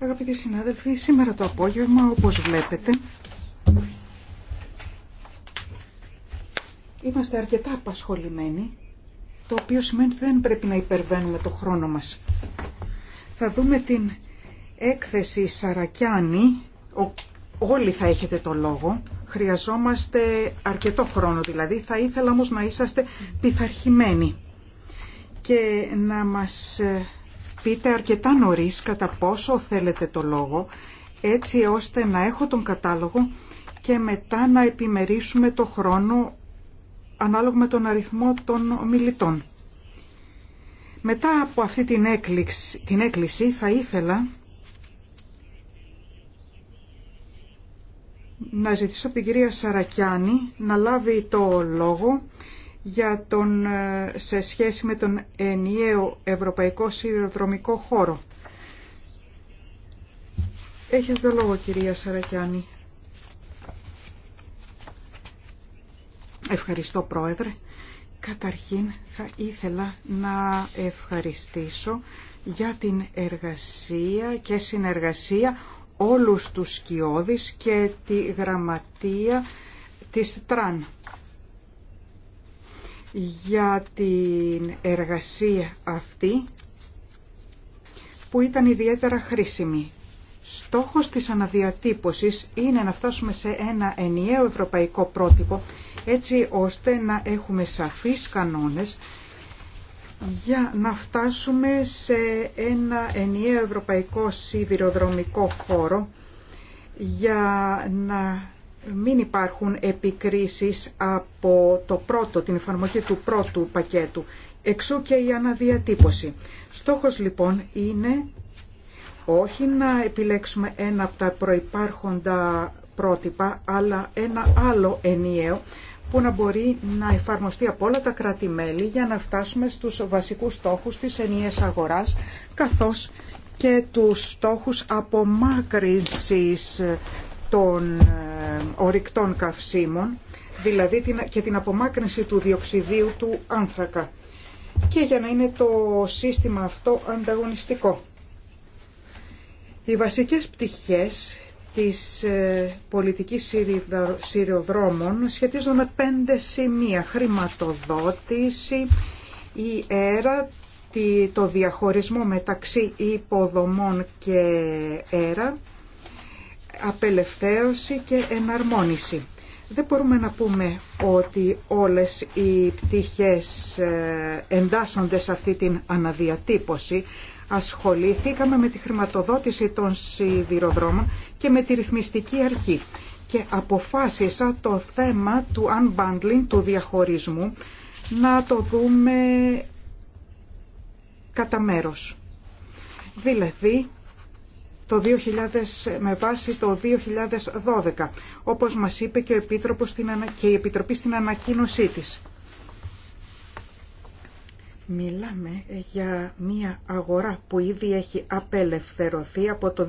Αγαπητοί συνάδελφοι, σήμερα το απόγευμα, όπως βλέπετε, είμαστε αρκετά απασχολημένοι, το οποίο σημαίνει ότι δεν πρέπει να υπερβαίνουμε το χρόνο μας. Θα δούμε την έκθεση Σαρακιάνη, όλοι θα έχετε το λόγο, χρειαζόμαστε αρκετό χρόνο δηλαδή, θα ήθελα όμως να είσαστε πειθαρχημένοι και να μας ε, πείτε αρκετά νωρίς κατά πόσο θέλετε το λόγο, έτσι ώστε να έχω τον κατάλογο και μετά να επιμερίσουμε το χρόνο ανάλογα με τον αριθμό των ομιλητών. Μετά από αυτή την έκκληση, την έκκληση θα ήθελα να ζητήσω από την κυρία Σαρακιάνη να λάβει το λόγο για τον, ε, σε σχέση με τον ενιαίο ευρωπαϊκό σιδηροδρομικό χώρο. Έχετε το λόγο κυρία Σαρακιάνη. Ευχαριστώ πρόεδρε. Καταρχήν θα ήθελα να ευχαριστήσω για την εργασία και συνεργασία όλους τους σκιώδεις και τη γραμματεία της ΤΡΑΝ για την εργασία αυτή που ήταν ιδιαίτερα χρήσιμη. Στόχος της αναδιατύπωσης είναι να φτάσουμε σε ένα ενιαίο ευρωπαϊκό πρότυπο έτσι ώστε να έχουμε σαφείς κανόνες για να φτάσουμε σε ένα ενιαίο ευρωπαϊκό σιδηροδρομικό χώρο για να μην υπάρχουν επικρίσεις από το πρώτο, την εφαρμογή του πρώτου πακέτου. Εξού και η αναδιατύπωση. Στόχος λοιπόν είναι όχι να επιλέξουμε ένα από τα προϋπάρχοντα πρότυπα, αλλά ένα άλλο ενιαίο που να μπορεί να εφαρμοστεί από όλα τα κράτη-μέλη για να φτάσουμε στους βασικούς στόχους της ενιαίας αγοράς, καθώς και τους στόχους απομάκρυνσης των ε, ορυκτών καυσίμων, δηλαδή και την απομάκρυνση του διοξιδίου του άνθρακα και για να είναι το σύστημα αυτό ανταγωνιστικό. Οι βασικές πτυχές της ε, πολιτικής σειροδρόμων σχετίζονται με πέντε σημεία. Χρηματοδότηση, η αίρα, το διαχωρισμό μεταξύ υποδομών και αίρα, απελευθέρωση και εναρμόνιση. Δεν μπορούμε να πούμε ότι όλες οι πτυχές ε, εντάσσονται σε αυτή την αναδιατύπωση. Ασχολήθηκαμε με τη χρηματοδότηση των σιδηροδρόμων και με τη ρυθμιστική αρχή και αποφάσισα το θέμα του unbundling, του διαχωρισμού, να το δούμε κατά μέρος. Δηλαδή, το 2000, με βάση το 2012, όπως μας είπε και, ο και η Επιτροπή στην ανακοίνωσή της. Μιλάμε για μια αγορά που ήδη έχει απελευθερωθεί από το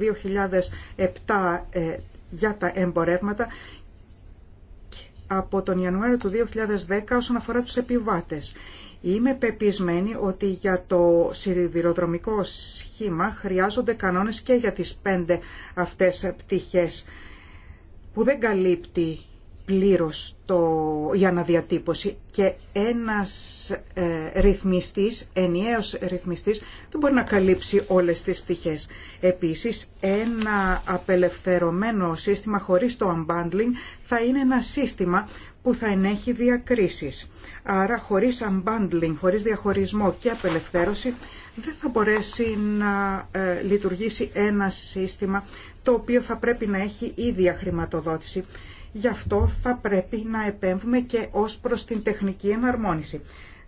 2007 ε, για τα εμπορεύματα και από τον Ιανουάριο του 2010 όσον αφορά τους επιβάτες. Είμαι πεπισμένη ότι για το σιδηροδρομικό σχήμα χρειάζονται κανόνες και για τις πέντε αυτές πτυχές που δεν καλύπτει πλήρως το, η αναδιατύπωση και ένας ε, ρυθμιστής, ενιαίος ρυθμιστής, δεν μπορεί να καλύψει όλες τις πτυχές. Επίσης, ένα απελευθερωμένο σύστημα χωρίς το unbundling θα είναι ένα σύστημα που θα ενέχει διακρίσεις. Άρα χωρίς unbundling, χωρίς διαχωρισμό και απελευθέρωση δεν θα μπορέσει να ε, λειτουργήσει ένα σύστημα το οποίο θα πρέπει να έχει ίδια χρηματοδότηση. Γι' αυτό θα πρέπει να επέμβουμε και ως προς την τεχνική εναρμόνιση.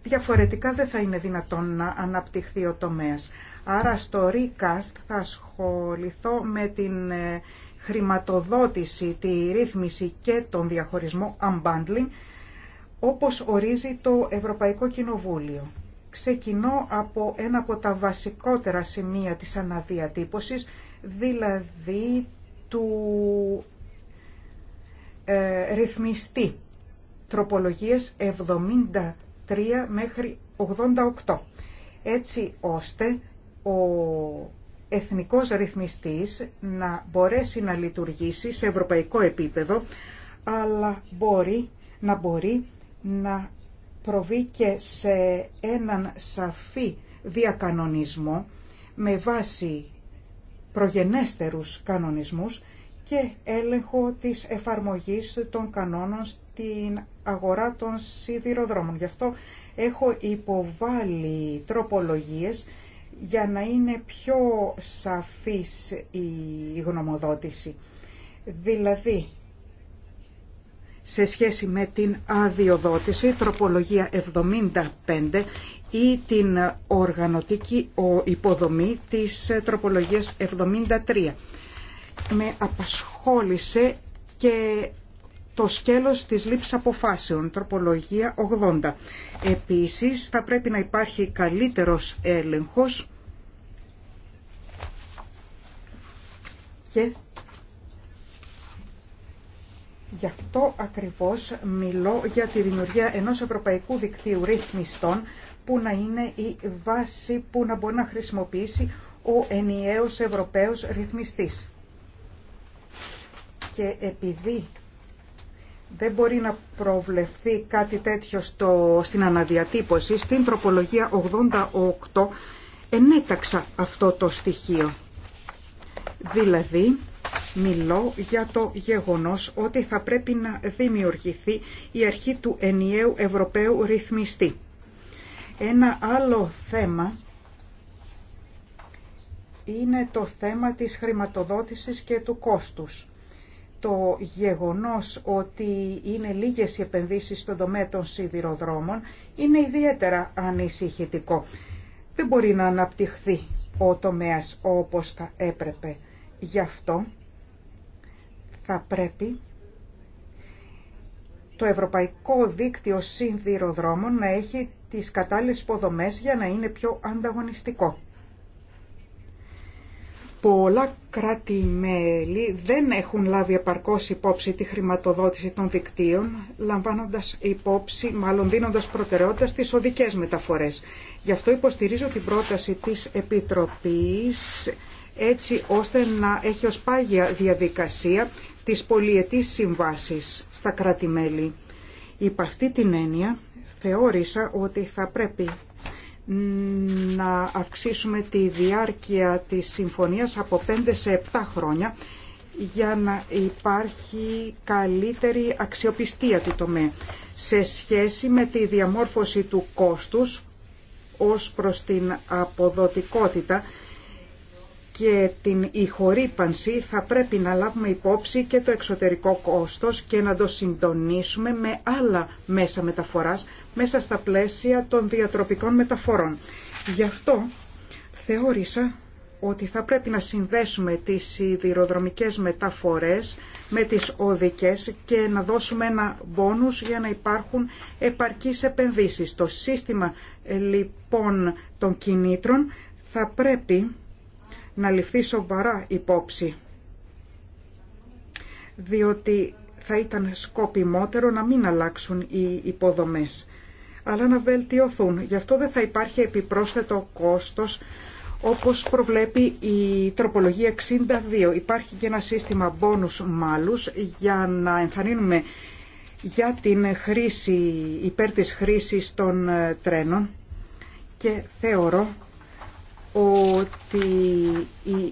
Διαφορετικά δεν θα είναι δυνατόν να αναπτυχθεί ο τομέας. Άρα στο Recast θα ασχοληθώ με την ε, χρηματοδότηση, τη ρύθμιση και τον διαχωρισμό unbundling, όπως ορίζει το Ευρωπαϊκό Κοινοβούλιο. Ξεκινώ από ένα από τα βασικότερα σημεία της αναδιατύπωσης, δηλαδή του ε, ρυθμιστή. Τροπολογίες 73 μέχρι 88. Έτσι ώστε ο εθνικός ρυθμιστής να μπορέσει να λειτουργήσει σε ευρωπαϊκό επίπεδο, αλλά μπορεί να μπορεί να προβεί και σε έναν σαφή διακανονισμό με βάση προγενέστερους κανονισμούς και έλεγχο της εφαρμογής των κανόνων στην αγορά των σιδηροδρόμων. Γι' αυτό έχω υποβάλει τροπολογίες για να είναι πιο σαφής η γνωμοδότηση. Δηλαδή, σε σχέση με την αδειοδότηση, τροπολογία 75 ή την οργανωτική υποδομή της τροπολογίας 73. Με απασχόλησε και το σκέλος της λήψης αποφάσεων, τροπολογία 80. Επίσης, θα πρέπει να υπάρχει καλύτερος έλεγχος και γι' αυτό ακριβώς μιλώ για τη δημιουργία ενός ευρωπαϊκού δικτύου ρυθμιστών που να είναι η βάση που να μπορεί να χρησιμοποιήσει ο ενιαίος Ευρωπαίος ρυθμιστής. Και επειδή δεν μπορεί να προβλεφθεί κάτι τέτοιο στο, στην αναδιατύπωση. Στην τροπολογία 88 ενέταξα αυτό το στοιχείο. Δηλαδή, μιλώ για το γεγονός ότι θα πρέπει να δημιουργηθεί η αρχή του ενιαίου Ευρωπαίου ρυθμιστή. Ένα άλλο θέμα είναι το θέμα της χρηματοδότησης και του κόστους το γεγονός ότι είναι λίγες οι επενδύσεις στον τομέα των σιδηροδρόμων είναι ιδιαίτερα ανησυχητικό. Δεν μπορεί να αναπτυχθεί ο τομέας όπως θα έπρεπε. Γι' αυτό θα πρέπει το Ευρωπαϊκό Δίκτυο Σιδηροδρόμων να έχει τις κατάλληλες υποδομές για να είναι πιο ανταγωνιστικό πολλά κράτη-μέλη δεν έχουν λάβει επαρκώς υπόψη τη χρηματοδότηση των δικτύων, λαμβάνοντας υπόψη, μάλλον δίνοντας προτεραιότητα στις οδικές μεταφορές. Γι' αυτό υποστηρίζω την πρόταση της Επιτροπής έτσι ώστε να έχει ως πάγια διαδικασία τις πολιετής συμβάσεις στα κράτη-μέλη. Υπ' αυτή την έννοια θεώρησα ότι θα πρέπει να αυξήσουμε τη διάρκεια της συμφωνίας από 5 σε 7 χρόνια για να υπάρχει καλύτερη αξιοπιστία του τομέα σε σχέση με τη διαμόρφωση του κόστους ως προς την αποδοτικότητα και την ηχορύπανση θα πρέπει να λάβουμε υπόψη και το εξωτερικό κόστος και να το συντονίσουμε με άλλα μέσα μεταφοράς μέσα στα πλαίσια των διατροπικών μεταφορών. Γι' αυτό θεώρησα ότι θα πρέπει να συνδέσουμε τις σιδηροδρομικές μεταφορές με τις οδικές και να δώσουμε ένα μπόνους για να υπάρχουν επαρκείς επενδύσεις. Το σύστημα ε, λοιπόν των κινήτρων θα πρέπει να ληφθεί σοβαρά υπόψη. Διότι θα ήταν σκοπιμότερο να μην αλλάξουν οι υποδομές, αλλά να βελτιωθούν. Γι' αυτό δεν θα υπάρχει επιπρόσθετο κόστος, όπως προβλέπει η τροπολογία 62. Υπάρχει και ένα σύστημα bonus μάλους για να ενθαρρύνουμε για την χρήση, υπέρ της χρήσης των ε, τρένων και θεωρώ ότι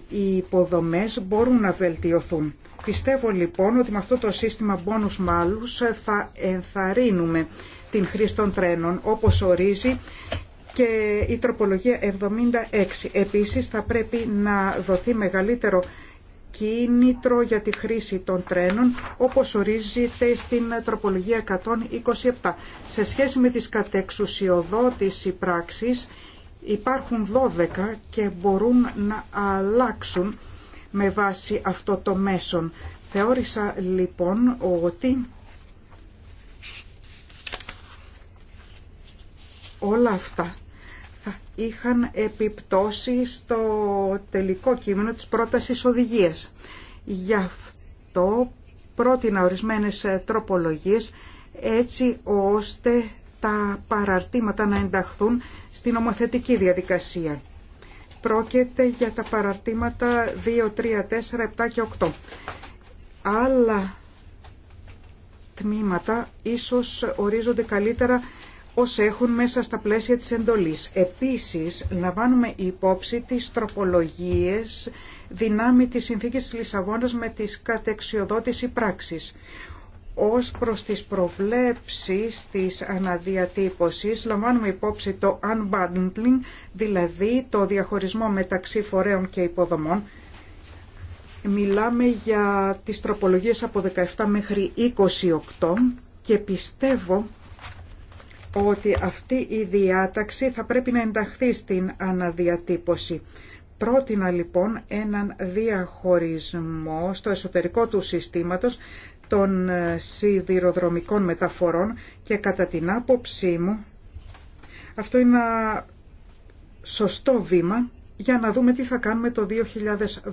οι υποδομές μπορούν να βελτιωθούν. Πιστεύω λοιπόν ότι με αυτό το σύστημα bonus μάλους θα ενθαρρύνουμε την χρήση των τρένων όπως ορίζει και η τροπολογία 76. Επίσης θα πρέπει να δοθεί μεγαλύτερο κίνητρο για τη χρήση των τρένων όπως ορίζεται στην τροπολογία 127. Σε σχέση με τις κατεξουσιοδότηση πράξης Υπάρχουν 12 και μπορούν να αλλάξουν με βάση αυτό το μέσον. Θεώρησα λοιπόν ότι όλα αυτά θα είχαν επιπτώσει στο τελικό κείμενο της πρότασης οδηγίας. Γι' αυτό πρότεινα ορισμένες τροπολογίες έτσι ώστε τα παραρτήματα να ενταχθούν στην ομοθετική διαδικασία. Πρόκειται για τα παραρτήματα 2, 3, 4, 7 και 8. Άλλα τμήματα ίσως ορίζονται καλύτερα ως έχουν μέσα στα πλαίσια της εντολής. Επίσης, λαμβάνουμε υπόψη τις τροπολογίες δυνάμει της συνθήκης της Λισαβόνας με τις κατεξιοδότηση πράξης ως προς τις προβλέψεις της αναδιατύπωσης λαμβάνουμε υπόψη το unbundling, δηλαδή το διαχωρισμό μεταξύ φορέων και υποδομών. Μιλάμε για τις τροπολογίες από 17 μέχρι 28 και πιστεύω ότι αυτή η διάταξη θα πρέπει να ενταχθεί στην αναδιατύπωση. Πρότεινα λοιπόν έναν διαχωρισμό στο εσωτερικό του συστήματος των ε, σιδηροδρομικών μεταφορών και κατά την άποψή μου αυτό είναι ένα σωστό βήμα για να δούμε τι θα κάνουμε το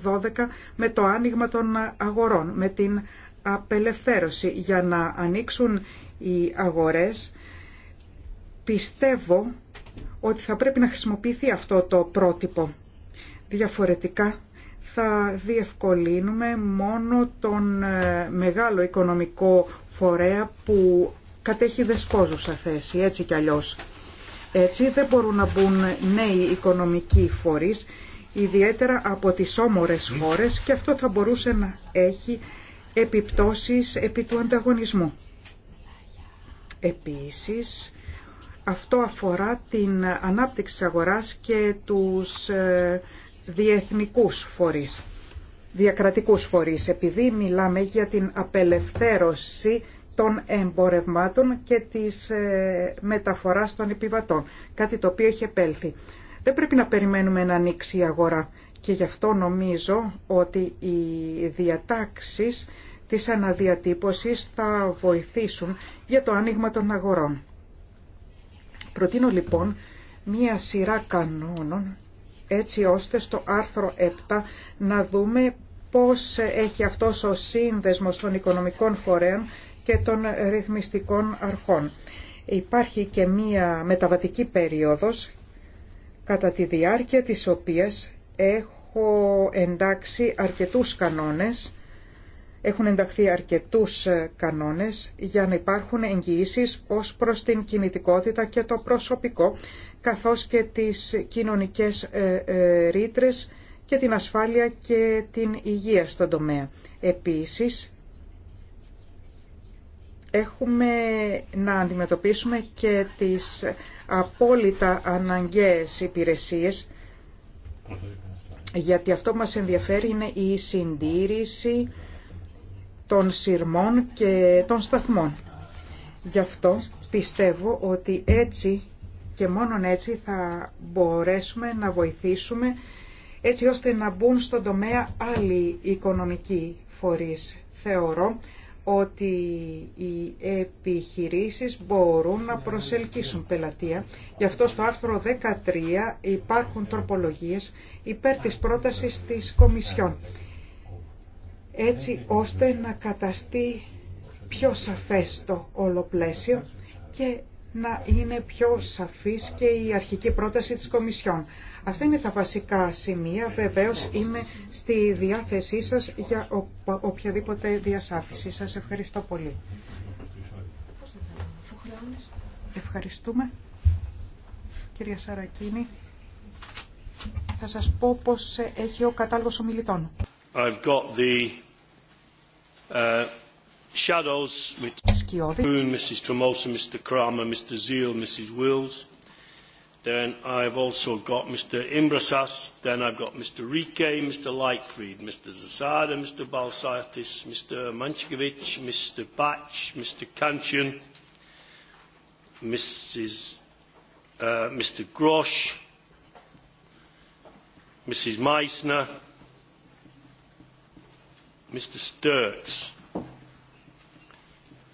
2012 με το άνοιγμα των αγορών, με την απελευθέρωση για να ανοίξουν οι αγορές. Πιστεύω ότι θα πρέπει να χρησιμοποιηθεί αυτό το πρότυπο. Διαφορετικά θα διευκολύνουμε μόνο τον ε, μεγάλο οικονομικό φορέα που κατέχει δεσπόζουσα θέση, έτσι κι αλλιώς. Έτσι δεν μπορούν να μπουν νέοι οικονομικοί φορείς, ιδιαίτερα από τις όμορες χώρες και αυτό θα μπορούσε να έχει επιπτώσεις επί του ανταγωνισμού. Επίσης, αυτό αφορά την ανάπτυξη αγοράς και τους ε, διεθνικούς φορείς, διακρατικούς φορείς, επειδή μιλάμε για την απελευθέρωση των εμπορευμάτων και της ε, μεταφοράς των επιβατών, κάτι το οποίο έχει επέλθει. Δεν πρέπει να περιμένουμε να ανοίξει η αγορά και γι' αυτό νομίζω ότι οι διατάξεις της αναδιατύπωσης θα βοηθήσουν για το άνοιγμα των αγορών. Προτείνω λοιπόν μία σειρά κανόνων έτσι ώστε στο άρθρο 7 να δούμε πώς έχει αυτός ο σύνδεσμος των οικονομικών φορέων και των ρυθμιστικών αρχών. Υπάρχει και μία μεταβατική περίοδος κατά τη διάρκεια της οποίας έχω εντάξει αρκετούς κανόνες έχουν ενταχθεί αρκετούς ε, κανόνες για να υπάρχουν εγγυήσεις ως προς την κινητικότητα και το προσωπικό καθώς και τις κοινωνικές ε, ε, ρήτρε και την ασφάλεια και την υγεία στον τομέα. Επίσης, έχουμε να αντιμετωπίσουμε και τις απόλυτα αναγκαίες υπηρεσίες, γιατί αυτό που μας ενδιαφέρει είναι η συντήρηση των σειρμών και των σταθμών. Γι' αυτό πιστεύω ότι έτσι και μόνον έτσι θα μπορέσουμε να βοηθήσουμε έτσι ώστε να μπουν στον τομέα άλλοι οικονομικοί φορείς. Θεωρώ ότι οι επιχειρήσεις μπορούν να προσελκύσουν πελατεία. Γι' αυτό στο άρθρο 13 υπάρχουν τροπολογίες υπέρ της πρότασης της Κομισιόν, έτσι ώστε να καταστεί πιο σαφές το όλο και να είναι πιο σαφής και η αρχική πρόταση της Κομισιόν. Αυτά είναι τα βασικά σημεία. Βεβαίω είμαι στη διάθεσή σας για οποιαδήποτε διασάφηση. Σας ευχαριστώ πολύ. Ευχαριστούμε. Κυρία Σαρακίνη, θα σας πω πώς έχει ο κατάλογος ομιλητών. Uh, Shadows with Mrs. Tremosa, Mr. Kramer, Mr. Zeal, Mrs. Wills. Then I've also got Mr. Imbrasas. Then I've got Mr. Rike, Mr. Lightfried, Mr. Zasada, Mr. Balsaitis, Mr. Manchkovic, Mr. Batch, Mr. Kanchan, Mrs. Mr. Grosch, Mrs. Meissner, Mr. Sturts.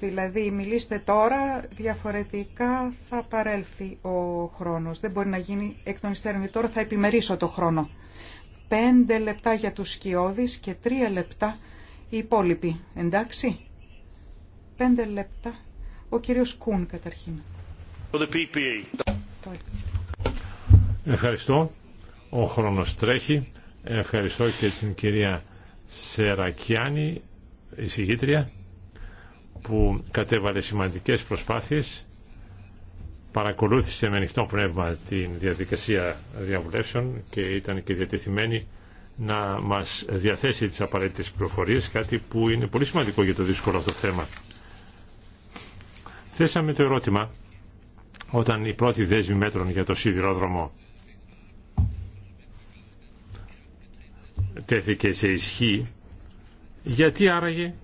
Δηλαδή μιλήστε τώρα, διαφορετικά θα παρέλθει ο χρόνος. Δεν μπορεί να γίνει εκ των υστέρων. Τώρα θα επιμερίσω το χρόνο. Πέντε λεπτά για τους σκιώδεις και τρία λεπτά οι υπόλοιποι. Εντάξει. Πέντε λεπτά. Ο κύριος Κούν καταρχήν. E. Ευχαριστώ. Ο χρόνος τρέχει. Ευχαριστώ και την κυρία Σερακιάνη, η που κατέβαλε σημαντικές προσπάθειες, παρακολούθησε με ανοιχτό πνεύμα την διαδικασία διαβουλεύσεων και ήταν και διατεθειμένη να μας διαθέσει τις απαραίτητες πληροφορίες, κάτι που είναι πολύ σημαντικό για το δύσκολο αυτό το θέμα. Θέσαμε το ερώτημα όταν η πρώτη δέσμη μέτρων για το σιδηρόδρομο τέθηκε σε ισχύ, γιατί άραγε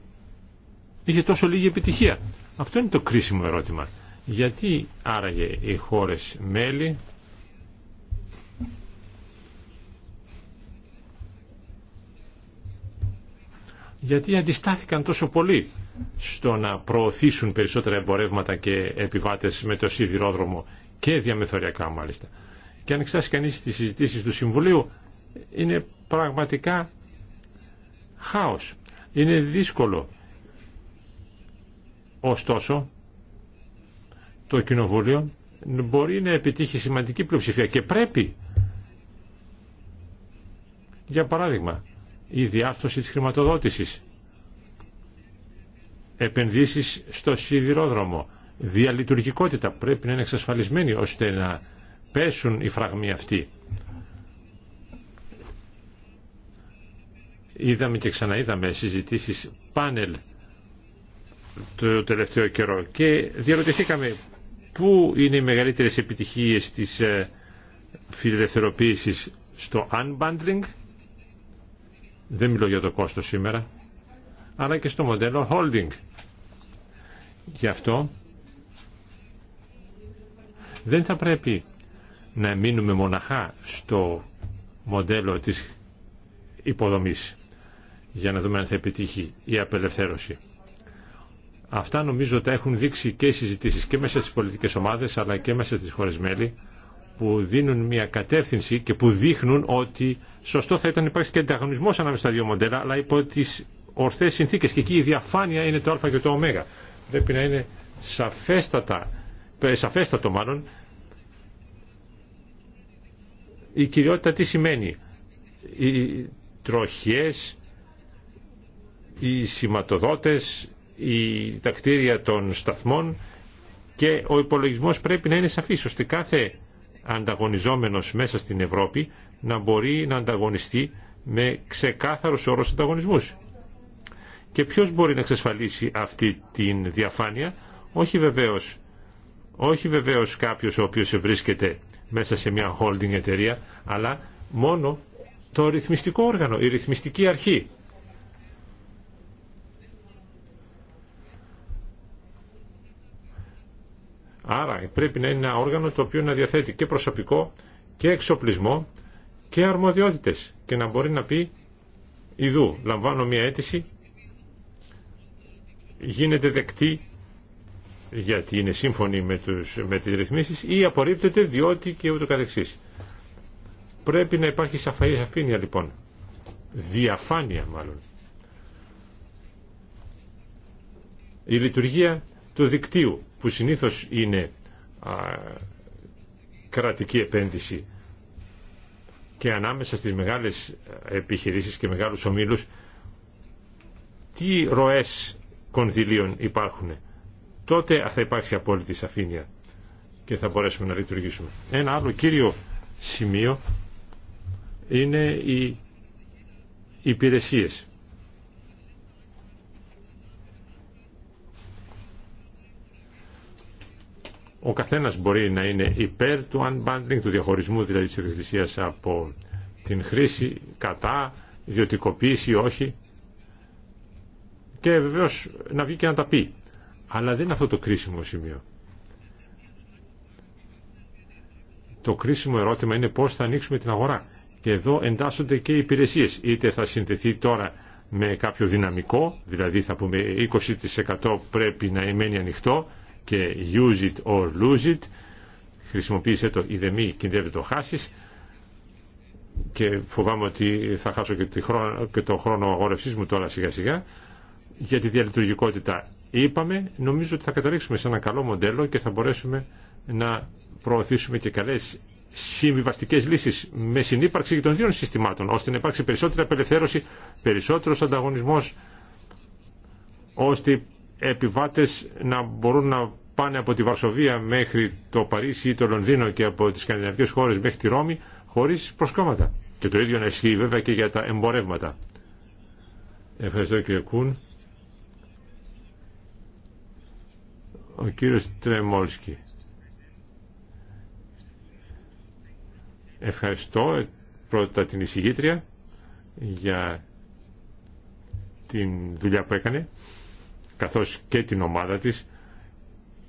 είχε τόσο λίγη επιτυχία. Αυτό είναι το κρίσιμο ερώτημα. Γιατί άραγε οι χώρες μέλη γιατί αντιστάθηκαν τόσο πολύ στο να προωθήσουν περισσότερα εμπορεύματα και επιβάτες με το σιδηρόδρομο και διαμεθοριακά μάλιστα. Και αν εξάσει κανείς τις συζητήσεις του Συμβουλίου είναι πραγματικά χάος. Είναι δύσκολο Ωστόσο, το Κοινοβούλιο μπορεί να επιτύχει σημαντική πλειοψηφία και πρέπει. Για παράδειγμα, η διάρθρωση της χρηματοδότησης, επενδύσεις στο σιδηρόδρομο, διαλειτουργικότητα πρέπει να είναι εξασφαλισμένη ώστε να πέσουν οι φραγμοί αυτοί. Είδαμε και ξαναείδαμε συζητήσεις πάνελ το τελευταίο καιρό και διαρωτηθήκαμε πού είναι οι μεγαλύτερες επιτυχίες της ε, φιλελευθεροποίησης στο unbundling δεν μιλώ για το κόστος σήμερα αλλά και στο μοντέλο holding γι' αυτό δεν θα πρέπει να μείνουμε μοναχά στο μοντέλο της υποδομής για να δούμε αν θα επιτύχει η απελευθέρωση Αυτά νομίζω τα έχουν δείξει και οι συζητήσεις και μέσα στις πολιτικές ομάδες αλλά και μέσα στις χώρες μέλη που δίνουν μια κατεύθυνση και που δείχνουν ότι σωστό θα ήταν να υπάρξει και ανταγωνισμός ανάμεσα στα δύο μοντέλα αλλά υπό τις ορθές συνθήκες και εκεί η διαφάνεια είναι το α και το ω. Πρέπει να είναι σαφέστατα, ε, σαφέστατο μάλλον η κυριότητα τι σημαίνει. Οι τροχιές, οι σηματοδότες, η, τα κτίρια των σταθμών και ο υπολογισμός πρέπει να είναι σαφής, ώστε κάθε ανταγωνιζόμενος μέσα στην Ευρώπη να μπορεί να ανταγωνιστεί με ξεκάθαρους όρους ανταγωνισμούς. Και ποιος μπορεί να εξασφαλίσει αυτή την διαφάνεια, όχι βεβαίως, όχι βεβαίως κάποιος ο οποίος βρίσκεται μέσα σε μια holding εταιρεία, αλλά μόνο το ρυθμιστικό όργανο, η ρυθμιστική αρχή. Άρα πρέπει να είναι ένα όργανο το οποίο να διαθέτει και προσωπικό και εξοπλισμό και αρμοδιότητες και να μπορεί να πει «Ιδού, λαμβάνω μια αίτηση, γίνεται δεκτή γιατί είναι σύμφωνη με, τους, με τις ρυθμίσεις ή απορρίπτεται διότι και ούτω καθεξής». Πρέπει να υπάρχει σαφήνεια λοιπόν, διαφάνεια μάλλον. Η απορριπτεται διοτι και ουτω καθεξης πρεπει να υπαρχει αφηνεια λοιπον διαφανεια μαλλον η λειτουργια του δικτύου που συνήθως είναι κρατική επένδυση και ανάμεσα στις μεγάλες ε, επιχειρήσεις και μεγάλους ομίλους τι ροές κονδυλίων υπάρχουν τότε θα υπάρξει απόλυτη σαφήνεια και θα μπορέσουμε να λειτουργήσουμε. Ένα άλλο κύριο σημείο είναι οι υπηρεσίες. ο καθένας μπορεί να είναι υπέρ του unbundling, του διαχωρισμού δηλαδή της εκκλησίας από την χρήση, κατά, ιδιωτικοποίηση όχι και βεβαίως να βγει και να τα πει. Αλλά δεν είναι αυτό το κρίσιμο σημείο. Το κρίσιμο ερώτημα είναι πώς θα ανοίξουμε την αγορά. Και εδώ εντάσσονται και οι υπηρεσίες. Είτε θα συνδεθεί τώρα με κάποιο δυναμικό, δηλαδή θα πούμε 20% πρέπει να μένει ανοιχτό και use it or lose it, χρησιμοποίησε το μη κινδυνεύει το χάσεις και φοβάμαι ότι θα χάσω και, χρόνο, και το χρόνο αγόρευσής μου τώρα σιγά σιγά για τη διαλειτουργικότητα είπαμε νομίζω ότι θα καταλήξουμε σε ένα καλό μοντέλο και θα μπορέσουμε να προωθήσουμε και καλές συμβιβαστικές λύσεις με συνύπαρξη των δύο συστημάτων ώστε να υπάρξει περισσότερη απελευθέρωση, περισσότερος ανταγωνισμός ώστε επιβάτες να μπορούν να πάνε από τη Βαρσοβία μέχρι το Παρίσι ή το Λονδίνο και από τις σκανδιναβικές χώρες μέχρι τη Ρώμη χωρίς προσκόμματα. Και το ίδιο να ισχύει βέβαια και για τα εμπορεύματα. Ευχαριστώ κύριε Κούν. Ο κύριος Τρεμόλσκι. Ευχαριστώ ε, πρώτα την εισηγήτρια για την δουλειά που έκανε καθώς και την ομάδα της,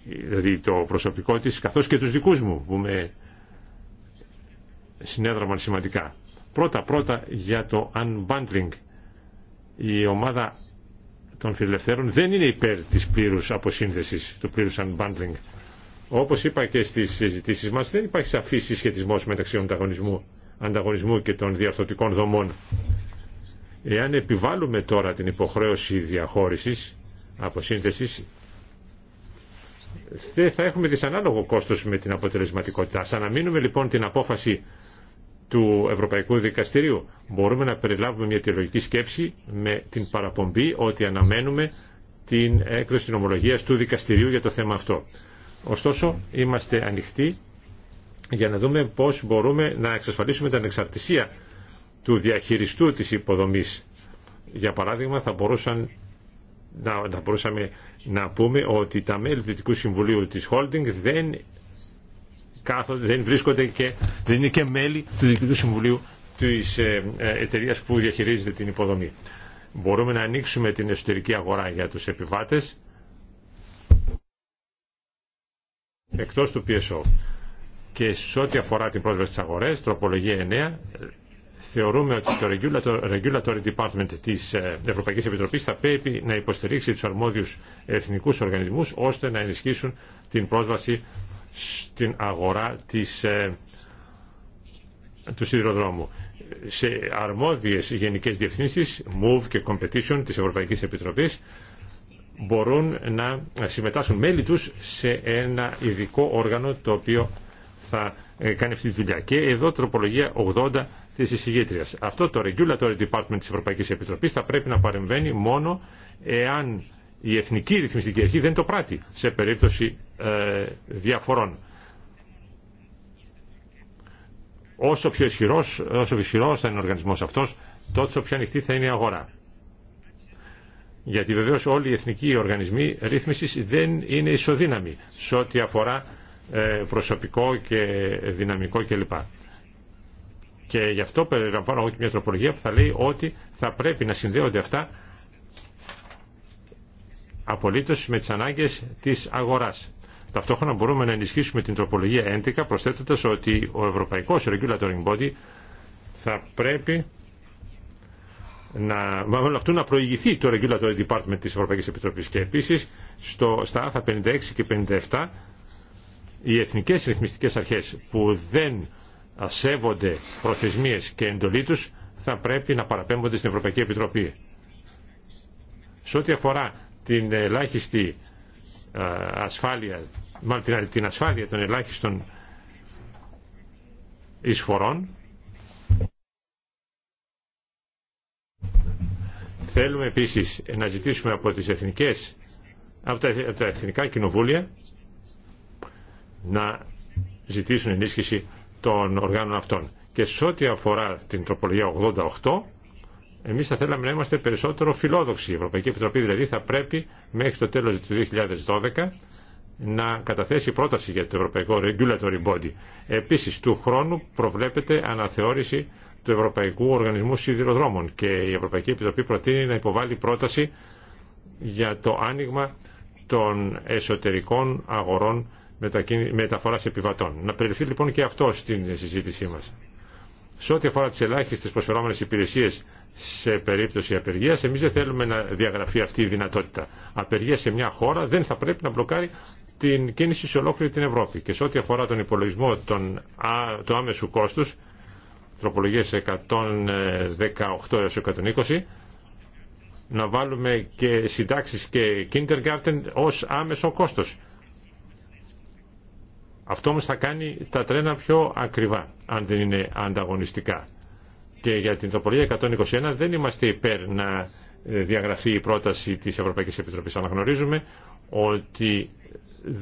δηλαδή το προσωπικό της, καθώς και τους δικούς μου που με συνέδραμαν σημαντικά. Πρώτα πρώτα για το unbundling. Η ομάδα των φιλελευθέρων δεν είναι υπέρ της πλήρους αποσύνθεσης του πλήρους unbundling. Όπως είπα και στις συζητήσει μας, δεν υπάρχει σαφή συσχετισμό μεταξύ ανταγωνισμού, ανταγωνισμού και των διαρθωτικών δομών. Εάν επιβάλλουμε τώρα την υποχρέωση διαχώρησης, αποσύνδεσης δεν θα έχουμε δυσανάλογο κόστος με την αποτελεσματικότητα. Ας αναμείνουμε λοιπόν την απόφαση του Ευρωπαϊκού Δικαστηρίου. Μπορούμε να περιλάβουμε μια τελογική σκέψη με την παραπομπή ότι αναμένουμε την έκδοση της νομολογίας του δικαστηρίου για το θέμα αυτό. Ωστόσο, είμαστε ανοιχτοί για να δούμε πώς μπορούμε να εξασφαλίσουμε την ανεξαρτησία του διαχειριστού της υποδομής. Για παράδειγμα, θα μπορούσαν να, να μπορούσαμε να πούμε ότι τα μέλη του Δυτικού Συμβουλίου της Holding δεν, κάθονται, δεν βρίσκονται και δεν είναι και μέλη του Δυτικού Συμβουλίου της ε, ε, εταιρεία που διαχειρίζεται την υποδομή. Μπορούμε να ανοίξουμε την εσωτερική αγορά για τους επιβάτες εκτός του PSO. Και σε ό,τι αφορά την πρόσβαση στις αγορές, τροπολογία 9, θεωρούμε ότι το Regulatory Department της ε, Ευρωπαϊκής Επιτροπής θα πρέπει να υποστηρίξει τους αρμόδιους εθνικούς οργανισμούς ώστε να ενισχύσουν την πρόσβαση στην αγορά της, ε, του σιδηροδρόμου. Σε αρμόδιες γενικές διευθύνσεις, MOVE και Competition της Ευρωπαϊκής Επιτροπής, μπορούν να συμμετάσχουν μέλη τους σε ένα ειδικό όργανο το οποίο θα ε, κάνει αυτή τη δουλειά. Και εδώ τροπολογία 80 τη εισηγήτρια. Αυτό το Regulatory Department τη Ευρωπαϊκή Επιτροπή θα πρέπει να παρεμβαίνει μόνο εάν η Εθνική Ρυθμιστική Αρχή δεν το πράττει σε περίπτωση ε, διαφορών. Όσο πιο ισχυρός, όσο πιο ισχυρός θα είναι ο οργανισμός αυτός, τόσο πιο ανοιχτή θα είναι η αγορά. Γιατί βεβαίως όλοι οι εθνικοί οργανισμοί ρύθμισης δεν είναι ισοδύναμοι σε ό,τι αφορά ε, προσωπικό και δυναμικό κλπ. Και γι' αυτό περιλαμβάνω εγώ και μια τροπολογία που θα λέει ότι θα πρέπει να συνδέονται αυτά απολύτω με τι ανάγκε τη αγορά. Ταυτόχρονα μπορούμε να ενισχύσουμε την τροπολογία 11 προσθέτοντας ότι ο Ευρωπαϊκό Regulatory Body θα πρέπει να, με αυτού να προηγηθεί το Regulatory Department της Ευρωπαϊκής Επιτροπής και επίσης στα άθρα 56 και 57 οι εθνικές ρυθμιστικές αρχές που δεν ασέβονται προθεσμίες και εντολή τους θα πρέπει να παραπέμπονται στην Ευρωπαϊκή Επιτροπή. Σε ό,τι αφορά την ελάχιστη ασφάλεια, μάλλον την ασφάλεια των ελάχιστων εισφορών, θέλουμε επίσης να ζητήσουμε από τις εθνικές, από τα εθνικά κοινοβούλια να ζητήσουν ενίσχυση των οργάνων αυτών. Και σε ό,τι αφορά την τροπολογία 88, εμείς θα θέλαμε να είμαστε περισσότερο φιλόδοξοι. Η Ευρωπαϊκή Επιτροπή δηλαδή θα πρέπει μέχρι το τέλος του 2012 να καταθέσει πρόταση για το Ευρωπαϊκό Regulatory Body. Επίσης, του χρόνου προβλέπεται αναθεώρηση του Ευρωπαϊκού Οργανισμού Σιδηροδρόμων και η Ευρωπαϊκή Επιτροπή προτείνει να υποβάλει πρόταση για το άνοιγμα των εσωτερικών αγορών μεταφοράς επιβατών. Να περιληφθεί λοιπόν και αυτό στην συζήτησή μας. Σε ό,τι αφορά τις ελάχιστες προσφερόμενες υπηρεσίες σε περίπτωση απεργίας, εμείς δεν θέλουμε να διαγραφεί αυτή η δυνατότητα. Απεργία σε μια χώρα δεν θα πρέπει να μπλοκάρει την κίνηση σε ολόκληρη την Ευρώπη. Και σε ό,τι αφορά τον υπολογισμό των, α, του άμεσου κόστους, τροπολογίες 118 έως 120, να βάλουμε και συντάξεις και kindergarten ως άμεσο κόστος. Αυτό όμως θα κάνει τα τρένα πιο ακριβά, αν δεν είναι ανταγωνιστικά. Και για την τροπολογία 121 δεν είμαστε υπέρ να ε, διαγραφεί η πρόταση της Ευρωπαϊκής Επιτροπής. Αναγνωρίζουμε ότι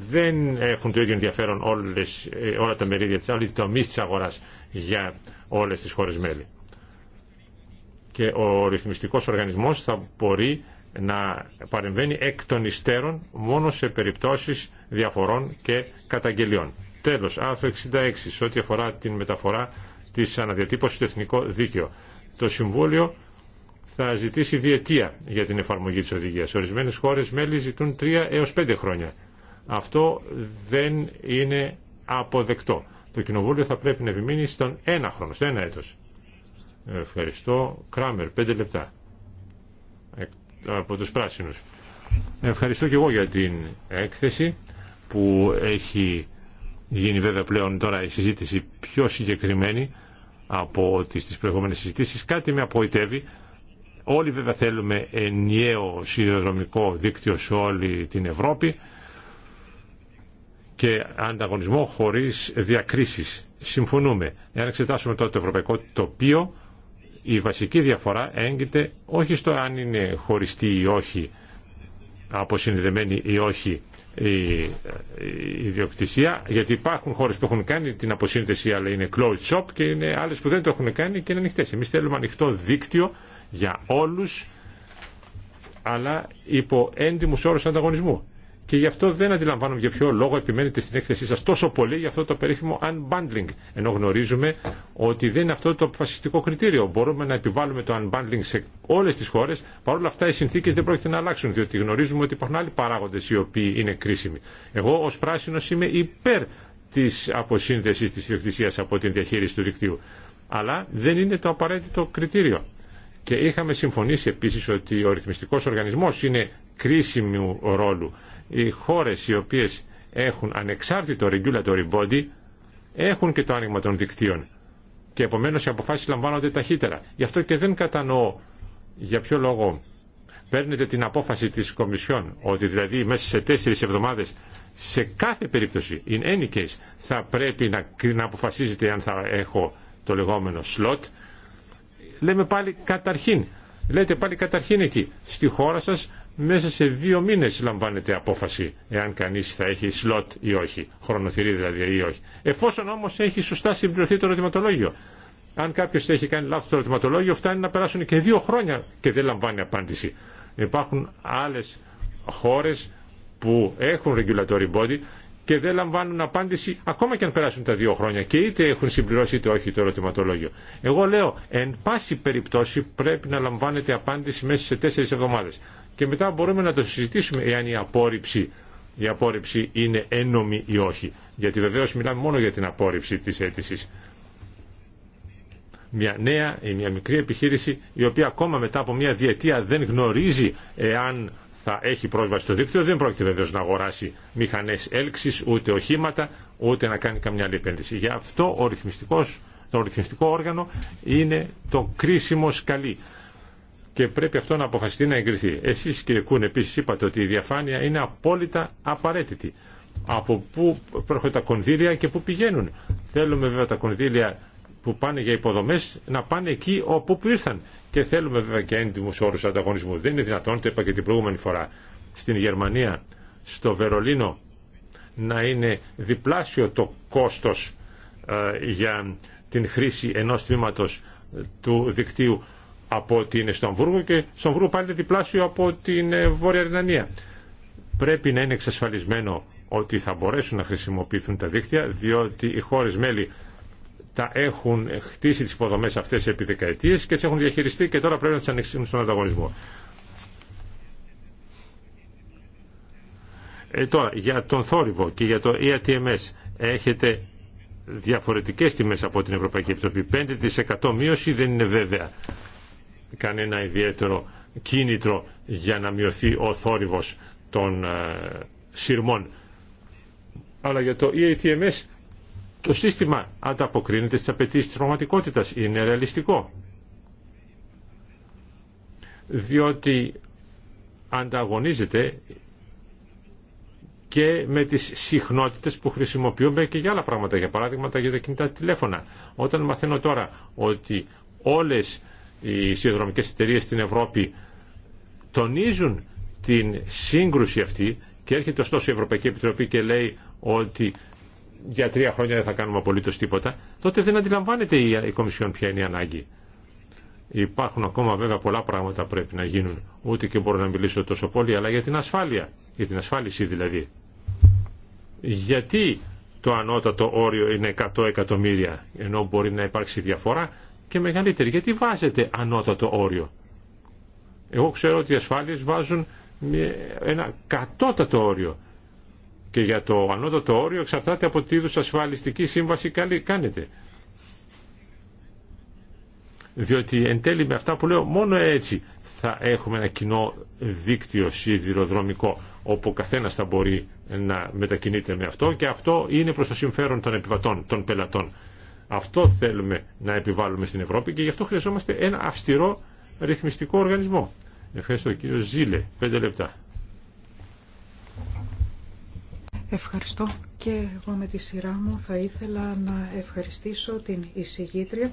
δεν έχουν το ίδιο ενδιαφέρον όλες, ε, όλα τα μερίδια της, όλοι οι της αγοράς για όλες τις χώρες μέλη. Και ο ρυθμιστικός οργανισμός θα μπορεί να παρεμβαίνει εκ των υστέρων μόνο σε περιπτώσεις διαφορών και καταγγελιών. Τέλος, άρθρο 66, σε ό,τι αφορά την μεταφορά της αναδιατύπωσης στο εθνικό δίκαιο. Το Συμβούλιο θα ζητήσει διετία για την εφαρμογή της οδηγίας. Ορισμένες χώρες μέλη ζητούν 3 έως 5 χρόνια. Αυτό δεν είναι αποδεκτό. Το Κοινοβούλιο θα πρέπει να επιμείνει στον ένα χρόνο, στο ένα έτος. Ευχαριστώ. Κράμερ, 5 λεπτά από τους πράσινους. Ευχαριστώ και εγώ για την έκθεση που έχει γίνει βέβαια πλέον τώρα η συζήτηση πιο συγκεκριμένη από τις, τις προηγούμενες συζητήσεις. Κάτι με απογοητεύει. Όλοι βέβαια θέλουμε ενιαίο σιδηροδρομικό δίκτυο σε όλη την Ευρώπη και ανταγωνισμό χωρίς διακρίσεις. Συμφωνούμε. Εάν εξετάσουμε τότε το ευρωπαϊκό τοπίο, η βασική διαφορά έγκυται όχι στο αν είναι χωριστή ή όχι, αποσυνδεδεμένη ή όχι η οχι αποσυνδεμενη η γιατί υπάρχουν χώρε που έχουν κάνει την αποσύνδεση αλλά είναι closed shop και είναι άλλε που δεν το έχουν κάνει και είναι ανοιχτέ. Εμεί θέλουμε ανοιχτό δίκτυο για όλου, αλλά υπό έντιμου όρου ανταγωνισμού. Και γι' αυτό δεν αντιλαμβάνομαι για ποιο λόγο επιμένετε στην έκθεσή σα. τόσο πολύ για αυτό το περίφημο unbundling, ενώ γνωρίζουμε ότι δεν είναι αυτό το αποφασιστικό κριτήριο. Μπορούμε να επιβάλλουμε το unbundling σε όλες τις χώρες, παρόλα αυτά οι συνθήκε δεν πρόκειται να αλλάξουν, διότι γνωρίζουμε ότι υπάρχουν άλλοι παράγοντε οι οποίοι είναι κρίσιμοι. Εγώ ω πράσινο είμαι υπέρ τη αποσύνδεση τη ιδιοκτησίας από την διαχείριση του δικτύου, αλλά δεν είναι το απαραίτητο κριτήριο. Και είχαμε συμφωνήσει επίση ότι ο ρυθμιστικό οργανισμό είναι κρίσιμου ρόλου οι χώρες οι οποίες έχουν ανεξάρτητο regulatory body έχουν και το άνοιγμα των δικτύων και επομένως οι αποφάσεις λαμβάνονται ταχύτερα. Γι' αυτό και δεν κατανοώ για ποιο λόγο παίρνετε την απόφαση της Κομισιόν ότι δηλαδή μέσα σε τέσσερις εβδομάδες σε κάθε περίπτωση, in any case, θα πρέπει να, να αποφασίζετε αν θα έχω το λεγόμενο slot. Λέμε πάλι καταρχήν, λέτε πάλι καταρχήν εκεί, στη χώρα σας μέσα σε δύο μήνες λαμβάνεται απόφαση εάν κανείς θα έχει σλότ ή όχι, χρονοθυρί δηλαδή ή όχι. Εφόσον όμως έχει σωστά συμπληρωθεί το ερωτηματολόγιο. Αν κάποιος έχει κάνει λάθος το ερωτηματολόγιο φτάνει να περάσουν και δύο χρόνια και δεν λαμβάνει απάντηση. Υπάρχουν άλλες χώρες που έχουν regulatory body και δεν λαμβάνουν απάντηση ακόμα και αν περάσουν τα δύο χρόνια και είτε έχουν συμπληρώσει είτε όχι το ερωτηματολόγιο. Εγώ λέω, εν πάση περιπτώσει πρέπει να λαμβάνετε απάντηση μέσα σε τέσσερις εβδομάδες και μετά μπορούμε να το συζητήσουμε εάν η απόρριψη, η απόρριψη είναι ένομη ή όχι. Γιατί βεβαίω μιλάμε μόνο για την απόρριψη της αίτηση. Μια νέα ή μια μικρή επιχείρηση η οποία ακόμα μετά από μια διετία δεν γνωρίζει εάν θα έχει πρόσβαση στο δίκτυο, δεν πρόκειται βεβαίω να αγοράσει μηχανέ έλξη, ούτε οχήματα, ούτε να κάνει καμιά άλλη επένδυση. Γι' αυτό ο το ρυθμιστικό όργανο είναι το κρίσιμο σκαλί και πρέπει αυτό να αποφασιστεί να εγκριθεί. Εσεί κύριε Κούν επίση είπατε ότι η διαφάνεια είναι απόλυτα απαραίτητη. Από πού προέρχονται τα κονδύλια και πού πηγαίνουν. Θέλουμε βέβαια τα κονδύλια που πάνε για υποδομές να πάνε εκεί όπου που ήρθαν. Και θέλουμε για υποδομέ να πανε εκει οπου που ηρθαν και έντιμους και έντιμου όρου ανταγωνισμου Δεν είναι δυνατόν, το είπα και την προηγούμενη φορά, στην Γερμανία, στο Βερολίνο, να είναι διπλάσιο το κόστο ε, για την χρήση ενό τμήματο του δικτύου από την είναι και στο Αμβούργο πάλι είναι διπλάσιο από την ε, Βόρεια Ρινανία. Πρέπει να είναι εξασφαλισμένο ότι θα μπορέσουν να χρησιμοποιηθούν τα δίκτυα, διότι οι χώρες μέλη τα έχουν χτίσει τις υποδομές αυτές επί δεκαετίες και τις έχουν διαχειριστεί και τώρα πρέπει να τις ανοίξουν στον ανταγωνισμό. Ε, τώρα, για τον θόρυβο και για το EATMS έχετε διαφορετικές τιμές από την Ευρωπαϊκή Επιτροπή. 5% μείωση δεν είναι βέβαια κανένα ιδιαίτερο κίνητρο για να μειωθεί ο θόρυβος των ε, σειρμών. Αλλά για το EATMS το σύστημα ανταποκρίνεται στις απαιτήσεις της πραγματικότητας. Είναι ρεαλιστικό. Διότι ανταγωνίζεται και με τις συχνότητες που χρησιμοποιούμε και για άλλα πράγματα, για παράδειγμα τα για τα κινητά τηλέφωνα. Όταν μαθαίνω τώρα ότι όλες οι σιδηροδρομικές εταιρείε στην Ευρώπη τονίζουν την σύγκρουση αυτή και έρχεται ωστόσο η Ευρωπαϊκή Επιτροπή και λέει ότι για τρία χρόνια δεν θα κάνουμε απολύτω τίποτα, τότε δεν αντιλαμβάνεται η Κομισιόν ποια είναι η ανάγκη. Υπάρχουν ακόμα βέβαια πολλά πράγματα που πρέπει να γίνουν, ούτε και μπορώ να μιλήσω τόσο πολύ, αλλά για την ασφάλεια, για την ασφάλιση δηλαδή. Γιατί το ανώτατο όριο είναι 100 εκατομμύρια, ενώ μπορεί να υπάρξει διαφορά και μεγαλύτερη. Γιατί βάζετε ανώτατο όριο. Εγώ ξέρω ότι οι ασφάλειες βάζουν ένα κατώτατο όριο. Και για το ανώτατο όριο εξαρτάται από τι είδους ασφαλιστική σύμβαση κάνετε. Διότι εν τέλει με αυτά που λέω μόνο έτσι θα έχουμε ένα κοινό δίκτυο σιδηροδρομικό όπου καθένας θα μπορεί να μετακινείται με αυτό και αυτό είναι προς το συμφέρον των επιβατών, των πελατών. Αυτό θέλουμε να επιβάλλουμε στην Ευρώπη και γι' αυτό χρειαζόμαστε ένα αυστηρό ρυθμιστικό οργανισμό. Ευχαριστώ κύριο Ζήλε. Πέντε λεπτά. Ευχαριστώ και εγώ με τη σειρά μου θα ήθελα να ευχαριστήσω την εισηγήτρια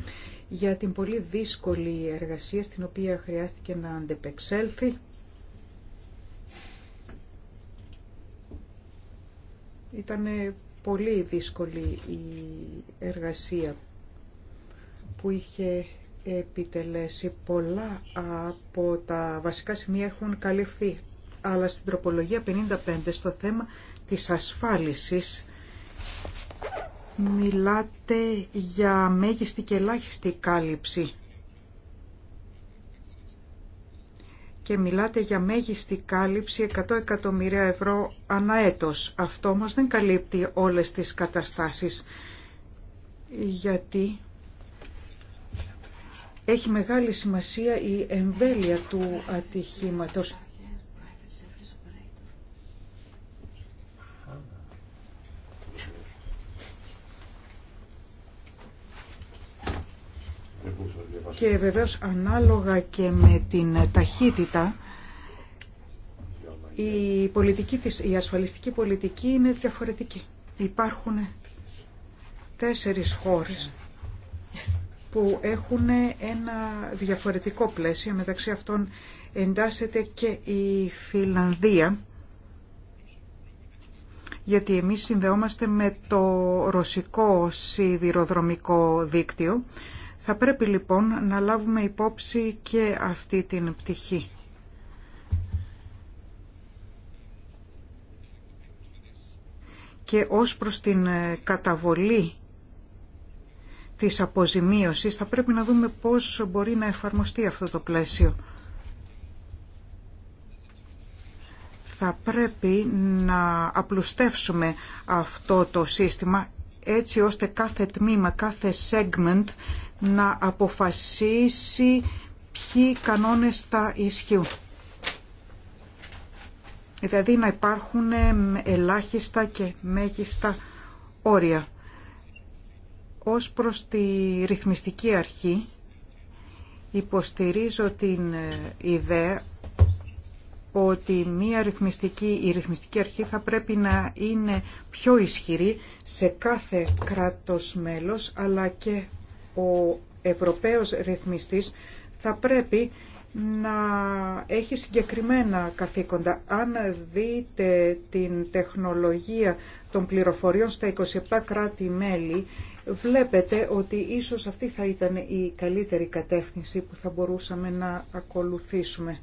για την πολύ δύσκολη εργασία στην οποία χρειάστηκε να αντεπεξέλθει. Ήταν πολύ δύσκολη η εργασία που είχε επιτελέσει. Πολλά από τα βασικά σημεία έχουν καλυφθεί, αλλά στην τροπολογία 55 στο θέμα της ασφάλισης μιλάτε για μέγιστη και ελάχιστη κάλυψη και μιλάτε για μέγιστη κάλυψη 100 εκατομμύρια ευρώ ανά έτος. Αυτό όμως δεν καλύπτει όλες τις καταστάσεις γιατί έχει μεγάλη σημασία η εμβέλεια του ατυχήματος. και βεβαίως ανάλογα και με την ταχύτητα η, πολιτική της, η ασφαλιστική πολιτική είναι διαφορετική. Υπάρχουν τέσσερις χώρες που έχουν ένα διαφορετικό πλαίσιο. Μεταξύ αυτών εντάσσεται και η Φιλανδία γιατί εμείς συνδεόμαστε με το ρωσικό σιδηροδρομικό δίκτυο θα πρέπει λοιπόν να λάβουμε υπόψη και αυτή την πτυχή. Και ως προς την ε, καταβολή της αποζημίωσης θα πρέπει να δούμε πώς μπορεί να εφαρμοστεί αυτό το πλαίσιο. Θα πρέπει να απλουστεύσουμε αυτό το σύστημα έτσι ώστε κάθε τμήμα, κάθε segment να αποφασίσει ποιοι κανόνες θα ισχύουν. Δηλαδή να υπάρχουν ελάχιστα και μέγιστα όρια. Ως προς τη ρυθμιστική αρχή υποστηρίζω την ε, ιδέα ότι μια ρυθμιστική, η ρυθμιστική αρχή θα πρέπει να είναι πιο ισχυρή σε κάθε κράτος μέλος, αλλά και ο Ευρωπαίος ρυθμιστής θα πρέπει να έχει συγκεκριμένα καθήκοντα. Αν δείτε την τεχνολογία των πληροφοριών στα 27 κράτη-μέλη, βλέπετε ότι ίσως αυτή θα ήταν η καλύτερη κατεύθυνση που θα μπορούσαμε να ακολουθήσουμε.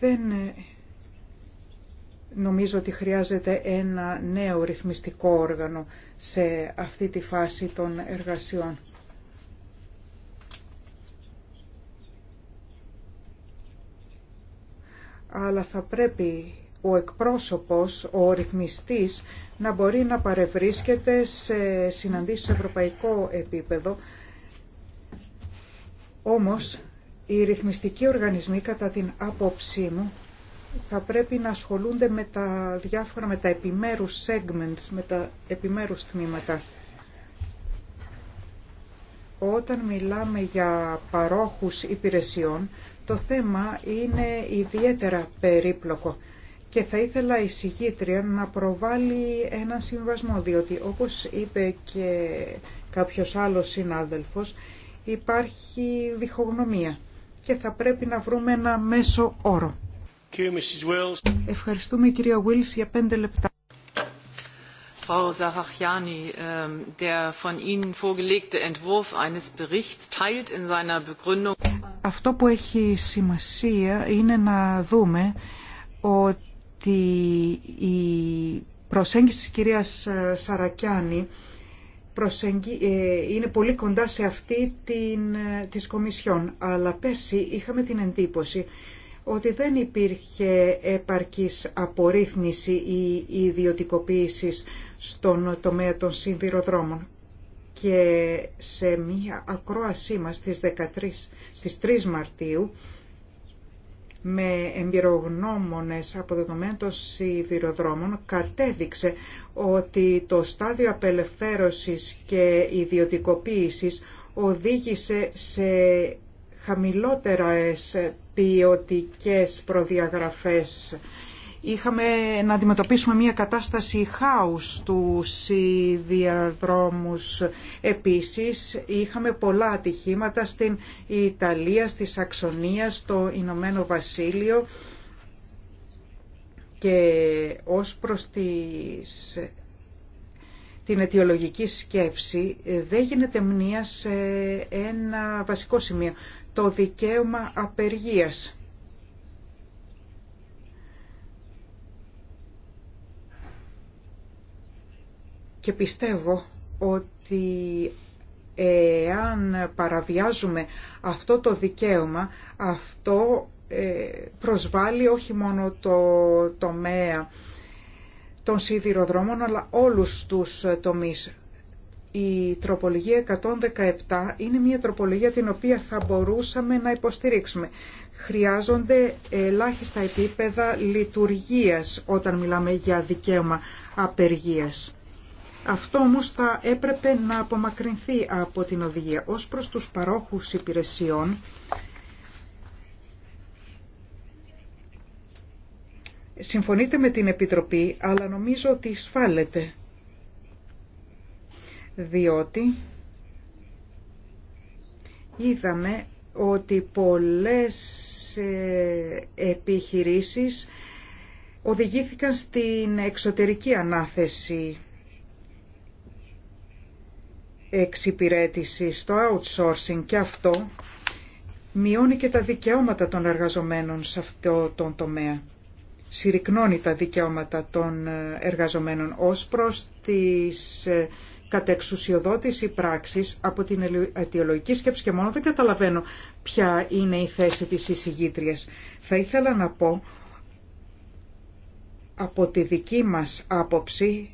Δεν ε, νομίζω ότι χρειάζεται ένα νέο ρυθμιστικό όργανο σε αυτή τη φάση των εργασιών. Αλλά θα πρέπει ο εκπρόσωπος, ο ρυθμιστής, να μπορεί να παρευρίσκεται σε συναντήσεις σε ευρωπαϊκό επίπεδο. Όμως, οι ρυθμιστικοί οργανισμοί, κατά την άποψή μου, θα πρέπει να ασχολούνται με τα διάφορα, με τα επιμέρους segments, με τα επιμέρους τμήματα. Όταν μιλάμε για παρόχους υπηρεσιών, το θέμα είναι ιδιαίτερα περίπλοκο και θα ήθελα η συγκήτρια να προβάλλει ένα συμβασμό, διότι όπως είπε και κάποιος άλλος συνάδελφος, υπάρχει διχογνωμία και θα πρέπει να βρούμε ένα μέσο όρο. Ευχαριστούμε κυρία Βίλς για πέντε λεπτά. Frau ähm, der von Ihnen vorgelegte Entwurf eines Berichts teilt in seiner Begründung. Αυτό που έχει σημασία είναι να δούμε ότι η προσέγγιση της κυρίας ε, Σαρακιάνη ε, είναι πολύ κοντά σε αυτή την... Ε, της Κομισιόν. Αλλά πέρσι είχαμε την εντύπωση ότι δεν υπήρχε επαρκής απορρίθμιση ή ιδιωτικοποίηση στον τομέα των συνδυροδρόμων Και σε μία ακρόασή μας στις, 13, στις 3 Μαρτίου με εμπειρογνώμονες από το τομέα των σιδηροδρόμων κατέδειξε ότι το στάδιο απελευθέρωσης και ιδιωτικοποίησης οδήγησε σε χαμηλότερες ποιοτικές προδιαγραφές είχαμε να αντιμετωπίσουμε μια κατάσταση χάους του διαδρόμους. Επίσης είχαμε πολλά ατυχήματα στην Ιταλία, στη Σαξονία, στο Ηνωμένο Βασίλειο και ως προς τις... την αιτιολογική σκέψη δεν γίνεται μνήα σε ένα βασικό σημείο, το δικαίωμα απεργίας και πιστεύω ότι εάν παραβιάζουμε αυτό το δικαίωμα, αυτό ε, προσβάλλει όχι μόνο το τομέα των σιδηροδρόμων, αλλά όλους τους ε, τομείς. Η τροπολογία 117 είναι μια τροπολογία την οποία θα μπορούσαμε να υποστηρίξουμε. Χρειάζονται ελάχιστα επίπεδα λειτουργίας όταν μιλάμε για δικαίωμα απεργίας. Αυτό όμως θα έπρεπε να απομακρυνθεί από την οδηγία. Ως προς τους παρόχους υπηρεσιών, συμφωνείτε με την Επιτροπή, αλλά νομίζω ότι σφάλετε. Διότι είδαμε ότι πολλές ε, επιχειρήσεις οδηγήθηκαν στην εξωτερική ανάθεση εξυπηρέτηση, στο outsourcing και αυτό μειώνει και τα δικαιώματα των εργαζομένων σε αυτό τον τομέα. Συρρυκνώνει τα δικαιώματα των ε, εργαζομένων ως προς τις ε, κατεξουσιοδότηση πράξης από την αιτιολογική σκέψη και μόνο δεν καταλαβαίνω ποια είναι η θέση της εισηγήτριας. Θα ήθελα να πω από τη δική μας άποψη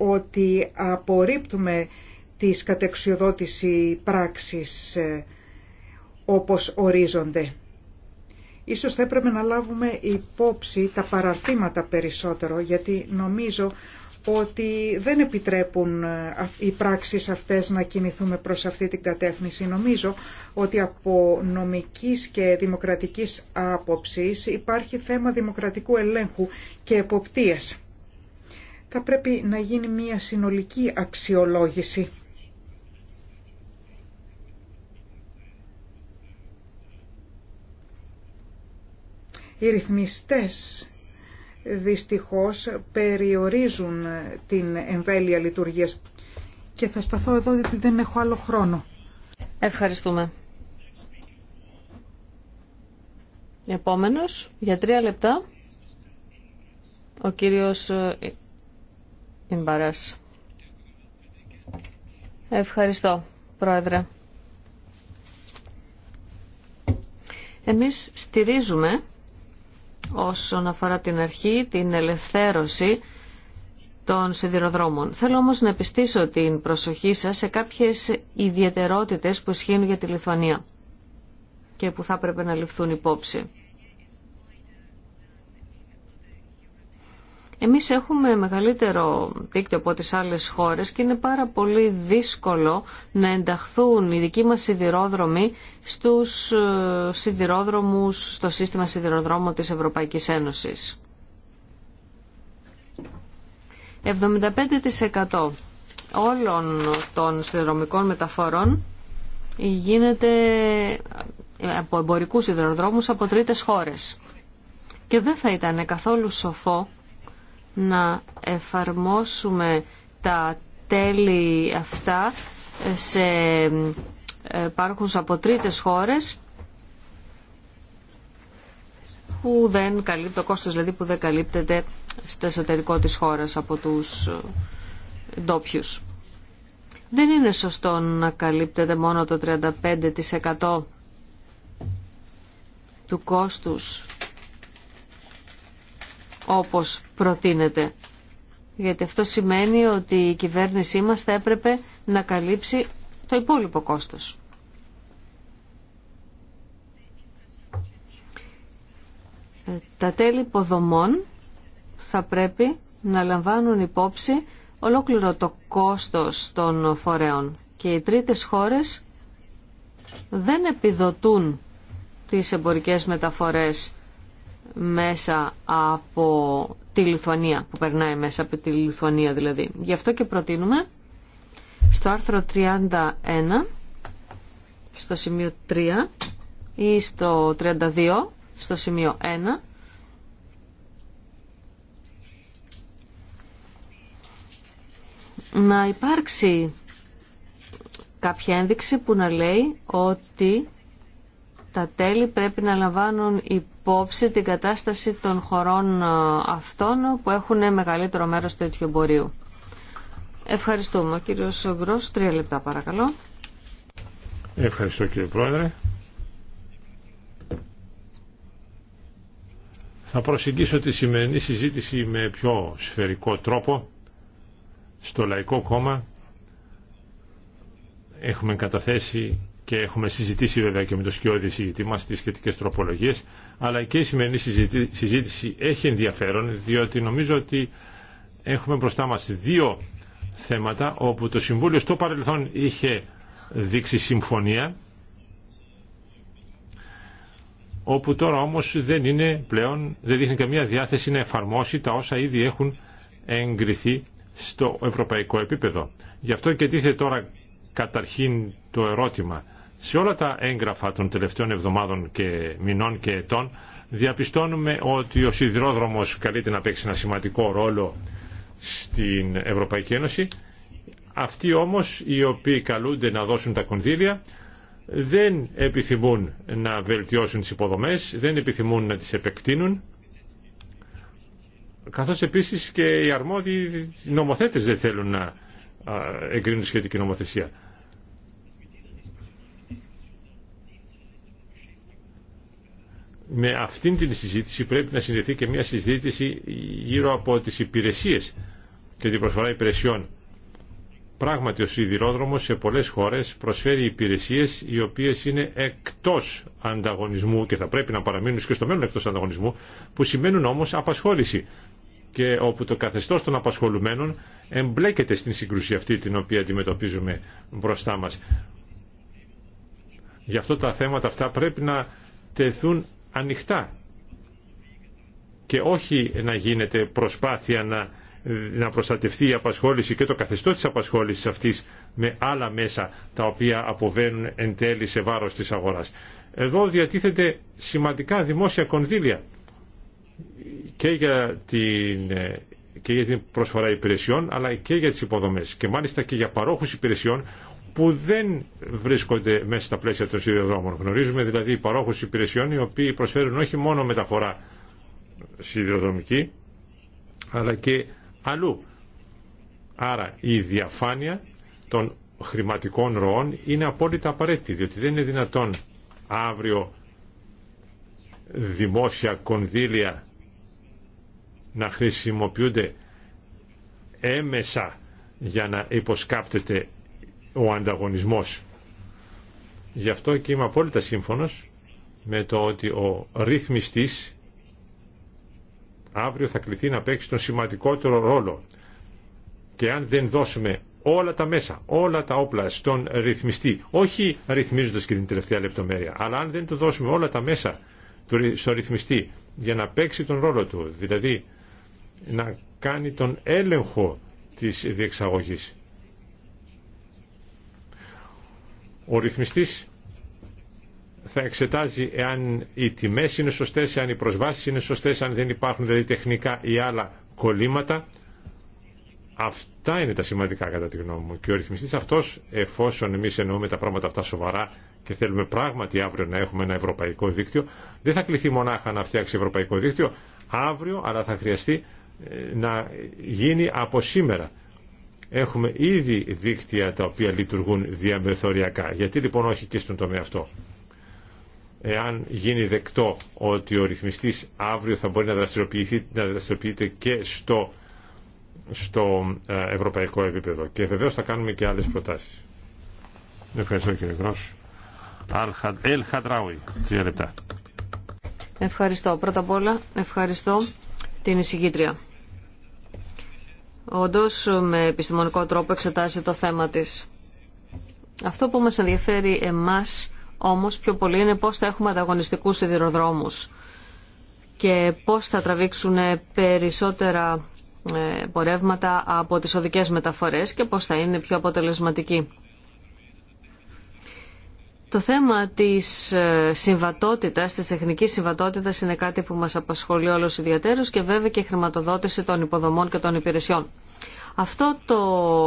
ότι απορρίπτουμε τις κατεξιοδότηση πράξεις ε, όπως ορίζονται. Ίσως θα έπρεπε να λάβουμε υπόψη τα παραρτήματα περισσότερο, γιατί νομίζω ότι δεν επιτρέπουν ε, οι πράξεις αυτές να κινηθούμε προς αυτή την κατεύθυνση. Νομίζω ότι από νομικής και δημοκρατικής άποψης υπάρχει θέμα δημοκρατικού ελέγχου και εποπτείας θα πρέπει να γίνει μια συνολική αξιολόγηση. Οι ρυθμιστές δυστυχώς περιορίζουν την εμβέλεια λειτουργίας και θα σταθώ εδώ γιατί δεν έχω άλλο χρόνο. Ευχαριστούμε. Επόμενος, για τρία λεπτά, ο κύριος Ευχαριστώ, Πρόεδρε. Εμείς στηρίζουμε όσον αφορά την αρχή, την ελευθέρωση των σιδηροδρόμων. Θέλω όμως να επιστήσω την προσοχή σας σε κάποιες ιδιαιτερότητες που ισχύουν για τη Λιθουανία και που θα έπρεπε να ληφθούν υπόψη. Εμείς έχουμε μεγαλύτερο δίκτυο από τις άλλες χώρες και είναι πάρα πολύ δύσκολο να ενταχθούν οι δικοί μας σιδηρόδρομοι στους ε, σιδηρόδρομους, στο σύστημα σιδηροδρόμων της Ευρωπαϊκής Ένωσης. 75% όλων των σιδηροδρομικών μεταφορών γίνεται ε, από εμπορικούς σιδηροδρόμους από τρίτες χώρες. Και δεν θα ήταν καθόλου σοφό να εφαρμόσουμε τα τέλη αυτά σε ε, πάρχους από τρίτες χώρες που δεν καλύπτει, το κόστος δηλαδή που δεν καλύπτεται στο εσωτερικό της χώρας από τους ε, ντόπιου. Δεν είναι σωστό να καλύπτεται μόνο το 35% του κόστους όπως προτείνεται. Γιατί αυτό σημαίνει ότι η κυβέρνησή μας θα έπρεπε να καλύψει το υπόλοιπο κόστος. Ε, τα τέλη υποδομών θα πρέπει να λαμβάνουν υπόψη ολόκληρο το κόστος των φορέων και οι τρίτες χώρες δεν επιδοτούν τις εμπορικές μεταφορές μέσα από τη Λιθουανία, που περνάει μέσα από τη Λιθουανία δηλαδή. Γι' αυτό και προτείνουμε στο άρθρο 31, στο σημείο 3 ή στο 32, στο σημείο 1, να υπάρξει κάποια ένδειξη που να λέει ότι τα τέλη πρέπει να λαμβάνουν υπόλοιπα υπόψη την κατάσταση των χωρών ε, αυτών που έχουν μεγαλύτερο μέρος τέτοιου εμπορίου. Ευχαριστούμε. Ο κύριος Γκρός, τρία λεπτά παρακαλώ. Ευχαριστώ κύριε Πρόεδρε. Θα προσεγγίσω τη σημερινή συζήτηση με πιο σφαιρικό τρόπο. Στο Λαϊκό Κόμμα έχουμε καταθέσει και έχουμε συζητήσει βέβαια και με το σκιώδη συγητή μας τις σχετικές τροπολογίες αλλά και η σημερινή συζήτηση έχει ενδιαφέρον, διότι νομίζω ότι έχουμε μπροστά μας δύο θέματα όπου το Συμβούλιο στο παρελθόν είχε δείξει συμφωνία, όπου τώρα όμως δεν είναι πλέον, δεν δείχνει καμία διάθεση να εφαρμόσει τα όσα ήδη έχουν εγκριθεί στο ευρωπαϊκό επίπεδο. Γι' αυτό και τίθεται τώρα καταρχήν το ερώτημα σε όλα τα έγγραφα των τελευταίων εβδομάδων και μηνών και ετών διαπιστώνουμε ότι ο σιδηρόδρομος καλείται να παίξει ένα σημαντικό ρόλο στην Ευρωπαϊκή Ένωση. Αυτοί όμως οι οποίοι καλούνται να δώσουν τα κονδύλια δεν επιθυμούν να βελτιώσουν τις υποδομές, δεν επιθυμούν να τις επεκτείνουν, καθώς επίσης και οι αρμόδιοι νομοθέτες δεν θέλουν να εγκρίνουν σχετική νομοθεσία. με αυτήν την συζήτηση πρέπει να συνδεθεί και μια συζήτηση γύρω από τις υπηρεσίες και την προσφορά υπηρεσιών. Πράγματι ο σιδηρόδρομος σε πολλές χώρες προσφέρει υπηρεσίες οι οποίες είναι εκτός ανταγωνισμού και θα πρέπει να παραμείνουν και στο μέλλον εκτός ανταγωνισμού που σημαίνουν όμως απασχόληση και όπου το καθεστώς των απασχολουμένων εμπλέκεται στην σύγκρουση αυτή την οποία αντιμετωπίζουμε μπροστά μας. Γι' αυτό τα θέματα αυτά πρέπει να τεθούν ανοιχτά και όχι να γίνεται προσπάθεια να, να προστατευτεί η απασχόληση και το καθεστώ της απασχόλησης αυτής με άλλα μέσα τα οποία αποβαίνουν εν τέλει σε βάρος της αγοράς. Εδώ διατίθεται σημαντικά δημόσια κονδύλια και για την, και για την προσφορά υπηρεσιών αλλά και για τις υποδομές και μάλιστα και για παρόχους υπηρεσιών που δεν βρίσκονται μέσα στα πλαίσια των σιδηροδρόμων. Γνωρίζουμε δηλαδή παρόχου υπηρεσιών οι οποίοι προσφέρουν όχι μόνο μεταφορά σιδηροδρομική αλλά και αλλού. Άρα η διαφάνεια των χρηματικών ροών είναι απόλυτα απαραίτητη διότι δεν είναι δυνατόν αύριο δημόσια κονδύλια να χρησιμοποιούνται έμεσα για να υποσκάπτεται ο ανταγωνισμός. Γι' αυτό και είμαι απόλυτα σύμφωνος με το ότι ο ρυθμιστής αύριο θα κληθεί να παίξει τον σημαντικότερο ρόλο. Και αν δεν δώσουμε όλα τα μέσα, όλα τα όπλα στον ρυθμιστή, όχι ρυθμίζοντας και την τελευταία λεπτομέρεια, αλλά αν δεν του δώσουμε όλα τα μέσα στον ρυθμιστή για να παίξει τον ρόλο του, δηλαδή να κάνει τον έλεγχο της διεξαγωγής Ο ρυθμιστής θα εξετάζει εάν οι τιμές είναι σωστές, εάν οι προσβάσεις είναι σωστές, αν δεν υπάρχουν δηλαδή τεχνικά ή άλλα κολλήματα. Αυτά είναι τα σημαντικά κατά τη γνώμη μου. Και ο ρυθμιστής αυτός, εφόσον εμείς εννοούμε τα πράγματα αυτά σοβαρά και θέλουμε πράγματι αύριο να έχουμε ένα ευρωπαϊκό δίκτυο, δεν θα κληθεί μονάχα να φτιάξει ευρωπαϊκό δίκτυο αύριο, αλλά θα χρειαστεί ε, να γίνει από σήμερα. Έχουμε ήδη δίκτυα τα οποία λειτουργούν διαμεθοριακά. Γιατί λοιπόν όχι και στον τομέα αυτό. Εάν γίνει δεκτό ότι ο ρυθμιστής αύριο θα μπορεί να, δραστηριοποιηθεί, να δραστηριοποιείται και στο, στο ε, ευρωπαϊκό επίπεδο. Και βεβαίως θα κάνουμε και άλλες προτάσεις. Ευχαριστώ κύριε Γκρός. Ελ Ευχαριστώ. Πρώτα απ' όλα ευχαριστώ την εισηγήτρια. Όντω με επιστημονικό τρόπο εξετάζει το θέμα τη, Αυτό που μας ενδιαφέρει εμάς όμως πιο πολύ είναι πώς θα έχουμε ανταγωνιστικούς σιδηροδρόμου και πώς θα τραβήξουν περισσότερα ε, πορεύματα από τις οδικές μεταφορές και πώς θα είναι πιο αποτελεσματικοί. Το θέμα της ε, συμβατότητας, της τεχνικής συμβατότητας είναι κάτι που μας απασχολεί όλος ιδιαίτερος και βέβαια και η χρηματοδότηση των υποδομών και των υπηρεσιών. Αυτό το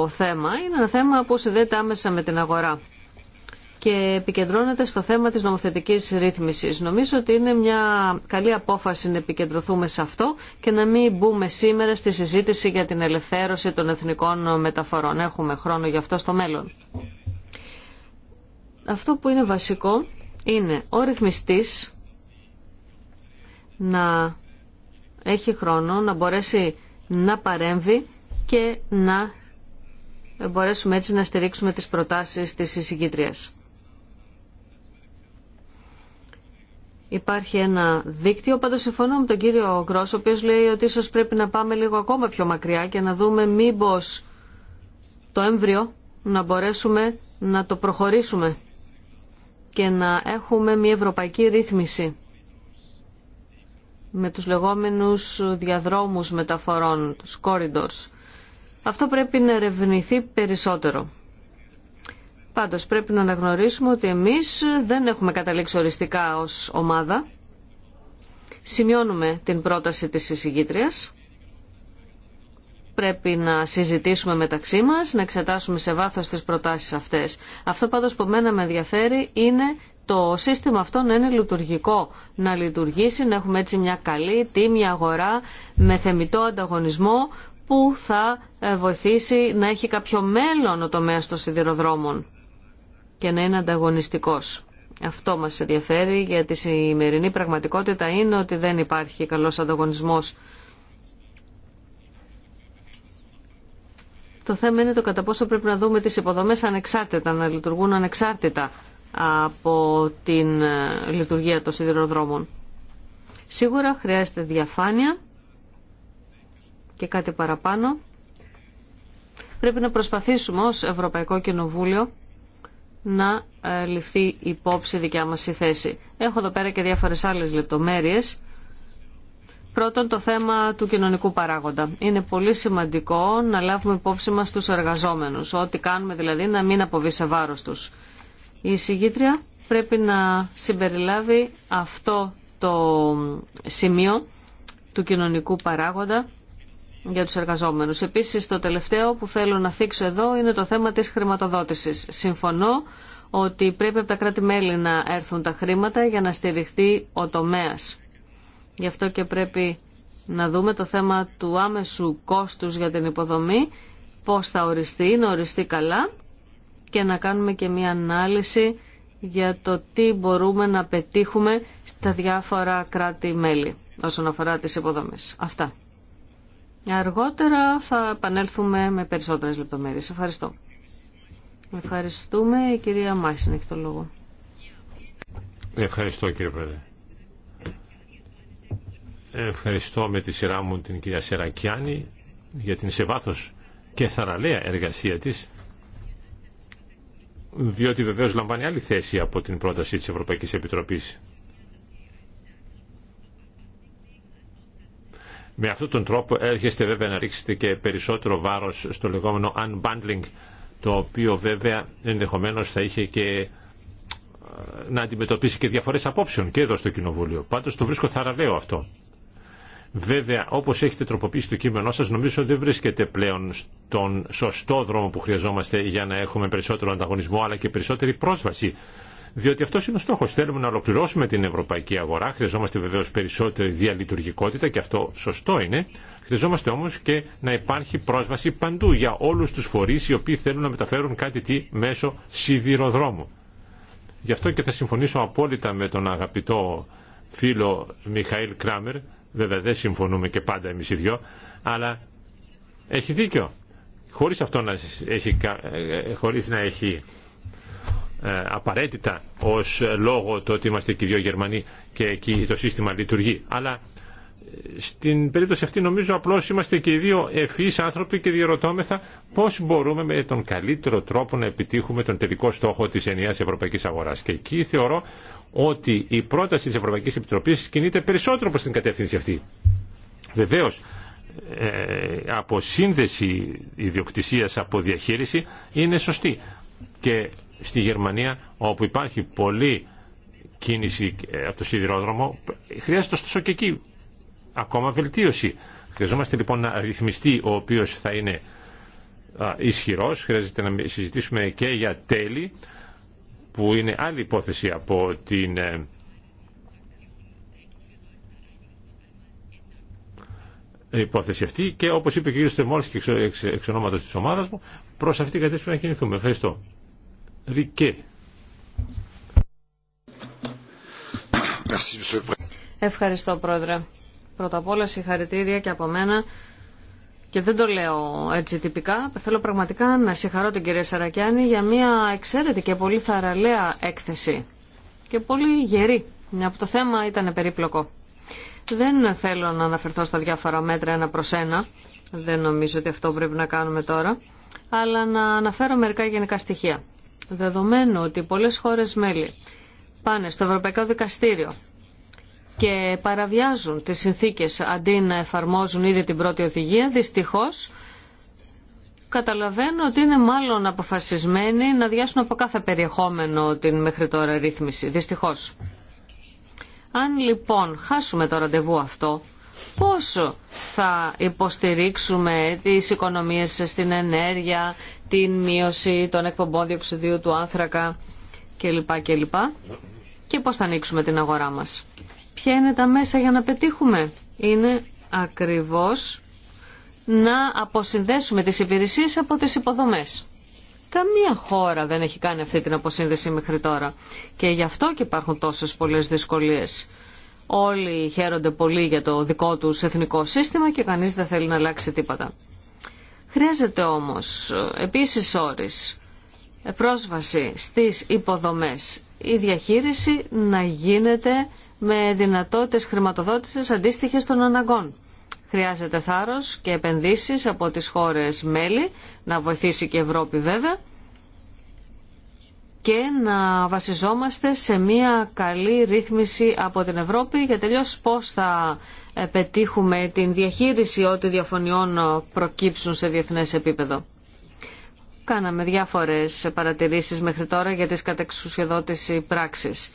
θέμα είναι ένα θέμα που συνδέεται άμεσα με την αγορά και επικεντρώνεται στο θέμα της νομοθετικής ρύθμισης. Νομίζω ότι είναι μια καλή απόφαση να επικεντρωθούμε σε αυτό και να μην μπούμε σήμερα στη συζήτηση για την ελευθέρωση των εθνικών μεταφορών. Έχουμε χρόνο γι' αυτό στο μέλλον αυτό που είναι βασικό είναι ο ρυθμιστής να έχει χρόνο να μπορέσει να παρέμβει και να μπορέσουμε έτσι να στηρίξουμε τις προτάσεις της εισηγήτριας. Υπάρχει ένα δίκτυο, πάντως συμφωνώ με τον κύριο Γκρός, ο οποίος λέει ότι ίσως πρέπει να πάμε λίγο ακόμα πιο μακριά και να δούμε μήπως το έμβριο να μπορέσουμε να το προχωρήσουμε και να έχουμε μια ευρωπαϊκή ρύθμιση με τους λεγόμενους διαδρόμους μεταφορών, τους corridors. Αυτό πρέπει να ερευνηθεί περισσότερο. Πάντως πρέπει να αναγνωρίσουμε ότι εμείς δεν έχουμε καταλήξει οριστικά ως ομάδα. Σημειώνουμε την πρόταση της εισηγήτριας πρέπει να συζητήσουμε μεταξύ μας, να εξετάσουμε σε βάθο τις προτάσεις αυτές. Αυτό πάντως που μένα με ενδιαφέρει είναι το σύστημα αυτό να είναι λειτουργικό, να λειτουργήσει, να έχουμε έτσι μια καλή τίμια αγορά με θεμητό ανταγωνισμό που θα ε, βοηθήσει να έχει κάποιο μέλλον ο τομέας των σιδηροδρόμων και να είναι ανταγωνιστικός. Αυτό μας ενδιαφέρει γιατί η σημερινή πραγματικότητα είναι ότι δεν υπάρχει καλός ανταγωνισμός Το θέμα είναι το κατά πόσο πρέπει να δούμε τις υποδομές ανεξάρτητα, να λειτουργούν ανεξάρτητα από την ε, λειτουργία των σιδηροδρόμων. Σίγουρα χρειάζεται διαφάνεια και κάτι παραπάνω. Πρέπει να προσπαθήσουμε ως Ευρωπαϊκό Κοινοβούλιο να ε, ληφθεί υπόψη δικιά μας η θέση. Έχω εδώ πέρα και διάφορες άλλες λεπτομέρειες Πρώτον το θέμα του κοινωνικού παράγοντα. Είναι πολύ σημαντικό να λάβουμε υπόψη μας τους εργαζόμενους, ό,τι κάνουμε δηλαδή να μην αποβεί σε βάρος τους. Η εισηγήτρια πρέπει να συμπεριλάβει αυτό το σημείο του κοινωνικού παράγοντα για τους εργαζόμενους. Επίσης το τελευταίο που θέλω να θίξω εδώ είναι το θέμα της χρηματοδότησης. Συμφωνώ ότι πρέπει από τα κράτη-μέλη να έρθουν τα χρήματα για να στηριχτεί ο τομέας. Γι' αυτό και πρέπει να δούμε το θέμα του άμεσου κόστους για την υποδομή, πώς θα οριστεί, να οριστεί καλά και να κάνουμε και μία ανάλυση για το τι μπορούμε να πετύχουμε στα διάφορα κράτη-μέλη όσον αφορά τις υποδομές. Αυτά. Αργότερα θα επανέλθουμε με περισσότερες λεπτομέρειες. Ευχαριστώ. Ευχαριστούμε. Η κυρία Μάση έχει το λόγο. Ευχαριστώ κύριε Πρόεδρε. Ευχαριστώ με τη σειρά μου την κυρία Σερακιάνη για την σε βάθος και θαραλέα εργασία της διότι βεβαίως λαμβάνει άλλη θέση από την πρόταση της Ευρωπαϊκής Επιτροπής. Με αυτόν τον τρόπο έρχεστε βέβαια να ρίξετε και περισσότερο βάρος στο λεγόμενο unbundling το οποίο βέβαια ενδεχομένως θα είχε και ε, να αντιμετωπίσει και διαφορές απόψεων και εδώ στο Κοινοβούλιο. Πάντως το βρίσκω θαραλέο αυτό. Βέβαια, όπως έχετε τροποποιήσει το κείμενό σας, νομίζω δεν βρίσκεται πλέον στον σωστό δρόμο που χρειαζόμαστε για να έχουμε περισσότερο ανταγωνισμό, αλλά και περισσότερη πρόσβαση. Διότι αυτό είναι ο στόχο. Θέλουμε να ολοκληρώσουμε την ευρωπαϊκή αγορά. Χρειαζόμαστε βεβαίω περισσότερη διαλειτουργικότητα και αυτό σωστό είναι. Χρειαζόμαστε όμω και να υπάρχει πρόσβαση παντού για όλου του φορεί οι οποίοι θέλουν να μεταφέρουν κάτι τι μέσω σιδηροδρόμου. Γι' αυτό και θα συμφωνήσω απόλυτα με τον αγαπητό φίλο Μιχαήλ Κράμερ Βέβαια δεν συμφωνούμε και πάντα εμείς οι δυο, αλλά έχει δίκιο. Χωρίς αυτό να έχει, ε, χωρίς να έχει ε, απαραίτητα ως λόγο το ότι είμαστε και οι δύο Γερμανοί και εκεί το σύστημα λειτουργεί. Αλλά στην περίπτωση αυτή νομίζω απλώς είμαστε και οι δύο ευφύς άνθρωποι και διερωτώμεθα πώς μπορούμε με τον καλύτερο τρόπο να επιτύχουμε τον τελικό στόχο της ενιαίας ευρωπαϊκής αγοράς. Και εκεί θεωρώ ότι η πρόταση της Ευρωπαϊκής Επιτροπής κινείται περισσότερο προς την κατεύθυνση αυτή. Βεβαίως, ε, από σύνδεση ιδιοκτησίας από διαχείριση είναι σωστή. Και στη Γερμανία όπου υπάρχει πολλή κίνηση ε, από το σιδηρόδρομο χρειάζεται ωστόσο και εκεί ακόμα βελτίωση. Χρειαζόμαστε λοιπόν να ρυθμιστεί ο οποίο θα είναι ισχυρός. Χρειάζεται να συζητήσουμε και για τέλη που είναι άλλη υπόθεση από την ε, υπόθεση αυτή και όπως είπε ο κ. Στεμόλη και εξ, ονόματο τη της ομάδας μου προς αυτή την κατεύθυνση να κινηθούμε. Ευχαριστώ. Ρικέ. Ευχαριστώ Πρόεδρε. Πρώτα απ' όλα συγχαρητήρια και από μένα και δεν το λέω έτσι τυπικά. Θέλω πραγματικά να συγχαρώ την κυρία Σαρακιάνη για μια εξαίρετη και πολύ θαραλέα έκθεση και πολύ γερή. Από το θέμα ήταν περίπλοκο. Δεν θέλω να αναφερθώ στα διάφορα μέτρα ένα προς ένα. Δεν νομίζω ότι αυτό πρέπει να κάνουμε τώρα. Αλλά να αναφέρω μερικά γενικά στοιχεία. Δεδομένου ότι πολλές χώρες μέλη πάνε στο Ευρωπαϊκό Δικαστήριο και παραβιάζουν τις συνθήκες αντί να εφαρμόζουν ήδη την πρώτη οδηγία, δυστυχώς καταλαβαίνω ότι είναι μάλλον αποφασισμένοι να διάσουν από κάθε περιεχόμενο την μέχρι τώρα ρύθμιση, δυστυχώς. Αν λοιπόν χάσουμε το ραντεβού αυτό, πόσο θα υποστηρίξουμε τις οικονομίες στην ενέργεια, την μείωση των εκπομπών διοξιδίου του άνθρακα κλπ. Και πώς θα ανοίξουμε την αγορά μας. Ποια είναι τα μέσα για να πετύχουμε. Είναι ακριβώς να αποσυνδέσουμε τις υπηρεσίες από τις υποδομές. Καμία χώρα δεν έχει κάνει αυτή την αποσύνδεση μέχρι τώρα. Και γι' αυτό και υπάρχουν τόσες πολλές δυσκολίες. Όλοι χαίρονται πολύ για το δικό τους εθνικό σύστημα και κανείς δεν θέλει να αλλάξει τίποτα. Χρειάζεται όμως επίσης όρις ε, πρόσβαση στις υποδομές. Η διαχείριση να γίνεται με δυνατότητες χρηματοδότησης αντίστοιχες των αναγκών. Χρειάζεται θάρρος και επενδύσεις από τις χώρες μέλη, να βοηθήσει και η Ευρώπη βέβαια, και να βασιζόμαστε σε μια καλή ρύθμιση από την Ευρώπη για τελειώς πώς θα ε, πετύχουμε την διαχείριση ό,τι διαφωνιών ε, προκύψουν σε διεθνές επίπεδο. Κάναμε διάφορες παρατηρήσεις μέχρι τώρα για τις κατεξουσιοδότηση πράξης.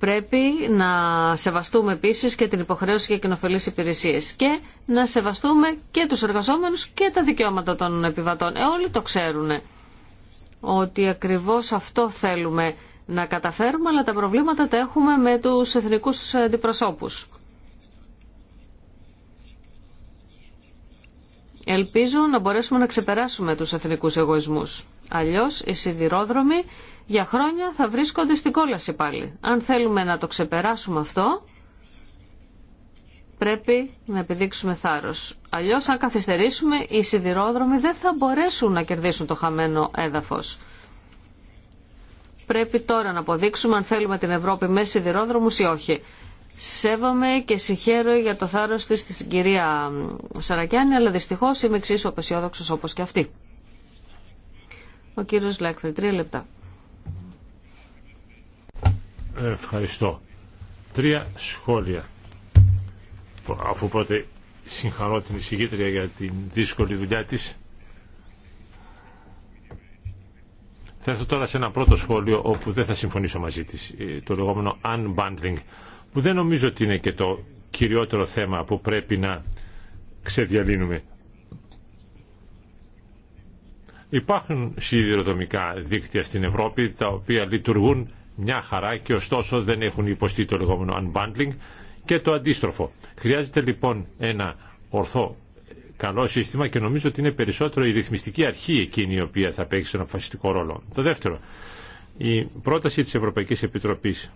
Πρέπει να σεβαστούμε επίση και την υποχρέωση για κοινοφελείς υπηρεσίε. και να σεβαστούμε και τους εργαζόμενους και τα δικαιώματα των επιβατών. Ε, όλοι το ξέρουν ότι ακριβώς αυτό θέλουμε να καταφέρουμε, αλλά τα προβλήματα τα έχουμε με τους εθνικούς αντιπροσώπου. Ελπίζω να μπορέσουμε να ξεπεράσουμε τους εθνικούς εγωισμούς. Αλλιώς οι σιδηρόδρομοι για χρόνια θα βρίσκονται στην κόλαση πάλι. Αν θέλουμε να το ξεπεράσουμε αυτό, πρέπει να επιδείξουμε θάρρος. Αλλιώς, αν καθυστερήσουμε, οι σιδηρόδρομοι δεν θα μπορέσουν να κερδίσουν το χαμένο έδαφος. Πρέπει τώρα να αποδείξουμε αν θέλουμε την Ευρώπη με σιδηρόδρομους ή όχι. Σέβομαι και συγχαίρω για το θάρρος της κυρία Σαρακιάνη, αλλά δυστυχώς είμαι εξίσου απεσιόδοξος όπως και αυτή. Ο κύριος τρία λεπτά. Ευχαριστώ. Τρία σχόλια. Αφού πρώτα συγχαρώ την εισηγήτρια για την δύσκολη δουλειά της. Θα έρθω τώρα σε ένα πρώτο σχόλιο όπου δεν θα συμφωνήσω μαζί της. Ε, το λεγόμενο unbundling που δεν νομίζω ότι είναι και το κυριότερο θέμα που πρέπει να ξεδιαλύνουμε. Υπάρχουν σιδηροδομικά δίκτυα στην Ευρώπη τα οποία λειτουργούν μια χαρά και ωστόσο δεν έχουν υποστεί το λεγόμενο unbundling και το αντίστροφο. Χρειάζεται λοιπόν ένα ορθό καλό σύστημα και νομίζω ότι είναι περισσότερο η ρυθμιστική αρχή εκείνη η οποία θα παίξει ένα φασιστικό ρόλο. Το δεύτερο, η πρόταση της Ευρωπαϊκής Επιτροπής.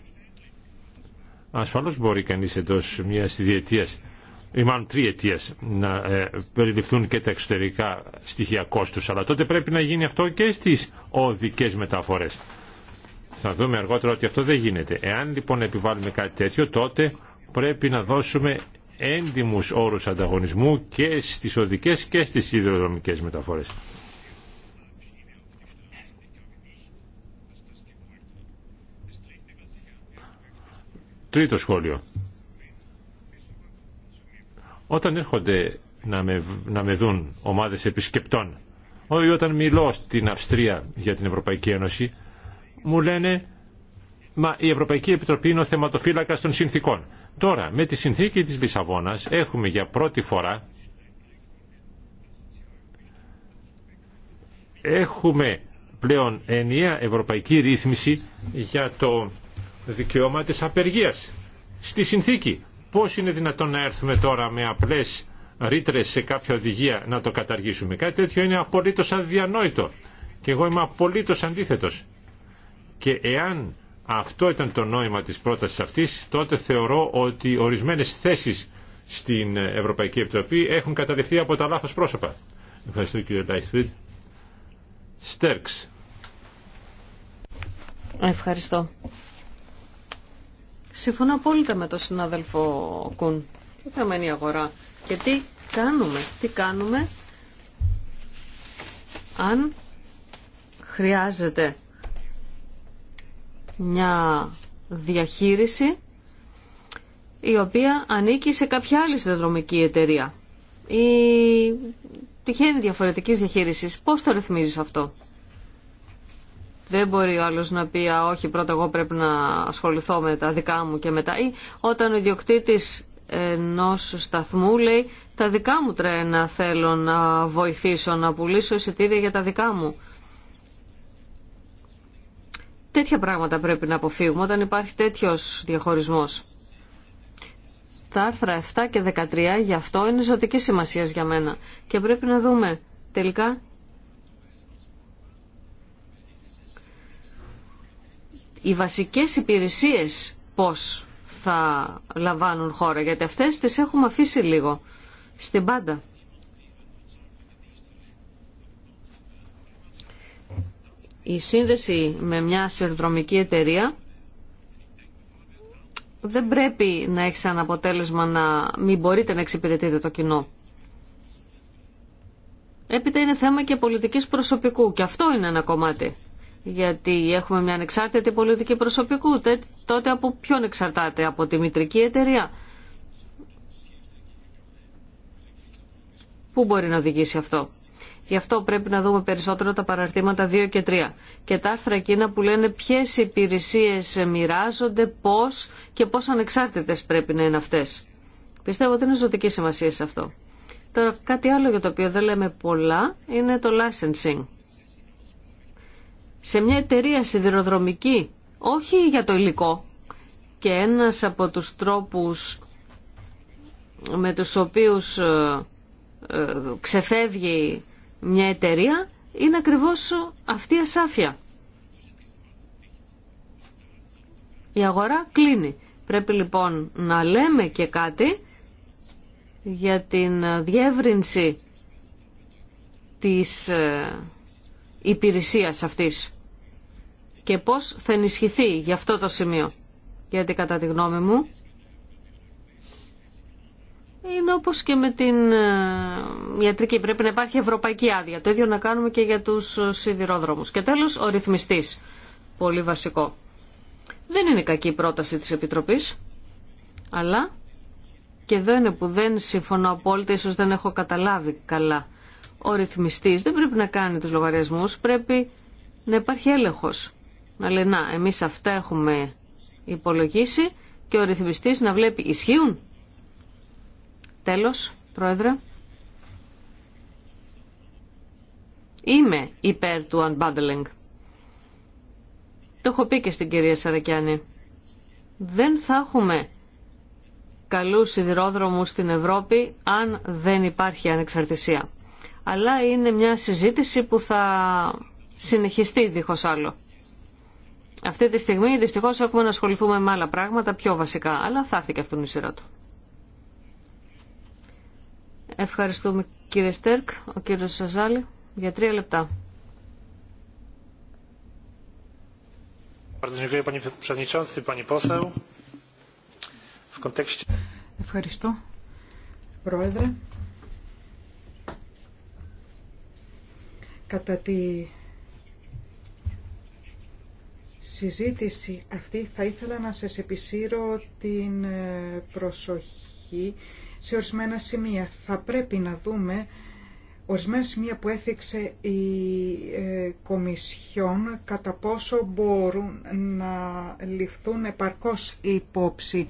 Ασφαλώς μπορεί κανείς εντός μιας διετίας ή μάλλον ετία να ε, περιληφθούν και τα εξωτερικά στοιχεία κόστου. Αλλά τότε πρέπει να γίνει αυτό και στι οδικέ μεταφορέ. Θα δούμε αργότερα ότι αυτό δεν γίνεται. Εάν λοιπόν επιβάλλουμε κάτι τέτοιο, τότε πρέπει να δώσουμε έντιμους όρους ανταγωνισμού και στις οδικές και στις σιδηροδρομικές μεταφορές. Τρίτο σχόλιο. Όταν έρχονται να με, να με δουν ομάδες επισκεπτών, όταν μιλώ στην Αυστρία για την Ευρωπαϊκή Ένωση, μου λένε «Μα η Ευρωπαϊκή Επιτροπή είναι ο θεματοφύλακας των συνθήκων». Τώρα, με τη συνθήκη της Λισαβόνας έχουμε για πρώτη φορά έχουμε πλέον ενιαία ευρωπαϊκή ρύθμιση για το δικαιώμα της απεργίας στη συνθήκη. Πώς είναι δυνατόν να έρθουμε τώρα με απλές ρήτρε σε κάποια οδηγία να το καταργήσουμε. Κάτι τέτοιο είναι απολύτως αδιανόητο. Και εγώ είμαι απολύτως αντίθετος. Και εάν αυτό ήταν το νόημα της πρότασης αυτής, τότε θεωρώ ότι ορισμένες θέσεις στην Ευρωπαϊκή Επιτροπή έχουν καταδεχθεί από τα λάθος πρόσωπα. Ευχαριστώ κύριε Λάιθφιντ. Στέρξ. Ευχαριστώ. Συμφωνώ απόλυτα με τον συνάδελφο Κουν. Η αγορά. Και τι κάνουμε, τι κάνουμε αν χρειάζεται μια διαχείριση η οποία ανήκει σε κάποια άλλη συνδρομική εταιρεία ή τυχαίνει διαφορετικής διαχείρισης. Πώς το ρυθμίζεις αυτό. Δεν μπορεί ο άλλος να πει όχι, πρώτα εγώ πρέπει να ασχοληθώ με τα δικά μου και μετά». Ή όταν ο ιδιοκτήτης ενό σταθμού λέει «Τα δικά μου τρένα θέλω να βοηθήσω να πουλήσω εισιτήρια για τα δικά μου». Τέτοια πράγματα πρέπει να αποφύγουμε όταν υπάρχει τέτοιος διαχωρισμός. Τα άρθρα 7 και 13 γι' αυτό είναι ζωτική σημασίας για μένα και πρέπει να δούμε τελικά οι βασικές υπηρεσίες πώς θα λαμβάνουν χώρα γιατί αυτές τις έχουμε αφήσει λίγο στην πάντα. η σύνδεση με μια σειροδρομική εταιρεία δεν πρέπει να έχει σαν αποτέλεσμα να μην μπορείτε να εξυπηρετείτε το κοινό. Έπειτα είναι θέμα και πολιτικής προσωπικού και αυτό είναι ένα κομμάτι. Γιατί έχουμε μια ανεξάρτητη πολιτική προσωπικού, τότε από ποιον εξαρτάται, από τη μητρική εταιρεία. Πού μπορεί να οδηγήσει αυτό. Γι' αυτό πρέπει να δούμε περισσότερο τα παραρτήματα 2 και 3. Και τα άρθρα εκείνα που λένε ποιε υπηρεσίε μοιράζονται, πώ και πώς ανεξάρτητε πρέπει να είναι αυτέ. Πιστεύω ότι είναι ζωτική σημασία σε αυτό. Τώρα κάτι άλλο για το οποίο δεν λέμε πολλά είναι το licensing. Σε μια εταιρεία σιδηροδρομική, όχι για το υλικό, και ένας από τους τρόπους με τους οποίους ε, ε, ξεφεύγει μια εταιρεία είναι ακριβώς αυτή η ασάφεια. Η αγορά κλείνει. Πρέπει λοιπόν να λέμε και κάτι για την διεύρυνση της ε, υπηρεσίας αυτής και πώς θα ενισχυθεί για αυτό το σημείο. Γιατί κατά τη γνώμη μου είναι όπως και με την ε, ιατρική. Πρέπει να υπάρχει ευρωπαϊκή άδεια. Το ίδιο να κάνουμε και για τους σιδηρόδρομους. Και τέλος, ο ρυθμιστής. Πολύ βασικό. Δεν είναι κακή η πρόταση της Επιτροπής, αλλά και εδώ είναι που δεν συμφωνώ απόλυτα, ίσως δεν έχω καταλάβει καλά. Ο ρυθμιστής δεν πρέπει να κάνει τους λογαριασμούς, πρέπει να υπάρχει έλεγχος. Να λέει, να, εμείς αυτά έχουμε υπολογίσει και ο ρυθμιστής να βλέπει, ισχύουν, Τέλος, Πρόεδρε. Είμαι υπέρ του unbundling. Το έχω πει και στην κυρία Σαρακιάνη. Δεν θα έχουμε καλούς σιδηρόδρομους στην Ευρώπη αν δεν υπάρχει ανεξαρτησία. Αλλά είναι μια συζήτηση που θα συνεχιστεί δίχως άλλο. Αυτή τη στιγμή δυστυχώς έχουμε να ασχοληθούμε με άλλα πράγματα πιο βασικά, αλλά θα έρθει και αυτόν η σειρά του. Ευχαριστούμε κύριε Στέρκ, ο κύριος Σαζάλη, για τρία λεπτά. Ευχαριστώ, Πρόεδρε. Κατά τη συζήτηση αυτή θα ήθελα να σας επισύρω την ε, προσοχή σε ορισμένα σημεία. Θα πρέπει να δούμε ορισμένα σημεία που έθιξε η ε, Κομισιόν κατά πόσο μπορούν να ληφθούν επαρκώς υπόψη.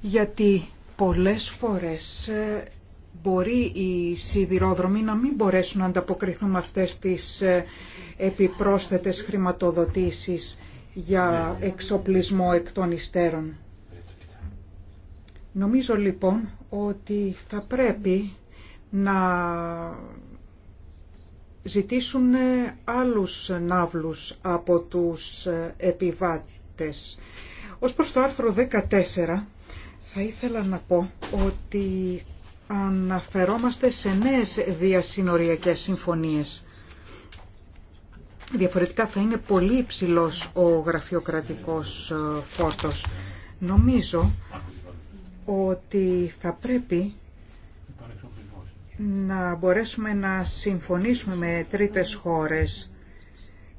Γιατί πολλές φορές ε, μπορεί οι σιδηρόδρομοι να μην μπορέσουν να ανταποκριθούν με αυτές τις ε, επιπρόσθετες χρηματοδοτήσεις για ναι. εξοπλισμό εκ των υστέρων. Νομίζω λοιπόν ότι θα πρέπει να ζητήσουν άλλους ναύλους από τους επιβάτες. Ως προς το άρθρο 14 θα ήθελα να πω ότι αναφερόμαστε σε νέες διασυνοριακές συμφωνίες. Διαφορετικά θα είναι πολύ υψηλός ο γραφειοκρατικός ε, φόρτος. Νομίζω ότι θα πρέπει να μπορέσουμε να συμφωνήσουμε με τρίτες χώρες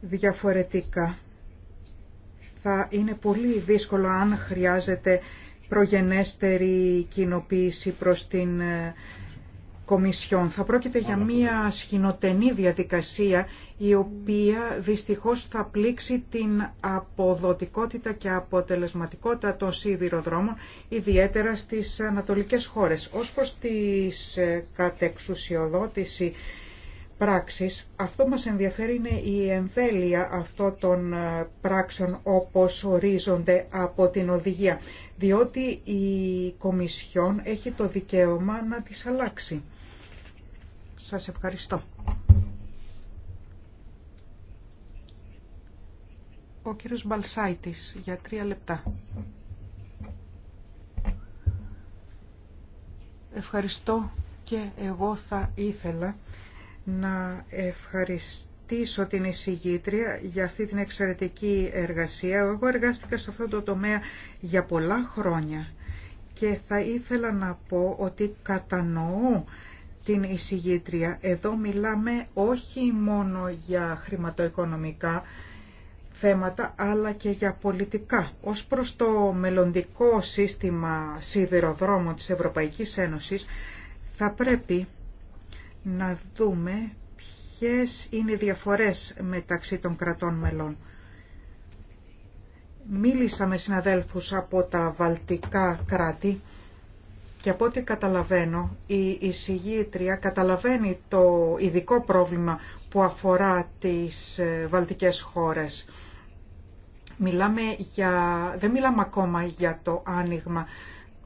διαφορετικά. Θα είναι πολύ δύσκολο αν χρειάζεται προγενέστερη κοινοποίηση προς την ε, Κομισιόν. Θα πρόκειται για μια σχηνοτενή διαδικασία η οποία δυστυχώς θα πλήξει την αποδοτικότητα και αποτελεσματικότητα των σιδηροδρόμων, ιδιαίτερα στις ανατολικές χώρες. Ως προς τις ε, κατεξουσιοδότηση πράξεις, αυτό μας ενδιαφέρει είναι η εμβέλεια αυτών των ε, πράξεων όπως ορίζονται από την οδηγία, διότι η Κομισιόν έχει το δικαίωμα να τις αλλάξει. Σας ευχαριστώ. Ο κύριος Μπαλσάιτης για τρία λεπτά. Ευχαριστώ και εγώ θα ήθελα να ευχαριστήσω την εισηγήτρια για αυτή την εξαιρετική εργασία. Εγώ εργάστηκα σε αυτό το τομέα για πολλά χρόνια και θα ήθελα να πω ότι κατανοώ την εισηγήτρια. Εδώ μιλάμε όχι μόνο για χρηματοοικονομικά θέματα, αλλά και για πολιτικά. Ως προς το μελλοντικό σύστημα σιδηροδρόμων της Ευρωπαϊκής Ένωσης, θα πρέπει να δούμε ποιες είναι οι διαφορές μεταξύ των κρατών μελών. Μίλησα με συναδέλφους από τα βαλτικά κράτη και από ό,τι καταλαβαίνω, η εισηγήτρια καταλαβαίνει το ειδικό πρόβλημα που αφορά τις ε, βαλτικές χώρες. Μιλάμε για... Δεν μιλάμε ακόμα για το άνοιγμα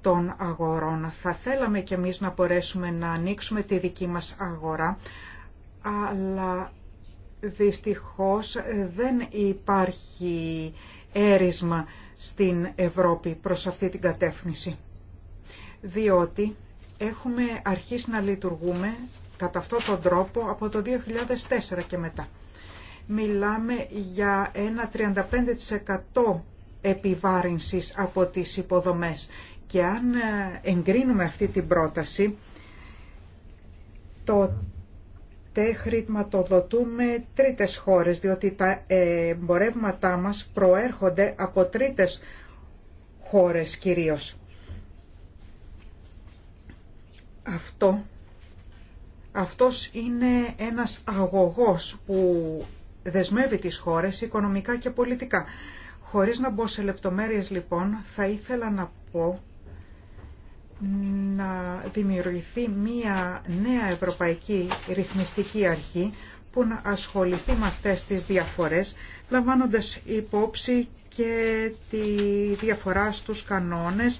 των αγορών. Θα θέλαμε κι εμείς να μπορέσουμε να ανοίξουμε τη δική μας αγορά, αλλά δυστυχώς δεν υπάρχει έρισμα στην Ευρώπη προς αυτή την κατεύθυνση διότι έχουμε αρχίσει να λειτουργούμε κατά αυτόν τον τρόπο από το 2004 και μετά. Μιλάμε για ένα 35% επιβάρυνσης από τις υποδομές και αν ε, εγκρίνουμε αυτή την πρόταση το χρηματοδοτούμε τρίτες χώρες διότι τα εμπορεύματά μας προέρχονται από τρίτες χώρες κυρίως αυτό, αυτός είναι ένας αγωγός που δεσμεύει τις χώρες οικονομικά και πολιτικά. Χωρίς να μπω σε λεπτομέρειες λοιπόν, θα ήθελα να πω να δημιουργηθεί μία νέα ευρωπαϊκή ρυθμιστική αρχή που να ασχοληθεί με αυτές τις διαφορές, λαμβάνοντας υπόψη και τη διαφορά στους κανόνες,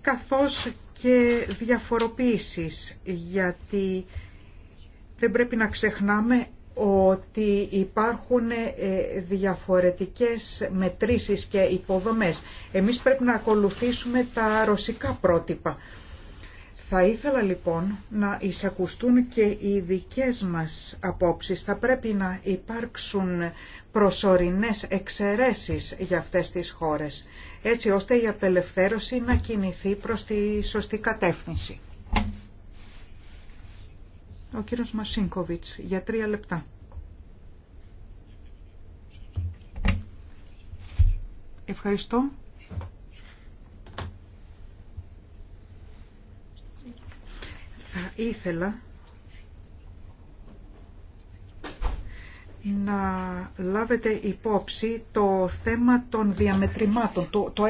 καθώς και διαφοροποίησης, γιατί δεν πρέπει να ξεχνάμε ότι υπάρχουν ε, διαφορετικές μετρήσεις και υποδομές. Εμείς πρέπει να ακολουθήσουμε τα ρωσικά πρότυπα. Θα ήθελα λοιπόν να εισακουστούν και οι δικές μας απόψεις. Θα πρέπει να υπάρξουν προσωρινές εξαιρέσεις για αυτές τις χώρες έτσι ώστε η απελευθέρωση να κινηθεί προς τη σωστή κατεύθυνση. Ο κύριος Μασίνκοβιτς, για τρία λεπτά. Ευχαριστώ. Θα ήθελα να λάβετε υπόψη το θέμα των διαμετρημάτων, το, το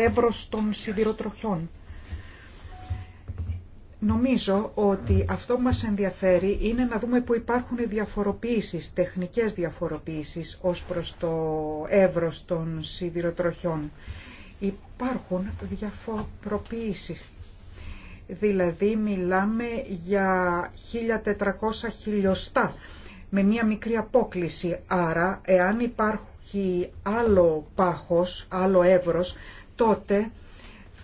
των σιδηροτροχιών. Νομίζω ότι αυτό που μας ενδιαφέρει είναι να δούμε που υπάρχουν διαφοροποιήσεις, τεχνικές διαφοροποιήσεις ως προς το εύρος των σιδηροτροχιών. Υπάρχουν διαφοροποιήσεις. Δηλαδή μιλάμε για 1400 χιλιοστά με μία μικρή απόκληση. Άρα, εάν υπάρχει άλλο πάχος, άλλο εύρος, τότε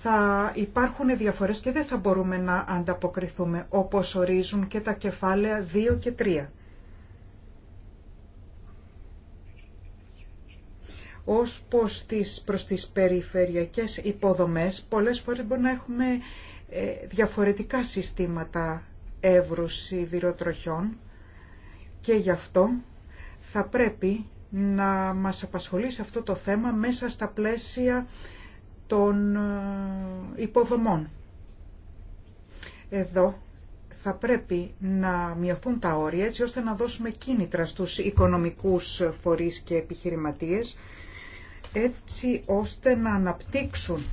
θα υπάρχουν διαφορές και δεν θα μπορούμε να ανταποκριθούμε, όπως ορίζουν και τα κεφάλαια 2 και 3. Ως προς τις, προς τις περιφερειακές υποδομές, πολλές φορές μπορεί να έχουμε ε, διαφορετικά συστήματα εύρους σιδηροτροχιών και γι' αυτό θα πρέπει να μας σε αυτό το θέμα μέσα στα πλαίσια των ε, υποδομών. Εδώ θα πρέπει να μειωθούν τα όρια έτσι ώστε να δώσουμε κίνητρα στους οικονομικούς φορείς και επιχειρηματίες έτσι ώστε να αναπτύξουν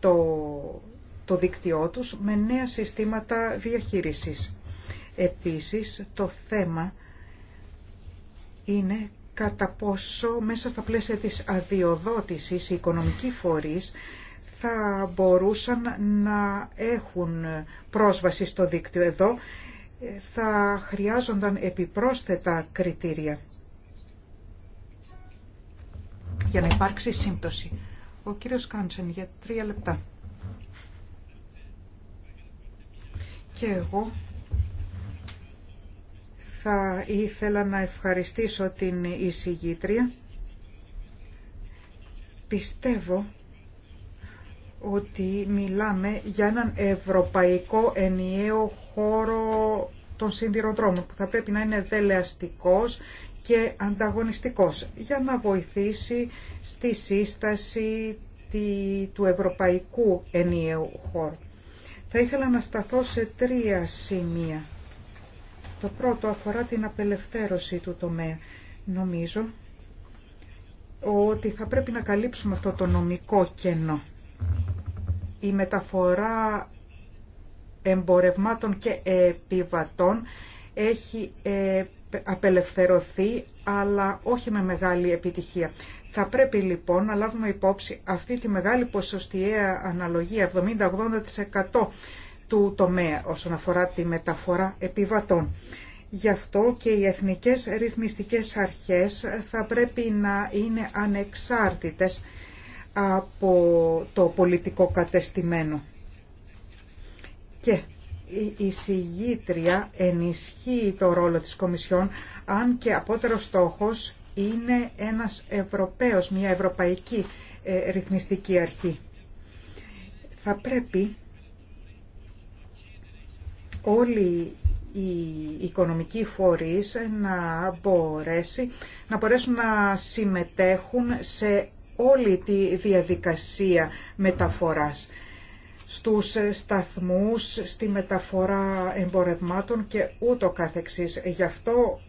το, το δίκτυό τους με νέα συστήματα διαχείρισης. Επίσης, το θέμα είναι κατά πόσο μέσα στα πλαίσια της αδειοδότησης οι οικονομικοί φορείς θα μπορούσαν να έχουν πρόσβαση στο δίκτυο. Εδώ ε, θα χρειάζονταν επιπρόσθετα κριτήρια για να υπάρξει σύμπτωση. Ο κύριος Κάντσεν για τρία λεπτά. Και εγώ θα ήθελα να ευχαριστήσω την εισηγήτρια. Πιστεύω ότι μιλάμε για έναν ευρωπαϊκό ενιαίο χώρο των σιδηροδρόμων που θα πρέπει να είναι δελεαστικός και ανταγωνιστικός για να βοηθήσει στη σύσταση του ευρωπαϊκού ενιαίου χώρου. Θα ήθελα να σταθώ σε τρία σημεία. Το πρώτο αφορά την απελευθέρωση του τομέα. Νομίζω ότι θα πρέπει να καλύψουμε αυτό το νομικό κενό. Η μεταφορά εμπορευμάτων και επιβατών έχει ε, απελευθερωθεί, αλλά όχι με μεγάλη επιτυχία. Θα πρέπει λοιπόν να λάβουμε υπόψη αυτή τη μεγάλη ποσοστιαία αναλογία, 70-80% του τομέα όσον αφορά τη μεταφορά επιβατών. Γι' αυτό και οι εθνικές ρυθμιστικές αρχές θα πρέπει να είναι ανεξάρτητες από το πολιτικό κατεστημένο. Και η εισηγήτρια ενισχύει το ρόλο της Κομισιόν, αν και απότερο στόχος είναι ένας Ευρωπαίος, μια Ευρωπαϊκή ε, Ρυθμιστική Αρχή. Θα πρέπει όλοι οι οικονομικοί φορείς να, μπορέσει, να μπορέσουν να συμμετέχουν σε όλη τη διαδικασία μεταφοράς στους σταθμούς, στη μεταφορά εμπορευμάτων και ούτω καθεξής. Γι' αυτό,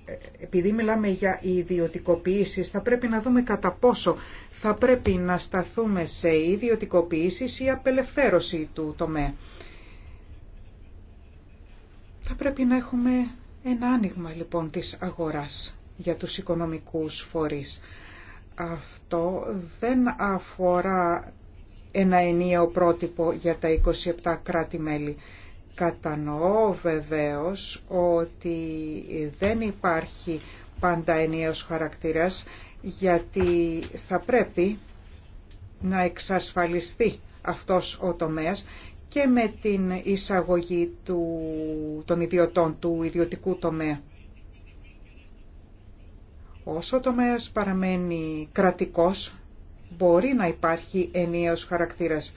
επειδή μιλάμε για ιδιωτικοποίηση, θα πρέπει να δούμε κατά πόσο θα πρέπει να σταθούμε σε ιδιωτικοποίηση ή απελευθέρωση του τομέα. Θα πρέπει να έχουμε ένα άνοιγμα λοιπόν της αγοράς για τους οικονομικούς φορείς. Αυτό δεν αφορά ένα ενιαίο πρότυπο για τα 27 κράτη-μέλη. Κατανοώ βεβαίως ότι δεν υπάρχει πάντα ενιαίος χαρακτήρας γιατί θα πρέπει να εξασφαλιστεί αυτός ο τομέας και με την εισαγωγή του, των ιδιωτών του ιδιωτικού τομέα. Όσο το τομέας παραμένει κρατικός, μπορεί να υπάρχει ενιαίος χαρακτήρας.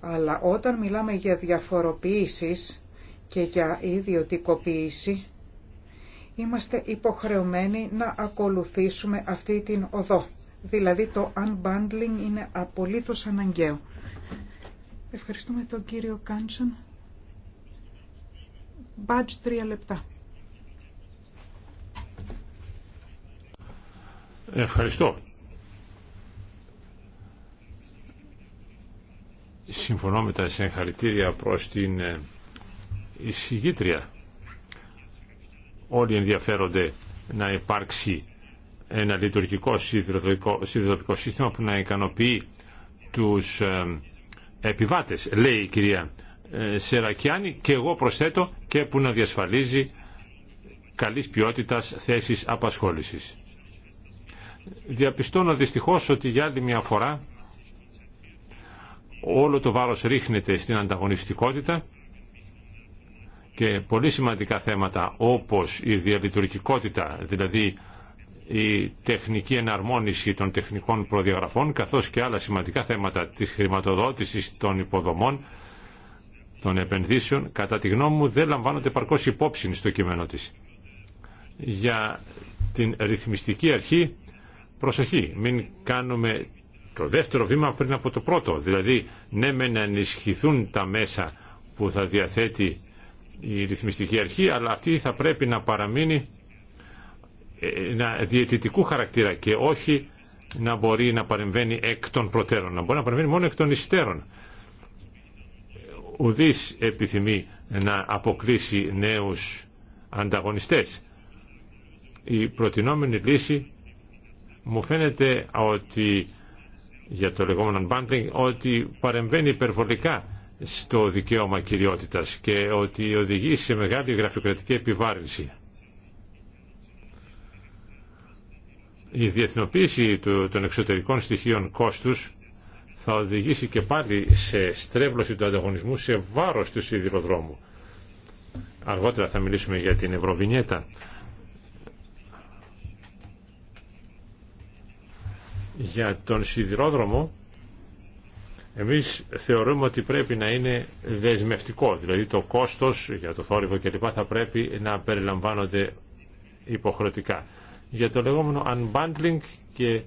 Αλλά όταν μιλάμε για διαφοροποίησης και για ιδιωτικοποίηση, είμαστε υποχρεωμένοι να ακολουθήσουμε αυτή την οδό. Δηλαδή το unbundling είναι απολύτως αναγκαίο. Ευχαριστούμε τον κύριο Κάντσον. Μπάτζ τρία λεπτά. Ευχαριστώ. Συμφωνώ με τα συγχαρητήρια προς την ε, εισηγήτρια. Όλοι ενδιαφέρονται να υπάρξει ένα λειτουργικό σιδηροδρομικό σύστημα που να ικανοποιεί τους ε, επιβάτες, λέει η κυρία ε, Σερακιάνη και εγώ προσθέτω και που να διασφαλίζει καλής ποιότητας θέσεις απασχόλησης. Διαπιστώνω δυστυχώς ότι για άλλη μια φορά όλο το βάρος ρίχνεται στην ανταγωνιστικότητα και πολύ σημαντικά θέματα όπως η διαλειτουργικότητα, δηλαδή η τεχνική εναρμόνιση των τεχνικών προδιαγραφών καθώς και άλλα σημαντικά θέματα της χρηματοδότησης των υποδομών των επενδύσεων κατά τη γνώμη μου δεν λαμβάνονται παρκώς υπόψη στο κείμενο της. Για την ρυθμιστική αρχή προσοχή, μην κάνουμε το δεύτερο βήμα πριν από το πρώτο, δηλαδή ναι με να ενισχυθούν τα μέσα που θα διαθέτει η ρυθμιστική αρχή αλλά αυτή θα πρέπει να παραμείνει διαιτητικού χαρακτήρα και όχι να μπορεί να παρεμβαίνει εκ των προτέρων, να μπορεί να παρεμβαίνει μόνο εκ των υστέρων. Ουδής επιθυμεί να αποκλείσει νέους ανταγωνιστές. Η προτινόμενη λύση μου φαίνεται ότι για το λεγόμενο unbundling ότι παρεμβαίνει υπερβολικά στο δικαίωμα κυριότητας και ότι οδηγεί σε μεγάλη γραφειοκρατική επιβάρυνση. η διεθνοποίηση των εξωτερικών στοιχείων κόστους θα οδηγήσει και πάλι σε στρέβλωση του ανταγωνισμού σε βάρος του σιδηροδρόμου. Αργότερα θα μιλήσουμε για την Ευρωβινιέτα. Για τον σιδηρόδρομο εμείς θεωρούμε ότι πρέπει να είναι δεσμευτικό, δηλαδή το κόστος για το θόρυβο κλπ. θα πρέπει να περιλαμβάνονται υποχρεωτικά για το λεγόμενο unbundling και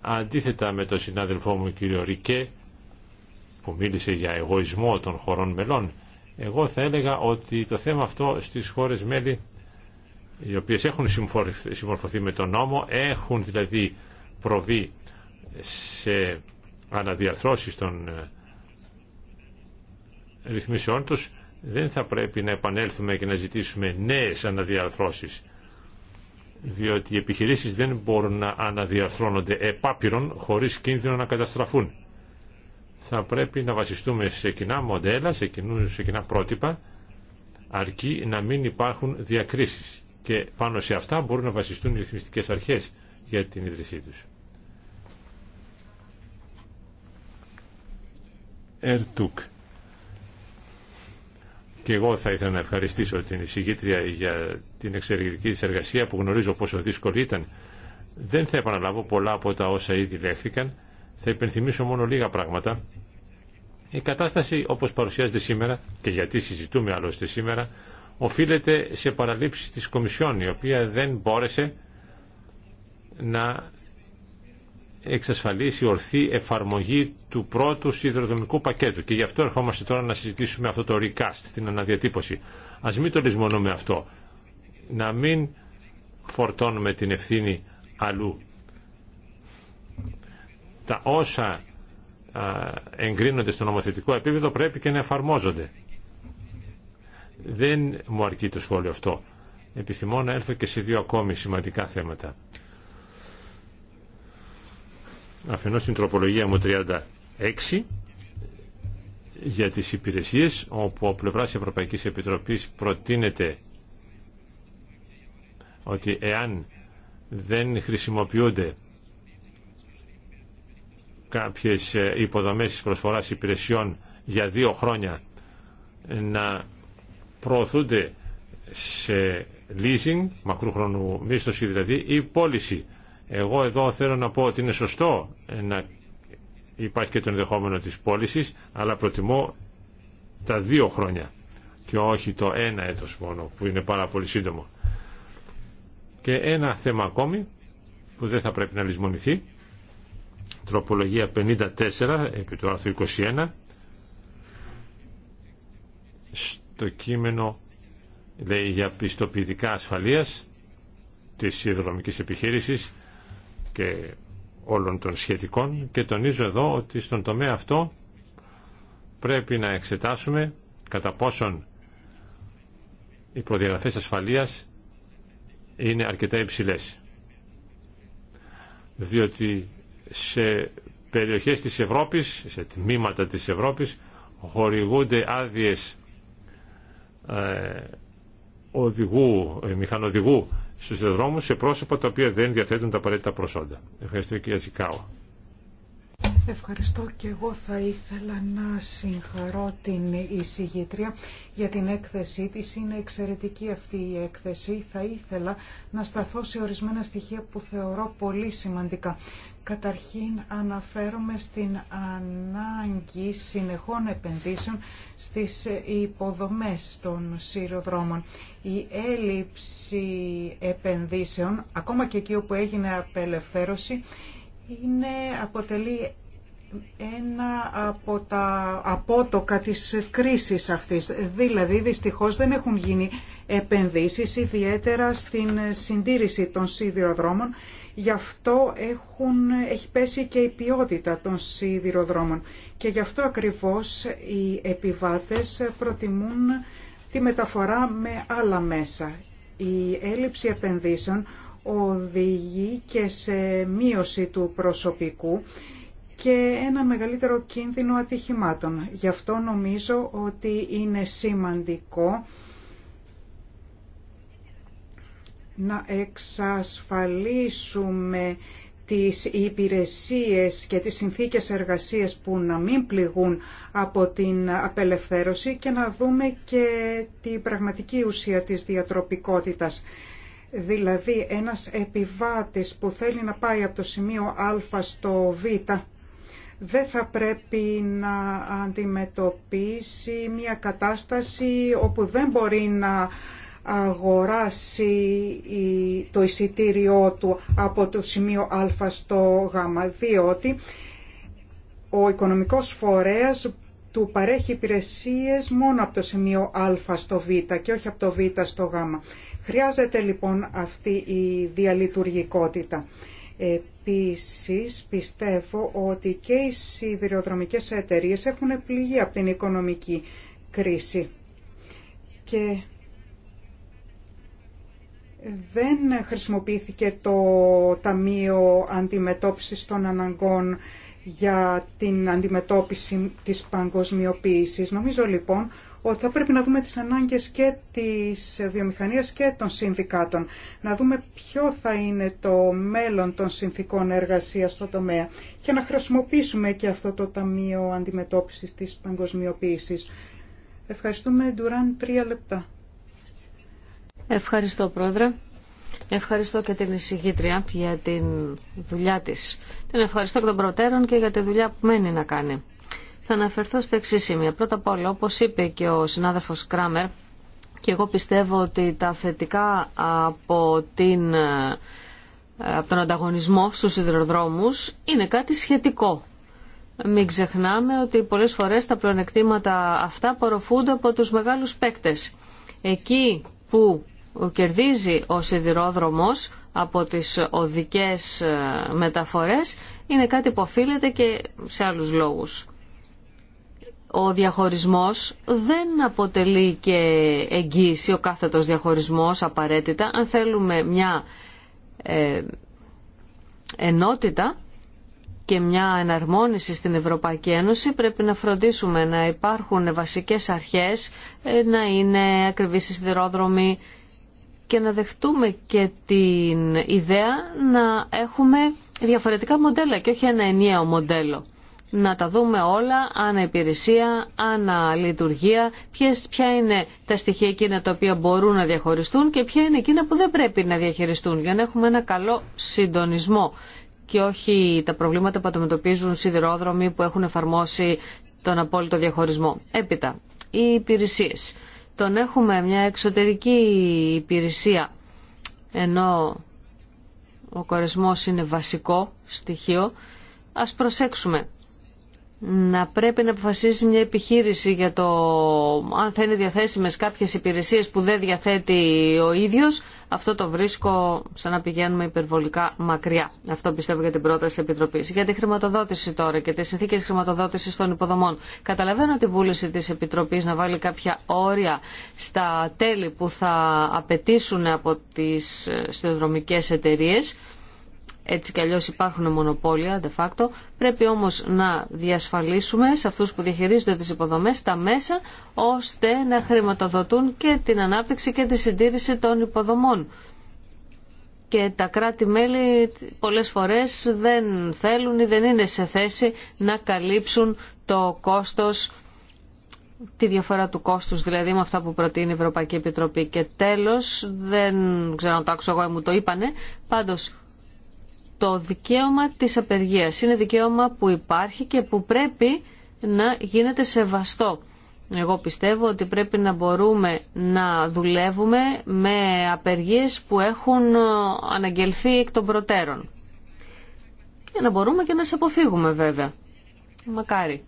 αντίθετα με τον συνάδελφό μου κύριο Ρικέ που μίλησε για εγωισμό των χωρών μελών εγώ θα έλεγα ότι το θέμα αυτό στις χώρες μέλη οι οποίες έχουν συμμορφωθεί με τον νόμο έχουν δηλαδή προβεί σε αναδιαρθρώσεις των ε, ρυθμίσεών τους δεν θα πρέπει να επανέλθουμε και να ζητήσουμε νέες αναδιαρθρώσεις διότι οι επιχειρήσεις δεν μπορούν να αναδιαρθρώνονται επάπειρον χωρίς κίνδυνο να καταστραφούν. Θα πρέπει να βασιστούμε σε κοινά μοντέλα, σε, κοινού, σε κοινά πρότυπα, αρκεί να μην υπάρχουν διακρίσεις και πάνω σε αυτά μπορούν να βασιστούν οι ρυθμιστικές αρχές για την ίδρυσή τους. Ερτούκ. Και εγώ θα ήθελα να ευχαριστήσω την εισηγήτρια για την εξαιρετική της εργασία που γνωρίζω πόσο δύσκολη ήταν. Δεν θα επαναλάβω πολλά από τα όσα ήδη λέχθηκαν. Θα υπενθυμίσω μόνο λίγα πράγματα. Η κατάσταση όπως παρουσιάζεται σήμερα και γιατί συζητούμε άλλωστε σήμερα οφείλεται σε παραλήψεις της Κομισιόν η οποία δεν μπόρεσε να εξασφαλίσει ορθή εφαρμογή του πρώτου σιδηροδρομικού πακέτου. Και γι' αυτό ερχόμαστε τώρα να συζητήσουμε αυτό το recast, την αναδιατύπωση. Ας μην το λησμονούμε αυτό. Να μην φορτώνουμε την ευθύνη αλλού. Τα όσα εγκρίνονται στο νομοθετικό επίπεδο πρέπει και να εφαρμόζονται. Δεν μου αρκεί το σχόλιο αυτό. Επιθυμώ να έρθω και σε δύο ακόμη σημαντικά θέματα αφενός την τροπολογία μου 36 για τις υπηρεσίες όπου ο πλευράς Ευρωπαϊκής Επιτροπής προτείνεται ότι εάν δεν χρησιμοποιούνται κάποιες υποδομές προσφοράς υπηρεσιών για δύο χρόνια να προωθούνται σε leasing, μακρού χρόνου μίσθωση δηλαδή, ή πώληση εγώ εδώ θέλω να πω ότι είναι σωστό να υπάρχει και το ενδεχόμενο της πώληση, αλλά προτιμώ τα δύο χρόνια και όχι το ένα έτος μόνο που είναι πάρα πολύ σύντομο. Και ένα θέμα ακόμη που δεν θα πρέπει να λησμονηθεί τροπολογία 54 επί του άρθρου 21 στο κείμενο λέει για πιστοποιητικά ασφαλείας της υδρομικής επιχείρησης και όλων των σχετικών και τονίζω εδώ ότι στον τομέα αυτό πρέπει να εξετάσουμε κατά πόσον οι προδιαγραφές ασφαλείας είναι αρκετά υψηλές. Διότι σε περιοχές της Ευρώπης, σε τμήματα της Ευρώπης, χορηγούνται άδειες ε, οδηγού, ε, μηχανοδηγού στους δρόμου σε πρόσωπα τα οποία δεν διαθέτουν τα απαραίτητα προσόντα. Ευχαριστώ κυρία Τσικάου. Ευχαριστώ και εγώ θα ήθελα να συγχαρώ την εισηγήτρια για την έκθεσή της. Είναι εξαιρετική αυτή η έκθεση. Θα ήθελα να σταθώ σε ορισμένα στοιχεία που θεωρώ πολύ σημαντικά. Καταρχήν αναφέρομαι στην ανάγκη συνεχών επενδύσεων στις υποδομές των σιδηροδρόμων, Η έλλειψη επενδύσεων, ακόμα και εκεί όπου έγινε απελευθέρωση, είναι, αποτελεί ένα από τα απότοκα της κρίσης αυτής. Δηλαδή, δυστυχώς δεν έχουν γίνει επενδύσεις, ιδιαίτερα στην συντήρηση των σιδηροδρόμων Γι' αυτό έχουν, έχει πέσει και η ποιότητα των σιδηροδρόμων. Και γι' αυτό ακριβώς οι επιβάτες προτιμούν τη μεταφορά με άλλα μέσα. Η έλλειψη επενδύσεων οδηγεί και σε μείωση του προσωπικού και ένα μεγαλύτερο κίνδυνο ατυχημάτων. Γι' αυτό νομίζω ότι είναι σημαντικό να εξασφαλίσουμε τις υπηρεσίες και τις συνθήκες εργασίας που να μην πληγούν από την απελευθέρωση και να δούμε και την πραγματική ουσία της διατροπικότητας. Δηλαδή ένας επιβάτης που θέλει να πάει από το σημείο Α στο Β δεν θα πρέπει να αντιμετωπίσει μια κατάσταση όπου δεν μπορεί να αγοράσει το εισιτήριό του από το σημείο α στο γ, διότι ο οικονομικός φορέας του παρέχει υπηρεσίες μόνο από το σημείο α στο β και όχι από το β στο γ. Χρειάζεται λοιπόν αυτή η διαλειτουργικότητα. Επίσης πιστεύω ότι και οι σιδηροδρομικές εταιρείες έχουν πληγεί από την οικονομική κρίση και δεν χρησιμοποιήθηκε το Ταμείο Αντιμετώπισης των Αναγκών για την αντιμετώπιση της παγκοσμιοποίησης. Νομίζω λοιπόν ότι θα πρέπει να δούμε τις ανάγκες και της βιομηχανίας και των συνδικάτων. Να δούμε ποιο θα είναι το μέλλον των συνθήκων εργασίας στο τομέα και να χρησιμοποιήσουμε και αυτό το Ταμείο Αντιμετώπισης της Παγκοσμιοποίησης. Ευχαριστούμε, Ντουράν, τρία λεπτά. Ευχαριστώ πρόεδρε. Ευχαριστώ και την εισηγήτρια για την δουλειά της. Την ευχαριστώ και των προτέρων και για τη δουλειά που μένει να κάνει. Θα αναφερθώ στα εξή σημεία. Πρώτα απ' όλα, όπως είπε και ο συνάδελφος Κράμερ, και εγώ πιστεύω ότι τα θετικά από, την, ε, από τον ανταγωνισμό στους σιδηροδρόμους είναι κάτι σχετικό. Μην ξεχνάμε ότι πολλές φορές τα πλεονεκτήματα αυτά απορροφούνται από τους μεγάλους παίκτε Εκεί που ο κερδίζει ο σιδηρόδρομος από τις οδικές ε, μεταφορές είναι κάτι που οφείλεται και σε άλλους λόγους. Ο διαχωρισμός δεν αποτελεί και εγγύηση, ο κάθετος διαχωρισμός απαραίτητα. Αν θέλουμε μια ε, ενότητα και μια εναρμόνιση στην Ευρωπαϊκή Ένωση πρέπει να φροντίσουμε να υπάρχουν βασικές αρχές, ε, να είναι ακριβείς οι σιδηρόδρομοι, και να δεχτούμε και την ιδέα να έχουμε διαφορετικά μοντέλα και όχι ένα ενιαίο μοντέλο. Να τα δούμε όλα, ανά υπηρεσία, ανά λειτουργία, ποιες, ποια είναι τα στοιχεία εκείνα τα οποία μπορούν να διαχωριστούν και ποια είναι εκείνα που δεν πρέπει να διαχειριστούν για να έχουμε ένα καλό συντονισμό και όχι τα προβλήματα που αντιμετωπίζουν σιδηρόδρομοι που έχουν εφαρμόσει τον απόλυτο διαχωρισμό. Έπειτα, οι υπηρεσίες τον έχουμε μια εξωτερική υπηρεσία ενώ ο κορεσμός είναι βασικό στοιχείο, ας προσέξουμε να πρέπει να αποφασίσει μια επιχείρηση για το αν θα είναι διαθέσιμες κάποιες υπηρεσίες που δεν διαθέτει ο ίδιος, αυτό το βρίσκω σαν να πηγαίνουμε υπερβολικά μακριά. Αυτό πιστεύω για την πρόταση Επιτροπής. Για τη χρηματοδότηση τώρα και τις συνθήκες χρηματοδότησης των υποδομών. Καταλαβαίνω τη βούληση της Επιτροπής να βάλει κάποια όρια στα τέλη που θα απαιτήσουν από τις συνδρομικές εταιρείε έτσι κι αλλιώς υπάρχουν μονοπόλια de facto, πρέπει όμως να διασφαλίσουμε σε αυτούς που διαχειρίζονται τις υποδομές τα μέσα ώστε να χρηματοδοτούν και την ανάπτυξη και τη συντήρηση των υποδομών. Και τα κράτη-μέλη πολλές φορές δεν θέλουν ή δεν είναι σε θέση να καλύψουν το κόστος τη διαφορά του κόστους δηλαδή με αυτά που προτείνει η Ευρωπαϊκή Επιτροπή και τέλος δεν ξέρω αν το άκουσα εγώ μου το είπανε πάντως το δικαίωμα της απεργίας. Είναι δικαίωμα που υπάρχει και που πρέπει να γίνεται σεβαστό. Εγώ πιστεύω ότι πρέπει να μπορούμε να δουλεύουμε με απεργίες που έχουν ε, αναγγελθεί εκ των προτέρων. Και να μπορούμε και να σε αποφύγουμε βέβαια. Μακάρι.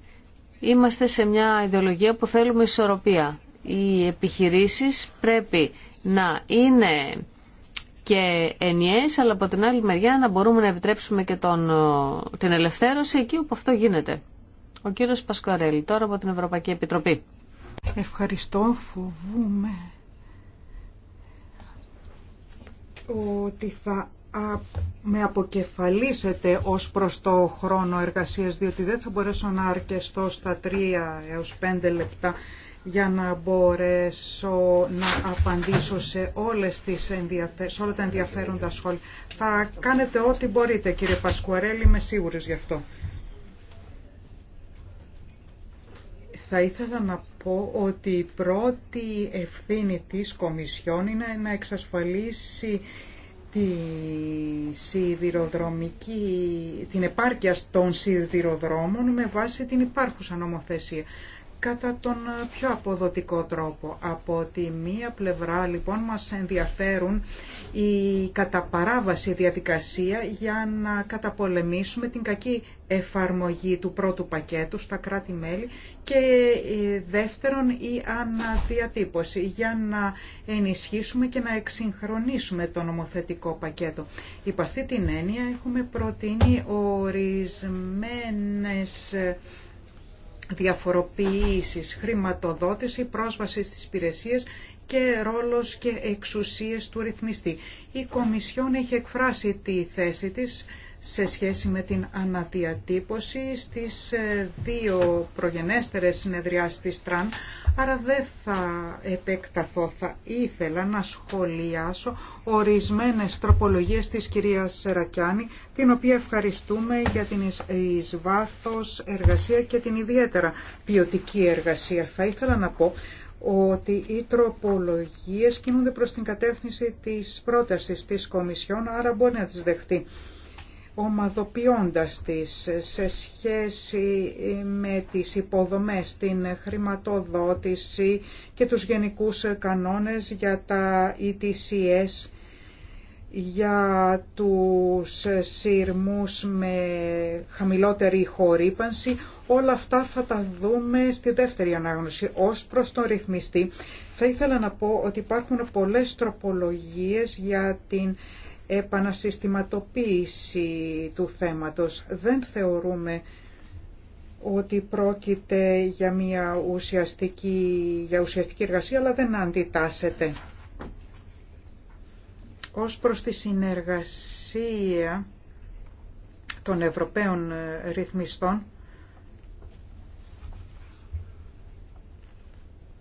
Είμαστε σε μια ιδεολογία που θέλουμε ισορροπία. Οι επιχειρήσεις πρέπει να είναι και ενιαίες, αλλά από την άλλη μεριά να μπορούμε να επιτρέψουμε και τον, την ελευθέρωση εκεί όπου αυτό γίνεται. Ο κύριος Πασκορέλη, τώρα από την Ευρωπαϊκή Επιτροπή. Ευχαριστώ, φοβούμαι ότι θα με αποκεφαλίσετε ως προς το χρόνο εργασίας, διότι δεν θα μπορέσω να αρκεστώ στα τρία έως πέντε λεπτά για να μπορέσω να απαντήσω σε, όλες τις σε όλα τα ενδιαφέροντα σχόλια. Θα κάνετε ό,τι μπορείτε κύριε Πασκουαρέλη, είμαι σίγουρο γι' αυτό. Θα ήθελα να πω ότι η πρώτη ευθύνη της Κομισιόν είναι να εξασφαλίσει τη σιδηροδρομική, την επάρκεια των σιδηροδρόμων με βάση την υπάρχουσα νομοθεσία κατά τον ε, πιο αποδοτικό τρόπο. Από τη μία πλευρά λοιπόν μας ενδιαφέρουν η καταπαράβαση διαδικασία για να καταπολεμήσουμε την κακή εφαρμογή του πρώτου πακέτου στα κράτη-μέλη και ε, δεύτερον η αναδιατύπωση για να ενισχύσουμε και να εξυγχρονίσουμε το νομοθετικό πακέτο. Υπ' αυτή την έννοια έχουμε προτείνει ορισμένες ε, Διαφοροποιήσεις, χρηματοδότηση, πρόσβαση στις υπηρεσίες και ρόλος και εξουσίες του ρυθμιστή. Η Κομισιόν έχει εκφράσει τη θέση της σε σχέση με την αναδιατύπωση στις ε, δύο προγενέστερες συνεδριάσεις της ΤΡΑΝ, άρα δεν θα επεκταθώ. Θα ήθελα να σχολιάσω ορισμένες τροπολογίες της κυρίας Σερακιάνη, την οποία ευχαριστούμε για την εις εργασία και την ιδιαίτερα ποιοτική εργασία. Θα ήθελα να πω ότι οι τροπολογίες κινούνται προς την κατεύθυνση της πρότασης της Κομισιόν, άρα μπορεί να τις δεχτεί ομαδοποιώντας τις σε σχέση με τις υποδομές, την χρηματοδότηση και τους γενικούς κανόνες για τα ETCS, για τους σύρμους με χαμηλότερη χορύπανση. Όλα αυτά θα τα δούμε στη δεύτερη ανάγνωση. Ως προς τον ρυθμιστή, θα ήθελα να πω ότι υπάρχουν πολλές τροπολογίες για την επανασυστηματοποίηση του θέματος. Δεν θεωρούμε ότι πρόκειται για μια ουσιαστική, για ουσιαστική εργασία, αλλά δεν αντιτάσσεται. Ως προς τη συνεργασία των Ευρωπαίων ρυθμιστών,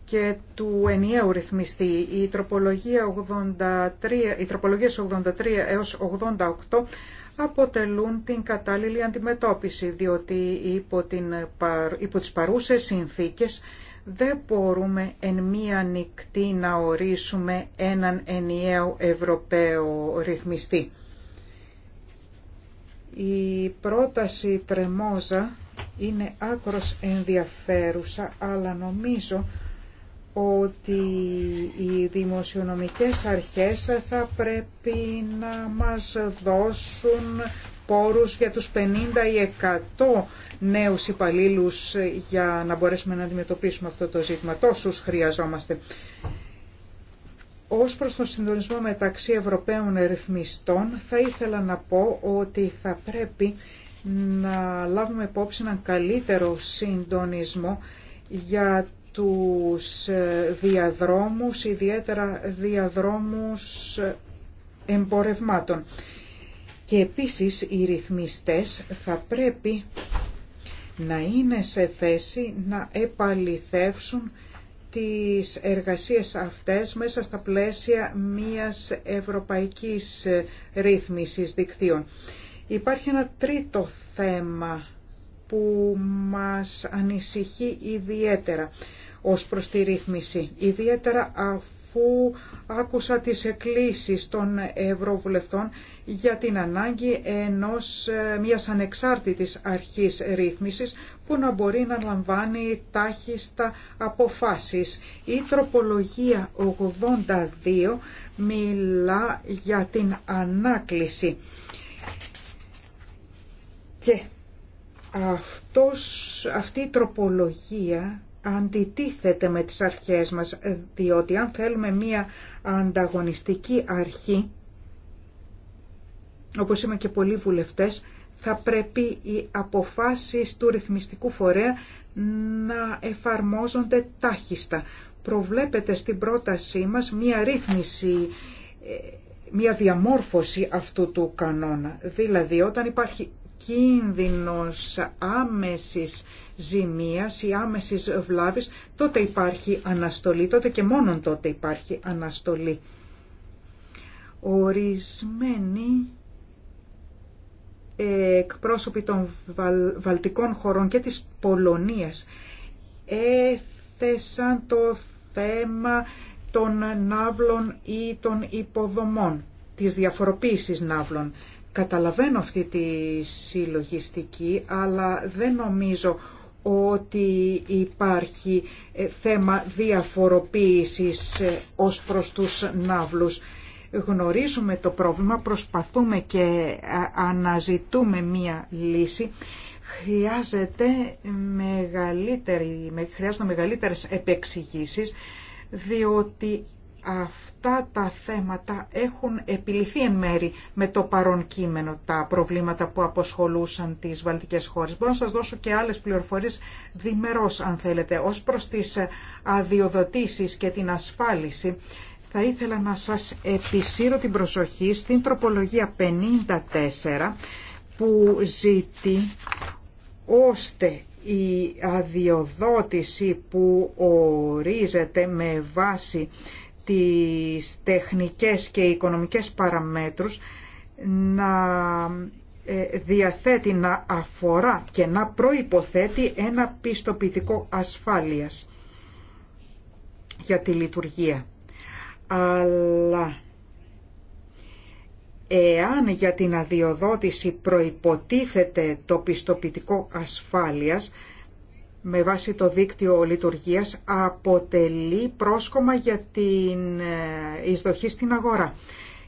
και του ενιαίου ρυθμιστή. Η τροπολογία 83, οι τροπολογίες 83 έως 88 αποτελούν την κατάλληλη αντιμετώπιση, διότι υπό, την, υπό τις παρούσες συνθήκες δεν μπορούμε εν μία νυχτή να ορίσουμε έναν ενιαίο Ευρωπαίο ρυθμιστή. Η πρόταση Τρεμόζα είναι άκρος ενδιαφέρουσα, αλλά νομίζω ότι οι δημοσιονομικές αρχές θα πρέπει να μας δώσουν πόρους για τους 50 ή 100 νέους υπαλλήλους για να μπορέσουμε να αντιμετωπίσουμε αυτό το ζήτημα. Τόσους χρειαζόμαστε. Ως προς τον συντονισμό μεταξύ Ευρωπαίων ρυθμιστών θα ήθελα να πω ότι θα πρέπει να λάβουμε υπόψη έναν καλύτερο συντονισμό για τους ε, διαδρόμους, ιδιαίτερα διαδρόμους ε, εμπορευμάτων. Και επίσης οι ρυθμιστές θα πρέπει να είναι σε θέση να επαληθεύσουν τις εργασίες αυτές μέσα στα πλαίσια μιας ευρωπαϊκής ε, ρύθμισης δικτύων. Υπάρχει ένα τρίτο θέμα που μας ανησυχεί ιδιαίτερα ως προς τη ρύθμιση. Ιδιαίτερα αφού άκουσα τις εκκλήσεις των Ευρωβουλευτών για την ανάγκη ενός, ε, μιας ανεξάρτητης αρχής ρύθμισης που να μπορεί να λαμβάνει τάχιστα αποφάσεις. Η τροπολογία 82 μιλά για την ανάκληση. Και αυτός, αυτή η τροπολογία αντιτίθεται με τις αρχές μας, διότι αν θέλουμε μία ανταγωνιστική αρχή, όπως είμαι και πολλοί βουλευτές, θα πρέπει οι αποφάσεις του ρυθμιστικού φορέα να εφαρμόζονται τάχιστα. Προβλέπεται στην πρότασή μας μία ρύθμιση, ε, μία διαμόρφωση αυτού του κανόνα. Δηλαδή, όταν υπάρχει κίνδυνος άμεσης ζημίας ή άμεσης βλάβης, τότε υπάρχει αναστολή, τότε και μόνον τότε υπάρχει αναστολή. Ορισμένοι εκπρόσωποι των βαλτικών χωρών και της Πολωνίας έθεσαν το θέμα των ναύλων ή των υποδομών, της διαφοροποίησης ναύλων. Καταλαβαίνω αυτή τη συλλογιστική, αλλά δεν νομίζω ότι υπάρχει ε, θέμα διαφοροποίησης ε, ως προς τους ναύλους. Γνωρίζουμε το πρόβλημα, προσπαθούμε και ε, αναζητούμε μία λύση. Χρειάζεται μεγαλύτερη, χρειάζονται μεγαλύτερες επεξηγήσεις, διότι αυτά τα θέματα έχουν επιληθεί εν μέρη με το παρόν κείμενο, τα προβλήματα που αποσχολούσαν τις βαλτικές χώρες. Μπορώ να σας δώσω και άλλες πληροφορίες διμερώς, αν θέλετε, ως προς τις ε, αδειοδοτήσεις και την ασφάλιση. Θα ήθελα να σας επισύρω την προσοχή στην τροπολογία 54 που ζητεί ώστε η αδειοδότηση που ορίζεται με βάση τις τεχνικές και οικονομικές παραμέτρους να ε, διαθέτει να αφορά και να προϋποθέτει ένα πιστοποιητικό ασφάλειας για τη λειτουργία. Αλλά εάν για την αδειοδότηση προϋποτίθεται το πιστοποιητικό ασφάλειας, με βάση το δίκτυο λειτουργίας αποτελεί πρόσκομα για την ε, εισδοχή στην αγορά.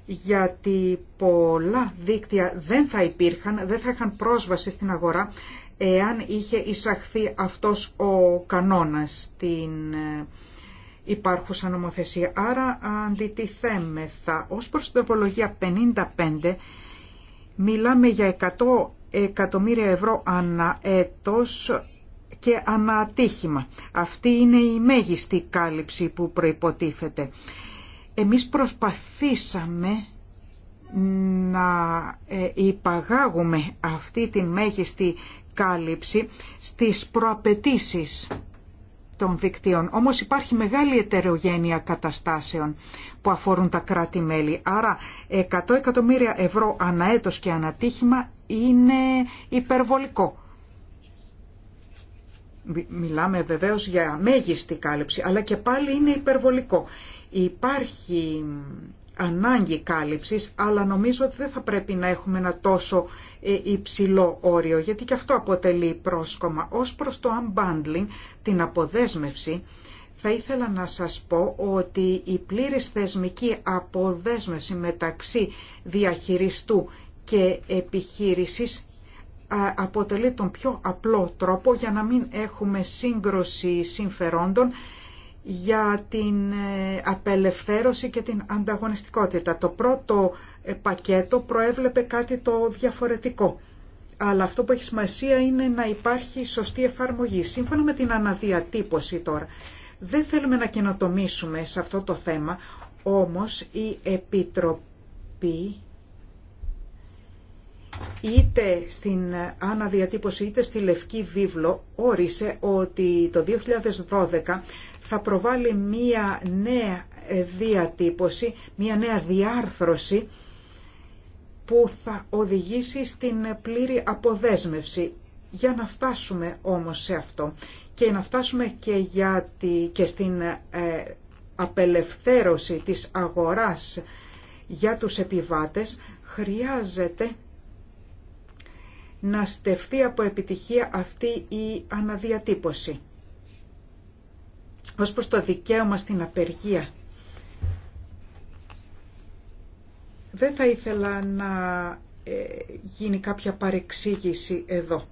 Γιατί πολλά δίκτυα δεν θα υπήρχαν, δεν θα είχαν πρόσβαση στην αγορά εάν είχε εισαχθεί αυτός ο κανόνας στην ε, υπάρχουσα νομοθεσία. Άρα αντιτιθέμεθα. Ως προς την τροπολογία 55 μιλάμε για 100 εκατομμύρια ευρώ ανά έτος και ανατύχημα. Αυτή είναι η μέγιστη κάλυψη που προϋποτίθεται. Εμείς προσπαθήσαμε να ε, υπαγάγουμε αυτή τη μέγιστη κάλυψη στις προαπαιτήσεις των δικτύων. Όμως υπάρχει μεγάλη ετερογένεια καταστάσεων που αφορούν τα κράτη-μέλη. Άρα 100 εκατομμύρια ευρώ αναέτος και ανατύχημα είναι υπερβολικό. Μιλάμε βεβαίως για μέγιστη κάλυψη, αλλά και πάλι είναι υπερβολικό. Υπάρχει ανάγκη κάλυψης, αλλά νομίζω ότι δεν θα πρέπει να έχουμε ένα τόσο ε, υψηλό όριο, γιατί και αυτό αποτελεί πρόσκομα. Ως προς το unbundling, την αποδέσμευση, θα ήθελα να σας πω ότι η πλήρης θεσμική αποδέσμευση μεταξύ διαχειριστού και επιχείρησης αποτελεί τον πιο απλό τρόπο για να μην έχουμε σύγκρουση συμφερόντων για την ε, απελευθέρωση και την ανταγωνιστικότητα. Το πρώτο ε, πακέτο προέβλεπε κάτι το διαφορετικό. Αλλά αυτό που έχει σημασία είναι να υπάρχει σωστή εφαρμογή. Σύμφωνα με την αναδιατύπωση τώρα, δεν θέλουμε να καινοτομήσουμε σε αυτό το θέμα, όμως η Επιτροπή είτε στην αναδιατύπωση είτε στη Λευκή Βίβλο όρισε ότι το 2012 θα προβάλλει μία νέα διατύπωση, μία νέα διάρθρωση που θα οδηγήσει στην πλήρη αποδέσμευση. Για να φτάσουμε όμως σε αυτό και να φτάσουμε και, για και στην ε, απελευθέρωση της αγοράς για τους επιβάτες, χρειάζεται να στεφτεί από επιτυχία αυτή η αναδιατύπωση. Ως προς το δικαίωμα στην απεργία. Δεν θα ήθελα να ε, γίνει κάποια παρεξήγηση εδώ.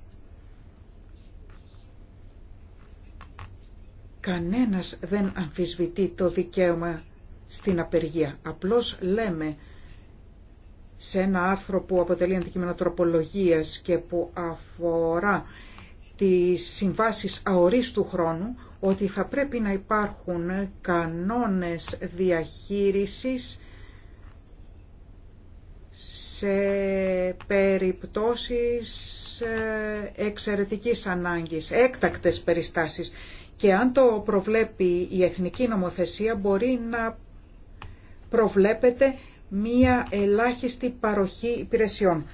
Κανένας δεν αμφισβητεί το δικαίωμα στην απεργία. Απλώς λέμε σε ένα άρθρο που αποτελεί αντικείμενο τροπολογίας και που αφορά τις συμβάσεις αορίστου χρόνου, ότι θα πρέπει να υπάρχουν κανόνες διαχείρισης σε περιπτώσεις ε, εξαιρετικής ανάγκης, έκτακτες περιστάσεις. Και αν το προβλέπει η εθνική νομοθεσία μπορεί να προβλέπεται μία ελάχιστη παροχή υπηρεσιών.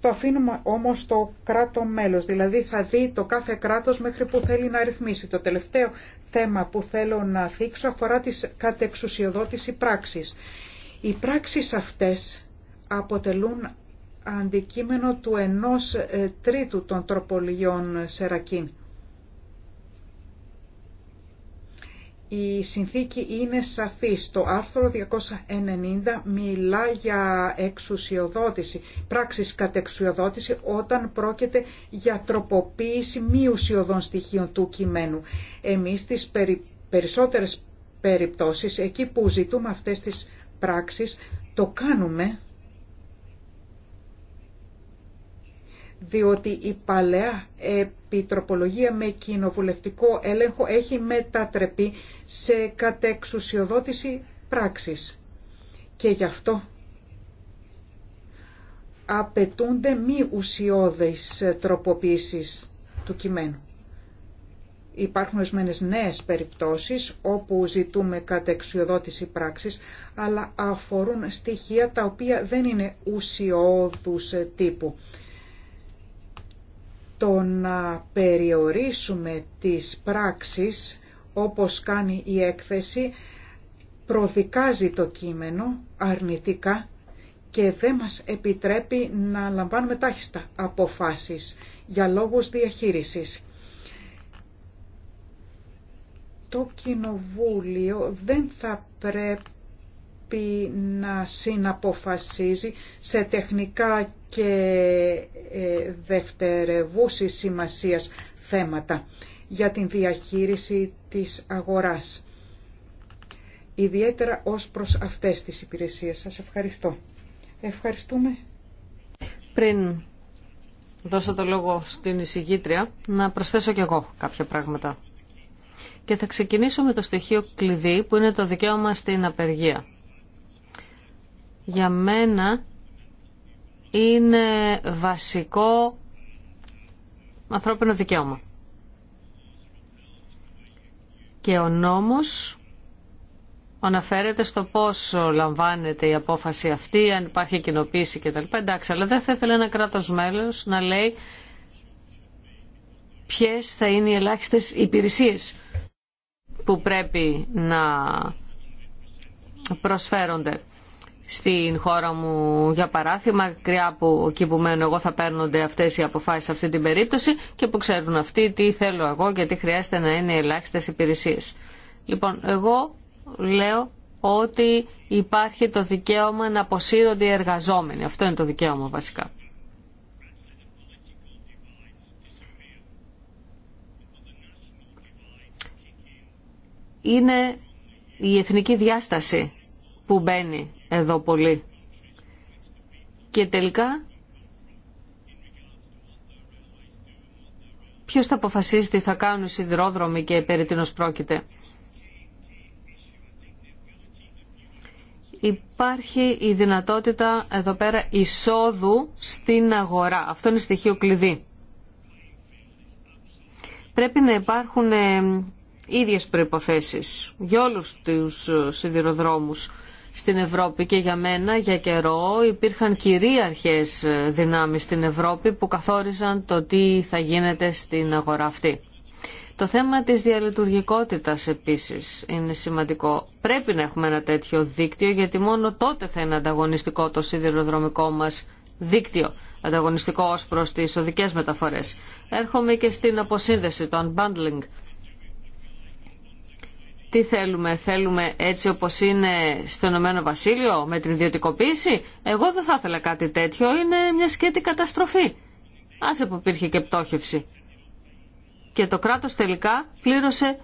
Το αφήνουμε όμως στο κράτο μέλος, δηλαδή θα δει το κάθε κράτος μέχρι που θέλει να ρυθμίσει. Το τελευταίο θέμα που θέλω να θίξω αφορά τις κατεξουσιοδότηση πράξης. Οι πράξεις αυτές αποτελούν αντικείμενο του ενός ε, τρίτου των τροπολιών Σερακίν. Η συνθήκη είναι σαφής. Το άρθρο 290 μιλά για εξουσιοδότηση, πράξεις κατεξουσιοδότηση όταν πρόκειται για τροποποίηση μη ουσιοδών στοιχείων του κειμένου. Εμείς στις περι... περισσότερες περιπτώσεις, εκεί που ζητούμε αυτές τις πράξεις, το κάνουμε διότι η παλαιά επιτροπολογία με κοινοβουλευτικό έλεγχο έχει μετατρεπεί σε κατεξουσιοδότηση πράξης. Και γι' αυτό απαιτούνται μη ουσιώδεις τροποποίησεις του κειμένου. Υπάρχουν ορισμένε νέες περιπτώσεις όπου ζητούμε κατεξουσιοδότηση πράξης, αλλά αφορούν στοιχεία τα οποία δεν είναι ουσιώδους τύπου το να περιορίσουμε τις πράξεις όπως κάνει η έκθεση προδικάζει το κείμενο αρνητικά και δεν μας επιτρέπει να λαμβάνουμε τάχιστα αποφάσεις για λόγους διαχείρισης. Το Κοινοβούλιο δεν θα πρέπει να συναποφασίζει σε τεχνικά και ε, δευτερευούση σημασίας θέματα για την διαχείριση της αγοράς. Ιδιαίτερα ως προς αυτές τις υπηρεσίες. Σας ευχαριστώ. Ευχαριστούμε. Πριν δώσω το λόγο στην εισηγήτρια, να προσθέσω κι εγώ κάποια πράγματα. Και θα ξεκινήσω με το στοιχείο κλειδί που είναι το δικαίωμα στην απεργία. Για μένα είναι βασικό ανθρώπινο δικαίωμα. Και ο νόμος αναφέρεται στο πώς λαμβάνεται η απόφαση αυτή, αν υπάρχει κοινοποίηση κτλ. Εντάξει, αλλά δεν θα ήθελε ένα κράτος μέλος να λέει ποιες θα είναι οι ελάχιστες υπηρεσίες που πρέπει να προσφέρονται στην χώρα μου, για παράδειγμα, μακριά που εκεί που μένω εγώ θα παίρνονται αυτές οι αποφάσεις σε αυτή την περίπτωση και που ξέρουν αυτοί τι θέλω εγώ γιατί χρειάζεται να είναι ελάχιστες υπηρεσίες. Λοιπόν, εγώ λέω ότι υπάρχει το δικαίωμα να αποσύρονται οι εργαζόμενοι. Αυτό είναι το δικαίωμα βασικά. Είναι η εθνική διάσταση που μπαίνει εδώ πολύ. Και τελικά, ποιος θα αποφασίσει τι θα κάνουν οι σιδηρόδρομοι και περί τίνος πρόκειται. Υπάρχει η δυνατότητα εδώ πέρα εισόδου στην αγορά. Αυτό είναι στοιχείο κλειδί. Πρέπει να υπάρχουν ε, ίδιες προϋποθέσεις για όλους τους σιδηροδρόμους στην Ευρώπη και για μένα για καιρό υπήρχαν κυρίαρχες δυνάμεις στην Ευρώπη που καθόριζαν το τι θα γίνεται στην αγορά αυτή. Το θέμα της διαλειτουργικότητας επίσης είναι σημαντικό. Πρέπει να έχουμε ένα τέτοιο δίκτυο γιατί μόνο τότε θα είναι ανταγωνιστικό το σιδηροδρομικό μας δίκτυο, ανταγωνιστικό ως προς τις οδικές μεταφορές. Έρχομαι και στην αποσύνδεση, το unbundling τι θέλουμε, θέλουμε έτσι όπως είναι στο Ηνωμένο Βασίλειο με την ιδιωτικοποίηση. Εγώ δεν θα ήθελα κάτι τέτοιο, είναι μια σκέτη καταστροφή. Άσε που και πτώχευση. Και το κράτος τελικά πλήρωσε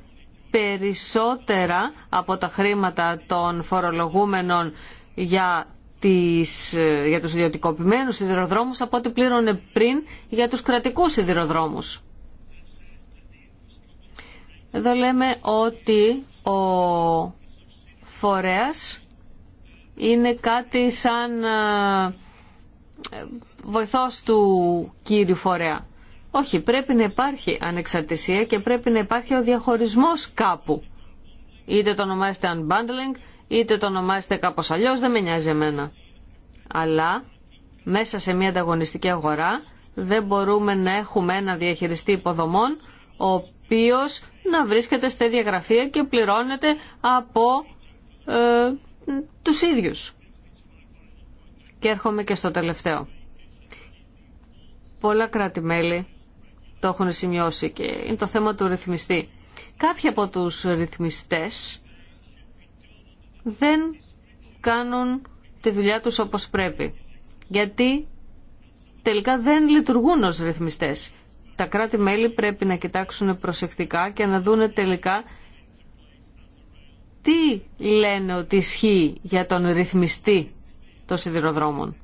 περισσότερα από τα χρήματα των φορολογούμενων για, τις, για τους ιδιωτικοποιημένους σιδηροδρόμους από ό,τι πλήρωνε πριν για τους κρατικούς σιδηροδρόμους. Εδώ λέμε ότι ο φορέας είναι κάτι σαν ε, βοηθός του κύριου φορέα. Όχι, πρέπει να υπάρχει ανεξαρτησία και πρέπει να υπάρχει ο διαχωρισμός κάπου. Είτε το ονομάζετε unbundling, είτε το ονομάζετε κάπως αλλιώς, δεν με νοιάζει εμένα. Αλλά μέσα σε μια ανταγωνιστική αγορά δεν μπορούμε να έχουμε ένα διαχειριστή υποδομών ο οποίος να βρίσκεται στη διαγραφή και πληρώνεται από ε, τους ίδιους. Και έρχομαι και στο τελευταίο. Πολλά κράτη-μέλη το έχουν σημειώσει και είναι το θέμα του ρυθμιστή. Κάποιοι από τους ρυθμιστές δεν κάνουν τη δουλειά τους όπως πρέπει. Γιατί τελικά δεν λειτουργούν ως ρυθμιστές τα κράτη-μέλη πρέπει να κοιτάξουν προσεκτικά και να δούνε τελικά τι λένε ότι ισχύει για τον ρυθμιστή των σιδηροδρόμων.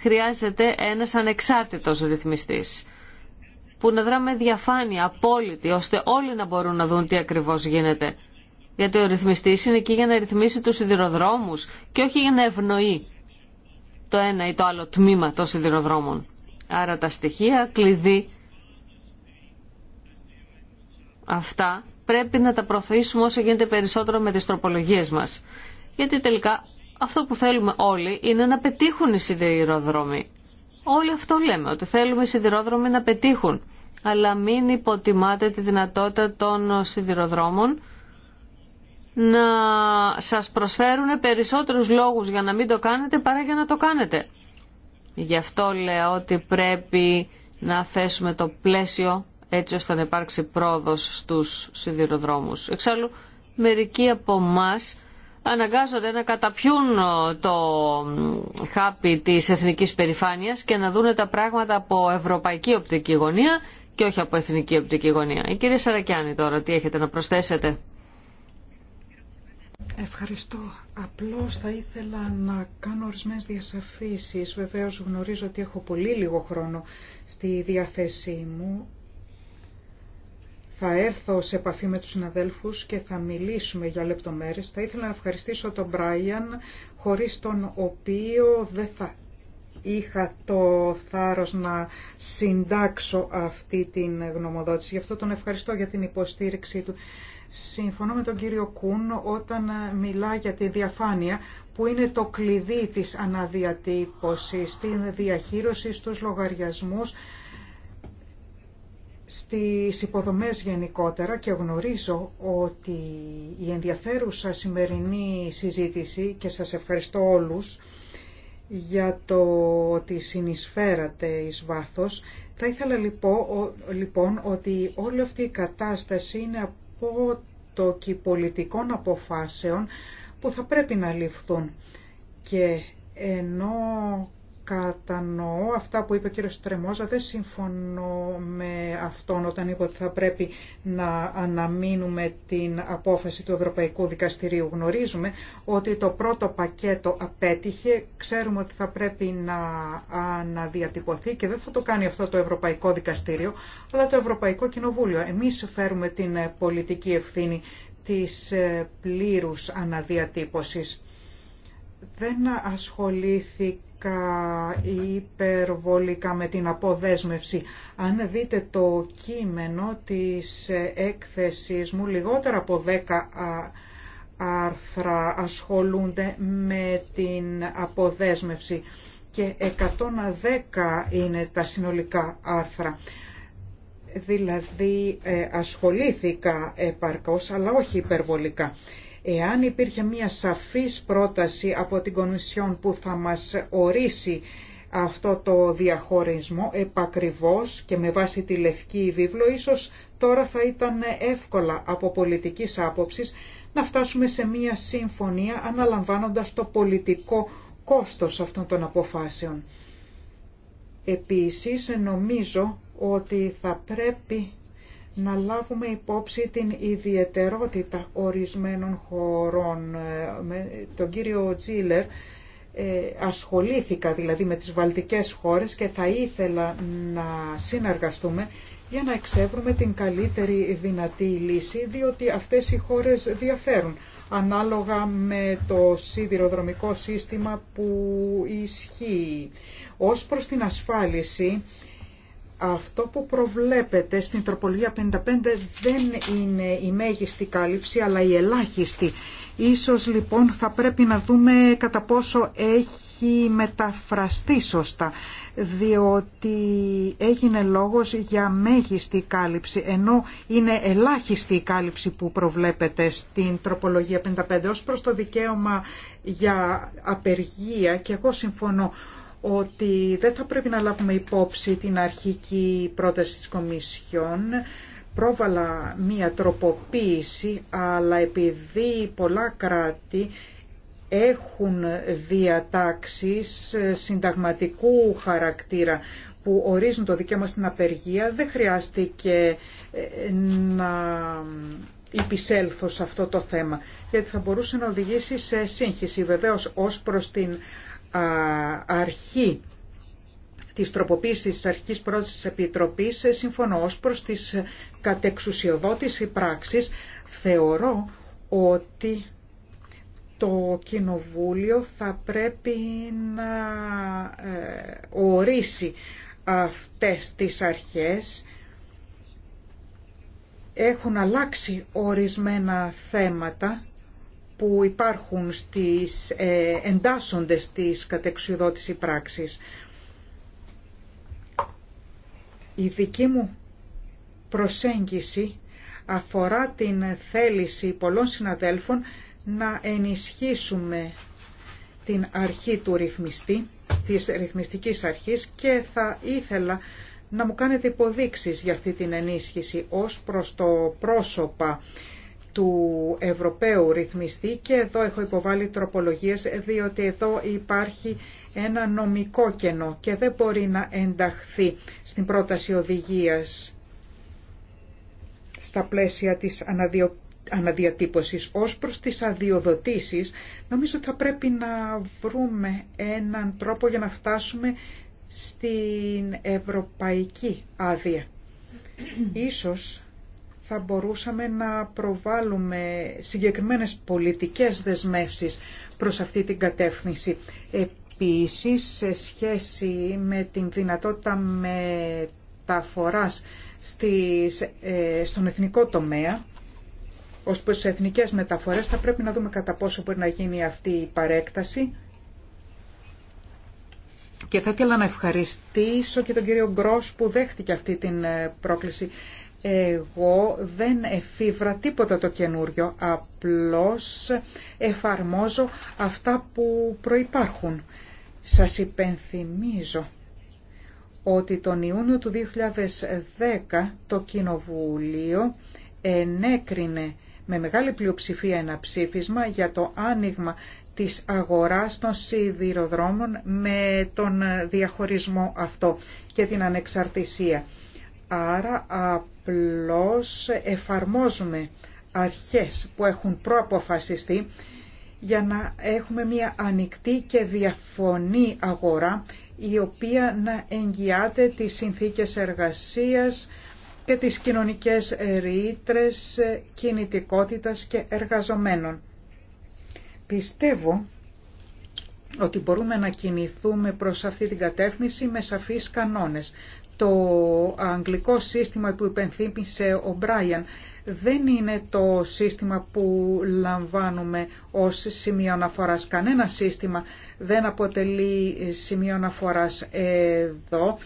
Χρειάζεται ένας ανεξάρτητος ρυθμιστής που να δράμε διαφάνεια, απόλυτη, ώστε όλοι να μπορούν να δουν τι ακριβώς γίνεται. Γιατί ο ρυθμιστής είναι εκεί για να ρυθμίσει τους σιδηροδρόμους και όχι για να ευνοεί το ένα ή το άλλο τμήμα των σιδηροδρόμων. Άρα τα στοιχεία κλειδί αυτά πρέπει να τα προωθήσουμε όσο γίνεται περισσότερο με τις τροπολογίες μας. Γιατί τελικά αυτό που θέλουμε όλοι είναι να πετύχουν οι σιδηροδρόμοι. Όλοι αυτό λέμε, ότι θέλουμε οι σιδηρόδρομοι να πετύχουν. Αλλά μην υποτιμάτε τη δυνατότητα των σιδηροδρόμων να σας προσφέρουν περισσότερους λόγους για να μην το κάνετε παρά για να το κάνετε. Γι' αυτό λέω ότι πρέπει να θέσουμε το πλαίσιο έτσι ώστε να υπάρξει πρόοδος στους σιδηροδρόμους. Εξάλλου, μερικοί από εμά αναγκάζονται να καταπιούν το χάπι της εθνικής περηφάνειας και να δούνε τα πράγματα από ευρωπαϊκή οπτική γωνία και όχι από εθνική οπτική γωνία. Η κυρία Σαρακιάνη τώρα, τι έχετε να προσθέσετε. Ευχαριστώ. Απλώς θα ήθελα να κάνω ορισμένες διασαφήσεις. Βεβαίως γνωρίζω ότι έχω πολύ λίγο χρόνο στη διαθέσή μου. Θα έρθω σε επαφή με τους συναδέλφους και θα μιλήσουμε για λεπτομέρειες. Θα ήθελα να ευχαριστήσω τον Μπράιαν, χωρίς τον οποίο δεν θα είχα το θάρρος να συντάξω αυτή την γνωμοδότηση. Γι' αυτό τον ευχαριστώ για την υποστήριξή του Συμφωνώ με τον κύριο Κούν όταν ε, μιλά για τη διαφάνεια που είναι το κλειδί της αναδιατύπωσης, στην διαχείριση στους λογαριασμούς, στις υποδομές γενικότερα και γνωρίζω ότι η ενδιαφέρουσα σημερινή συζήτηση και σας ευχαριστώ όλους για το ότι συνεισφέρατε εις βάθος. Θα ήθελα λοιπόν, λοιπόν ότι όλη αυτή η κατάσταση είναι το πολιτικών αποφάσεων που θα πρέπει να ληφθούν. Και ενώ κατανοώ αυτά που είπε ο κύριος Τρεμόζα, δεν συμφωνώ με αυτόν όταν είπε ότι θα πρέπει να αναμείνουμε την απόφαση του Ευρωπαϊκού Δικαστηρίου. Γνωρίζουμε ότι το πρώτο πακέτο απέτυχε, ξέρουμε ότι θα πρέπει να αναδιατυπωθεί και δεν θα το κάνει αυτό το Ευρωπαϊκό Δικαστήριο, αλλά το Ευρωπαϊκό Κοινοβούλιο. Εμείς φέρουμε την πολιτική ευθύνη της ε, πλήρους αναδιατύπωσης. Δεν ασχολήθηκε υπερβολικά με την αποδέσμευση. Αν δείτε το κείμενο της έκθεσης μου, λιγότερα από 10 άρθρα ασχολούνται με την αποδέσμευση και 110 είναι τα συνολικά άρθρα. Δηλαδή ε, ασχολήθηκα επαρκώς αλλά όχι υπερβολικά. Εάν υπήρχε μια σαφής πρόταση από την Κομισιόν που θα μας ορίσει αυτό το διαχωρισμό επακριβώς και με βάση τη Λευκή Βίβλο, ίσως τώρα θα ήταν εύκολα από πολιτικής άποψης να φτάσουμε σε μια συμφωνία αναλαμβάνοντας το πολιτικό κόστος αυτών των αποφάσεων. Επίσης, νομίζω ότι θα πρέπει να λάβουμε υπόψη την ιδιαιτερότητα ορισμένων χωρών. Ε, με τον κύριο Τζίλερ ε, ασχολήθηκα δηλαδή με τις βαλτικές χώρες και θα ήθελα να συνεργαστούμε για να εξεύρουμε την καλύτερη δυνατή λύση, διότι αυτές οι χώρες διαφέρουν ανάλογα με το σιδηροδρομικό σύστημα που ισχύει. Ως προς την ασφάλιση, αυτό που προβλέπετε στην τροπολογία 55 δεν είναι η μέγιστη κάλυψη αλλά η ελάχιστη. Ίσως λοιπόν θα πρέπει να δούμε κατά πόσο έχει μεταφραστεί σωστά διότι έγινε λόγος για μέγιστη κάλυψη ενώ είναι ελάχιστη η κάλυψη που προβλέπεται στην τροπολογία 55 ως προς το δικαίωμα για απεργία και εγώ συμφωνώ ότι δεν θα πρέπει να λάβουμε υπόψη την αρχική πρόταση της Κομισιόν. Πρόβαλα μία τροποποίηση, αλλά επειδή πολλά κράτη έχουν διατάξεις συνταγματικού χαρακτήρα που ορίζουν το δικαίωμα στην απεργία, δεν χρειάστηκε ε, να υπησέλθω σε αυτό το θέμα, γιατί θα μπορούσε να οδηγήσει σε σύγχυση. Βεβαίως, ως προς την αρχή της τροποποίησης της αρχικής πρόταση της Επιτροπής ε, συμφωνώ ως προς τις ε, κατεξουσιοδότηση πράξης θεωρώ ότι το Κοινοβούλιο θα πρέπει να ε, ορίσει αυτές τις αρχές έχουν αλλάξει ορισμένα θέματα που υπάρχουν στις, ε, εντάσσονται στις κατεξουδότηση πράξης. Η δική μου προσέγγιση αφορά την θέληση πολλών συναδέλφων να ενισχύσουμε την αρχή του ρυθμιστή, της ρυθμιστικής αρχής και θα ήθελα να μου κάνετε υποδείξεις για αυτή την ενίσχυση ως προς το πρόσωπα του Ευρωπαίου ρυθμιστή και εδώ έχω υποβάλει τροπολογίες διότι εδώ υπάρχει ένα νομικό κενό και δεν μπορεί να ενταχθεί στην πρόταση οδηγίας στα πλαίσια της αναδιο... αναδιατύπωσης ως προς τις αδειοδοτήσεις νομίζω ότι θα πρέπει να βρούμε έναν τρόπο για να φτάσουμε στην ευρωπαϊκή άδεια. Ίσως θα μπορούσαμε να προβάλλουμε συγκεκριμένες πολιτικές δεσμεύσεις προς αυτή την κατεύθυνση. Επίσης, σε σχέση με την δυνατότητα μεταφοράς στις, ε, στον εθνικό τομέα, ως προς τις εθνικές μεταφορές, θα πρέπει να δούμε κατά πόσο μπορεί να γίνει αυτή η παρέκταση. Και θα ήθελα να ευχαριστήσω και τον κύριο Γκρός που δέχτηκε αυτή την ε, πρόκληση εγώ δεν εφήβρα τίποτα το καινούριο, απλώς εφαρμόζω αυτά που προϋπάρχουν. Σας υπενθυμίζω ότι τον Ιούνιο του 2010 το Κοινοβούλιο ενέκρινε με μεγάλη πλειοψηφία ένα ψήφισμα για το άνοιγμα της αγοράς των σιδηροδρόμων με τον διαχωρισμό αυτό και την ανεξαρτησία. Άρα απλώς εφαρμόζουμε αρχές που έχουν προαποφασιστεί για να έχουμε μια ανοιχτή και διαφωνή αγορά η οποία να εγγυάται τις συνθήκες εργασίας και τις κοινωνικές ρήτρε κινητικότητας και εργαζομένων. Πιστεύω ότι μπορούμε να κινηθούμε προς αυτή την κατεύθυνση με σαφείς κανόνες το αγγλικό σύστημα που υπενθύμισε ο Μπράιαν δεν είναι το σύστημα που λαμβάνουμε ως σημείο αναφοράς. Κανένα σύστημα δεν αποτελεί σημείο αναφοράς εδώ.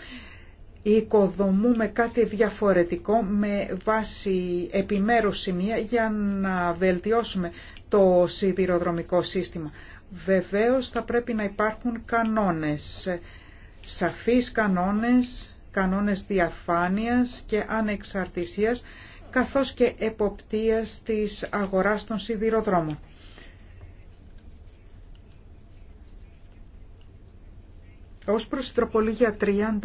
Οικοδομούμε κάτι διαφορετικό με βάση επιμέρους σημεία για να βελτιώσουμε το σιδηροδρομικό σύστημα. Βεβαίως θα πρέπει να υπάρχουν κανόνες, σαφείς κανόνες κανόνες διαφάνειας και ανεξαρτησίας καθώς και εποπτείας της αγοράς των σιδηροδρόμων. Ως προς τροπολογία 36,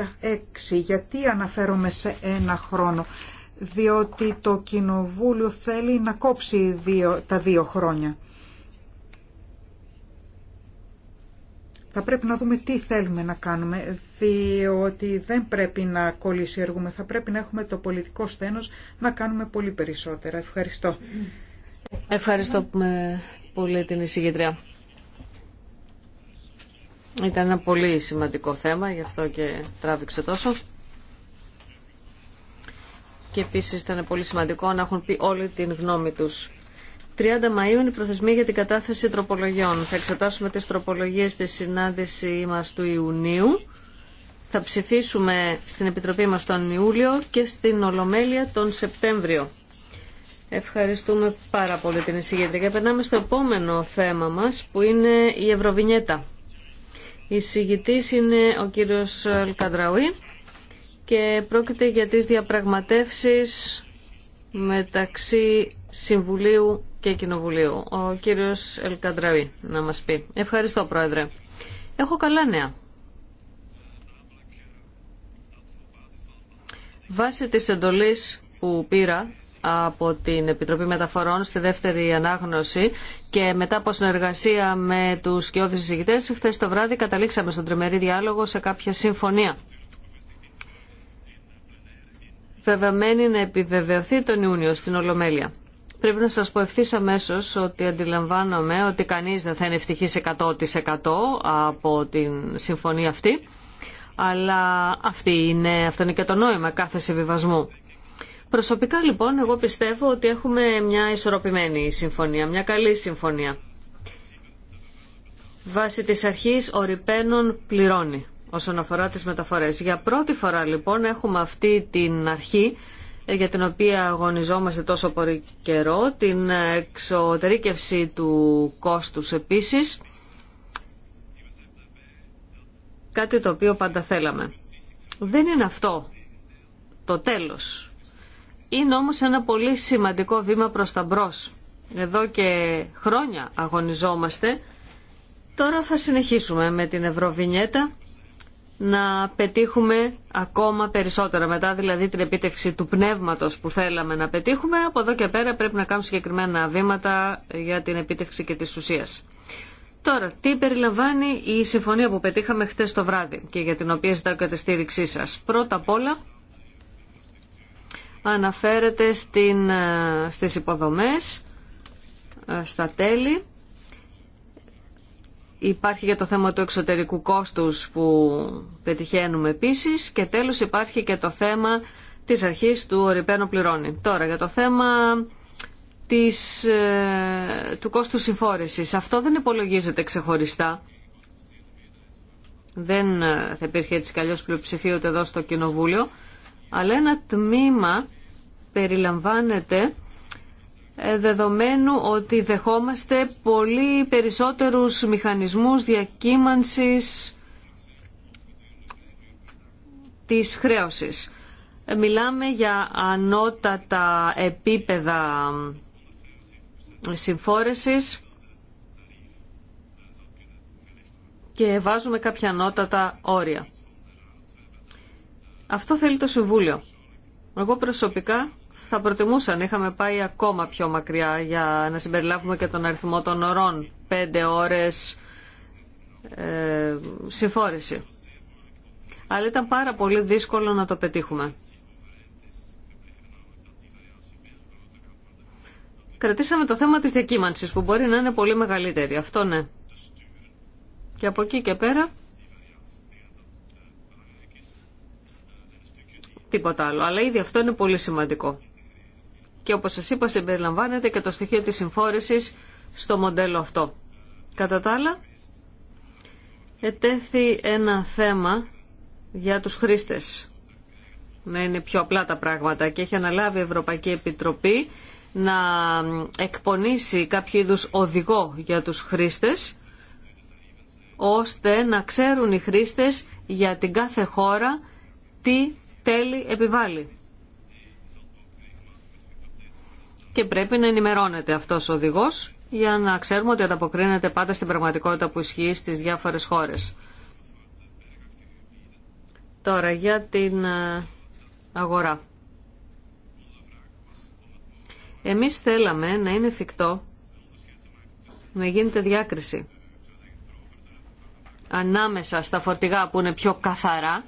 γιατί αναφέρομαι σε ένα χρόνο, διότι το Κοινοβούλιο θέλει να κόψει δύο, τα δύο χρόνια. Θα πρέπει να δούμε τι θέλουμε να κάνουμε, διότι δεν πρέπει να κολλησιεργούμε. Θα πρέπει να έχουμε το πολιτικό στένος να κάνουμε πολύ περισσότερα. Ευχαριστώ. Ευχαριστώ πολύ την εισηγητρία. Ήταν ένα πολύ σημαντικό θέμα, γι' αυτό και τράβηξε τόσο. Και επίσης ήταν πολύ σημαντικό να έχουν πει όλη την γνώμη τους. 30 Μαΐου είναι η προθεσμία για την κατάθεση τροπολογιών. Θα εξετάσουμε τις τροπολογίες στη συνάντησή μας του Ιουνίου. Θα ψηφίσουμε στην Επιτροπή μας τον Ιούλιο και στην Ολομέλεια τον Σεπτέμβριο. Ευχαριστούμε πάρα πολύ την εισηγήτρια και περνάμε στο επόμενο θέμα μας που είναι η Ευρωβινιέτα. Η εισηγητής είναι ο κύριος Αλκαντραουή και πρόκειται για τις διαπραγματεύσεις μεταξύ Συμβουλίου και Κοινοβουλίου, ο κύριος Ελκατράβη να μας πει. Ευχαριστώ, Πρόεδρε. Έχω καλά νέα. Βάσει της εντολής που πήρα από την Επιτροπή Μεταφορών στη δεύτερη ανάγνωση και μετά από συνεργασία με τους κοιόδης συζητητές, χθες το βράδυ καταλήξαμε στον τριμερή διάλογο σε κάποια συμφωνία. Βεβαιωμένη να επιβεβαιωθεί τον Ιούνιο στην Ολομέλεια. Πρέπει να σας πω ευθύ αμέσω ότι αντιλαμβάνομαι ότι κανείς δεν θα είναι ευτυχής 100% από την συμφωνία αυτή, αλλά αυτή είναι, αυτό είναι και το νόημα κάθε συμβιβασμού. Προσωπικά λοιπόν εγώ πιστεύω ότι έχουμε μια ισορροπημένη συμφωνία, μια καλή συμφωνία. Βάσει της αρχής ο πληρώνει όσον αφορά τις μεταφορές. Για πρώτη φορά λοιπόν έχουμε αυτή την αρχή για την οποία αγωνιζόμαστε τόσο πολύ καιρό, την εξωτερήκευση του κόστους επίσης, κάτι το οποίο πάντα θέλαμε. Δεν είναι αυτό το τέλος. Είναι όμως ένα πολύ σημαντικό βήμα προς τα μπρος. Εδώ και χρόνια αγωνιζόμαστε. Τώρα θα συνεχίσουμε με την Ευρωβινιέτα να πετύχουμε ακόμα περισσότερα. Μετά δηλαδή την επίτευξη του πνεύματος που θέλαμε να πετύχουμε, από εδώ και πέρα πρέπει να κάνουμε συγκεκριμένα βήματα για την επίτευξη και της ουσίας. Τώρα, τι περιλαμβάνει η συμφωνία που πετύχαμε χτες το βράδυ και για την οποία ζητάω κατεστήριξή σας. Πρώτα απ' όλα, αναφέρεται στην, ε, στις υποδομές, ε, στα τέλη, υπάρχει για το θέμα του εξωτερικού κόστους που πετυχαίνουμε επίσης και τέλος υπάρχει και το θέμα της αρχής του ορυπαίνου πληρώνει. Τώρα για το θέμα της, ε, του κόστου συμφόρησης. Αυτό δεν υπολογίζεται ξεχωριστά. Δεν ε, θα υπήρχε έτσι καλλιώς πλειοψηφία ούτε εδώ στο Κοινοβούλιο, αλλά ένα τμήμα περιλαμβάνεται ε, δεδομένου ότι δεχόμαστε πολύ περισσότερους μηχανισμούς διακύμανσης της χρέωσης. Ε, μιλάμε για ανώτατα επίπεδα συμφόρεσης και βάζουμε κάποια ανώτατα όρια. Αυτό θέλει το Συμβούλιο. Εγώ προσωπικά θα προτιμούσαν, είχαμε πάει ακόμα πιο μακριά για να συμπεριλάβουμε και τον αριθμό των ωρών, πέντε ώρες ε, συμφόρηση. Αλλά ήταν πάρα πολύ δύσκολο να το πετύχουμε. Κρατήσαμε το θέμα της διακύμανσης που μπορεί να είναι πολύ μεγαλύτερη. Αυτό ναι. Και από εκεί και πέρα τίποτα άλλο. Αλλά ήδη αυτό είναι πολύ σημαντικό και όπως σας είπα συμπεριλαμβάνεται και το στοιχείο της συμφόρησης στο μοντέλο αυτό. Κατά τα άλλα, ετέθη ένα θέμα για τους χρήστες. Να είναι πιο απλά τα πράγματα και έχει αναλάβει η Ευρωπαϊκή Επιτροπή να εκπονήσει κάποιο είδους οδηγό για τους χρήστες ώστε να ξέρουν οι χρήστες για την κάθε χώρα τι τέλη επιβάλλει. και πρέπει να ενημερώνεται αυτός ο οδηγός για να ξέρουμε ότι ανταποκρίνεται πάντα στην πραγματικότητα που ισχύει στις διάφορες χώρες. Τώρα για την ε, αγορά. Εμείς θέλαμε να είναι εφικτό να γίνεται διάκριση ανάμεσα στα φορτηγά που είναι πιο καθαρά,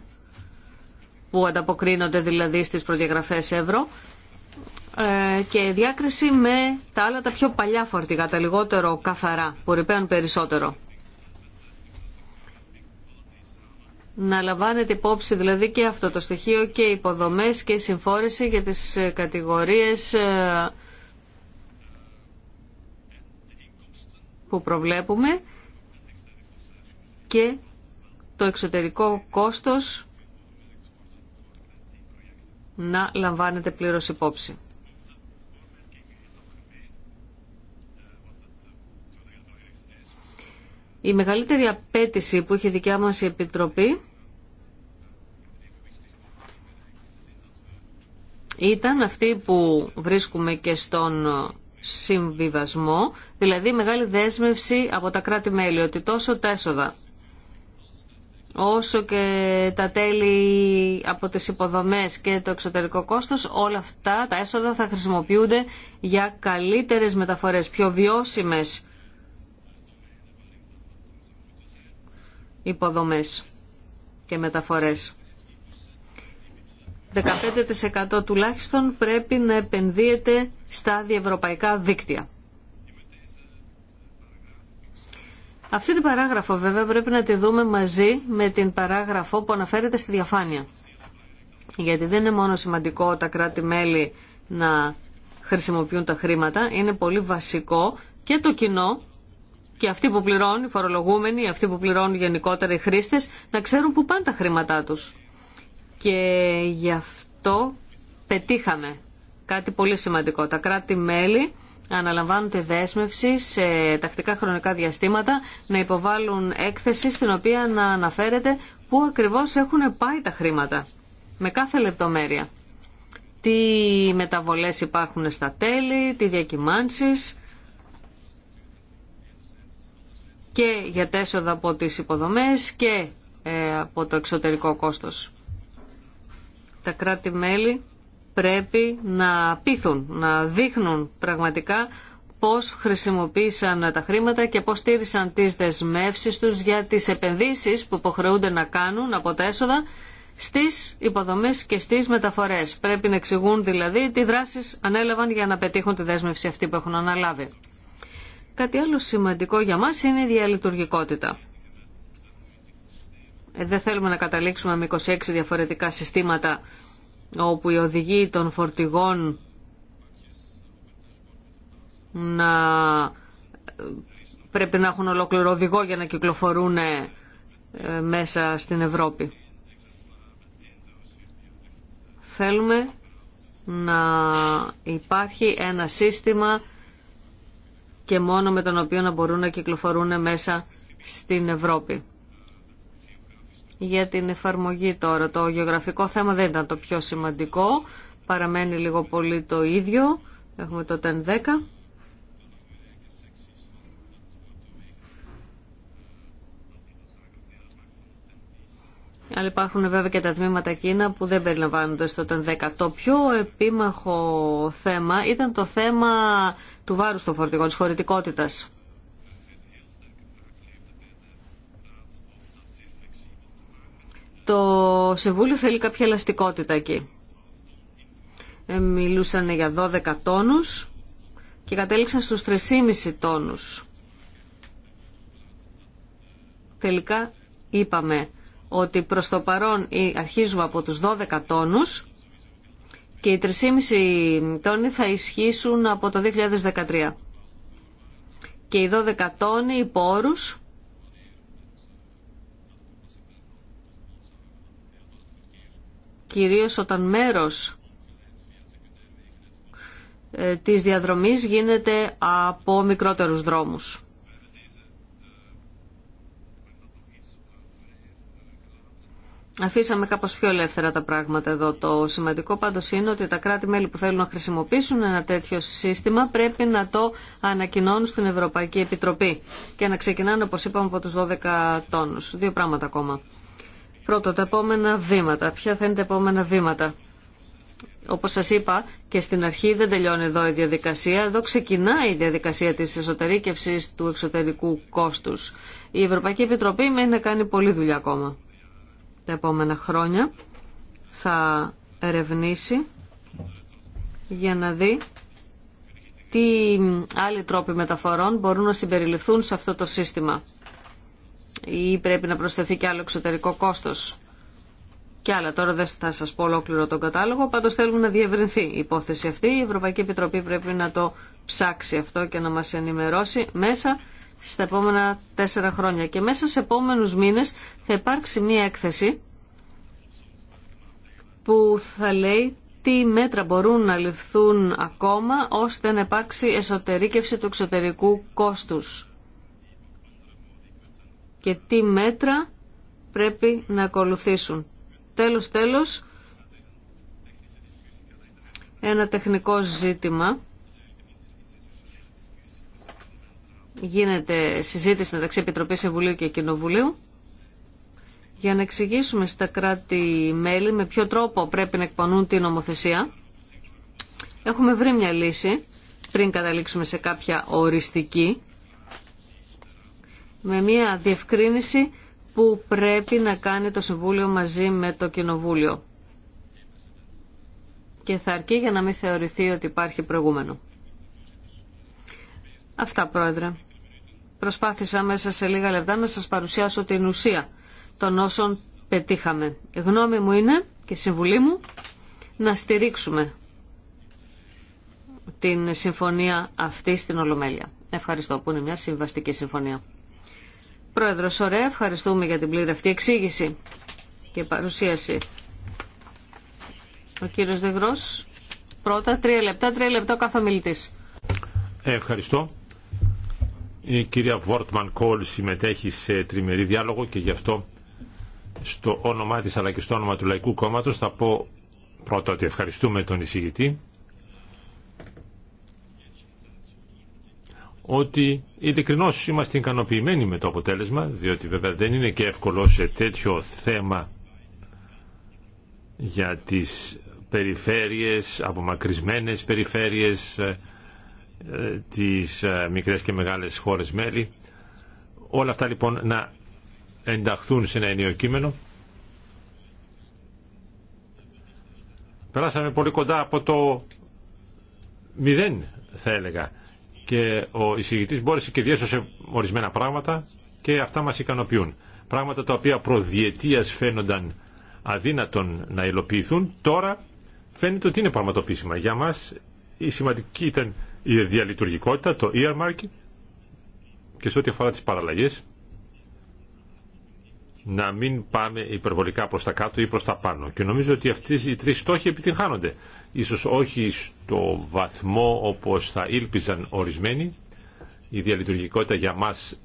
που ανταποκρίνονται δηλαδή στις προδιαγραφές ευρώ, ε, και διάκριση με τα άλλα τα πιο παλιά φορτηγά, τα λιγότερο καθαρά, που ρηπαίνουν περισσότερο. Να λαμβάνετε υπόψη δηλαδή και αυτό το στοιχείο και υποδομές και συμφόρηση για τις ε, κατηγορίες ε, που προβλέπουμε και το εξωτερικό κόστος να λαμβάνεται πλήρως υπόψη. Η μεγαλύτερη απέτηση που είχε δικιά μας η Επιτροπή ήταν αυτή που βρίσκουμε και στον συμβιβασμό, δηλαδή μεγάλη δέσμευση από τα κράτη-μέλη, ότι τόσο τα έσοδα όσο και τα τέλη από τις υποδομές και το εξωτερικό κόστος, όλα αυτά τα έσοδα θα χρησιμοποιούνται για καλύτερες μεταφορές, πιο βιώσιμες υποδομές και μεταφορές. 15% τουλάχιστον πρέπει να επενδύεται στα διευρωπαϊκά δίκτυα. Αυτή την παράγραφο βέβαια πρέπει να τη δούμε μαζί με την παράγραφο που αναφέρεται στη διαφάνεια. Γιατί δεν είναι μόνο σημαντικό τα κράτη-μέλη να χρησιμοποιούν τα χρήματα, είναι πολύ βασικό και το κοινό και αυτοί που πληρώνουν, οι φορολογούμενοι, αυτοί που πληρώνουν γενικότερα οι να ξέρουν που πάνε τα χρήματά τους. Και γι' αυτό πετύχαμε κάτι πολύ σημαντικό. Τα κράτη-μέλη αναλαμβάνουν τη δέσμευση σε τακτικά χρονικά διαστήματα να υποβάλουν έκθεση στην οποία να αναφέρεται πού ακριβώς έχουν πάει τα χρήματα. Με κάθε λεπτομέρεια. Τι μεταβολές υπάρχουν στα τέλη, τι διακυμάνσεις και για τα έσοδα από τις υποδομές και ε, από το εξωτερικό κόστος. Τα κράτη-μέλη πρέπει να πείθουν, να δείχνουν πραγματικά πώς χρησιμοποίησαν τα χρήματα και πώς στήρισαν τις δεσμεύσεις τους για τις επενδύσεις που υποχρεούνται να κάνουν από τα έσοδα στις υποδομές και στις μεταφορές. Πρέπει να εξηγούν δηλαδή τι δράσεις ανέλαβαν για να πετύχουν τη δέσμευση αυτή που έχουν αναλάβει. Κάτι άλλο σημαντικό για μας είναι η διαλειτουργικότητα. Ε, δεν θέλουμε να καταλήξουμε με 26 διαφορετικά συστήματα όπου οι οδηγοί των φορτηγών να ε, πρέπει να έχουν ολόκληρο οδηγό για να κυκλοφορούν ε, μέσα στην Ευρώπη. Θέλουμε να υπάρχει ένα σύστημα και μόνο με τον οποίο να μπορούν να κυκλοφορούν μέσα στην Ευρώπη. Για την εφαρμογή τώρα, το γεωγραφικό θέμα δεν ήταν το πιο σημαντικό, παραμένει λίγο πολύ το ίδιο, έχουμε το TEN 10. Αλλά υπάρχουν βέβαια και τα τμήματα εκείνα που δεν περιλαμβάνονται στο ten 10. Το πιο επίμαχο θέμα ήταν το θέμα του βάρους των φορτηγών, της χωρητικότητας. Το Σεβούλιο θέλει κάποια ελαστικότητα εκεί. Ε, μιλούσαν για 12 τόνους και κατέληξαν στους 3,5 τόνους. Τελικά είπαμε ότι προς το παρόν αρχίζουμε από τους 12 τόνους και οι 3,5 τόνοι θα ισχύσουν από το 2013. Και οι 12 τόνοι πόρους. κυρίως όταν μέρος ε, της διαδρομής γίνεται από μικρότερους δρόμους. Αφήσαμε κάπως πιο ελεύθερα τα πράγματα εδώ. Το σημαντικό πάντως είναι ότι τα κράτη-μέλη που θέλουν να χρησιμοποιήσουν ένα τέτοιο σύστημα πρέπει να το ανακοινώνουν στην Ευρωπαϊκή Επιτροπή και να ξεκινάνε, όπως είπαμε, από τους 12 τόνους. Δύο πράγματα ακόμα. Πρώτο, τα επόμενα βήματα. Ποια θα είναι τα επόμενα βήματα. Όπως σας είπα και στην αρχή δεν τελειώνει εδώ η διαδικασία. Εδώ ξεκινάει η διαδικασία της εσωτερήκευσης του εξωτερικού κόστους. Η Ευρωπαϊκή μένει να κάνει πολλή δουλειά ακόμα τα επόμενα χρόνια θα ερευνήσει για να δει τι άλλοι τρόποι μεταφορών μπορούν να συμπεριληφθούν σε αυτό το σύστημα ή πρέπει να προσθεθεί και άλλο εξωτερικό κόστος και άλλα. Τώρα δεν θα σας πω ολόκληρο τον κατάλογο, πάντως θέλουμε να διευρυνθεί η υπόθεση αυτή. Η Ευρωπαϊκή Επιτροπή πρέπει να το ψάξει αυτό και να μας ενημερώσει μέσα στα επόμενα τέσσερα χρόνια. Και μέσα σε επόμενους μήνες θα υπάρξει μία έκθεση που θα λέει τι μέτρα μπορούν να ληφθούν ακόμα ώστε να υπάρξει εσωτερήκευση του εξωτερικού κόστους και τι μέτρα πρέπει να ακολουθήσουν. Τέλος, τέλος, ένα τεχνικό ζήτημα γίνεται συζήτηση μεταξύ Επιτροπής Συμβουλίου και Κοινοβουλίου για να εξηγήσουμε στα κράτη-μέλη με ποιο τρόπο πρέπει να εκπονούν την νομοθεσία. Έχουμε βρει μια λύση πριν καταλήξουμε σε κάποια οριστική με μια διευκρίνηση που πρέπει να κάνει το Συμβούλιο μαζί με το Κοινοβούλιο και θα αρκεί για να μην θεωρηθεί ότι υπάρχει προηγούμενο. Αυτά, Πρόεδρε. Προσπάθησα μέσα σε λίγα λεπτά να σας παρουσιάσω την ουσία των όσων πετύχαμε. Η γνώμη μου είναι και η συμβουλή μου να στηρίξουμε την συμφωνία αυτή στην Ολομέλεια. Ευχαριστώ που είναι μια συμβαστική συμφωνία. Πρόεδρος, ωραία, ευχαριστούμε για την πλήρη αυτή εξήγηση και παρουσίαση. Ο κύριος Δεγρός, πρώτα τρία λεπτά, τρία λεπτά ο καθομιλητής. Ευχαριστώ. Η κυρία Βόρτμαν Κόλ συμμετέχει σε τριμερή διάλογο και γι' αυτό στο όνομά της αλλά και στο όνομα του Λαϊκού Κόμματος θα πω πρώτα ότι ευχαριστούμε τον εισηγητή ότι ειλικρινώς είμαστε ικανοποιημένοι με το αποτέλεσμα διότι βέβαια δεν είναι και εύκολο σε τέτοιο θέμα για τις περιφέρειες, απομακρυσμένες περιφέρειες, τις ε, μικρές και μεγάλες χώρες μέλη. Όλα αυτά λοιπόν να ενταχθούν σε ένα ενίο κείμενο. Περάσαμε πολύ κοντά από το μηδέν θα έλεγα και ο εισηγητή μπόρεσε και διέσωσε ορισμένα πράγματα και αυτά μας ικανοποιούν. Πράγματα τα οποία προδιετίας φαίνονταν αδύνατον να υλοποιηθούν, τώρα φαίνεται ότι είναι πραγματοποιήσιμα. Για μας η σημαντική ήταν η διαλειτουργικότητα, το earmarking και σε ό,τι αφορά τις παραλλαγές να μην πάμε υπερβολικά προς τα κάτω ή προς τα πάνω. Και νομίζω ότι αυτοί οι τρεις στόχοι επιτυγχάνονται. Ίσως όχι στο βαθμό όπως θα ήλπιζαν ορισμένοι. Η διαλειτουργικότητα για μας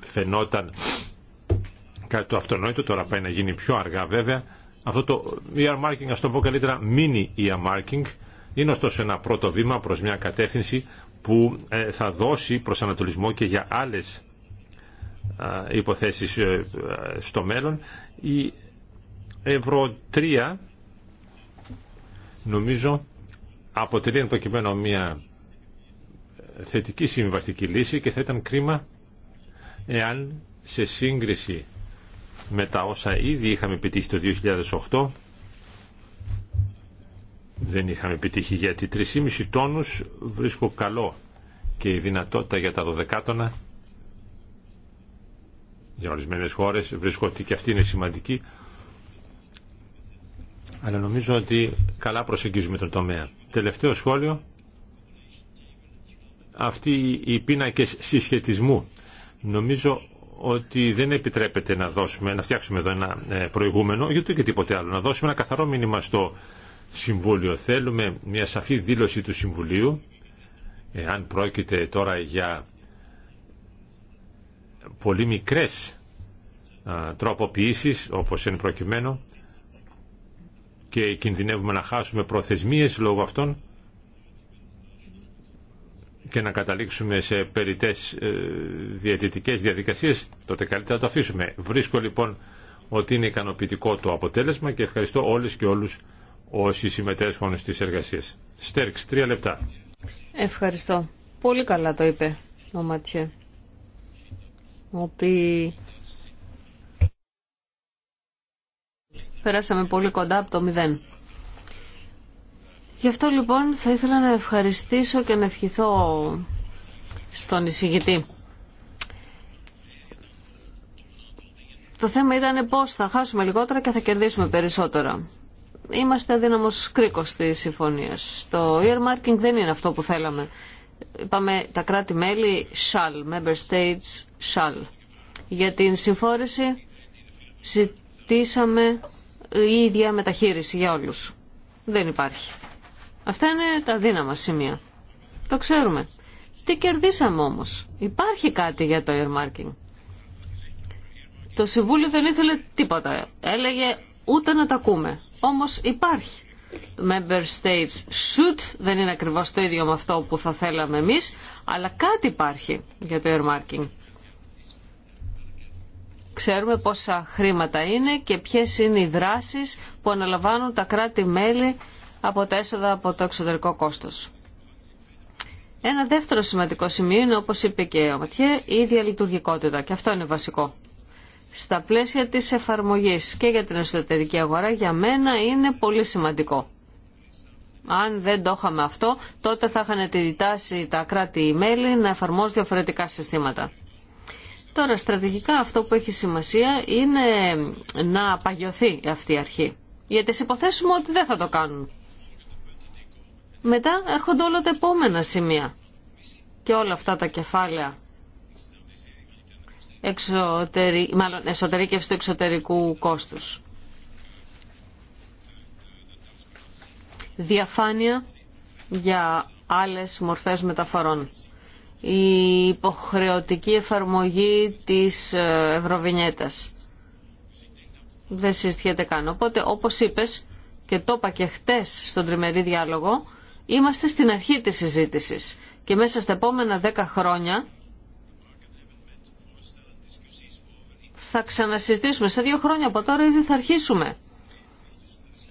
φαινόταν κάτι το αυτονόητο, τώρα πάει να γίνει πιο αργά βέβαια. Αυτό το earmarking, ας το πω καλύτερα, mini earmarking, είναι ωστόσο ένα πρώτο βήμα προς μια κατεύθυνση που ε, θα δώσει ανατολισμό και για άλλες υποθέσεις ε, στο μέλλον. Η Ευρω 3 νομίζω αποτελεί εν προκειμένου μια θετική συμβαστική λύση και θα ήταν κρίμα εάν σε σύγκριση με τα όσα ήδη είχαμε πετύχει το 2008 δεν είχαμε επιτύχει γιατί 3,5 τόνους βρίσκω καλό και η δυνατότητα για τα τόνα για ορισμένες χώρες βρίσκω ότι και αυτή είναι σημαντική αλλά νομίζω ότι καλά προσεγγίζουμε τον τομέα. Τελευταίο σχόλιο αυτοί η πίνακες συσχετισμού νομίζω ότι δεν επιτρέπεται να δώσουμε, να φτιάξουμε εδώ ένα ε, προηγούμενο, γιατί και τίποτε άλλο, να δώσουμε ένα καθαρό μήνυμα στο Συμβούλιο. Θέλουμε μια σαφή δήλωση του Συμβουλίου, εάν πρόκειται τώρα για πολύ μικρές τροποποιήσεις, όπως είναι προκειμένο, και κινδυνεύουμε να χάσουμε προθεσμίες λόγω αυτών και να καταλήξουμε σε περιτές ε, διαιτητικές διαδικασίες, τότε καλύτερα το αφήσουμε. Βρίσκω λοιπόν ότι είναι ικανοποιητικό το αποτέλεσμα και ευχαριστώ όλες και όλους όσοι συμμετέσχουν στις εργασίες. Στέρξ, τρία λεπτά. Ευχαριστώ. Πολύ καλά το είπε ο Ματιέ. Ότι περάσαμε πολύ κοντά από το μηδέν. Γι' αυτό λοιπόν θα ήθελα να ευχαριστήσω και να ευχηθώ στον εισηγητή. Το θέμα ήταν πώς θα χάσουμε λιγότερα και θα κερδίσουμε περισσότερα είμαστε αδύναμος κρίκος της συμφωνίας. Το earmarking δεν είναι αυτό που θέλαμε. Είπαμε τα κράτη-μέλη shall, member states shall. Για την συμφόρηση ζητήσαμε η ίδια μεταχείριση για όλους. Δεν υπάρχει. Αυτά είναι τα δύναμα σημεία. Το ξέρουμε. Τι κερδίσαμε όμως. Υπάρχει κάτι για το earmarking. Το Συμβούλιο δεν ήθελε τίποτα. Έλεγε ούτε να τα ακούμε. Όμως υπάρχει. Member States should δεν είναι ακριβώς το ίδιο με αυτό που θα θέλαμε εμείς, αλλά κάτι υπάρχει για το earmarking. Ξέρουμε πόσα χρήματα είναι και ποιες είναι οι δράσεις που αναλαμβάνουν τα κράτη-μέλη από τα έσοδα από το εξωτερικό κόστος. Ένα δεύτερο σημαντικό σημείο είναι, όπως είπε και ο Ματιέ, η λειτουργικότητα. και αυτό είναι βασικό στα πλαίσια της εφαρμογής και για την εσωτερική αγορά για μένα είναι πολύ σημαντικό. Αν δεν το είχαμε αυτό, τότε θα είχαν τη διτάση τα κράτη-μέλη να εφαρμόζουν διαφορετικά συστήματα. Τώρα, στρατηγικά αυτό που έχει σημασία είναι να απαγιωθεί αυτή η αρχή. Γιατί συμποθέσουμε υποθέσουμε ότι δεν θα το κάνουν. Μετά έρχονται όλα τα επόμενα σημεία. Και όλα αυτά τα κεφάλαια εξωτερι... μάλλον εσωτερικεύση του εξωτερικού κόστους. Διαφάνεια για άλλες μορφές μεταφορών. Η υποχρεωτική εφαρμογή της ε, Ευρωβινιέτας. Δεν συζητιέται καν. Οπότε, όπως είπες, και το είπα και χτες στον τριμερή διάλογο, είμαστε στην αρχή της συζήτησης. Και μέσα στα επόμενα δέκα χρόνια θα ξανασυζητήσουμε. Σε δύο χρόνια από τώρα ήδη θα αρχίσουμε.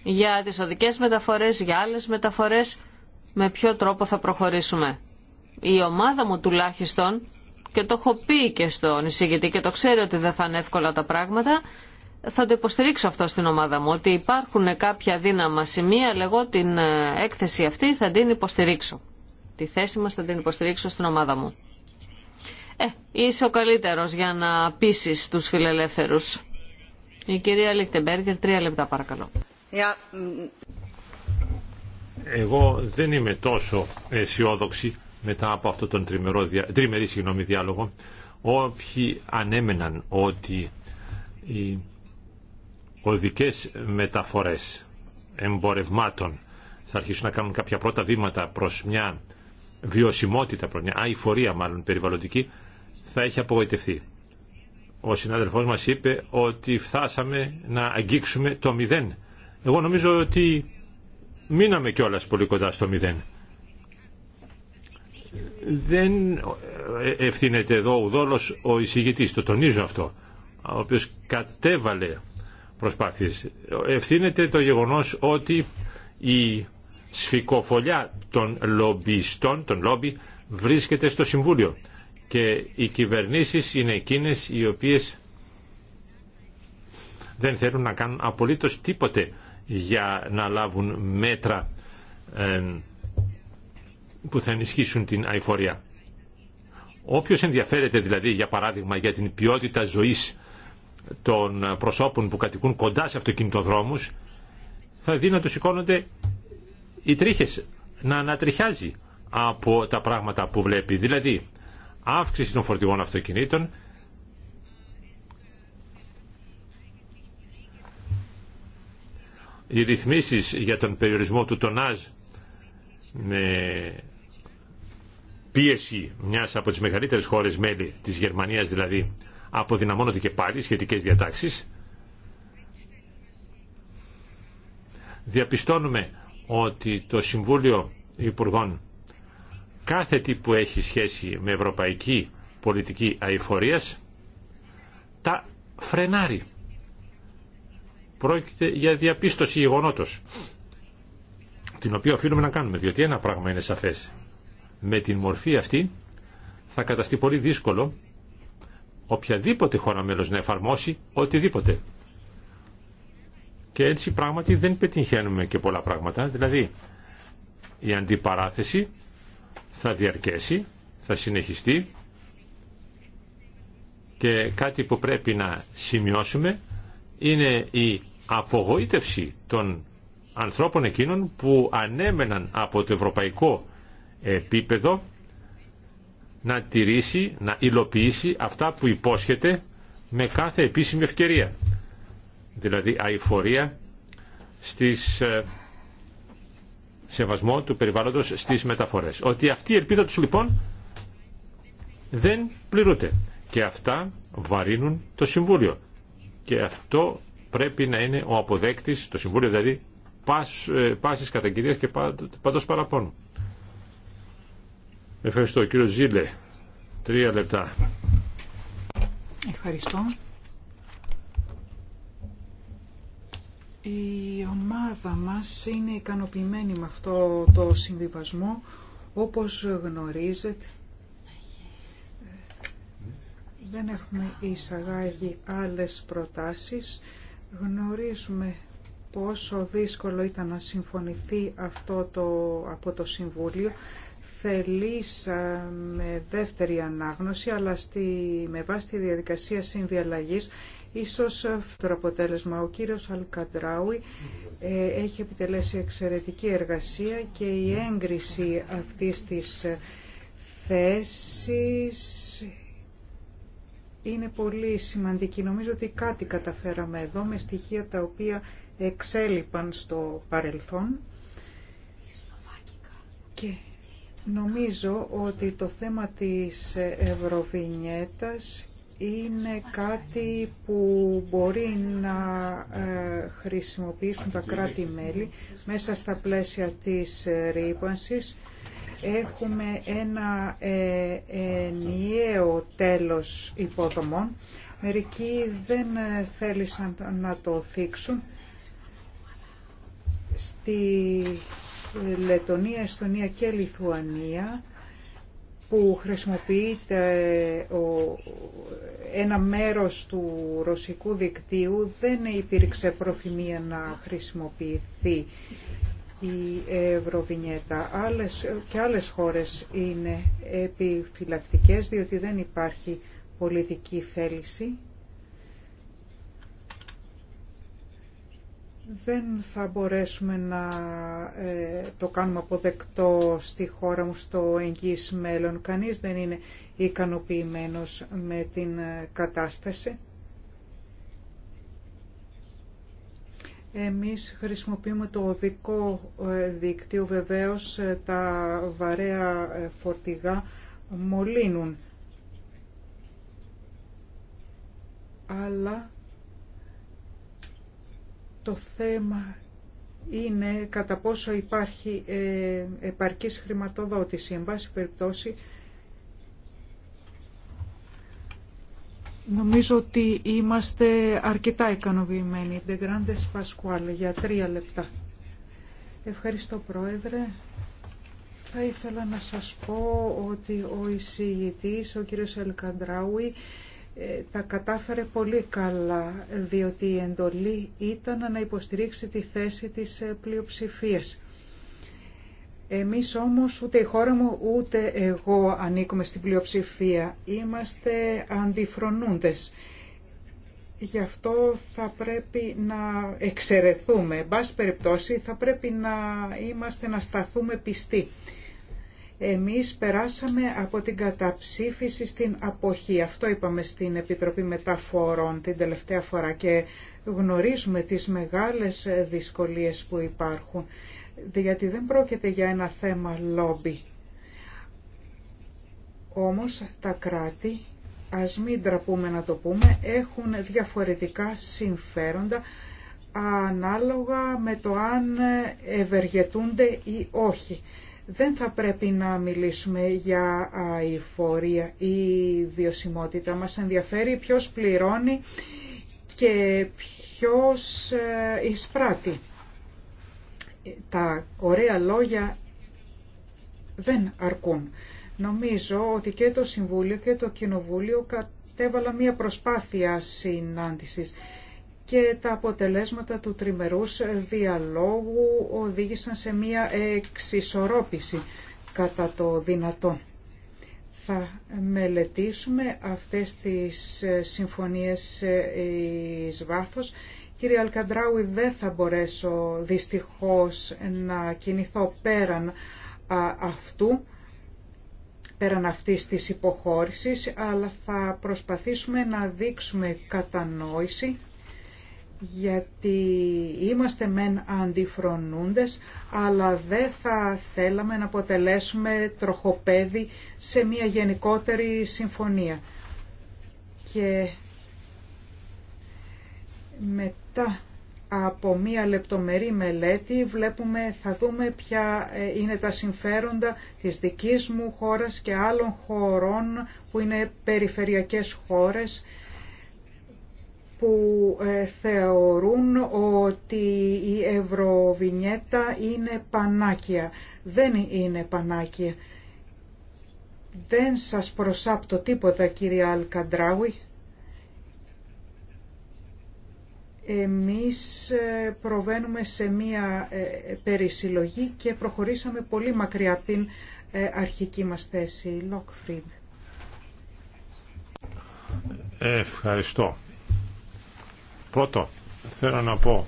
Για τις οδικές μεταφορές, για άλλες μεταφορές, με ποιο τρόπο θα προχωρήσουμε. Η ομάδα μου τουλάχιστον, και το έχω πει και στον εισηγητή και το ξέρω ότι δεν θα είναι εύκολα τα πράγματα, θα το υποστηρίξω αυτό στην ομάδα μου, ότι υπάρχουν κάποια δύναμα σημεία, λέγω την ε, έκθεση αυτή θα την υποστηρίξω. Τη θέση μας θα την υποστηρίξω στην ομάδα μου. Ε, είσαι ο καλύτερος για να πείσεις τους φιλελεύθερους. Η κυρία Λίχτεμπέργκερ, τρία λεπτά παρακαλώ. Εγώ δεν είμαι τόσο αισιόδοξη μετά από αυτό τον τριμερό, τριμερή συγγνώμη, διάλογο. Όποιοι ανέμεναν ότι οι οδικές μεταφορές εμπορευμάτων θα αρχίσουν να κάνουν κάποια πρώτα βήματα προς μια βιωσιμότητα, προς μια αηφορία μάλλον περιβαλλοντική, θα έχει απογοητευτεί. Ο συνάδελφός μας είπε ότι φτάσαμε να αγγίξουμε το μηδέν. Εγώ νομίζω ότι μείναμε κιόλας πολύ κοντά στο μηδέν. Δεν ε, ε, ευθύνεται εδώ δόλος ο εισηγητής, το τονίζω αυτό, ο οποίος κατέβαλε προσπάθειες. Ευθύνεται το γεγονός ότι η σφικοφολιά των λομπιστών, των λόμπι, βρίσκεται στο Συμβούλιο και οι κυβερνήσεις είναι εκείνες οι οποίες δεν θέλουν να κάνουν απολύτως τίποτε για να λάβουν μέτρα που θα ενισχύσουν την αηφορία. Όποιος ενδιαφέρεται δηλαδή για παράδειγμα για την ποιότητα ζωής των προσώπων που κατοικούν κοντά σε αυτοκινητοδρόμους θα δει να του σηκώνονται οι τρίχες να ανατριχιάζει από τα πράγματα που βλέπει. Δηλαδή αύξηση των φορτηγών αυτοκινήτων οι ρυθμίσεις για τον περιορισμό του τονάζ με πίεση μιας από τις μεγαλύτερες χώρες μέλη της Γερμανίας δηλαδή αποδυναμώνονται και πάλι σχετικές διατάξεις διαπιστώνουμε ότι το Συμβούλιο Υπουργών κάθε τι που έχει σχέση με ευρωπαϊκή πολιτική αηφορίας τα φρενάρει. Πρόκειται για διαπίστωση γεγονότος την οποία οφείλουμε να κάνουμε διότι ένα πράγμα είναι σαφές με την μορφή αυτή θα καταστεί πολύ δύσκολο οποιαδήποτε χώρα μέλος να εφαρμόσει οτιδήποτε. Και έτσι πράγματι δεν πετυχαίνουμε και πολλά πράγματα. Δηλαδή η αντιπαράθεση θα διαρκέσει, θα συνεχιστεί και κάτι που πρέπει να σημειώσουμε είναι η απογοήτευση των ανθρώπων εκείνων που ανέμεναν από το ευρωπαϊκό επίπεδο να τηρήσει, να υλοποιήσει αυτά που υπόσχεται με κάθε επίσημη ευκαιρία. Δηλαδή αηφορία στις ε, σεβασμό του περιβάλλοντος στις μεταφορές. Ότι αυτή η ελπίδα τους λοιπόν δεν πληρούνται. Και αυτά βαρύνουν το Συμβούλιο. Και αυτό πρέπει να είναι ο αποδέκτης, το Συμβούλιο δηλαδή, ε, πάσης καταγγελίας και παντός παραπώνου. Ευχαριστώ κύριο Ζήλε. Τρία λεπτά. Ευχαριστώ. Η ομάδα μας είναι ικανοποιημένη με αυτό το συμβιβασμό. Όπως γνωρίζετε, δεν έχουμε εισαγάγει άλλες προτάσεις. Γνωρίζουμε πόσο δύσκολο ήταν να συμφωνηθεί αυτό το, από το Συμβούλιο. Θελήσαμε δεύτερη ανάγνωση, αλλά στη, με βάση τη διαδικασία συνδιαλλαγής Ίσως αυτό το αποτέλεσμα. Ο κύριος Αλκαντράουι ε, έχει επιτελέσει εξαιρετική εργασία και η έγκριση αυτής της ε, θέσης είναι πολύ σημαντική. Νομίζω ότι κάτι καταφέραμε εδώ με στοιχεία τα οποία εξέλιπαν στο παρελθόν και νομίζω ότι το θέμα της Ευρωβινιέτας είναι κάτι που μπορεί να ε, χρησιμοποιήσουν τα κράτη-μέλη μέσα στα πλαίσια της ρήπανσης. Έχουμε ένα ε, ενιαίο τέλος υποδομών. Μερικοί δεν ε, θέλησαν να το θίξουν. Στη Λετωνία, Εστονία και Λιθουανία που χρησιμοποιείται ε, ένα μέρος του ρωσικού δικτύου δεν υπήρξε προθυμία να χρησιμοποιηθεί η Ευρωβινιέτα. Άλλες, και άλλες χώρες είναι επιφυλακτικές διότι δεν υπάρχει πολιτική θέληση δεν θα μπορέσουμε να ε, το κάνουμε αποδεκτό στη χώρα μου στο εγγύς μέλλον. Κανείς δεν είναι ικανοποιημένος με την ε, κατάσταση. Εμείς χρησιμοποιούμε το οδικό ε, δίκτυο, βεβαίως τα βαρέα φορτηγά μολύνουν. Αλλά το θέμα είναι κατά πόσο υπάρχει ε, επαρκής χρηματοδότηση. Εν πάση περιπτώσει, νομίζω ότι είμαστε αρκετά ικανοποιημένοι. για τρία λεπτά. Ευχαριστώ, Πρόεδρε. Θα ήθελα να σας πω ότι ο εισηγητής, ο κύριος Ελκαντράουι, ε, τα κατάφερε πολύ καλά, διότι η εντολή ήταν να υποστηρίξει τη θέση της ε, πλειοψηφίας. Εμείς όμως, ούτε η χώρα μου, ούτε εγώ ανήκουμε στην πλειοψηφία. Είμαστε αντιφρονούντες. Γι' αυτό θα πρέπει να εξαιρεθούμε. Εν πάση περιπτώσει, θα πρέπει να είμαστε, να σταθούμε πιστοί εμείς περάσαμε από την καταψήφιση στην αποχή. Αυτό είπαμε στην Επιτροπή Μεταφορών την τελευταία φορά και γνωρίζουμε τις μεγάλες δυσκολίες που υπάρχουν, γιατί δεν πρόκειται για ένα θέμα λόμπι. Όμως τα κράτη, ας μην τραπούμε να το πούμε, έχουν διαφορετικά συμφέροντα ανάλογα με το αν ευεργετούνται ή όχι δεν θα πρέπει να μιλήσουμε για αηφορία ή βιωσιμότητα. Μας ενδιαφέρει ποιος πληρώνει και ποιος ε, εισπράττει. Τα ωραία λόγια δεν αρκούν. Νομίζω ότι και το Συμβούλιο και το Κοινοβούλιο κατέβαλαν μια προσπάθεια συνάντησης και τα αποτελέσματα του τριμερούς διαλόγου οδήγησαν σε μία εξισορρόπηση κατά το δυνατό. Θα μελετήσουμε αυτές τις συμφωνίες εις βάθος. Κύριε Αλκαντράουι, δεν θα μπορέσω δυστυχώς να κινηθώ πέραν αυτού, πέραν αυτής της υποχώρησης, αλλά θα προσπαθήσουμε να δείξουμε κατανόηση γιατί είμαστε μεν αντιφρονούντες, αλλά δεν θα θέλαμε να αποτελέσουμε τροχοπέδι σε μια γενικότερη συμφωνία. Και μετά από μία λεπτομερή μελέτη βλέπουμε, θα δούμε ποια ε, είναι τα συμφέροντα της δικής μου χώρας και άλλων χωρών που είναι περιφερειακές χώρες που ε, θεωρούν ότι η Ευρωβινιέτα είναι πανάκια. Δεν είναι πανάκια. Δεν σας προσάπτω τίποτα κύριε Αλκαντράουι. Εμείς ε, προβαίνουμε σε μία ε, περισυλλογή και προχωρήσαμε πολύ μακριά από την αρχική μας θέση. Ευχαριστώ. Πρώτο, θέλω να πω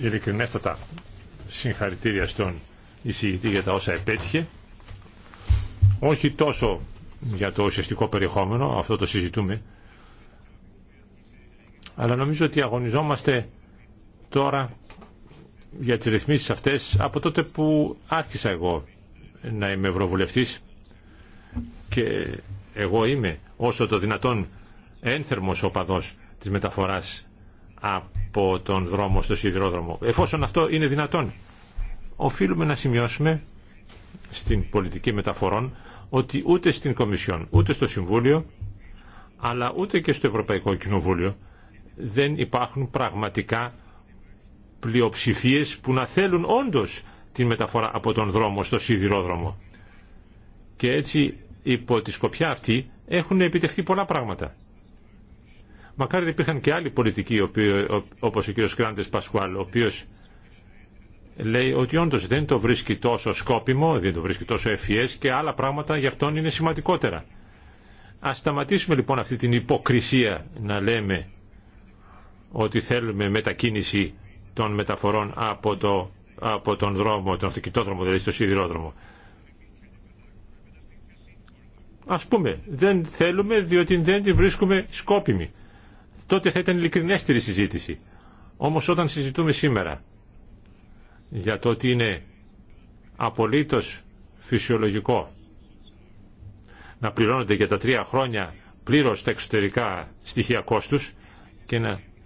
ειλικρινέστατα συγχαρητήρια στον εισηγητή για τα όσα επέτυχε. Όχι τόσο για το ουσιαστικό περιεχόμενο, αυτό το συζητούμε, αλλά νομίζω ότι αγωνιζόμαστε τώρα για τις ρυθμίσεις αυτές από τότε που άρχισα εγώ να είμαι ευρωβουλευτής και εγώ είμαι όσο το δυνατόν ένθερμος οπαδός τη μεταφορά από τον δρόμο στο σιδηρόδρομο. Εφόσον αυτό είναι δυνατόν, οφείλουμε να σημειώσουμε στην πολιτική μεταφορών ότι ούτε στην Κομισιόν, ούτε στο Συμβούλιο, αλλά ούτε και στο Ευρωπαϊκό Κοινοβούλιο δεν υπάρχουν πραγματικά πλειοψηφίες που να θέλουν όντως την μεταφορά από τον δρόμο στο σιδηρόδρομο. Και έτσι υπό τη σκοπιά αυτή έχουν επιτευχθεί πολλά πράγματα. Μακάρι να υπήρχαν και άλλοι πολιτικοί, όπως ο κ. Κράντες Πασχουάλ, ο οποίος λέει ότι όντω δεν το βρίσκει τόσο σκόπιμο, δεν το βρίσκει τόσο ευφυές και άλλα πράγματα γι' αυτόν είναι σημαντικότερα. Ας σταματήσουμε λοιπόν αυτή την υποκρισία να λέμε ότι θέλουμε μετακίνηση των μεταφορών από, το, τον δρόμο, τον αυτοκινητόδρομο, δηλαδή στο σιδηρόδρομο. Ας πούμε, δεν θέλουμε διότι δεν τη βρίσκουμε σκόπιμη τότε θα ήταν ειλικρινέστερη συζήτηση. Όμως όταν συζητούμε σήμερα για το ότι είναι απολύτως φυσιολογικό να πληρώνονται για τα τρία χρόνια πλήρως τα εξωτερικά στοιχεία κόστους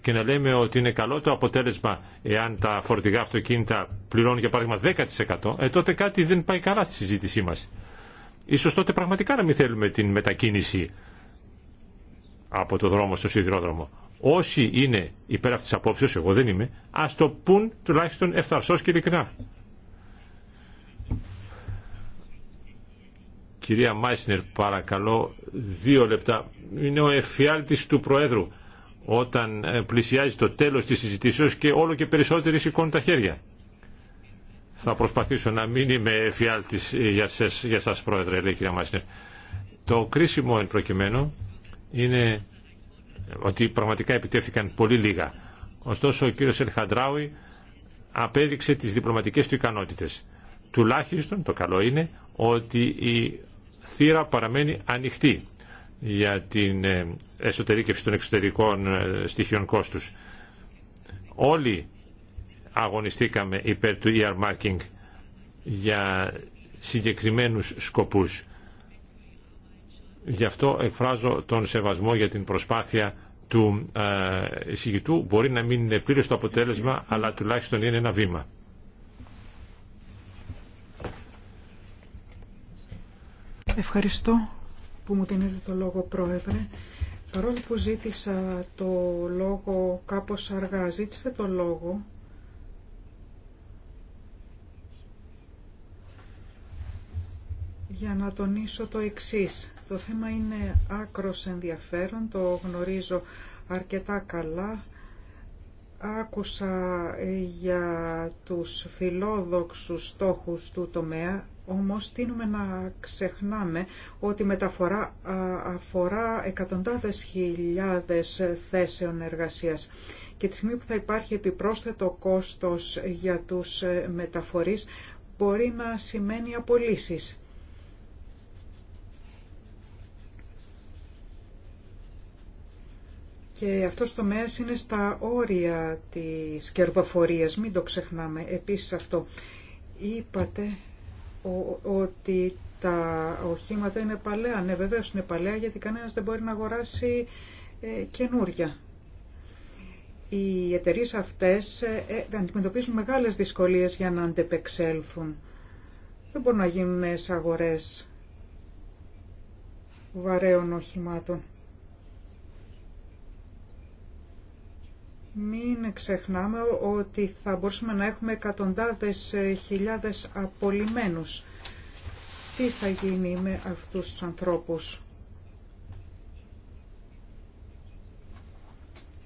και να, λέμε ότι είναι καλό το αποτέλεσμα εάν τα φορτηγά αυτοκίνητα πληρώνουν για παράδειγμα 10% ε, τότε κάτι δεν πάει καλά στη συζήτησή μας. Ίσως τότε πραγματικά να μην θέλουμε την μετακίνηση από το δρόμο στο σιδηρόδρομο. Όσοι είναι υπέρ αυτής της απόψεως, εγώ δεν είμαι, ας το πούν τουλάχιστον ευθαρσώς και ειλικρινά. Κυρία Μάισνερ, παρακαλώ δύο λεπτά. Είναι ο εφιάλτης του Προέδρου όταν ε, πλησιάζει το τέλος της συζητήσεως και όλο και περισσότεροι σηκώνουν τα χέρια. Θα προσπαθήσω να μην είμαι εφιάλτης για σας, για σας Πρόεδρε, λέει η κυρία Μάισνερ. Το κρίσιμο εν προκειμένου είναι ότι πραγματικά επιτέθηκαν πολύ λίγα. Ωστόσο ο κύριος Ελχαντράουι απέδειξε τις διπλωματικές του ικανότητες. Τουλάχιστον το καλό είναι ότι η θύρα παραμένει ανοιχτή για την ε, εσωτερήκευση των εξωτερικών ε, στοιχείων κόστους. Όλοι αγωνιστήκαμε υπέρ του earmarking για συγκεκριμένους σκοπούς Γι' αυτό εκφράζω τον σεβασμό για την προσπάθεια του ε, εισηγητού. Μπορεί να μην είναι πλήρες το αποτέλεσμα, αλλά τουλάχιστον είναι ένα βήμα. Ευχαριστώ που μου δίνετε το λόγο, Πρόεδρε. Παρόλο που ζήτησα το λόγο κάπως αργά, ζήτησα το λόγο για να τονίσω το εξής. Το θέμα είναι άκρος ενδιαφέρον, το γνωρίζω αρκετά καλά. Άκουσα ε, για τους φιλόδοξους στόχους του τομέα, όμως τίνουμε να ξεχνάμε ότι μεταφορά αφορά εκατοντάδες χιλιάδες θέσεων εργασίας. Και τη στιγμή που θα υπάρχει επιπρόσθετο κόστος για τους ε, μεταφορείς, μπορεί να σημαίνει απολύσεις. Και αυτός το μέσο είναι στα όρια της κερδοφορίας, μην το ξεχνάμε. Επίσης αυτό, είπατε ότι τα οχήματα είναι παλαιά. Ναι, βεβαίως είναι παλαιά γιατί κανένας δεν μπορεί να αγοράσει ε, καινούρια. Οι εταιρείε αυτές ε, ε, αντιμετωπίζουν μεγάλες δυσκολίες για να αντεπεξέλθουν. Δεν μπορούν να γίνουν νέες αγορές βαρέων οχημάτων. Μην ξεχνάμε ότι θα μπορούσαμε να έχουμε εκατοντάδες ε, χιλιάδες απολυμένους. Τι θα γίνει με αυτούς τους ανθρώπους.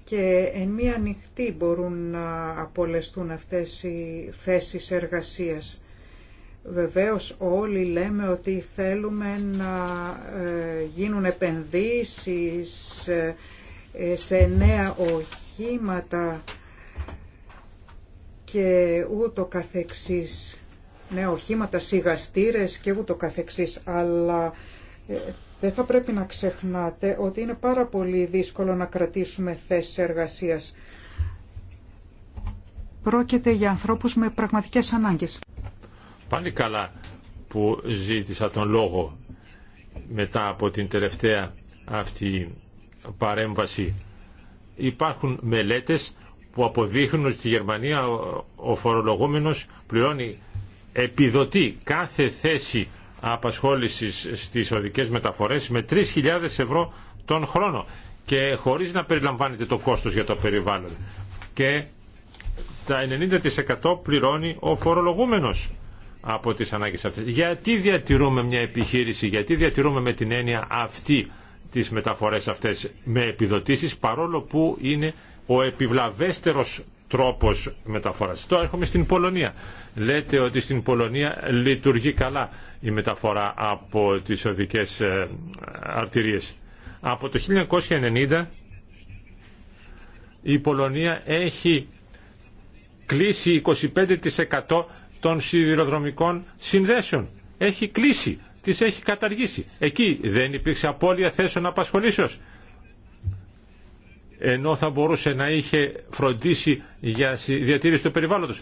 Και εν μία νυχτή μπορούν να απολεστούν αυτές οι θέσεις εργασίας. Βεβαίως όλοι λέμε ότι θέλουμε να ε, γίνουν επενδύσεις ε, σε νέα οχήματα και ούτω καθεξής. Ναι, οχήματα, σιγαστήρες και ούτω καθεξής, αλλά ε, δεν θα πρέπει να ξεχνάτε ότι είναι πάρα πολύ δύσκολο να κρατήσουμε θέσεις εργασίας. Πρόκειται για ανθρώπους με πραγματικές ανάγκες. Πάλι καλά που ζήτησα τον λόγο μετά από την τελευταία αυτή παρέμβαση Υπάρχουν μελέτες που αποδείχνουν ότι στη Γερμανία ο φορολογούμενος πληρώνει επιδοτή κάθε θέση απασχόλησης στις οδικές μεταφορές με 3.000 ευρώ τον χρόνο και χωρίς να περιλαμβάνεται το κόστος για το περιβάλλον. Και τα 90% πληρώνει ο φορολογούμενος από τις ανάγκες αυτές. Γιατί διατηρούμε μια επιχείρηση, γιατί διατηρούμε με την έννοια αυτή τις μεταφορές αυτές με επιδοτήσεις παρόλο που είναι ο επιβλαβέστερος τρόπος μεταφοράς. Τώρα έρχομαι στην Πολωνία. Λέτε ότι στην Πολωνία λειτουργεί καλά η μεταφορά από τις οδικές ε, αρτηρίες. Από το 1990 η Πολωνία έχει κλείσει 25% των σιδηροδρομικών συνδέσεων. Έχει κλείσει τις έχει καταργήσει. Εκεί δεν υπήρξε απώλεια θέσεων απασχολήσεως. Ενώ θα μπορούσε να είχε φροντίσει για διατήρηση του περιβάλλοντος.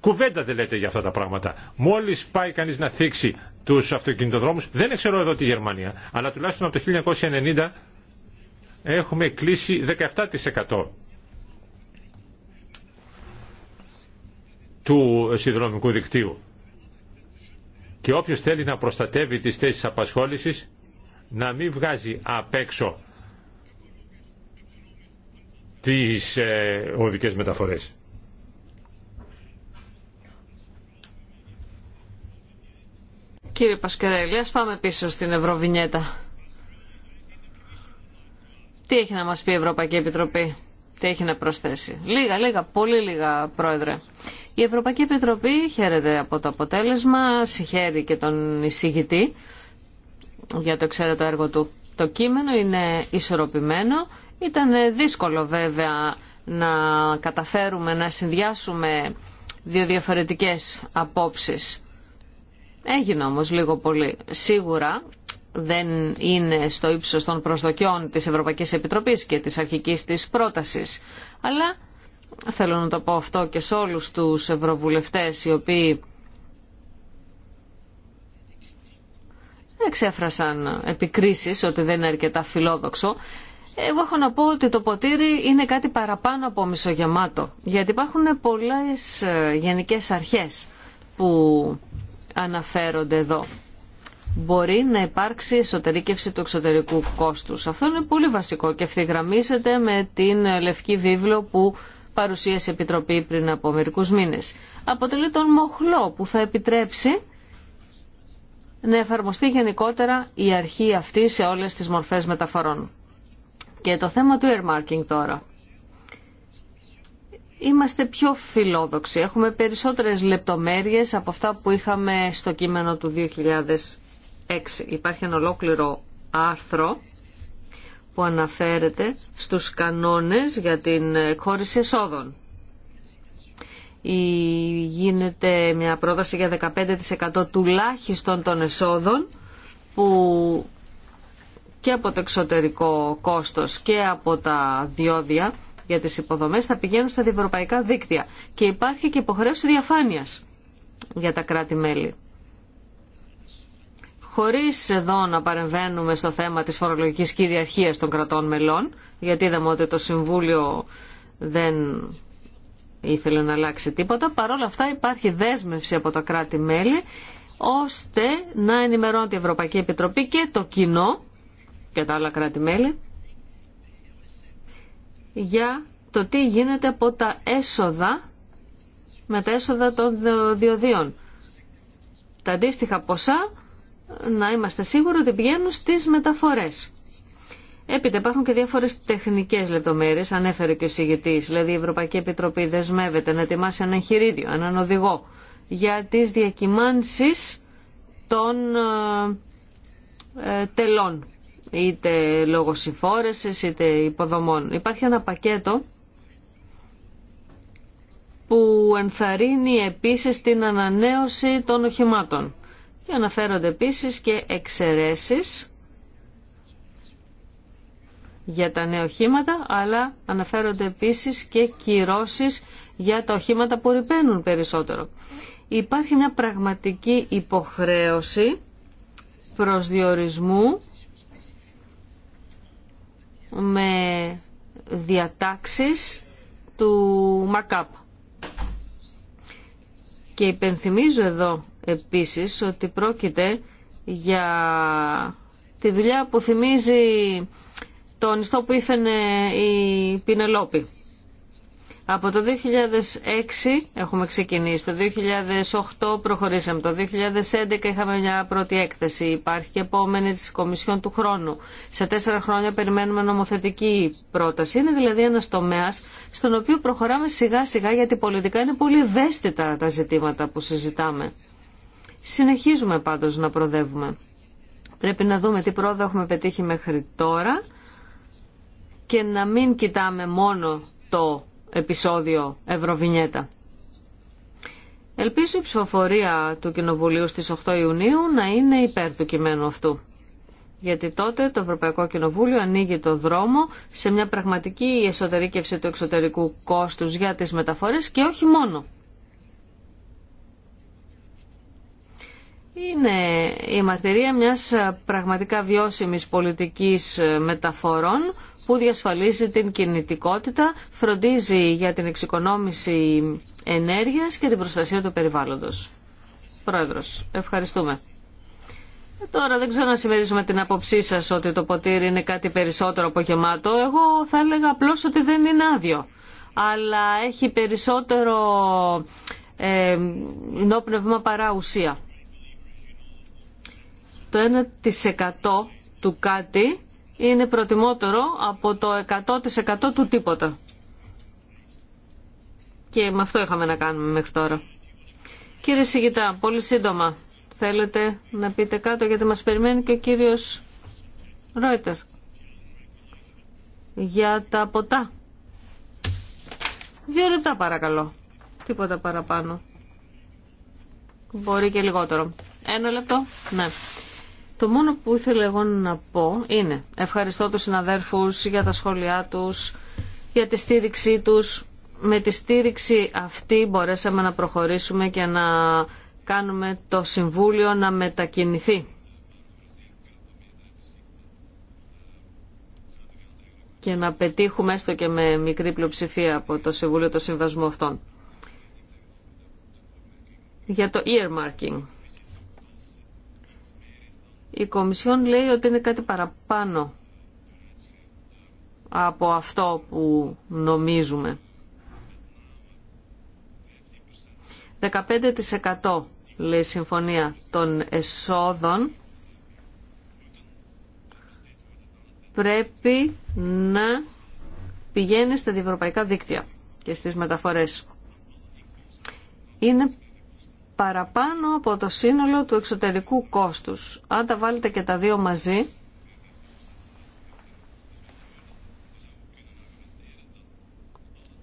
Κουβέντα δεν λέτε για αυτά τα πράγματα. Μόλις πάει κανείς να θίξει τους αυτοκινητοδρόμους, δεν ξέρω εδώ τη Γερμανία, αλλά τουλάχιστον από το 1990 έχουμε κλείσει 17% του συνδρομικού δικτύου και όποιος θέλει να προστατεύει τις θέσεις απασχόλησης να μην βγάζει απ' έξω τις ε, οδικές μεταφορές. Κύριε Πασκερέλη, ας πάμε πίσω στην Ευρωβινιέτα. Τι έχει να μας πει η Ευρωπαϊκή Επιτροπή τι έχει να προσθέσει. Λίγα, λίγα, πολύ λίγα, Πρόεδρε. Η Ευρωπαϊκή Επιτροπή χαίρεται από το αποτέλεσμα, συγχαίρει και τον εισηγητή για το εξαίρετο έργο του. Το κείμενο είναι ισορροπημένο. Ήταν δύσκολο βέβαια να καταφέρουμε να συνδυάσουμε δύο διαφορετικές απόψεις. Έγινε όμως λίγο πολύ. Σίγουρα δεν είναι στο ύψος των προσδοκιών της Ευρωπαϊκής Επιτροπής και της αρχικής της πρότασης. Αλλά θέλω να το πω αυτό και σε όλους τους ευρωβουλευτές οι οποίοι εξέφρασαν επικρίσεις ότι δεν είναι αρκετά φιλόδοξο. Εγώ έχω να πω ότι το ποτήρι είναι κάτι παραπάνω από μισογεμάτο, γιατί υπάρχουν πολλές ε, γενικές αρχές που αναφέρονται εδώ μπορεί να υπάρξει εσωτερήκευση του εξωτερικού κόστους. Αυτό είναι πολύ βασικό και ευθυγραμμίζεται με την λευκή βίβλο που παρουσίασε η Επιτροπή πριν από μερικού μήνες. Αποτελεί τον μοχλό που θα επιτρέψει να εφαρμοστεί γενικότερα η αρχή αυτή σε όλες τις μορφές μεταφορών. Και το θέμα του earmarking τώρα. Είμαστε πιο φιλόδοξοι. Έχουμε περισσότερες λεπτομέρειες από αυτά που είχαμε στο κείμενο του 6 υπάρχει ένα ολόκληρο άρθρο που αναφέρεται στους κανόνες για την εκχώρηση εσόδων. Ή γίνεται μια πρόταση για 15% τουλάχιστον των εσόδων που και από το εξωτερικό κόστος και από τα διόδια για τις υποδομές θα πηγαίνουν στα διευρωπαϊκά δίκτυα. Και υπάρχει και υποχρέωση διαφάνειας για τα κράτη-μέλη χωρίς εδώ να παρεμβαίνουμε στο θέμα της φορολογικής κυριαρχίας των κρατών μελών, γιατί είδαμε ότι το Συμβούλιο δεν ήθελε να αλλάξει τίποτα. παρόλα αυτά υπάρχει δέσμευση από τα κράτη-μέλη ώστε να ενημερώνει η Ευρωπαϊκή Επιτροπή και το κοινό και τα άλλα κράτη-μέλη για το τι γίνεται από τα έσοδα με τα έσοδα των διοδίων. Τα αντίστοιχα ποσά να είμαστε σίγουροι ότι πηγαίνουν στις μεταφορές. Έπειτα υπάρχουν και διάφορε τεχνικέ λεπτομέρειε, ανέφερε και ο συγγετή. Δηλαδή, η Ευρωπαϊκή Επιτροπή δεσμεύεται να ετοιμάσει ένα εγχειρίδιο, έναν οδηγό για τι διακυμάνσει των ε, ε, τελών, είτε λόγω συμφόρεση είτε υποδομών. Υπάρχει ένα πακέτο που ενθαρρύνει επίσης την ανανέωση των οχημάτων αναφέρονται επίσης και εξαιρέσεις για τα νέα οχήματα, αλλά αναφέρονται επίσης και κυρώσεις για τα οχήματα που ρηπαίνουν περισσότερο. Υπάρχει μια πραγματική υποχρέωση προσδιορισμού με διατάξεις του ΜΑΚΑΠ Και υπενθυμίζω εδώ επίσης ότι πρόκειται για τη δουλειά που θυμίζει τον ιστό που ήφαινε η Πινελόπη. Από το 2006 έχουμε ξεκινήσει, το 2008 προχωρήσαμε, το 2011 είχαμε μια πρώτη έκθεση, υπάρχει και επόμενη της Κομισιόν του χρόνου. Σε τέσσερα χρόνια περιμένουμε νομοθετική πρόταση. Είναι δηλαδή ένας τομέας στον οποίο προχωράμε σιγά σιγά γιατί πολιτικά είναι πολύ ευαίσθητα τα ζητήματα που συζητάμε. Συνεχίζουμε πάντως να προδεύουμε. Πρέπει να δούμε τι πρόοδο έχουμε πετύχει μέχρι τώρα και να μην κοιτάμε μόνο το επεισόδιο Ευρωβινιέτα. Ελπίζω η ψηφοφορία του Κοινοβουλίου στις 8 Ιουνίου να είναι υπέρ του κειμένου αυτού. Γιατί τότε το Ευρωπαϊκό Κοινοβούλιο ανοίγει το δρόμο σε μια πραγματική εσωτερήκευση του εξωτερικού κόστους για τις μεταφορές και όχι μόνο. είναι η μαρτυρία μιας πραγματικά βιώσιμης πολιτικής μεταφορών που διασφαλίζει την κινητικότητα, φροντίζει για την εξοικονόμηση ενέργειας και την προστασία του περιβάλλοντος. Πρόεδρος, ευχαριστούμε. Ε, τώρα δεν ξέρω να συμμερίζουμε την άποψή σας ότι το ποτήρι είναι κάτι περισσότερο από γεμάτο. Εγώ θα έλεγα απλώ ότι δεν είναι άδειο. Αλλά έχει περισσότερο ε, νόπνευμα παρά ουσία το 1% του κάτι είναι προτιμότερο από το 100% του τίποτα. Και με αυτό είχαμε να κάνουμε μέχρι τώρα. Κύριε Σιγητά, πολύ σύντομα θέλετε να πείτε κάτω γιατί μας περιμένει και ο κύριος Ρόιτερ για τα ποτά. Δύο λεπτά παρακαλώ. Τίποτα παραπάνω. Μπορεί και λιγότερο. Ένα λεπτό. Ναι. Το μόνο που ήθελα εγώ να πω είναι ευχαριστώ τους συναδέρφους για τα σχόλιά τους, για τη στήριξή τους. Με τη στήριξη αυτή μπορέσαμε να προχωρήσουμε και να κάνουμε το Συμβούλιο να μετακινηθεί. και να πετύχουμε έστω και με μικρή πλειοψηφία από το Συμβούλιο το Συμβασμό αυτών. Για το earmarking. Η Κομισιόν λέει ότι είναι κάτι παραπάνω από αυτό που νομίζουμε. 15% λέει η συμφωνία των εσόδων πρέπει να πηγαίνει στα διευρωπαϊκά δίκτυα και στις μεταφορές. Είναι παραπάνω από το σύνολο του εξωτερικού κόστους. Αν τα βάλετε και τα δύο μαζί,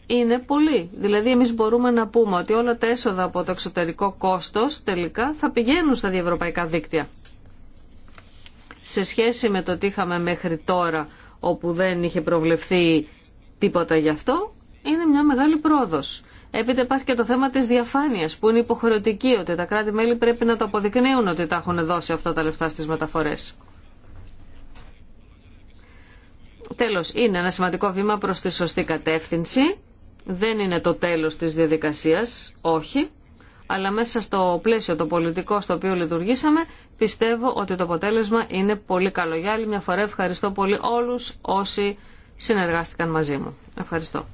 είναι πολύ. Δηλαδή εμείς μπορούμε να πούμε ότι όλα τα έσοδα από το εξωτερικό κόστος τελικά θα πηγαίνουν στα διευρωπαϊκά δίκτυα. Σε σχέση με το τι είχαμε μέχρι τώρα, όπου δεν είχε προβλεφθεί τίποτα γι' αυτό, είναι μια μεγάλη πρόοδος. Έπειτα υπάρχει και το θέμα τη διαφάνεια, που είναι υποχρεωτική ότι τα κράτη-μέλη πρέπει να το αποδεικνύουν ότι τα έχουν δώσει αυτά τα λεφτά στι μεταφορέ. Τέλο, είναι ένα σημαντικό βήμα προ τη σωστή κατεύθυνση. Δεν είναι το τέλο τη διαδικασία, όχι. Αλλά μέσα στο πλαίσιο το πολιτικό στο οποίο λειτουργήσαμε, πιστεύω ότι το αποτέλεσμα είναι πολύ καλό. Για άλλη μια φορά ευχαριστώ πολύ όλους όσοι συνεργάστηκαν μαζί μου. Ευχαριστώ.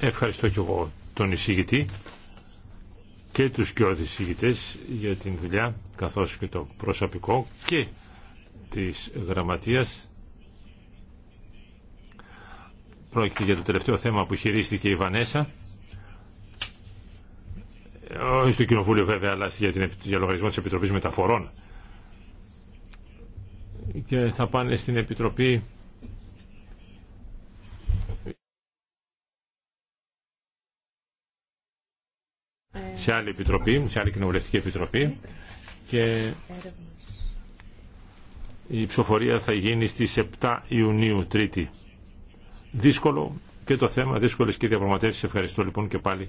Ευχαριστώ και εγώ τον εισηγητή και τους και εισηγητές για την δουλειά καθώς και το προσωπικό και της γραμματείας. Πρόκειται για το τελευταίο θέμα που χειρίστηκε η Βανέσα. Όχι στο Κοινοβούλιο βέβαια, αλλά για, την, για λογαριασμό της Επιτροπής Μεταφορών. Και θα πάνε στην Επιτροπή σε άλλη επιτροπή, σε άλλη κοινοβουλευτική επιτροπή και η ψηφοφορία θα γίνει στις 7 Ιουνίου, Τρίτη. Δύσκολο και το θέμα, δύσκολες και διαπραγματεύσεις. Ευχαριστώ λοιπόν και πάλι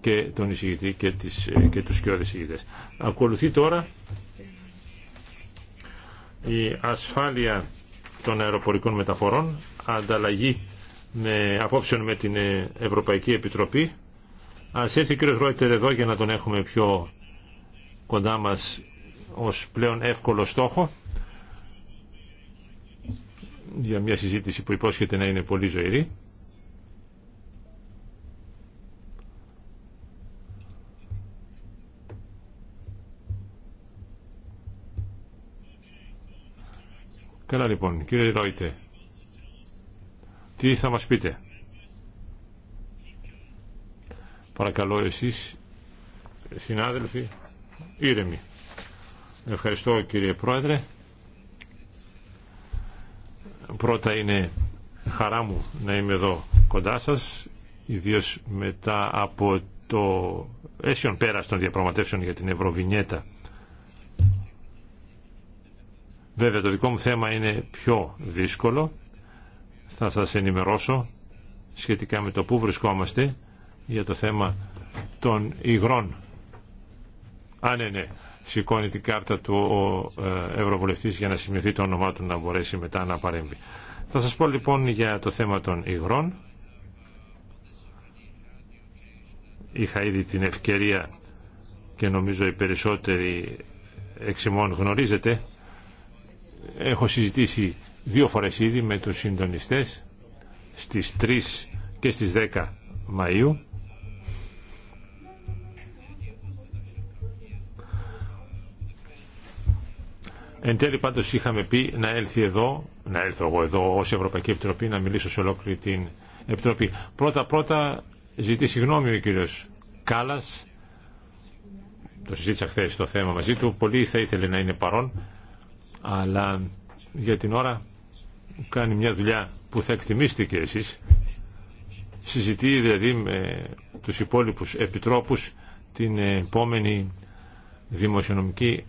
και τον εισηγητή και, τις, και τους κοιόδες εισηγητές. Ακολουθεί τώρα η ασφάλεια των αεροπορικών μεταφορών, ανταλλαγή με, απόψεων με την Ευρωπαϊκή Επιτροπή. Ας έρθει ο κύριος Ρόιτερ εδώ για να τον έχουμε πιο κοντά μας ως πλέον εύκολο στόχο για μια συζήτηση που υπόσχεται να είναι πολύ ζωηρή. Καλά λοιπόν, κύριε Ρόιτε, τι θα μας πείτε. Παρακαλώ εσείς, συνάδελφοι, ήρεμοι. Ευχαριστώ κύριε Πρόεδρε. Πρώτα είναι χαρά μου να είμαι εδώ κοντά σας, ιδίως μετά από το έσιον πέρας των διαπραγματεύσεων για την Ευρωβινιέτα. Βέβαια το δικό μου θέμα είναι πιο δύσκολο. Θα σας ενημερώσω σχετικά με το πού βρισκόμαστε για το θέμα των υγρών. Α, ναι, ναι. Σηκώνει την κάρτα του ο ε, Ευρωβουλευτής για να σημειωθεί το όνομά του να μπορέσει μετά να παρέμβει. Θα σας πω λοιπόν για το θέμα των υγρών. Είχα ήδη την ευκαιρία και νομίζω οι περισσότεροι εξημών γνωρίζετε. Έχω συζητήσει δύο φορές ήδη με τους συντονιστές στις 3 και στις 10 Μαΐου Εν τέλει πάντως είχαμε πει να έλθει εδώ, να έλθω εγώ εδώ ως Ευρωπαϊκή Επιτροπή να μιλήσω σε ολόκληρη την Επιτροπή. Πρώτα πρώτα ζητεί συγγνώμη ο κύριος Κάλλας, το συζήτησα χθε το θέμα μαζί του, πολύ θα ήθελε να είναι παρόν, αλλά για την ώρα κάνει μια δουλειά που θα εκτιμήσετε και εσείς. Συζητεί δηλαδή με τους υπόλοιπους επιτρόπους την επόμενη δημοσιονομική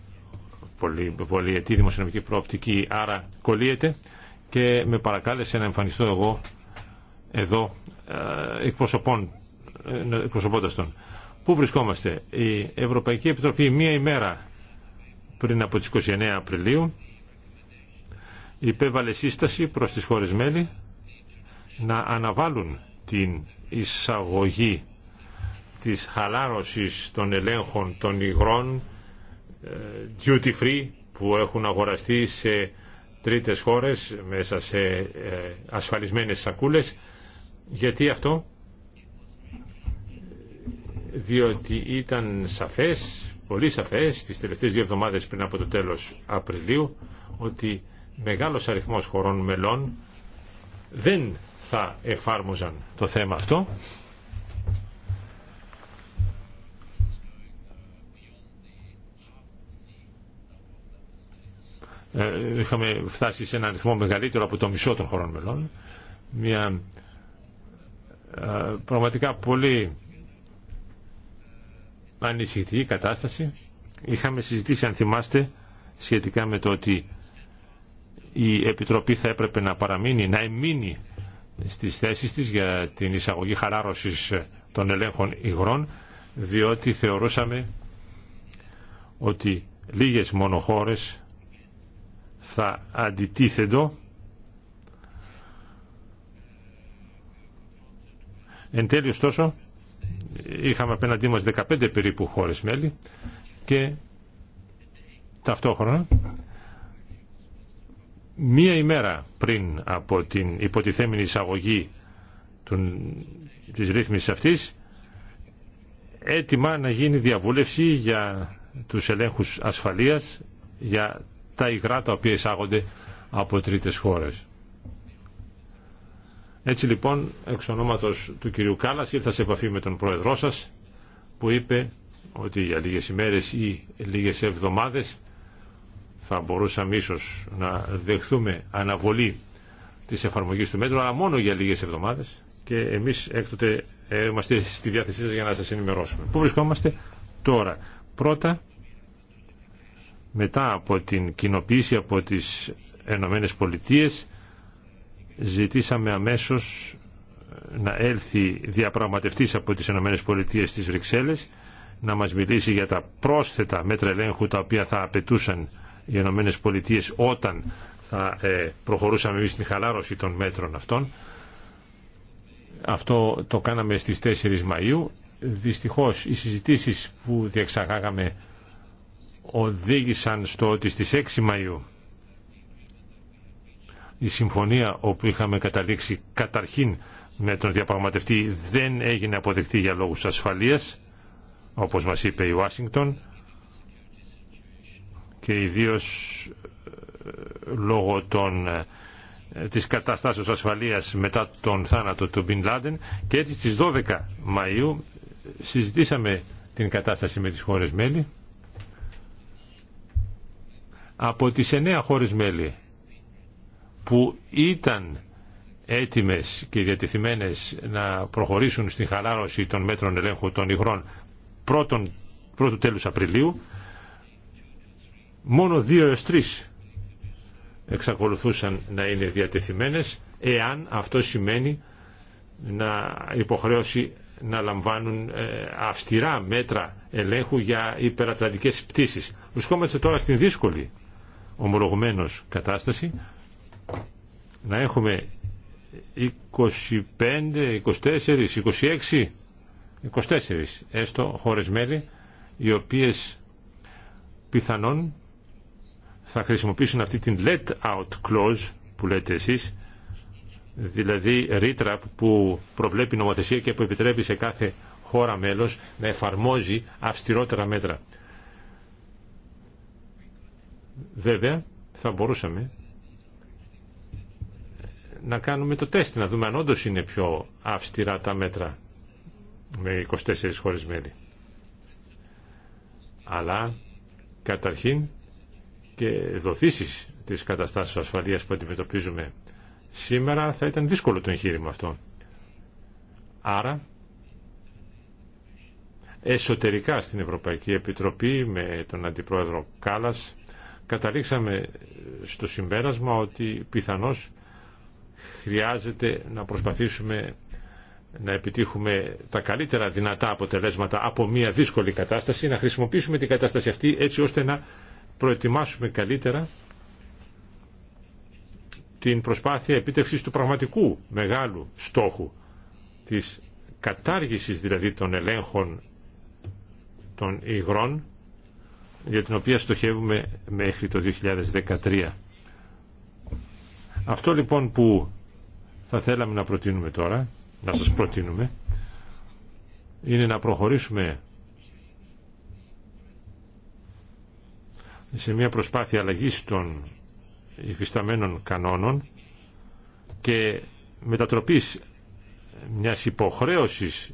πολυ, ετή δημοσιονομική προοπτική, άρα κολλείεται και με παρακάλεσε να εμφανιστώ εγώ εδώ ε, ε, εκπροσωπώντας τον. Πού βρισκόμαστε. Η Ευρωπαϊκή Επιτροπή μία ημέρα πριν από τις 29 Απριλίου υπέβαλε σύσταση προς τις χώρες μέλη να αναβάλουν την εισαγωγή της χαλάρωσης των ελέγχων των υγρών ε, duty free που έχουν αγοραστεί σε τρίτες χώρες μέσα σε ε, ασφαλισμένες σακούλες. Γιατί αυτό? Διότι ήταν σαφές, πολύ σαφές, τις τελευταίες δύο εβδομάδες πριν από το τέλος Απριλίου, ότι μεγάλος αριθμός χωρών μελών δεν θα εφάρμοζαν το θέμα αυτό Ε, είχαμε φτάσει σε έναν αριθμό μεγαλύτερο από το μισό των χωρών μελών. Μια ε, πραγματικά πολύ ανησυχητική κατάσταση. Είχαμε συζητήσει, αν θυμάστε, σχετικά με το ότι η Επιτροπή θα έπρεπε να παραμείνει, να εμείνει στις θέσεις της για την εισαγωγή χαράρωσης των ελέγχων υγρών, διότι θεωρούσαμε ότι λίγες μονοχώρες θα αντιτίθετο. Εν τέλει ωστόσο είχαμε απέναντί μας 15 περίπου χώρες μέλη και ταυτόχρονα μία ημέρα πριν από την υποτιθέμενη εισαγωγή της ρύθμισης αυτής έτοιμα να γίνει διαβούλευση για τους ελέγχους ασφαλείας για τα υγρά τα οποία εισάγονται από τρίτες χώρες. Έτσι λοιπόν, εξ ονόματος του κυρίου Κάλλας ήρθα σε επαφή με τον πρόεδρό σας που είπε ότι για λίγες ημέρες ή λίγες εβδομάδες θα μπορούσαμε ίσως να δεχθούμε αναβολή της εφαρμογής του μέτρου, αλλά μόνο για λίγες εβδομάδες και εμείς έκτοτε ε, είμαστε στη διάθεσή σας για να σας ενημερώσουμε. Πού βρισκόμαστε τώρα. Πρώτα, μετά από την κοινοποίηση από τις Ενωμένε Πολιτείες ζητήσαμε αμέσως ε, να έλθει διαπραγματευτής από τις Ηνωμένε Πολιτείες στις Βρυξέλλες να μας μιλήσει για τα πρόσθετα μέτρα ελέγχου τα οποία θα απαιτούσαν οι Ηνωμένε Πολιτείες όταν θα ε, προχωρούσαμε εμείς στην χαλάρωση των μέτρων αυτών. Αυτό το κάναμε στις 4 Μαΐου. Δυστυχώς οι συζητήσεις που διεξαγάγαμε οδήγησαν στο ότι στις 6 Μαΐου η συμφωνία όπου είχαμε καταλήξει καταρχήν με τον διαπραγματευτή δεν έγινε αποδεκτή για λόγους ασφαλείας όπως μας είπε η Ουάσιγκτον και ιδίως ε, λόγω των, ε, της καταστάσεως ασφαλείας μετά τον θάνατο του Μπιν Λάντεν και έτσι στις 12 Μαΐου συζητήσαμε την κατάσταση με τις χώρες μέλη από τις εννέα χώρες μέλη που ήταν έτοιμες και διατεθειμένες να προχωρήσουν στην χαλάρωση των μέτρων ελέγχου των υγρών πρώτον, πρώτου τέλους Απριλίου μόνο δύο έως τρεις εξακολουθούσαν να είναι διατεθειμένες εάν αυτό σημαίνει να υποχρεώσει να λαμβάνουν ε, αυστηρά μέτρα ελέγχου για υπερατλαντικές πτήσεις. Βρισκόμαστε τώρα στην δύσκολη ομολογουμένως κατάσταση να έχουμε 25, 24, 26, 24 έστω χώρες μέλη οι οποίες πιθανόν θα χρησιμοποιήσουν αυτή την let out clause που λέτε εσείς δηλαδή ρήτρα που προβλέπει νομοθεσία και που επιτρέπει σε κάθε χώρα μέλος να εφαρμόζει αυστηρότερα μέτρα. Βέβαια, θα μπορούσαμε να κάνουμε το τεστ, να δούμε αν όντω είναι πιο αυστηρά τα μέτρα με 24 χώρες μέλη. Αλλά καταρχήν και δοθήσεις της καταστάσεως ασφαλείας που αντιμετωπίζουμε σήμερα θα ήταν δύσκολο το εγχείρημα αυτό. Άρα εσωτερικά στην Ευρωπαϊκή Επιτροπή με τον Αντιπρόεδρο Κάλλας καταλήξαμε στο συμπέρασμα ότι πιθανώς χρειάζεται να προσπαθήσουμε να επιτύχουμε τα καλύτερα δυνατά αποτελέσματα από μια δύσκολη κατάσταση, να χρησιμοποιήσουμε την κατάσταση αυτή έτσι ώστε να προετοιμάσουμε καλύτερα την προσπάθεια επίτευξης του πραγματικού μεγάλου στόχου της κατάργησης δηλαδή των ελέγχων των υγρών για την οποία στοχεύουμε μέχρι το 2013. Αυτό λοιπόν που θα θέλαμε να προτείνουμε τώρα, να σας προτείνουμε, είναι να προχωρήσουμε σε μια προσπάθεια αλλαγής των υφισταμένων κανόνων και μετατροπής μιας υποχρέωσης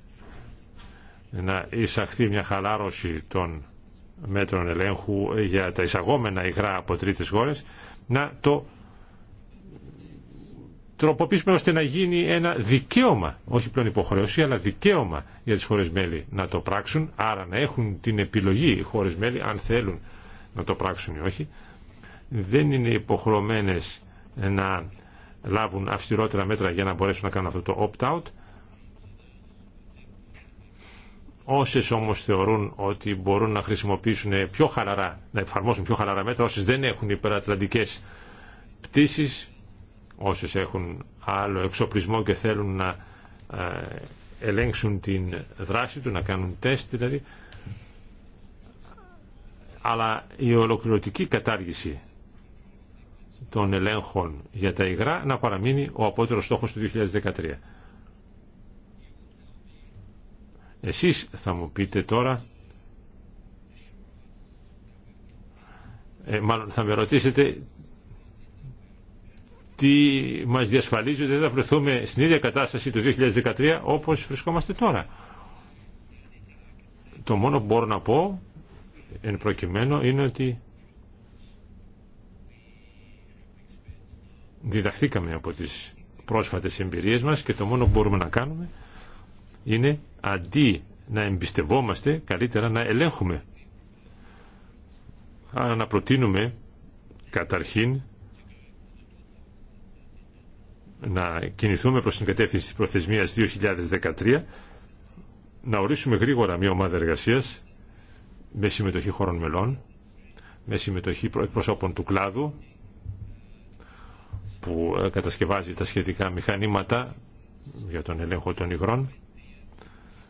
να εισαχθεί μια χαλάρωση των μέτρων ελέγχου για τα εισαγόμενα υγρά από τρίτες χώρες να το τροποποιήσουμε ώστε να γίνει ένα δικαίωμα, όχι πλέον υποχρέωση, αλλά δικαίωμα για τις χώρες μέλη να το πράξουν, άρα να έχουν την επιλογή οι χώρες μέλη αν θέλουν να το πράξουν ή όχι. Δεν είναι υποχρεωμένες να λάβουν αυστηρότερα μέτρα για να μπορέσουν να κάνουν αυτό το opt-out, Όσε όμως θεωρούν ότι μπορούν να χρησιμοποιήσουν πιο χαλαρά, να εφαρμόσουν πιο χαλαρά μέτρα, όσες δεν έχουν υπερατλαντικές πτήσεις, όσε έχουν άλλο εξοπλισμό και θέλουν να ε, ελέγξουν την δράση του, να κάνουν τεστ δηλαδή, αλλά η ολοκληρωτική κατάργηση των ελέγχων για τα υγρά να παραμείνει ο απότερος στόχος του 2013. Εσείς θα μου πείτε τώρα, ε, μάλλον θα με ρωτήσετε τι μας διασφαλίζει ότι δεν θα βρεθούμε στην ίδια κατάσταση του 2013 όπως βρισκόμαστε τώρα. Το μόνο που μπορώ να πω εν προκειμένου είναι ότι διδαχθήκαμε από τις πρόσφατες εμπειρίες μας και το μόνο που μπορούμε να κάνουμε είναι αντί να εμπιστευόμαστε, καλύτερα να ελέγχουμε. Άρα να προτείνουμε καταρχήν να κινηθούμε προς την κατεύθυνση της προθεσμίας 2013, να ορίσουμε γρήγορα μια ομάδα εργασίας με συμμετοχή χωρών μελών, με συμμετοχή εκπροσώπων του κλάδου που ε, κατασκευάζει τα σχετικά μηχανήματα για τον ελέγχο των υγρών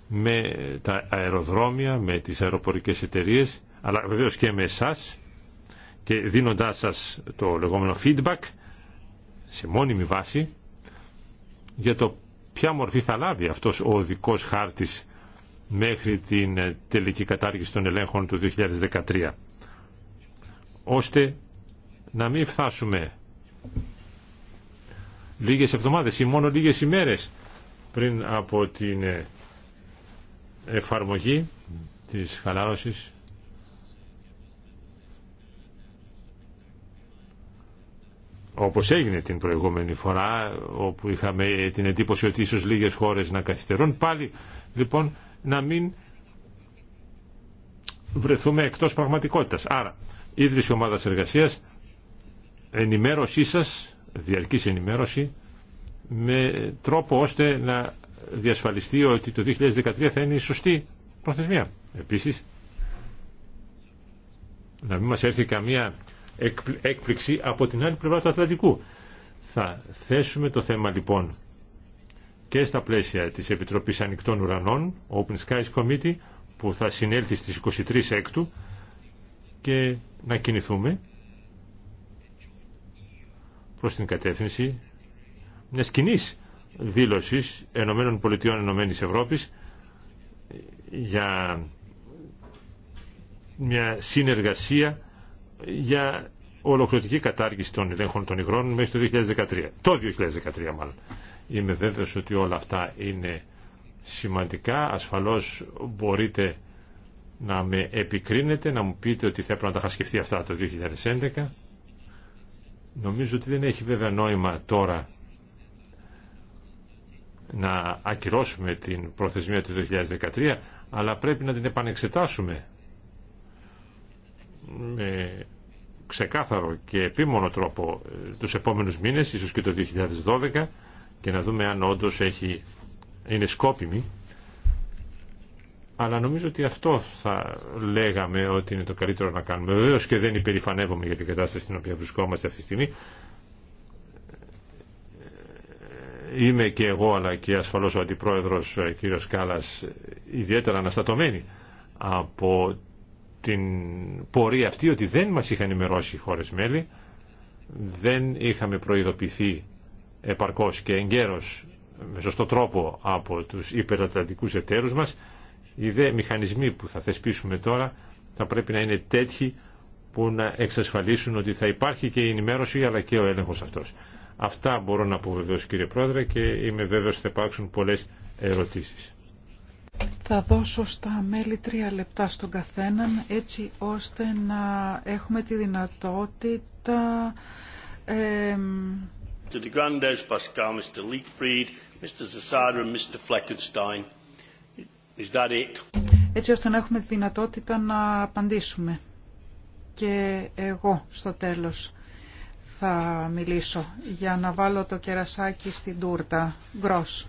με τα αεροδρόμια, με τις αεροπορικές εταιρείες, αλλά βεβαίως και με εσά και δίνοντάς σας το λεγόμενο feedback σε μόνιμη βάση για το ποια μορφή θα λάβει αυτός ο οδικός χάρτης μέχρι την τελική κατάργηση των ελέγχων του 2013 ώστε να μην φτάσουμε λίγες εβδομάδες ή μόνο λίγες ημέρες πριν από την εφαρμογή της χαλάρωσης όπως έγινε την προηγούμενη φορά όπου είχαμε την εντύπωση ότι ίσως λίγες χώρες να καθυστερούν πάλι λοιπόν να μην βρεθούμε εκτός πραγματικότητας άρα ίδρυση ομάδας εργασίας ενημέρωσή σας διαρκής ενημέρωση με τρόπο ώστε να διασφαλιστεί ότι το 2013 θα είναι η σωστή προθεσμία. Επίσης, να μην μας έρθει καμία έκπληξη από την άλλη πλευρά του Ατλαντικού. Θα θέσουμε το θέμα λοιπόν και στα πλαίσια της Επιτροπής Ανοιχτών Ουρανών, Open Skies Committee, που θα συνέλθει στις 23 Έκτου και να κινηθούμε προς την κατεύθυνση μιας κοινής Δήλωση Ενωμένων Πολιτειών Ενωμένης Ευρώπης για μια συνεργασία για ολοκληρωτική κατάργηση των ελέγχων των υγρών μέχρι το 2013. Το 2013 μάλλον. Είμαι βέβαιος ότι όλα αυτά είναι σημαντικά. Ασφαλώς μπορείτε να με επικρίνετε, να μου πείτε ότι θα έπρεπε να τα είχα σκεφτεί αυτά το 2011. Νομίζω ότι δεν έχει βέβαια νόημα τώρα να ακυρώσουμε την προθεσμία του 2013, αλλά πρέπει να την επανεξετάσουμε με ξεκάθαρο και επίμονο τρόπο ε, τους επόμενους μήνες, ίσως και το 2012, και να δούμε αν όντως έχει, είναι σκόπιμη. Αλλά νομίζω ότι αυτό θα λέγαμε ότι είναι το καλύτερο να κάνουμε. Βεβαίω και δεν υπερηφανεύομαι για την κατάσταση στην οποία βρισκόμαστε αυτή τη στιγμή, είμαι και εγώ αλλά και ασφαλώς ο Αντιπρόεδρος ε, κύριος Κάλλας ιδιαίτερα αναστατωμένοι από την πορεία αυτή ότι δεν μας είχαν ενημερώσει οι χώρες μέλη, δεν είχαμε προειδοποιηθεί επαρκώς και εγκαίρως με σωστό τρόπο από τους υπερατλαντικούς εταίρους μας, οι δε μηχανισμοί που θα θεσπίσουμε τώρα θα πρέπει να είναι τέτοιοι που να εξασφαλίσουν ότι θα υπάρχει και η ενημέρωση αλλά και ο έλεγχος αυτός. Αυτά μπορώ να πω κύριε Πρόεδρε και είμαι βέβαιος ότι θα υπάρξουν πολλές ερωτήσεις. Θα δώσω στα μέλη τρία λεπτά στον καθέναν έτσι ώστε να έχουμε τη δυνατότητα... Ε, De Grandes Pascal, Mr. Leakfried, Mr. Zasada and Mr. Fleckenstein. Is that it? Έτσι ώστε να έχουμε τη δυνατότητα να απαντήσουμε. Και εγώ στο τέλος θα μιλήσω για να βάλω το κερασάκι στην τούρτα. Γκρός.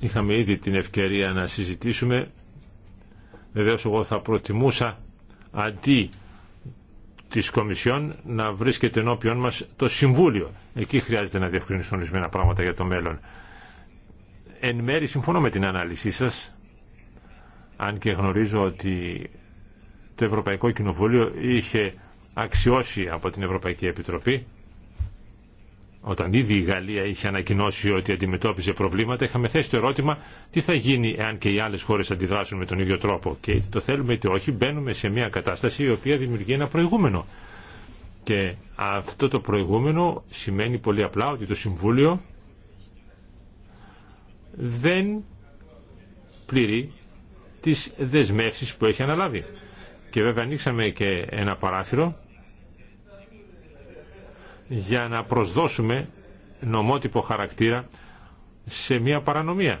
Είχαμε ήδη την ευκαιρία να συζητήσουμε. Βεβαίως εγώ θα προτιμούσα αντί της Κομισιόν να βρίσκεται ενώπιον μας το Συμβούλιο. Εκεί χρειάζεται να διευκρινιστούν ορισμένα πράγματα για το μέλλον. Εν μέρη συμφωνώ με την ανάλυση σας, αν και γνωρίζω ότι το Ευρωπαϊκό Κοινοβούλιο είχε αξιώσει από την Ευρωπαϊκή Επιτροπή. Όταν ήδη η Γαλλία είχε ανακοινώσει ότι αντιμετώπιζε προβλήματα, είχαμε θέσει το ερώτημα τι θα γίνει εάν και οι άλλε χώρε αντιδράσουν με τον ίδιο τρόπο. Και είτε το θέλουμε είτε όχι, μπαίνουμε σε μια κατάσταση η οποία δημιουργεί ένα προηγούμενο. Και αυτό το προηγούμενο σημαίνει πολύ απλά ότι το Συμβούλιο δεν πληρεί τις δεσμεύσεις που έχει αναλάβει. Και βέβαια ανοίξαμε και ένα παράθυρο για να προσδώσουμε νομότυπο χαρακτήρα σε μια παρανομία.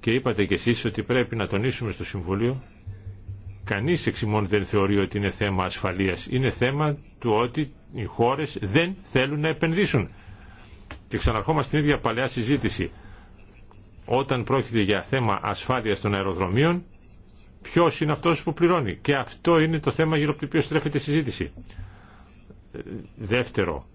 Και είπατε κι εσείς ότι πρέπει να τονίσουμε στο Συμβούλιο κανείς εξημών δεν θεωρεί ότι είναι θέμα ασφαλείας. Είναι θέμα του ότι οι χώρες δεν θέλουν να επενδύσουν. Και ξαναρχόμαστε στην ίδια παλαιά συζήτηση. Όταν πρόκειται για θέμα ασφάλειας των αεροδρομίων, ποιος είναι αυτός που πληρώνει. Και αυτό είναι το θέμα γύρω από το οποίο στρέφεται η συζήτηση. Δεύτερο,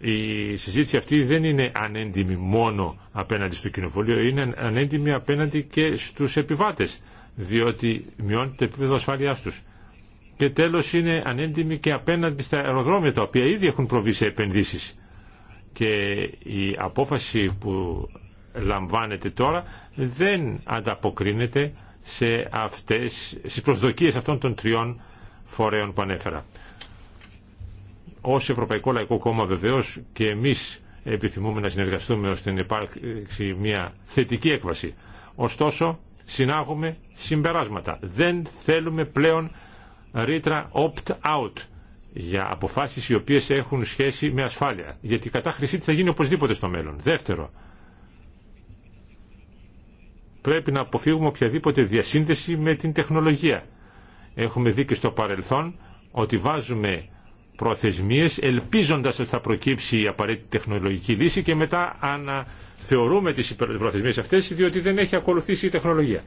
η συζήτηση αυτή δεν είναι ανέντιμη μόνο απέναντι στο κοινοβούλιο, είναι ανέντιμη απέναντι και στους επιβάτες, διότι μειώνει το επίπεδο ασφάλειάς τους. Και τέλος είναι ανέντιμη και απέναντι στα αεροδρόμια, τα οποία ήδη έχουν προβεί σε επενδύσεις. Και η απόφαση που λαμβάνεται τώρα δεν ανταποκρίνεται σε αυτές, στις προσδοκίες αυτών των τριών φορέων που ανέφερα. Ως Ευρωπαϊκό Λαϊκό Κόμμα βεβαίως και εμείς επιθυμούμε να συνεργαστούμε ώστε να υπάρξει μια θετική έκβαση. Ωστόσο, συνάγουμε συμπεράσματα. Δεν θέλουμε πλέον ρήτρα opt-out για αποφάσεις οι οποίες έχουν σχέση με ασφάλεια. Γιατί η κατάχρησή της θα γίνει οπωσδήποτε στο μέλλον. Δεύτερο, πρέπει να αποφύγουμε οποιαδήποτε διασύνδεση με την τεχνολογία. Έχουμε δει και στο παρελθόν ότι βάζουμε προθεσμίες ελπίζοντας ότι θα προκύψει η απαραίτητη τεχνολογική λύση και μετά αναθεωρούμε τις προθεσμίες αυτές διότι δεν έχει ακολουθήσει η τεχνολογία.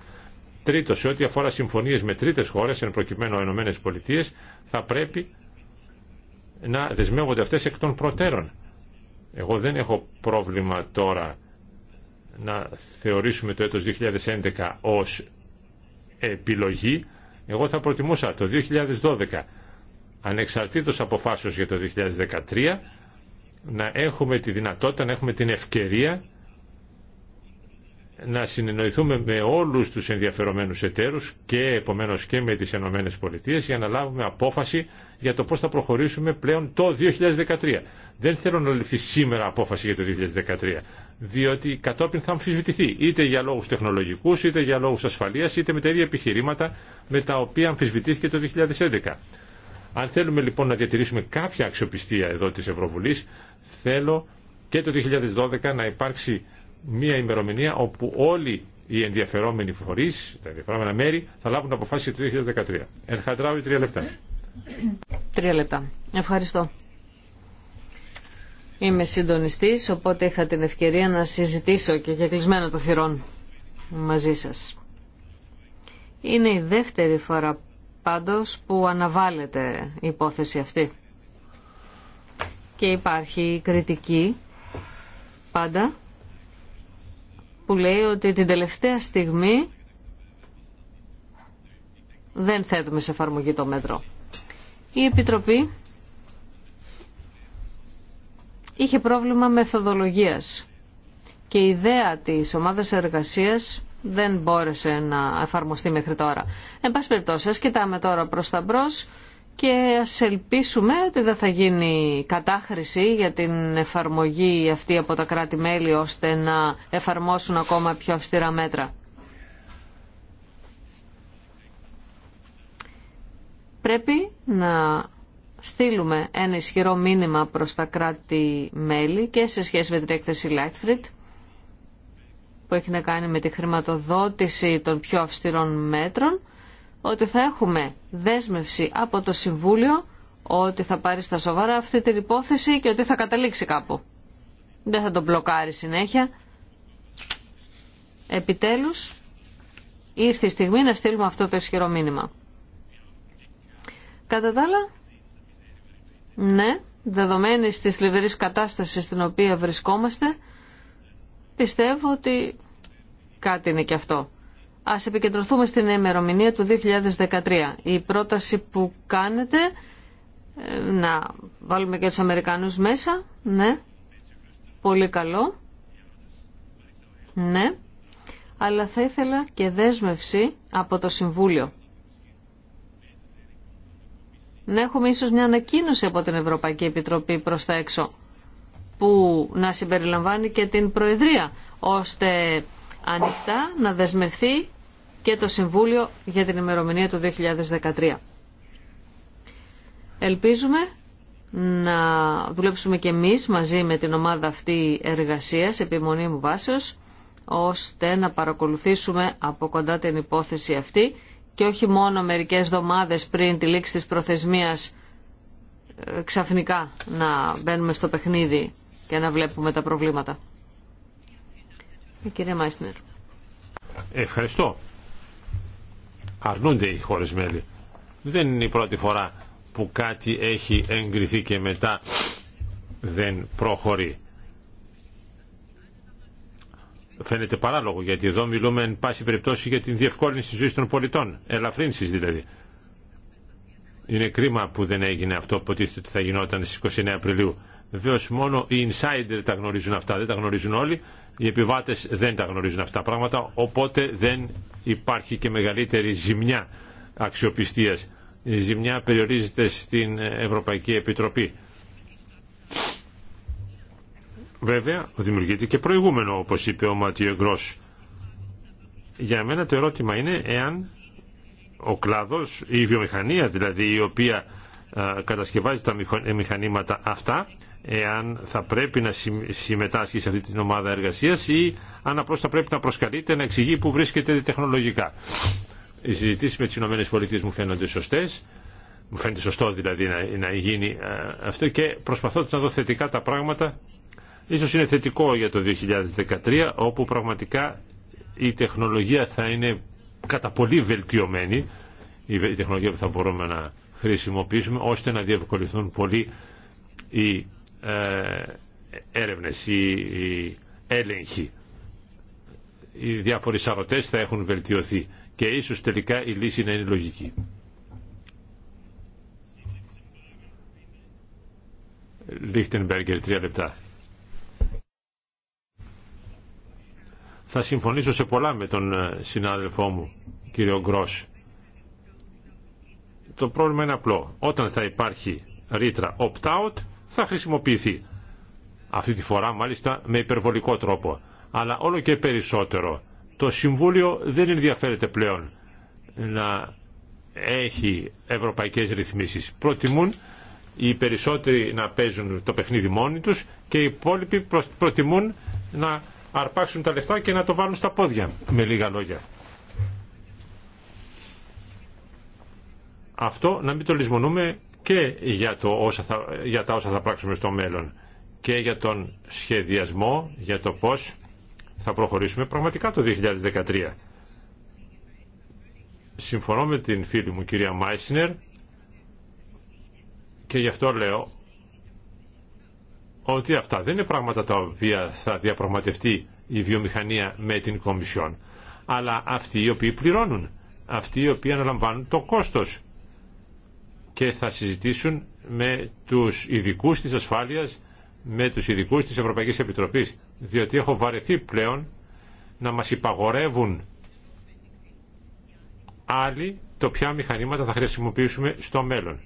Τρίτο, σε ό,τι αφορά συμφωνίες με τρίτες χώρες, εν προκειμένου Ηνωμένε Πολιτείε θα πρέπει να δεσμεύονται αυτές εκ των προτέρων. Εγώ δεν έχω πρόβλημα τώρα να θεωρήσουμε το έτος 2011 ως επιλογή. Εγώ θα προτιμούσα το 2012 ανεξαρτήτως αποφάσεως για το 2013 να έχουμε τη δυνατότητα, να έχουμε την ευκαιρία να συνεννοηθούμε με όλους τους ενδιαφερομένους εταίρους και επομένως και με τις Ενωμένες Πολιτείες για να λάβουμε απόφαση για το πώς θα προχωρήσουμε πλέον το 2013. Δεν θέλω να ληφθεί σήμερα απόφαση για το 2013, διότι κατόπιν θα αμφισβητηθεί είτε για λόγους τεχνολογικούς, είτε για λόγους ασφαλείας, είτε με τα ίδια επιχειρήματα με τα οποία αμφισβητήθηκε το 2011. Αν θέλουμε λοιπόν να διατηρήσουμε κάποια αξιοπιστία εδώ της Ευρωβουλής, θέλω και το 2012 να υπάρξει μια ημερομηνία όπου όλοι οι ενδιαφερόμενοι φορείς, τα ενδιαφερόμενα μέρη, θα λάβουν αποφάσεις το 2013. Ερχαντράουι, τρία λεπτά. Τρία λεπτά. Ευχαριστώ. Είμαι συντονιστή, οπότε είχα την ευκαιρία να συζητήσω και για κλεισμένο το θυρών μαζί σας. Είναι η δεύτερη φορά πάντως που αναβάλλεται η υπόθεση αυτή. Και υπάρχει κριτική πάντα που λέει ότι την τελευταία στιγμή δεν θέτουμε σε εφαρμογή το μέτρο. Η Επιτροπή είχε πρόβλημα μεθοδολογίας και η ιδέα της ομάδας εργασίας δεν μπόρεσε να εφαρμοστεί μέχρι τώρα. Εν πάση περιπτώσει, ας κοιτάμε τώρα προς τα μπρος και ας ελπίσουμε ότι δεν θα γίνει κατάχρηση για την εφαρμογή αυτή από τα κράτη-μέλη ώστε να εφαρμόσουν ακόμα πιο αυστηρά μέτρα. Πρέπει να στείλουμε ένα ισχυρό μήνυμα προς τα κράτη-μέλη και σε σχέση με την έκθεση Lightfrit που έχει να κάνει με τη χρηματοδότηση των πιο αυστηρών μέτρων, ότι θα έχουμε δέσμευση από το Συμβούλιο ότι θα πάρει στα σοβαρά αυτή την υπόθεση και ότι θα καταλήξει κάπου. Δεν θα τον μπλοκάρει συνέχεια. Επιτέλους, ήρθε η στιγμή να στείλουμε αυτό το ισχυρό μήνυμα. Κατά τα άλλα, ναι, δεδομένη της λιβερής κατάστασης στην οποία βρισκόμαστε, πιστεύω ότι κάτι είναι και αυτό. Ας επικεντρωθούμε στην ημερομηνία του 2013. Η πρόταση που κάνετε, ε, να βάλουμε και τους Αμερικανούς μέσα, ναι, πολύ καλό, ναι, αλλά θα ήθελα και δέσμευση από το Συμβούλιο. Να έχουμε ίσως μια ανακοίνωση από την Ευρωπαϊκή Επιτροπή προς τα έξω που να συμπεριλαμβάνει και την Προεδρία, ώστε ανοιχτά να δεσμευθεί και το Συμβούλιο για την ημερομηνία του 2013. Ελπίζουμε να δουλέψουμε και εμείς μαζί με την ομάδα αυτή εργασίας, επιμονή μου βάσεως, ώστε να παρακολουθήσουμε από κοντά την υπόθεση αυτή και όχι μόνο μερικές εβδομάδες πριν τη λήξη της προθεσμίας ε, ξαφνικά να μπαίνουμε στο παιχνίδι και να βλέπουμε τα προβλήματα. Η Μάισνερ. Ευχαριστώ. Αρνούνται οι χώρες μέλη. Δεν είναι η πρώτη φορά που κάτι έχει εγκριθεί και μετά δεν προχωρεί. Φαίνεται παράλογο γιατί εδώ μιλούμε εν πάση περιπτώσει για την διευκόλυνση της ζωής των πολιτών. ελαφρύνσης δηλαδή. Είναι κρίμα που δεν έγινε αυτό που ότι θα γινόταν στις 29 Απριλίου. Βεβαίω μόνο οι insider τα γνωρίζουν αυτά, δεν τα γνωρίζουν όλοι. Οι επιβάτες δεν τα γνωρίζουν αυτά πράγματα, οπότε δεν υπάρχει και μεγαλύτερη ζημιά αξιοπιστίας. Η ζημιά περιορίζεται στην Ευρωπαϊκή Επιτροπή. Βέβαια, δημιουργείται και προηγούμενο, όπως είπε ο Ματιό Για μένα το ερώτημα είναι εάν ο κλάδος, η βιομηχανία δηλαδή, η οποία κατασκευάζει τα μηχανήματα αυτά, εάν θα πρέπει να συμμετάσχει σε αυτή την ομάδα εργασίας ή αν απλώς θα πρέπει να προσκαλείται να εξηγεί που βρίσκεται τεχνολογικά. Οι συζητήσεις με τις ΗΠΑ μου φαίνονται σωστές, μου φαίνεται σωστό δηλαδή να, γίνει ε, αυτό και προσπαθώ να δω θετικά τα πράγματα. Ίσως είναι θετικό για το 2013 όπου πραγματικά η τεχνολογία θα είναι κατά πολύ βελτιωμένη, η τεχνολογία που θα μπορούμε να χρησιμοποιήσουμε ώστε να διευκολυθούν πολύ οι ε, έρευνες, η έλεγχοι. Οι διάφοροι σαρωτές θα έχουν βελτιωθεί και ίσως τελικά η λύση να είναι λογική. Λίχτενμπεργκερ, τρία λεπτά. Θα συμφωνήσω σε πολλά με τον ε, συνάδελφό μου, κύριο Γκρός. Το πρόβλημα είναι απλό. Όταν θα υπάρχει ρήτρα opt-out, θα χρησιμοποιηθεί. Αυτή τη φορά μάλιστα με υπερβολικό τρόπο. Αλλά όλο και περισσότερο το Συμβούλιο δεν ενδιαφέρεται πλέον να έχει ευρωπαϊκές ρυθμίσεις. Προτιμούν οι περισσότεροι να παίζουν το παιχνίδι μόνοι τους και οι υπόλοιποι προτιμούν να αρπάξουν τα λεφτά και να το βάλουν στα πόδια, με λίγα λόγια. Αυτό να μην το λησμονούμε και για, το όσα θα, για τα όσα θα πράξουμε στο μέλλον και για τον σχεδιασμό, για το πώς θα προχωρήσουμε πραγματικά το 2013. Συμφωνώ με την φίλη μου κυρία Μάισνερ και γι' αυτό λέω ότι αυτά δεν είναι πράγματα τα οποία θα διαπραγματευτεί η βιομηχανία με την Κομισιόν, αλλά αυτοί οι οποίοι πληρώνουν, αυτοί οι οποίοι αναλαμβάνουν το κόστος και θα συζητήσουν με τους ειδικού της ασφάλειας, με τους ειδικού της Ευρωπαϊκής Επιτροπής, διότι έχω βαρεθεί πλέον να μας υπαγορεύουν άλλοι το ποια μηχανήματα θα χρησιμοποιήσουμε στο μέλλον.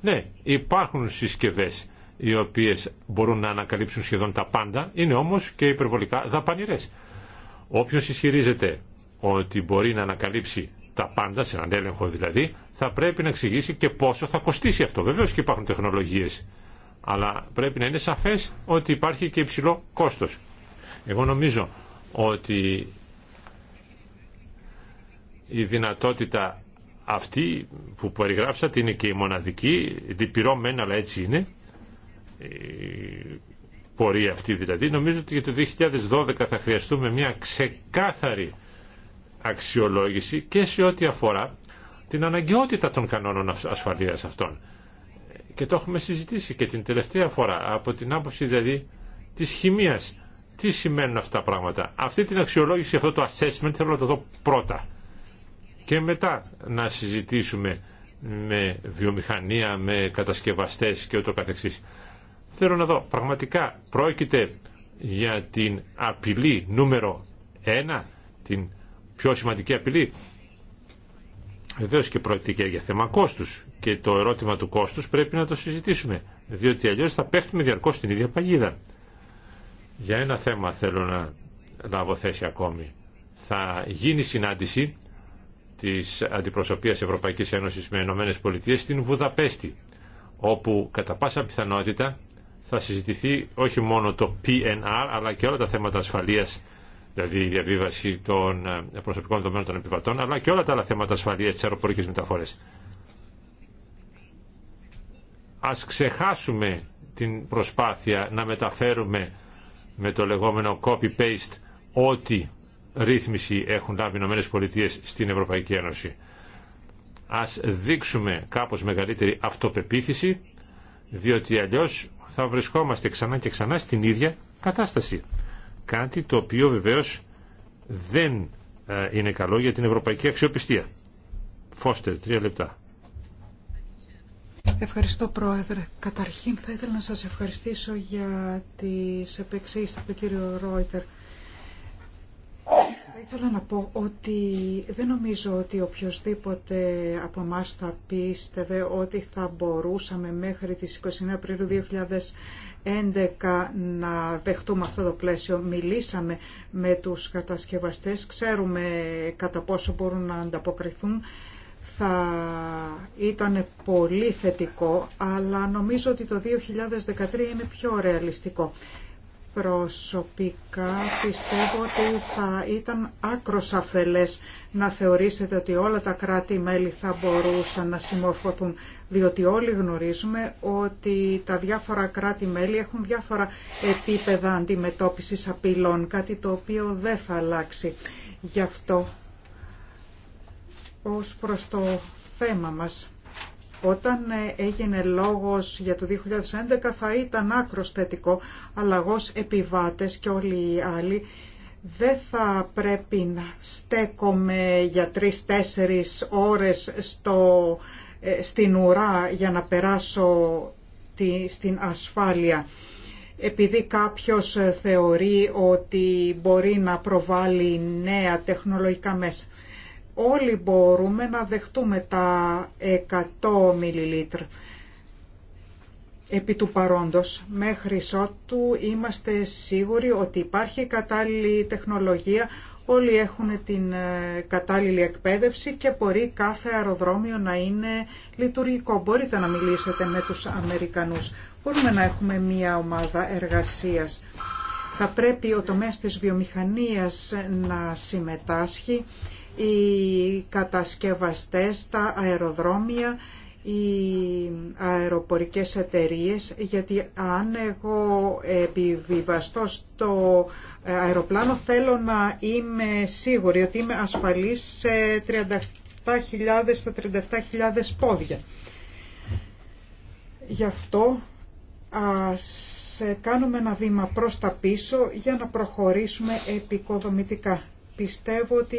Ναι, υπάρχουν συσκευές οι οποίες μπορούν να ανακαλύψουν σχεδόν τα πάντα, είναι όμως και υπερβολικά δαπανηρές. Όποιος ισχυρίζεται ότι μπορεί να ανακαλύψει τα πάντα, σε έναν έλεγχο δηλαδή, θα πρέπει να εξηγήσει και πόσο θα κοστίσει αυτό. Βεβαίω και υπάρχουν τεχνολογίε. Αλλά πρέπει να είναι σαφέ ότι υπάρχει και υψηλό κόστο. Εγώ νομίζω ότι η δυνατότητα αυτή που περιγράψατε είναι και η μοναδική, διπυρό μεν, αλλά έτσι είναι, η πορεία αυτή δηλαδή. Νομίζω ότι για το 2012 θα χρειαστούμε μια ξεκάθαρη αξιολόγηση και σε ό,τι αφορά την αναγκαιότητα των κανόνων ασφαλείας αυτών. Και το έχουμε συζητήσει και την τελευταία φορά, από την άποψη δηλαδή της χημίας. Τι σημαίνουν αυτά τα πράγματα. Αυτή την αξιολόγηση, αυτό το assessment θέλω να το δω πρώτα. Και μετά να συζητήσουμε με βιομηχανία, με κατασκευαστές και ούτω καθεξής. Θέλω να δω, πραγματικά πρόκειται για την απειλή νούμερο 1, την πιο σημαντική απειλή Βεβαίω και πρόκειται και για θέμα κόστου. Και το ερώτημα του κόστου πρέπει να το συζητήσουμε. Διότι αλλιώ θα πέφτουμε διαρκώ στην ίδια παγίδα. Για ένα θέμα θέλω να λάβω θέση ακόμη. Θα γίνει συνάντηση τη Αντιπροσωπεία Ευρωπαϊκή Ένωση με Ηνωμένε Πολιτείε στην Βουδαπέστη. Όπου κατά πάσα πιθανότητα θα συζητηθεί όχι μόνο το PNR αλλά και όλα τα θέματα ασφαλείας δηλαδή η διαβίβαση των ε, προσωπικών δεδομένων των επιβατών, αλλά και όλα τα άλλα θέματα ασφαλείας της αεροπορικής μεταφορές. Ας ξεχάσουμε την προσπάθεια να μεταφέρουμε με το λεγόμενο copy-paste ό,τι ρύθμιση έχουν λάβει οι ΗΠΑ στην Ευρωπαϊκή Ένωση. Ας δείξουμε κάπως μεγαλύτερη αυτοπεποίθηση, διότι αλλιώ θα βρισκόμαστε ξανά και ξανά στην ίδια κατάσταση. Κάτι το οποίο βεβαίως δεν ε, είναι καλό για την ευρωπαϊκή αξιοπιστία. Φώστερ, τρία λεπτά. Ευχαριστώ Πρόεδρε. Καταρχήν θα ήθελα να σας ευχαριστήσω για τις επεξήσεις από τον κύριο Ρόιτερ. Θα ήθελα να πω ότι δεν νομίζω ότι οποιοδήποτε από εμά θα πίστευε ότι θα μπορούσαμε μέχρι τις 29 Απριλίου 11 να δεχτούμε αυτό το πλαίσιο. Μιλήσαμε με τους κατασκευαστές, ξέρουμε κατά πόσο μπορούν να ανταποκριθούν. Θα ήταν πολύ θετικό, αλλά νομίζω ότι το 2013 είναι πιο ρεαλιστικό. Προσωπικά πιστεύω ότι θα ήταν άκρος αφελές να θεωρήσετε ότι όλα τα κράτη-μέλη θα μπορούσαν να συμμορφωθούν, διότι όλοι γνωρίζουμε ότι τα διάφορα κράτη-μέλη έχουν διάφορα επίπεδα αντιμετώπισης απειλών, κάτι το οποίο δεν θα αλλάξει. Γι' αυτό, ως προς το θέμα μας, όταν ε, έγινε λόγος για το 2011 θα ήταν άκρος θετικό, αλλά εγώ επιβάτες και όλοι οι άλλοι δεν θα πρέπει να στέκομαι για τρεις-τέσσερις ώρες στο, ε, στην ουρά για να περάσω τη, στην ασφάλεια επειδή κάποιος ε, θεωρεί ότι μπορεί να προβάλλει νέα τεχνολογικά μέσα όλοι μπορούμε να δεχτούμε τα 100 μιλιλίτρ. Επί του παρόντος, μέχρι ότου είμαστε σίγουροι ότι υπάρχει κατάλληλη τεχνολογία, όλοι έχουν την ε, κατάλληλη εκπαίδευση και μπορεί κάθε αεροδρόμιο να είναι λειτουργικό. Μπορείτε να μιλήσετε με τους Αμερικανούς. Μπορούμε να έχουμε μία ομάδα εργασίας. Θα πρέπει ο τομέας της βιομηχανίας να συμμετάσχει οι κατασκευαστές, τα αεροδρόμια, οι αεροπορικές εταιρείες, γιατί αν εγώ επιβιβαστώ στο αεροπλάνο θέλω να είμαι σίγουρη ότι είμαι ασφαλής σε 37.000 στα 37.000 πόδια. Γι' αυτό ας κάνουμε ένα βήμα προς τα πίσω για να προχωρήσουμε επικοδομητικά πιστεύω ότι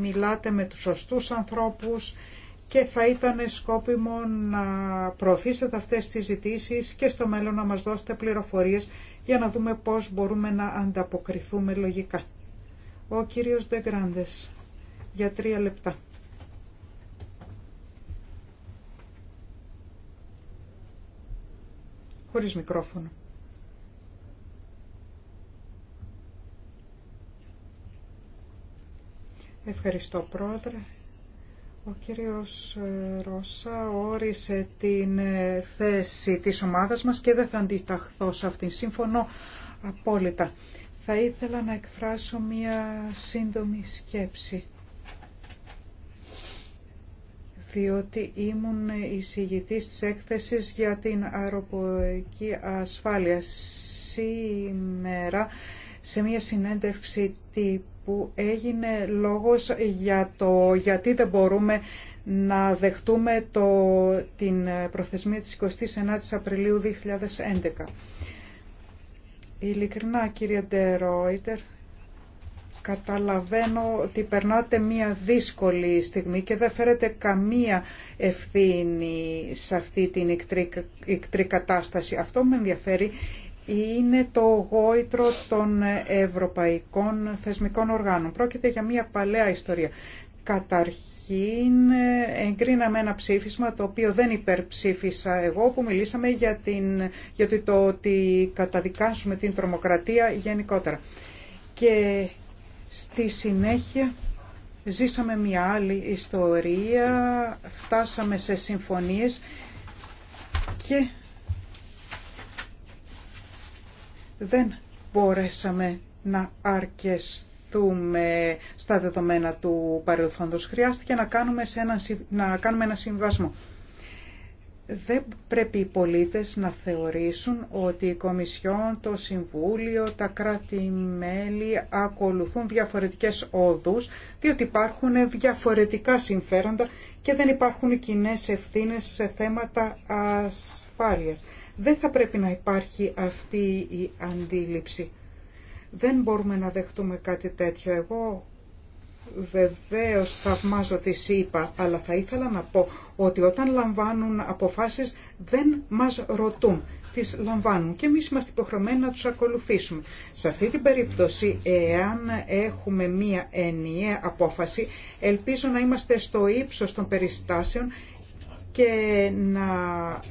μιλάτε με τους σωστούς ανθρώπους και θα ήταν σκόπιμο να προωθήσετε αυτές τις ζητήσεις και στο μέλλον να μας δώσετε πληροφορίες για να δούμε πώς μπορούμε να ανταποκριθούμε λογικά. Ο κύριος Ντεγκράντες, για τρία λεπτά. Χωρίς μικρόφωνο. Ευχαριστώ πρόεδρε. Ο κύριος ε, Ρώσα όρισε την ε, θέση της ομάδας μας και δεν θα αντιταχθώ σε αυτήν. Σύμφωνο απόλυτα. Θα ήθελα να εκφράσω μία σύντομη σκέψη. Διότι ήμουν εισηγητής της έκθεσης για την αεροπορική ασφάλεια. Σήμερα σε μια συνέντευξη τύπου έγινε λόγος για το γιατί δεν μπορούμε να δεχτούμε το, την προθεσμία της 29ης Απριλίου 2011. Ειλικρινά κύριε Ντερόιτερ, καταλαβαίνω ότι περνάτε μία δύσκολη στιγμή και δεν φέρετε καμία ευθύνη σε αυτή την ικτρή, κατάσταση. Αυτό με ενδιαφέρει είναι το γόητρο των ευρωπαϊκών θεσμικών οργάνων. Πρόκειται για μια παλαιά ιστορία. Καταρχήν εγκρίναμε ένα ψήφισμα το οποίο δεν υπερψήφισα εγώ που μιλήσαμε για, την, για το ότι καταδικάσουμε την τρομοκρατία γενικότερα. Και στη συνέχεια ζήσαμε μια άλλη ιστορία, φτάσαμε σε συμφωνίες και δεν μπορέσαμε να αρκεστούμε στα δεδομένα του παρελθόντος. Χρειάστηκε να κάνουμε, σε ένα, να κάνουμε ένα συμβασμό. Δεν πρέπει οι πολίτες να θεωρήσουν ότι η Κομισιόν, το Συμβούλιο, τα κράτη-μέλη ακολουθούν διαφορετικές όδους, διότι υπάρχουν διαφορετικά συμφέροντα και δεν υπάρχουν κοινές ευθύνες σε θέματα ασφάλειας. Δεν θα πρέπει να υπάρχει αυτή η αντίληψη. Δεν μπορούμε να δεχτούμε κάτι τέτοιο. Εγώ βεβαίως θαυμάζω τι είπα, αλλά θα ήθελα να πω ότι όταν λαμβάνουν αποφάσεις δεν μας ρωτούν, τις λαμβάνουν και εμείς είμαστε υποχρεωμένοι να τους ακολουθήσουμε. Σε αυτή την περίπτωση, εάν έχουμε μία ενιαία απόφαση, ελπίζω να είμαστε στο ύψος των περιστάσεων και να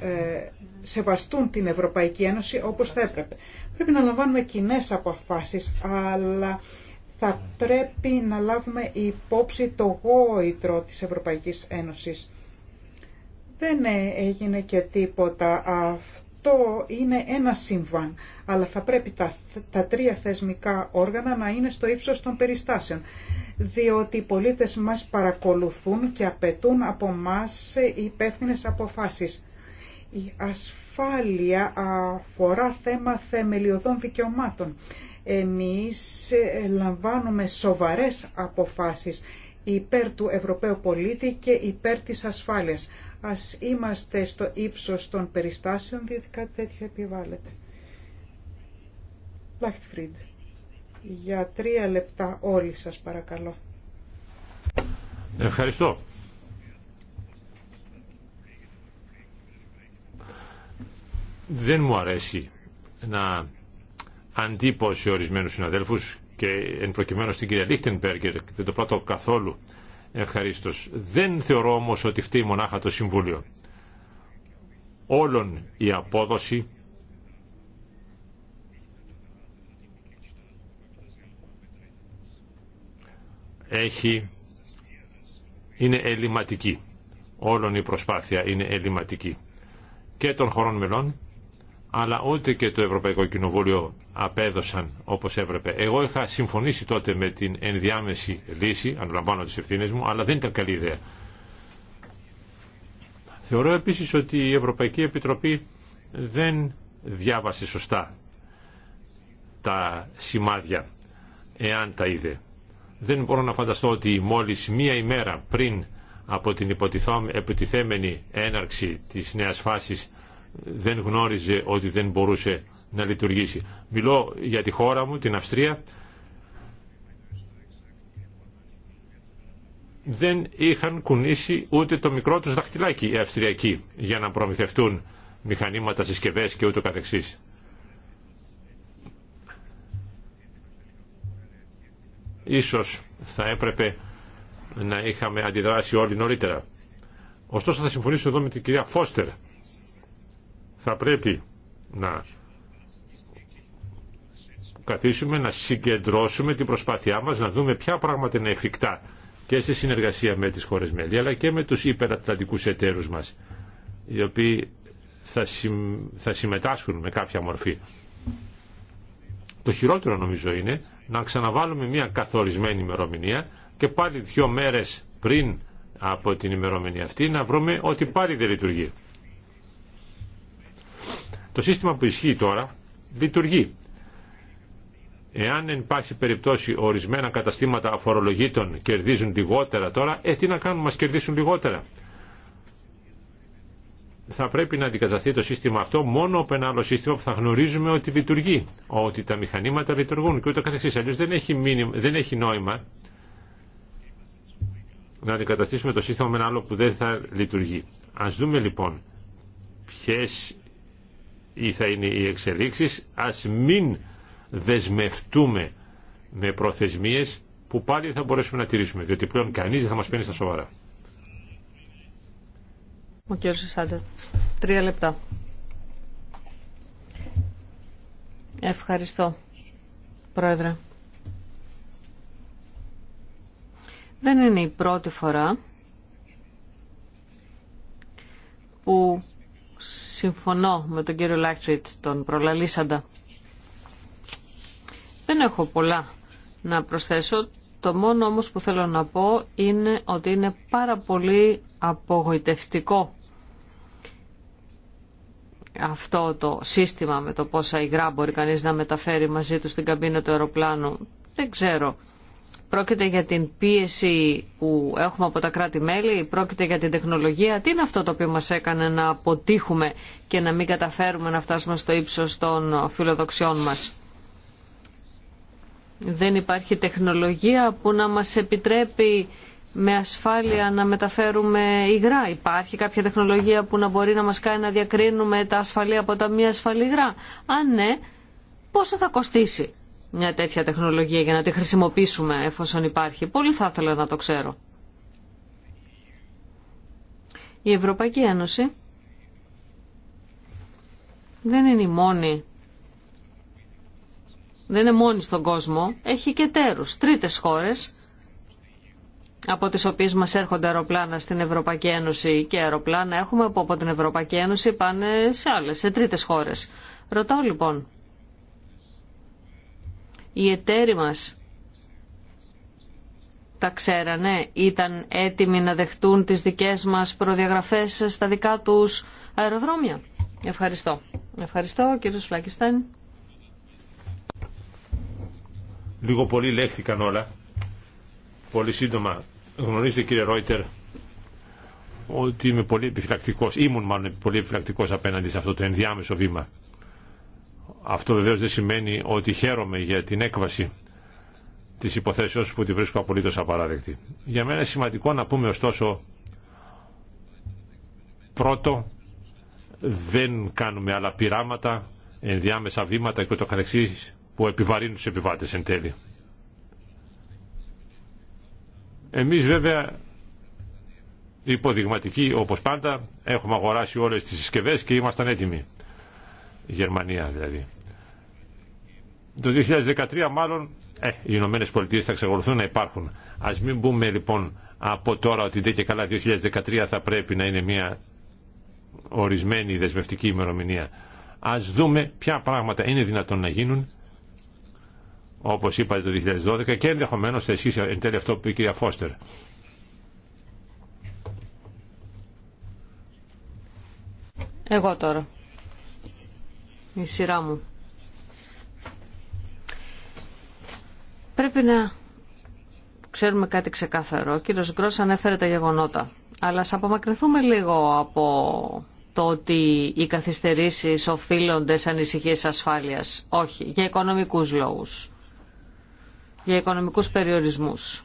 ε, σεβαστούν την Ευρωπαϊκή Ένωση όπως θα έπρεπε. Πρέπει να λαμβάνουμε κοινέ αποφάσεις, αλλά θα πρέπει να λάβουμε υπόψη το γόητρο της Ευρωπαϊκής Ένωσης. Δεν ε, έγινε και τίποτα αυτό είναι ένα συμβάν, αλλά θα πρέπει τα, τρία θεσμικά όργανα να είναι στο ύψος των περιστάσεων, διότι οι πολίτες μας παρακολουθούν και απαιτούν από μας υπεύθυνε αποφάσεις. Η ασφάλεια αφορά θέμα θεμελιωδών δικαιωμάτων. Εμείς ε, λαμβάνουμε σοβαρές αποφάσεις υπέρ του Ευρωπαίου πολίτη και υπέρ της ασφάλειας. Ας είμαστε στο ύψος των περιστάσεων, διότι κάτι τέτοιο επιβάλλεται. Λάχτφριντ, για τρία λεπτά όλοι σας παρακαλώ. Ευχαριστώ. Δεν μου αρέσει να αντίπω σε ορισμένους συναδέλφους και εν προκειμένου στην κυρία και δεν το πράττω καθόλου Ευχαρίστω. Δεν θεωρώ όμω ότι φταίει μονάχα το Συμβούλιο. Όλων η απόδοση έχει, είναι ελληματική. Όλων η προσπάθεια είναι ελληματική. Και των χωρών μελών αλλά ούτε και το Ευρωπαϊκό Κοινοβούλιο απέδωσαν όπως έπρεπε. Εγώ είχα συμφωνήσει τότε με την ενδιάμεση λύση, αναλαμβάνω τις ευθύνες μου, αλλά δεν ήταν καλή ιδέα. Θεωρώ επίσης ότι η Ευρωπαϊκή Επιτροπή δεν διάβασε σωστά τα σημάδια, εάν τα είδε. Δεν μπορώ να φανταστώ ότι μόλις μία ημέρα πριν από την υποτιθέμενη έναρξη της νέας φάσης δεν γνώριζε ότι δεν μπορούσε να λειτουργήσει. Μιλώ για τη χώρα μου, την Αυστρία. Δεν είχαν κουνήσει ούτε το μικρό τους δαχτυλάκι οι Αυστριακοί για να προμηθευτούν μηχανήματα, συσκευές και ούτω καθεξής. Ίσως θα έπρεπε να είχαμε αντιδράσει όλοι νωρίτερα. Ωστόσο θα συμφωνήσω εδώ με την κυρία Φώστερ θα πρέπει να καθίσουμε να συγκεντρώσουμε την προσπάθειά μας να δούμε ποια πράγματα είναι εφικτά και στη συνεργασία με τις χώρες μέλη αλλά και με τους υπερατλαντικούς εταίρους μας οι οποίοι θα, θα συμμετάσχουν με κάποια μορφή. Το χειρότερο νομίζω είναι να ξαναβάλουμε μια καθορισμένη ημερομηνία και πάλι δύο μέρες πριν από την ημερομηνία αυτή να βρούμε ότι πάλι δεν λειτουργεί. Το σύστημα που ισχύει τώρα λειτουργεί. Εάν εν πάση περιπτώσει ορισμένα καταστήματα αφορολογήτων κερδίζουν λιγότερα τώρα, ε, τι να κάνουν, μας κερδίσουν λιγότερα. Θα πρέπει να αντικαταστεί το σύστημα αυτό μόνο από ένα άλλο σύστημα που θα γνωρίζουμε ότι λειτουργεί, ότι τα μηχανήματα λειτουργούν και ούτω καθεξής. Αλλιώς δεν έχει, δεν έχει νόημα να αντικαταστήσουμε το σύστημα με ένα άλλο που δεν θα λειτουργεί. Ας δούμε λοιπόν ποιες ή θα είναι οι εξελίξεις, ας μην δεσμευτούμε με προθεσμίες που πάλι θα μπορέσουμε να τηρήσουμε, διότι πλέον κανείς δεν θα μας παίρνει στα σοβαρά. Ο κύριος Σάντα, τρία λεπτά. Ευχαριστώ, Πρόεδρε. Δεν είναι η πρώτη φορά που συμφωνώ με τον κύριο Λάκτριτ, τον προλαλήσαντα. Δεν έχω πολλά να προσθέσω. Το μόνο όμως που θέλω να πω είναι ότι είναι πάρα πολύ απογοητευτικό αυτό το σύστημα με το πόσα υγρά μπορεί κανείς να μεταφέρει μαζί του στην καμπίνα του αεροπλάνου. Δεν ξέρω πρόκειται για την πίεση που έχουμε από τα κράτη-μέλη, πρόκειται για την τεχνολογία. Τι είναι αυτό το οποίο μας έκανε να αποτύχουμε και να μην καταφέρουμε να φτάσουμε στο ύψος των φιλοδοξιών μας. Δεν υπάρχει τεχνολογία που να μας επιτρέπει με ασφάλεια να μεταφέρουμε υγρά. Υπάρχει κάποια τεχνολογία που να μπορεί να μας κάνει να διακρίνουμε τα ασφαλή από τα μη ασφαλή υγρά. Αν ναι, πόσο θα κοστίσει μια τέτοια τεχνολογία για να τη χρησιμοποιήσουμε εφόσον υπάρχει. Πολύ θα ήθελα να το ξέρω. Η Ευρωπαϊκή Ένωση δεν είναι μόνη δεν είναι μόνη στον κόσμο, έχει και τέρους, τρίτες χώρες, από τις οποίες μας έρχονται αεροπλάνα στην Ευρωπαϊκή Ένωση και αεροπλάνα έχουμε από την Ευρωπαϊκή Ένωση πάνε σε άλλες, σε τρίτες χώρες. Ρωτάω λοιπόν, οι εταίροι μας τα ξέρανε, ήταν έτοιμοι να δεχτούν τις δικές μας προδιαγραφές στα δικά τους αεροδρόμια. Ευχαριστώ. Ευχαριστώ κύριος Φλάκιστάν. Λίγο πολύ λέχθηκαν όλα. Πολύ σύντομα γνωρίζετε κύριε Ρόιτερ ότι είμαι πολύ επιφυλακτικός, ήμουν μάλλον πολύ επιφυλακτικός απέναντι σε αυτό το ενδιάμεσο βήμα αυτό βεβαίως δεν σημαίνει ότι χαίρομαι για την έκβαση της υποθέσεως που τη βρίσκω απολύτως απαράδεκτη. Για μένα είναι σημαντικό να πούμε ωστόσο πρώτο δεν κάνουμε άλλα πειράματα, ενδιάμεσα βήματα και το καθεξής που επιβαρύνουν τους επιβάτες εν τέλει. Εμείς βέβαια υποδειγματικοί όπως πάντα έχουμε αγοράσει όλες τις συσκευές και ήμασταν έτοιμοι. Γερμανία δηλαδή. Το 2013 μάλλον ε, οι Ηνωμένε Πολιτείε θα εξακολουθούν να υπάρχουν. Α μην μπούμε λοιπόν από τώρα ότι δεν και καλά 2013 θα πρέπει να είναι μια ορισμένη δεσμευτική ημερομηνία. Α δούμε ποια πράγματα είναι δυνατόν να γίνουν όπως είπατε το 2012 και ενδεχομένως θα ισχύσει εν τέλει αυτό που είπε η κυρία Φώστερ. Εγώ τώρα η σειρά μου. Πρέπει να ξέρουμε κάτι ξεκάθαρο. Ο κύριος Γκρός ανέφερε τα γεγονότα. Αλλά ας απομακρυνθούμε λίγο από το ότι οι καθυστερήσεις οφείλονται σε ανησυχίες ασφάλειας. Όχι, για οικονομικούς λόγους. Για οικονομικούς περιορισμούς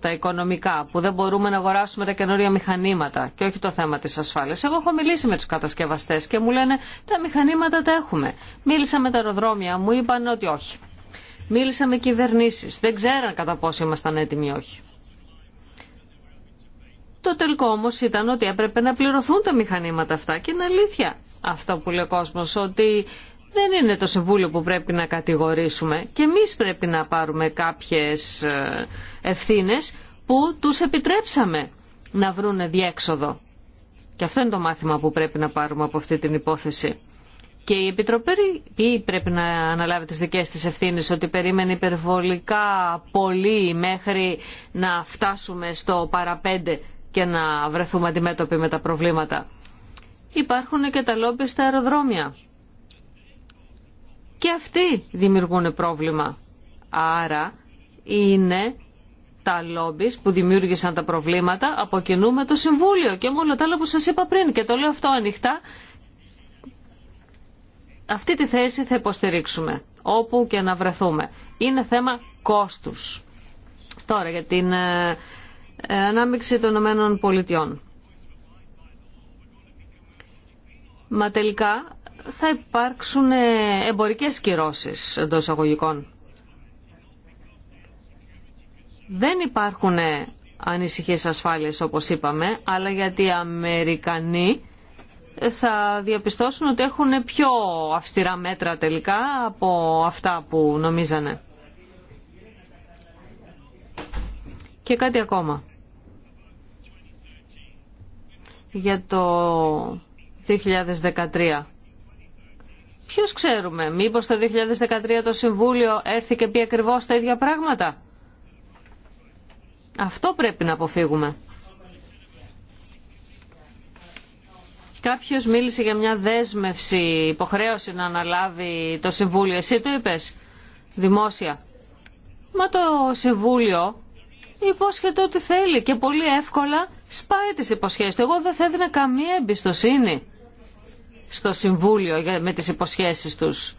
τα οικονομικά, που δεν μπορούμε να αγοράσουμε τα καινούρια μηχανήματα και όχι το θέμα της ασφάλειας. Εγώ έχω μιλήσει με τους κατασκευαστές και μου λένε τα μηχανήματα τα έχουμε. Μίλησα με τα αεροδρόμια, μου είπαν ότι όχι. Μίλησα με κυβερνήσεις, δεν ξέραν κατά πόσο ήμασταν έτοιμοι ή όχι. Το τελικό όμως ήταν ότι έπρεπε να πληρωθούν τα μηχανήματα αυτά και είναι αλήθεια αυτό που λέει ο κόσμος, ότι δεν είναι το Συμβούλιο που πρέπει να κατηγορήσουμε και εμείς πρέπει να πάρουμε κάποιες ε, ευθύνες που τους επιτρέψαμε να βρούνε διέξοδο. Και αυτό είναι το μάθημα που πρέπει να πάρουμε από αυτή την υπόθεση. Και η Επιτροπή πρέπει να αναλάβει τις δικές της ευθύνες ότι περίμενε υπερβολικά πολύ μέχρι να φτάσουμε στο παραπέντε και να βρεθούμε αντιμέτωποι με τα προβλήματα. Υπάρχουν και τα λόμπι στα αεροδρόμια και αυτοί δημιουργούν πρόβλημα. Άρα είναι τα λόμπις που δημιούργησαν τα προβλήματα από κοινού με το Συμβούλιο και με όλα τα άλλα που σας είπα πριν και το λέω αυτό ανοιχτά. Αυτή τη θέση θα υποστηρίξουμε όπου και να βρεθούμε. Είναι θέμα κόστους. Τώρα για την ε, ε, ανάμειξη των Ηνωμένων Πολιτειών. Μα τελικά θα υπάρξουν ε, εμπορικές κυρώσεις εντό εισαγωγικών. Δεν υπάρχουν ε, ανησυχίες ασφάλειας όπως είπαμε, αλλά γιατί οι Αμερικανοί ε, θα διαπιστώσουν ότι έχουν πιο αυστηρά μέτρα τελικά από αυτά που νομίζανε. Και κάτι ακόμα. Για το 2013 Ποιο ξέρουμε, μήπως το 2013 το Συμβούλιο έρθει και πει ακριβώ τα ίδια πράγματα. Αυτό πρέπει να αποφύγουμε. Κάποιος μίλησε για μια δέσμευση, υποχρέωση να αναλάβει το Συμβούλιο. Εσύ το είπες, δημόσια. Μα το Συμβούλιο υπόσχεται ό,τι θέλει και πολύ εύκολα σπάει τις υποσχέσεις του. Εγώ δεν θα καμία εμπιστοσύνη στο Συμβούλιο με τις υποσχέσεις τους.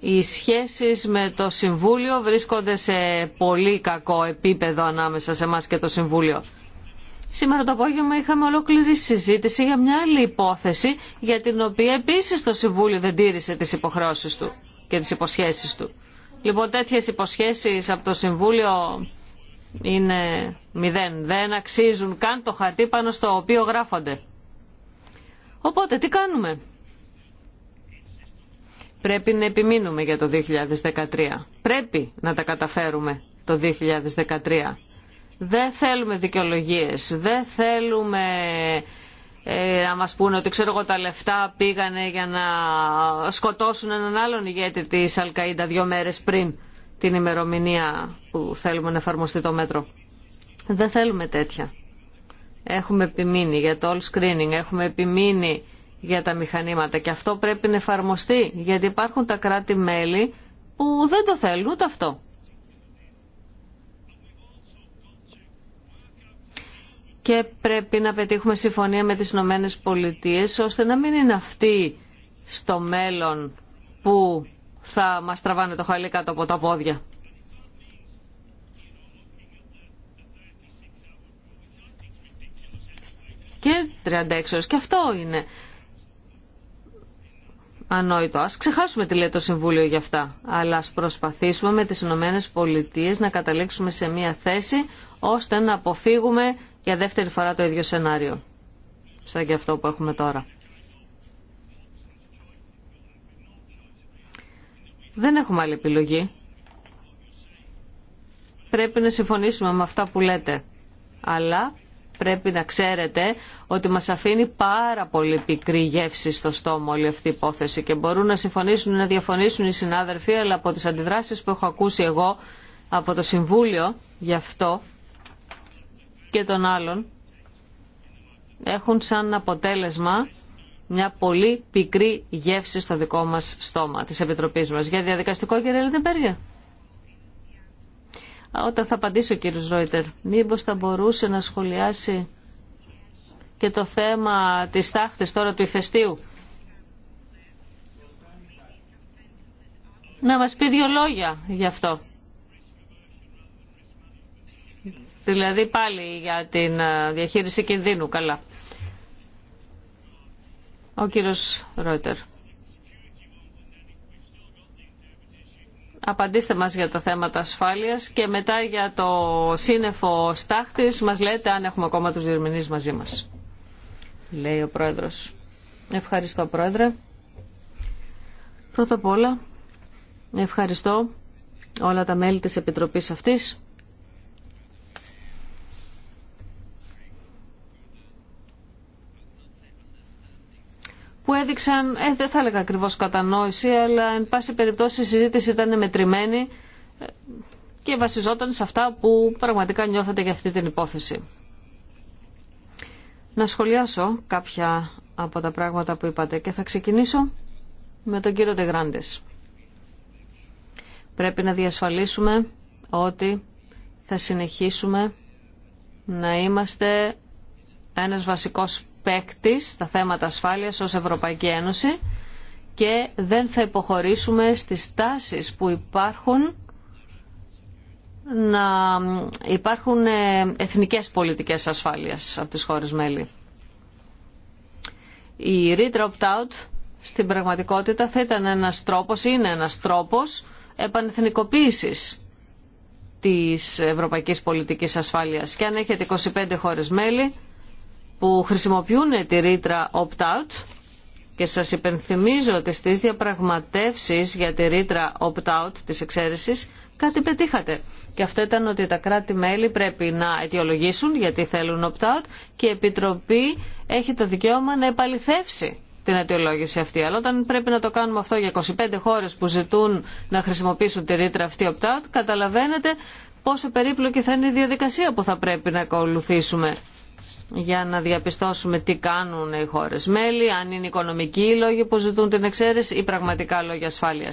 Οι σχέσεις με το Συμβούλιο βρίσκονται σε πολύ κακό επίπεδο ανάμεσα σε μας και το Συμβούλιο. Σήμερα το απόγευμα είχαμε ολόκληρη συζήτηση για μια άλλη υπόθεση για την οποία επίσης το Συμβούλιο δεν τήρησε τις υποχρεώσεις του και τις υποσχέσεις του. Λοιπόν τέτοιες υποσχέσεις από το Συμβούλιο είναι μηδέν. Δεν αξίζουν καν το χαρτί πάνω στο οποίο γράφονται. Οπότε τι κάνουμε. Πρέπει να επιμείνουμε για το 2013. Πρέπει να τα καταφέρουμε το 2013. Δεν θέλουμε δικαιολογίες, δεν θέλουμε ε, να μας πούνε ότι ξέρω εγώ τα λεφτά πήγανε για να σκοτώσουν έναν άλλον ηγέτη της Αλκαΐντα δύο μέρες πριν την ημερομηνία που θέλουμε να εφαρμοστεί το μέτρο. Δεν θέλουμε τέτοια. Έχουμε επιμείνει για το all screening, έχουμε επιμείνει για τα μηχανήματα και αυτό πρέπει να εφαρμοστεί γιατί υπάρχουν τα κράτη-μέλη που δεν το θέλουν ούτε αυτό. Και πρέπει να πετύχουμε συμφωνία με τις Ηνωμένε Πολιτείε, ώστε να μην είναι αυτοί στο μέλλον που θα μας τραβάνε το χαλί κάτω από τα πόδια. και 36 ώρες. Και αυτό είναι ανόητο. Ας ξεχάσουμε τι λέει το Συμβούλιο για αυτά. Αλλά ας προσπαθήσουμε με τις Ηνωμένε Πολιτείες να καταλήξουμε σε μια θέση ώστε να αποφύγουμε για δεύτερη φορά το ίδιο σενάριο. Σαν και αυτό που έχουμε τώρα. Δεν έχουμε άλλη επιλογή. Πρέπει να συμφωνήσουμε με αυτά που λέτε. Αλλά πρέπει να ξέρετε ότι μας αφήνει πάρα πολύ πικρή γεύση στο στόμα όλη αυτή η υπόθεση και μπορούν να συμφωνήσουν ή να διαφωνήσουν οι συνάδελφοι, αλλά από τις αντιδράσεις που έχω ακούσει εγώ από το Συμβούλιο γι' αυτό και των άλλων, έχουν σαν αποτέλεσμα μια πολύ πικρή γεύση στο δικό μας στόμα της Επιτροπής μας. Για διαδικαστικό κύριε Λεντεμπέργε. Όταν θα απαντήσει ο κύριος Ρόιτερ, μήπω θα μπορούσε να σχολιάσει και το θέμα της τάχτη τώρα του ηφαιστείου. Να μας πει δύο λόγια γι' αυτό. Δηλαδή πάλι για την ε, διαχείριση κινδύνου, καλά. Ο κύριος Ρόιτερ. απαντήστε μας για τα θέματα ασφάλειας και μετά για το σύννεφο στάχτης μας λέτε αν έχουμε ακόμα τους διερμηνείς μαζί μας. Λέει ο Πρόεδρος. Ευχαριστώ Πρόεδρε. Πρώτα απ' όλα ευχαριστώ όλα τα μέλη της Επιτροπής αυτής που έδειξαν, ε, δεν θα έλεγα ακριβώ κατανόηση, αλλά εν πάση περιπτώσει η συζήτηση ήταν μετρημένη ε, και βασιζόταν σε αυτά που πραγματικά νιώθετε για αυτή την υπόθεση. Να σχολιάσω κάποια από τα πράγματα που είπατε και θα ξεκινήσω με τον κύριο Τεγράντες. Πρέπει να διασφαλίσουμε ότι θα συνεχίσουμε να είμαστε ένας βασικός παίκτη στα θέματα ασφάλειας ως Ευρωπαϊκή Ένωση και δεν θα υποχωρήσουμε στις τάσεις που υπάρχουν να υπάρχουν ε, εθνικές πολιτικές ασφάλειας από τις χώρες μέλη. Η ρήτρα opt-out στην πραγματικότητα θα ήταν ένας τρόπος, είναι ένας τρόπος επανεθνικοποίησης της ευρωπαϊκής πολιτικής ασφάλειας. Και αν έχετε 25 χώρες μέλη, που χρησιμοποιούν τη ρήτρα opt-out και σας υπενθυμίζω ότι στις διαπραγματεύσεις για τη ρήτρα opt-out της εξαίρεσης κάτι πετύχατε. Και αυτό ήταν ότι τα κράτη-μέλη πρέπει να αιτιολογήσουν γιατί θέλουν opt-out και η Επιτροπή έχει το δικαίωμα να επαληθεύσει την αιτιολόγηση αυτή. Αλλά όταν πρέπει να το κάνουμε αυτό για 25 χώρες που ζητούν να χρησιμοποιήσουν τη ρήτρα αυτή opt-out, καταλαβαίνετε πόσο περίπλοκη θα είναι η διαδικασία που θα πρέπει να ακολουθήσουμε για να διαπιστώσουμε τι κάνουν οι χώρες μέλη, αν είναι οικονομικοί οι λόγοι που ζητούν την εξαίρεση ή πραγματικά λόγια ασφάλεια.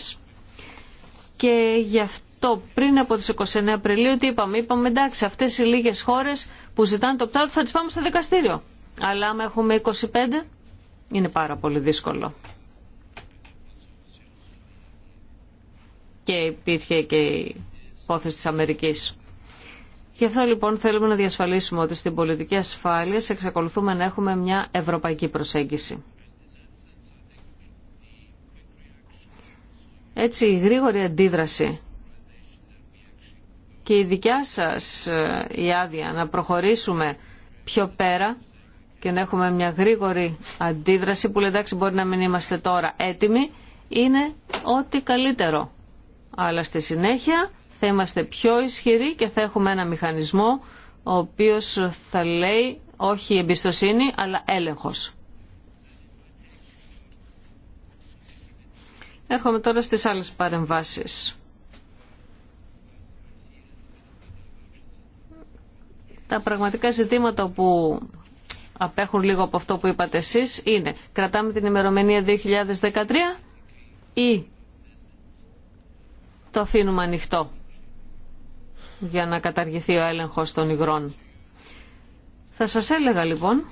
Και γι' αυτό πριν από τις 29 Απριλίου τι είπαμε, είπαμε εντάξει αυτές οι λίγες χώρες που ζητάνε το opt θα τις πάμε στο δικαστήριο. Αλλά άμα έχουμε 25 είναι πάρα πολύ δύσκολο. Και υπήρχε και η υπόθεση της Αμερικής. Και αυτό λοιπόν θέλουμε να διασφαλίσουμε ότι στην πολιτική ασφάλεια εξακολουθούμε να έχουμε μια ευρωπαϊκή προσέγγιση. Έτσι η γρήγορη αντίδραση και η δικιά σας ε, η άδεια να προχωρήσουμε πιο πέρα και να έχουμε μια γρήγορη αντίδραση που λέει εντάξει μπορεί να μην είμαστε τώρα έτοιμοι είναι ό,τι καλύτερο. Αλλά στη συνέχεια θα είμαστε πιο ισχυροί και θα έχουμε ένα μηχανισμό ο οποίος θα λέει όχι εμπιστοσύνη αλλά έλεγχος. Έρχομαι τώρα στις άλλες παρεμβάσεις. Τα πραγματικά ζητήματα που απέχουν λίγο από αυτό που είπατε εσείς είναι κρατάμε την ημερομηνία 2013 ή το αφήνουμε ανοιχτό για να καταργηθεί ο έλεγχος των υγρών. Θα σας έλεγα λοιπόν,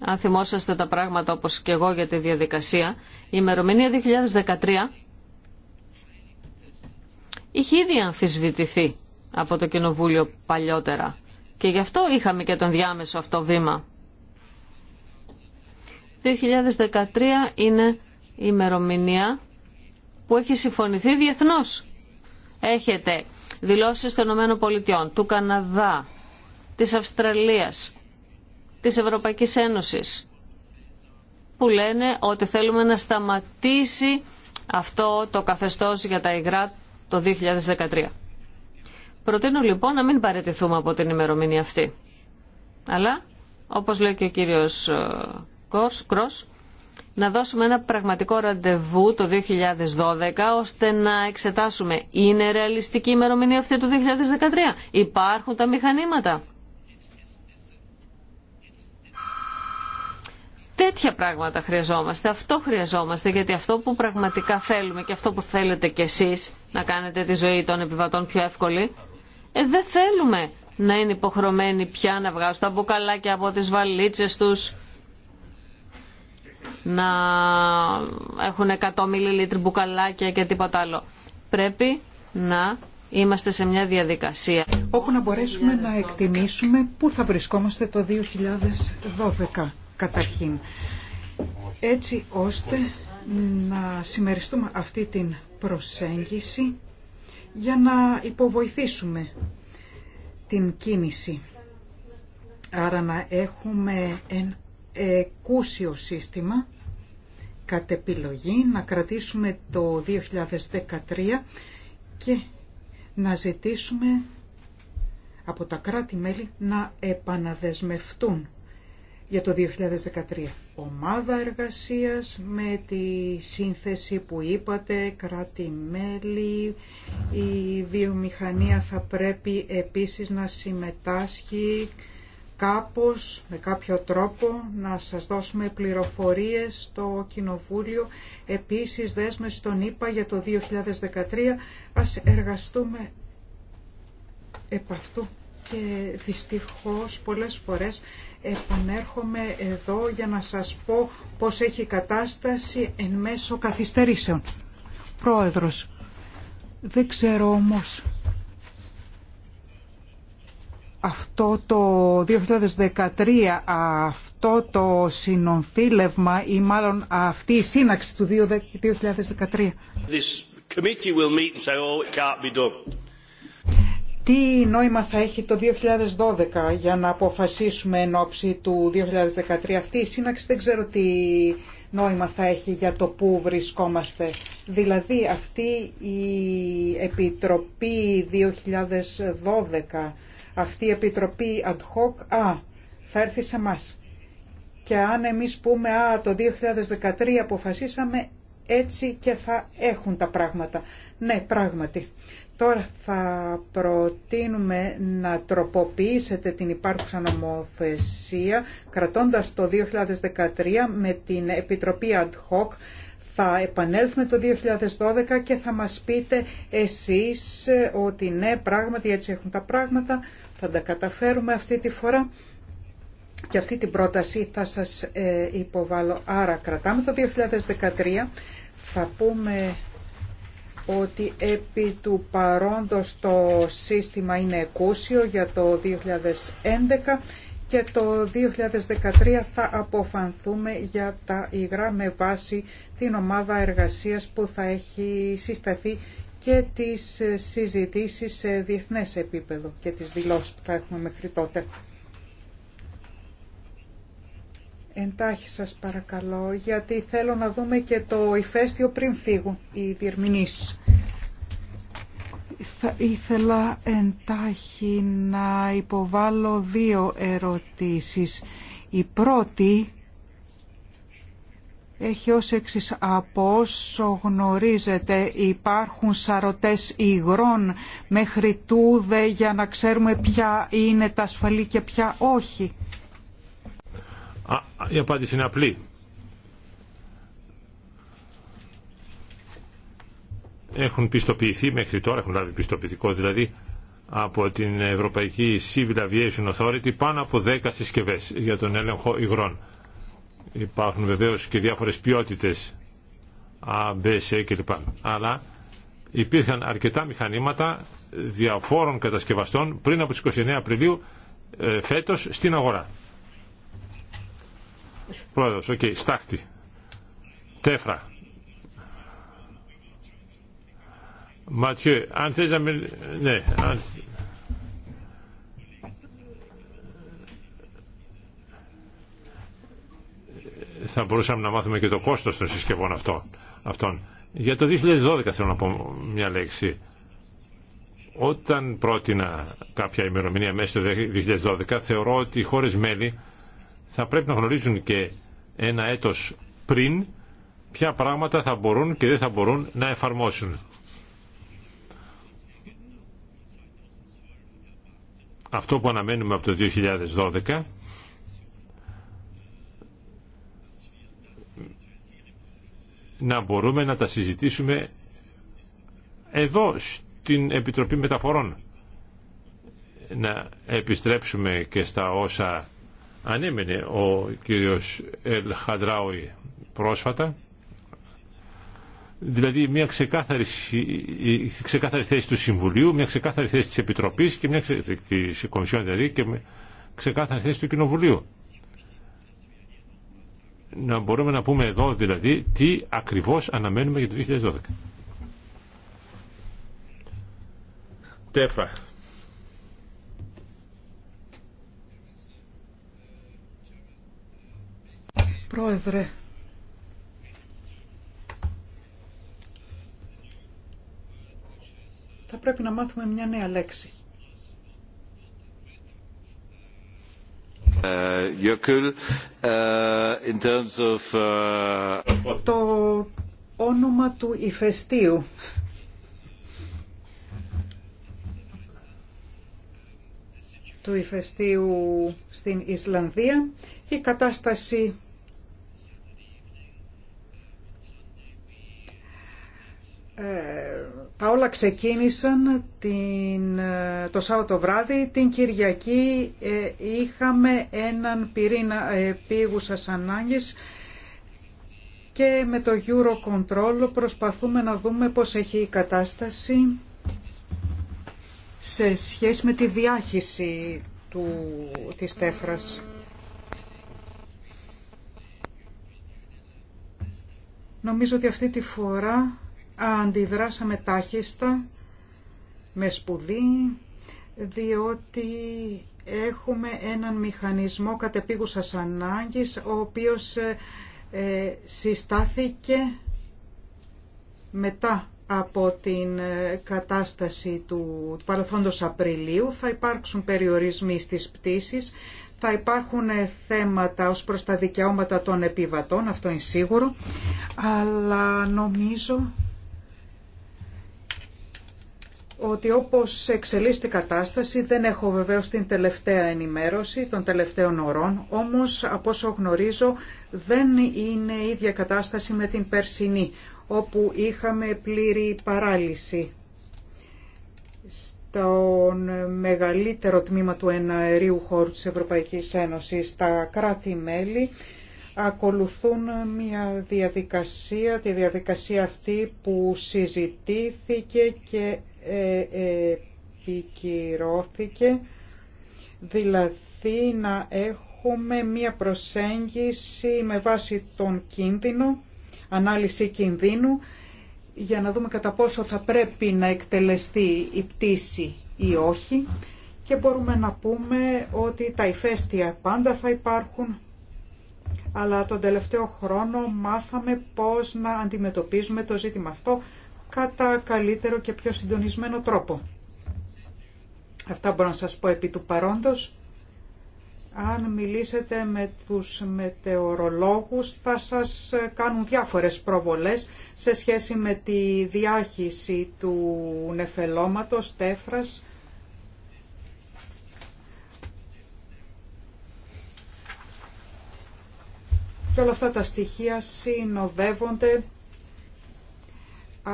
αν θυμόσαστε τα πράγματα όπως και εγώ για τη διαδικασία, η ημερομηνία 2013 είχε ήδη αμφισβητηθεί από το Κοινοβούλιο παλιότερα και γι' αυτό είχαμε και τον διάμεσο αυτό βήμα. 2013 είναι η ημερομηνία που έχει συμφωνηθεί διεθνώς. Έχετε δηλώσεις των ΗΠΑ, του Καναδά, της Αυστραλίας, της Ευρωπαϊκής Ένωσης, που λένε ότι θέλουμε να σταματήσει αυτό το καθεστώς για τα υγρά το 2013. Προτείνω λοιπόν να μην παραιτηθούμε από την ημερομηνία αυτή. Αλλά, όπως λέει και ο κύριος ε, Κρός, να δώσουμε ένα πραγματικό ραντεβού το 2012 ώστε να εξετάσουμε είναι ρεαλιστική ημερομηνία αυτή του 2013. Υπάρχουν τα μηχανήματα. Τέτοια πράγματα χρειαζόμαστε, αυτό χρειαζόμαστε, γιατί αυτό που πραγματικά θέλουμε και αυτό που θέλετε κι εσείς, να κάνετε τη ζωή των επιβατών πιο εύκολη, ε, δεν θέλουμε να είναι υποχρεωμένοι πια να βγάζουν τα μπουκαλάκια από τις βαλίτσες τους, να έχουν 100 ml μπουκαλάκια και τίποτα άλλο. Πρέπει να είμαστε σε μια διαδικασία. Όπου να μπορέσουμε να εκτιμήσουμε πού θα βρισκόμαστε το 2012 καταρχήν. Έτσι ώστε να συμμεριστούμε αυτή την προσέγγιση για να υποβοηθήσουμε την κίνηση. Άρα να έχουμε ένα εκούσιο σύστημα κατ' επιλογή, να κρατήσουμε το 2013 και να ζητήσουμε από τα κράτη-μέλη να επαναδεσμευτούν για το 2013. Ομάδα εργασίας με τη σύνθεση που είπατε, κράτη-μέλη, η βιομηχανία θα πρέπει επίσης να συμμετάσχει κάπως, με κάποιο τρόπο, να σας δώσουμε πληροφορίες στο Κοινοβούλιο. Επίσης, δέσμευση τον ΗΠΑ για το 2013. Ας εργαστούμε επ' αυτού και δυστυχώς πολλές φορές επανέρχομαι εδώ για να σας πω πώς έχει κατάσταση εν μέσω καθυστερήσεων. Πρόεδρος, δεν ξέρω όμως αυτό το 2013, αυτό το συνονθήλευμα ή μάλλον αυτή η σύναξη του 2013. This committee will meet and oh, it can't be done. Τι νόημα θα έχει το 2012 για να αποφασίσουμε εν ώψη του 2013. Αυτή η σύναξη δεν ξέρω τι νόημα θα έχει για το πού βρισκόμαστε. Δηλαδή αυτή η Επιτροπή 2012 αυτή η επιτροπή ad hoc, α, θα έρθει σε εμά. Και αν εμείς πούμε, α, το 2013 αποφασίσαμε, έτσι και θα έχουν τα πράγματα. Ναι, πράγματι. Τώρα θα προτείνουμε να τροποποιήσετε την υπάρχουσα νομοθεσία, κρατώντας το 2013 με την Επιτροπή Ad Hoc, θα επανέλθουμε το 2012 και θα μας πείτε εσείς ότι ναι, πράγματι έτσι έχουν τα πράγματα, θα τα καταφέρουμε αυτή τη φορά και αυτή την πρόταση θα σας ε, υποβάλω. Άρα κρατάμε το 2013, θα πούμε ότι επί του παρόντος το σύστημα είναι εκούσιο για το 2011 και το 2013 θα αποφανθούμε για τα υγρά με βάση την ομάδα εργασίας που θα έχει συσταθεί και τις ε, συζητήσεις σε διεθνές επίπεδο και τις δηλώσεις που θα έχουμε μέχρι τότε. Εντάχει σας παρακαλώ, γιατί θέλω να δούμε και το ηφαίστειο πριν φύγουν οι διερμηνείς. Θα ήθελα εντάχει να υποβάλω δύο ερωτήσεις. Η πρώτη έχει ως εξής από όσο γνωρίζετε υπάρχουν σαρωτές υγρών μέχρι τούδε για να ξέρουμε ποια είναι τα ασφαλή και ποια όχι. Α, η απάντηση είναι απλή. Έχουν πιστοποιηθεί μέχρι τώρα, έχουν λάβει πιστοποιητικό δηλαδή από την Ευρωπαϊκή Civil Aviation Authority πάνω από 10 συσκευές για τον έλεγχο υγρών. Υπάρχουν βεβαίως και διάφορες ποιότητες A, B, C κλπ. Αλλά υπήρχαν αρκετά μηχανήματα διαφόρων κατασκευαστών πριν από τις 29 Απριλίου ε, φέτος στην αγορά. Πρόεδρος, οκ, okay, στάχτη, τέφρα. Ματιέ, αν να ναι, αν... θα μπορούσαμε να μάθουμε και το κόστος των συσκευών αυτών. Για το 2012 θέλω να πω μια λέξη. Όταν πρότεινα κάποια ημερομηνία μέσα στο 2012, θεωρώ ότι οι χώρες μέλη θα πρέπει να γνωρίζουν και ένα έτος πριν ποια πράγματα θα μπορούν και δεν θα μπορούν να εφαρμόσουν. Αυτό που αναμένουμε από το 2012 να μπορούμε να τα συζητήσουμε εδώ στην Επιτροπή Μεταφορών. Να επιστρέψουμε και στα όσα ανέμενε ο κύριος Ελ Χαντράουι πρόσφατα. Δηλαδή μια ξεκάθαρη, ξεκάθαρη θέση του Συμβουλίου, μια ξεκάθαρη θέση της Επιτροπής και μια δηλαδή ξεκάθαρη θέση του Κοινοβουλίου να μπορούμε να πούμε εδώ δηλαδή τι ακριβώς αναμένουμε για το 2012. Τέφρα. Πρόεδρε. Θα πρέπει να μάθουμε μια νέα λέξη. Ε, ε, ε, Το όνομα του ηφαιστείου. του ηφαιστείου στην Ισλανδία. Η κατάσταση τα όλα ξεκίνησαν την, ε, το Σάββατο βράδυ. Την Κυριακή ε, είχαμε έναν πυρήνα ε, σας ανάγκης και με το Eurocontrol προσπαθούμε να δούμε πώς έχει η κατάσταση σε σχέση με τη διάχυση του, της τέφρας. Νομίζω ότι αυτή τη φορά αντιδράσαμε τάχιστα με σπουδή, διότι έχουμε έναν μηχανισμό κατεπίγουσας ανάγκης, ο οποίος ε, ε, συστάθηκε μετά από την ε, κατάσταση του παρελθόντος Απριλίου. Θα υπάρξουν περιορισμοί στις πτήσεις, θα υπάρχουν θέματα ως προς τα δικαιώματα των επιβατών, αυτό είναι σίγουρο, αλλά νομίζω ότι όπως εξελίσσεται η κατάσταση, δεν έχω βεβαίως την τελευταία ενημέρωση των τελευταίων ωρών, όμως από όσο γνωρίζω δεν είναι η ίδια κατάσταση με την Περσινή, όπου είχαμε πλήρη παράλυση στον μεγαλύτερο τμήμα του εναερίου χώρου της Ευρωπαϊκής Ένωσης, τα κράτη-μέλη, ακολουθούν μια διαδικασία, τη διαδικασία αυτή που συζητήθηκε και επικυρώθηκε, δηλαδή να έχουμε μία προσέγγιση με βάση τον κίνδυνο, ανάλυση κινδύνου, για να δούμε κατά πόσο θα πρέπει να εκτελεστεί η πτήση ή όχι και μπορούμε να πούμε ότι τα ηφαίστεια πάντα θα υπάρχουν αλλά τον τελευταίο χρόνο μάθαμε πώς να αντιμετωπίζουμε το ζήτημα αυτό κατά καλύτερο και πιο συντονισμένο τρόπο. Αυτά μπορώ να σας πω επί του παρόντος. Αν μιλήσετε με τους μετεωρολόγους θα σας κάνουν διάφορες προβολές σε σχέση με τη διάχυση του νεφελώματος, τέφρας. Και όλα αυτά τα στοιχεία συνοδεύονται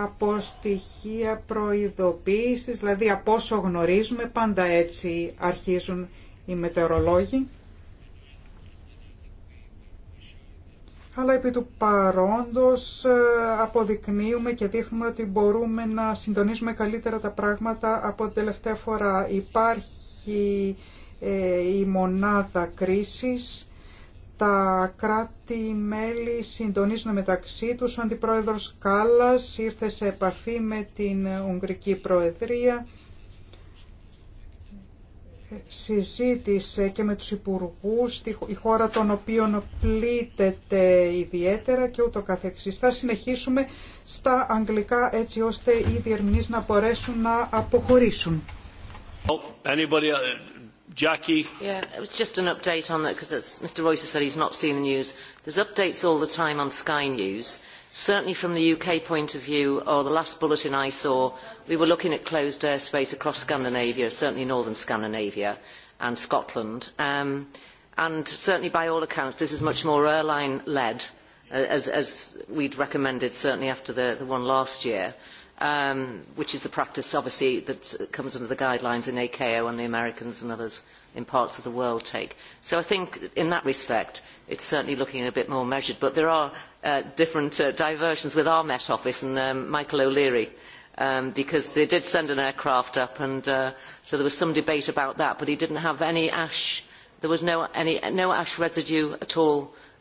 από στοιχεία προειδοποίησης, δηλαδή από όσο γνωρίζουμε, πάντα έτσι αρχίζουν οι μετεωρολόγοι. Αλλά επί του παρόντος ε, αποδεικνύουμε και δείχνουμε ότι μπορούμε να συντονίζουμε καλύτερα τα πράγματα από την τελευταία φορά. Υπάρχει ε, η μονάδα κρίσης τα κράτη-μέλη συντονίζουν μεταξύ τους. Ο Αντιπρόεδρος Κάλλας ήρθε σε επαφή με την Ουγγρική Προεδρία, συζήτησε και με τους υπουργούς η χώρα των οποίων πλήττεται ιδιαίτερα και ούτω καθεξής. Θα συνεχίσουμε στα αγγλικά έτσι ώστε οι διερμηνείς να μπορέσουν να αποχωρήσουν. Oh, uh, Jackie? Yeah, it was just an update on that because Mr. Royce said he's not seen the news. There's updates all the time on Sky News. Certainly from the UK point of view, or the last bulletin I saw, we were looking at closed airspace across Scandinavia, certainly northern Scandinavia and Scotland. And certainly by all accounts, this is much more airline-led, as we'd recommended certainly after the one last year which is the practice, obviously, that comes under the guidelines in AKO and the Americans and others in parts of the world take. So I think in that respect, it's certainly looking a bit more measured. But there are different diversions with our Met Office and Michael O'Leary, because they did send an aircraft up, and so there was some debate about that, but he didn't have any ash. There was no ash residue at all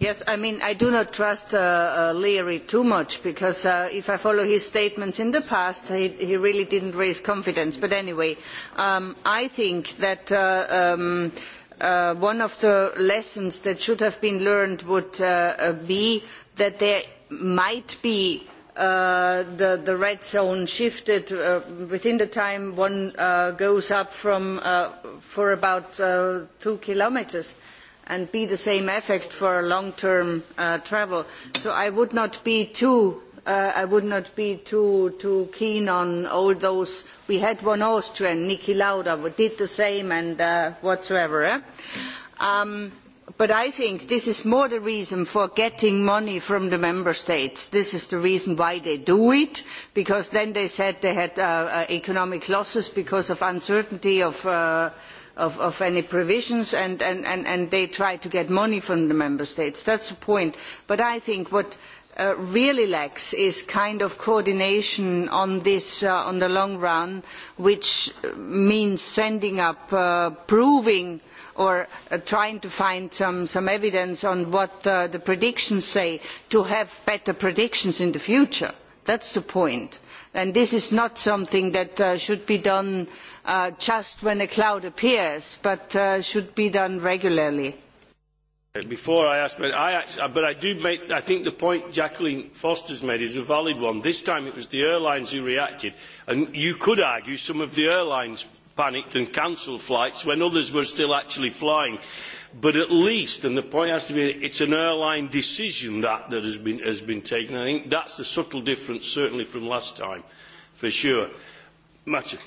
Yes, I mean, I do not trust Leary too much because if I follow his statements in the past, he really didn't raise confidence. But anyway, I think that one of the lessons that should have been learned would be that there might be the red zone shifted within the time one goes up from for about two kilometers and be the same effect for long term travel. so i would not be too keen on all those we had one austrian niki lauda who did the same and whatsoever but i think this is more the reason for getting money from the member states. this is the reason why they do it because then they said they had economic losses because of uncertainty of of any provisions and they try to get money from the member states. That's the point. But I think what really lacks is kind of coordination on this on the long run, which means sending up, proving or trying to find some evidence on what the predictions say to have better predictions in the future. That's the point and this is not something that should be done just when a cloud appears but should be done regularly. Before I but I do make, I think the point Jacqueline Foster's made is a valid one. This time it was the airlines who reacted, and you could argue some of the airlines panicked and cancelled flights when others were still actually flying. But at least, and the point has to be, it's an airline decision that that has been has been taken. I think that's the subtle difference, certainly from last time, for sure. Martin.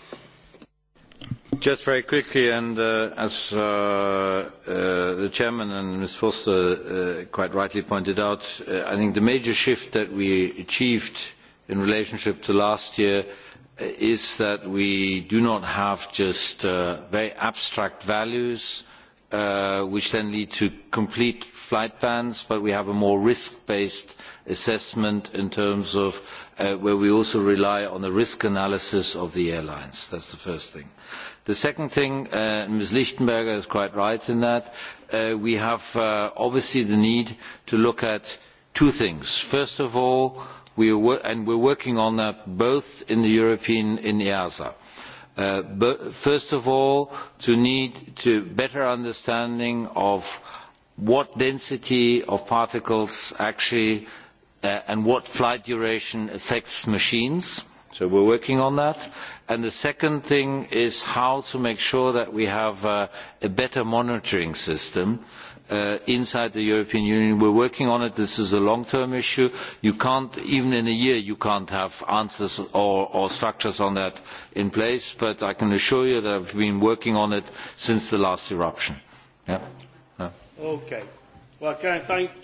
Just very quickly, and as the chairman and Ms. Foster quite rightly pointed out, I think the major shift that we achieved in relationship to last year is that we do not have just very abstract values which then lead to complete flight bans, but we have a more risk-based assessment in terms of where we also rely on the risk analysis of the airlines. That's the first thing. The second thing, and Ms. Lichtenberger is quite right in that, we have obviously the need to look at two things. First of all, and we're working on that both in the European in EASA first of all to need to better understanding of what density of particles actually and what flight duration affects machines. So we're working on that. And the second thing is how to make sure that we have a better monitoring system inside the European Union. We're working on it. This is a long-term issue. You can't, even in a year, you can't have answers or structures on that in place, but I can assure you that I've been working on it since the last eruption. Well, can thank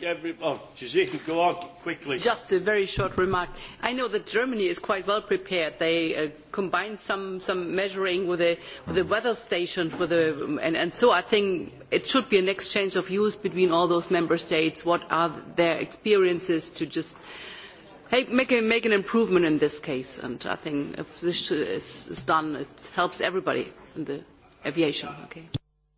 quickly. Just a very short remark. I know that Germany is quite well prepared. They combine some some measuring with the with weather station, with and so I think it should be an exchange of views between all those member states. What are their experiences to just make make an improvement in this case? And I think if this is done, it helps everybody in the aviation. Okay.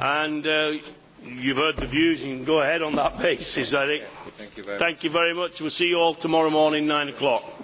and you've heard the views. You can go ahead on that basis, I think. Thank you very much. We'll see you all tomorrow morning, nine o'clock.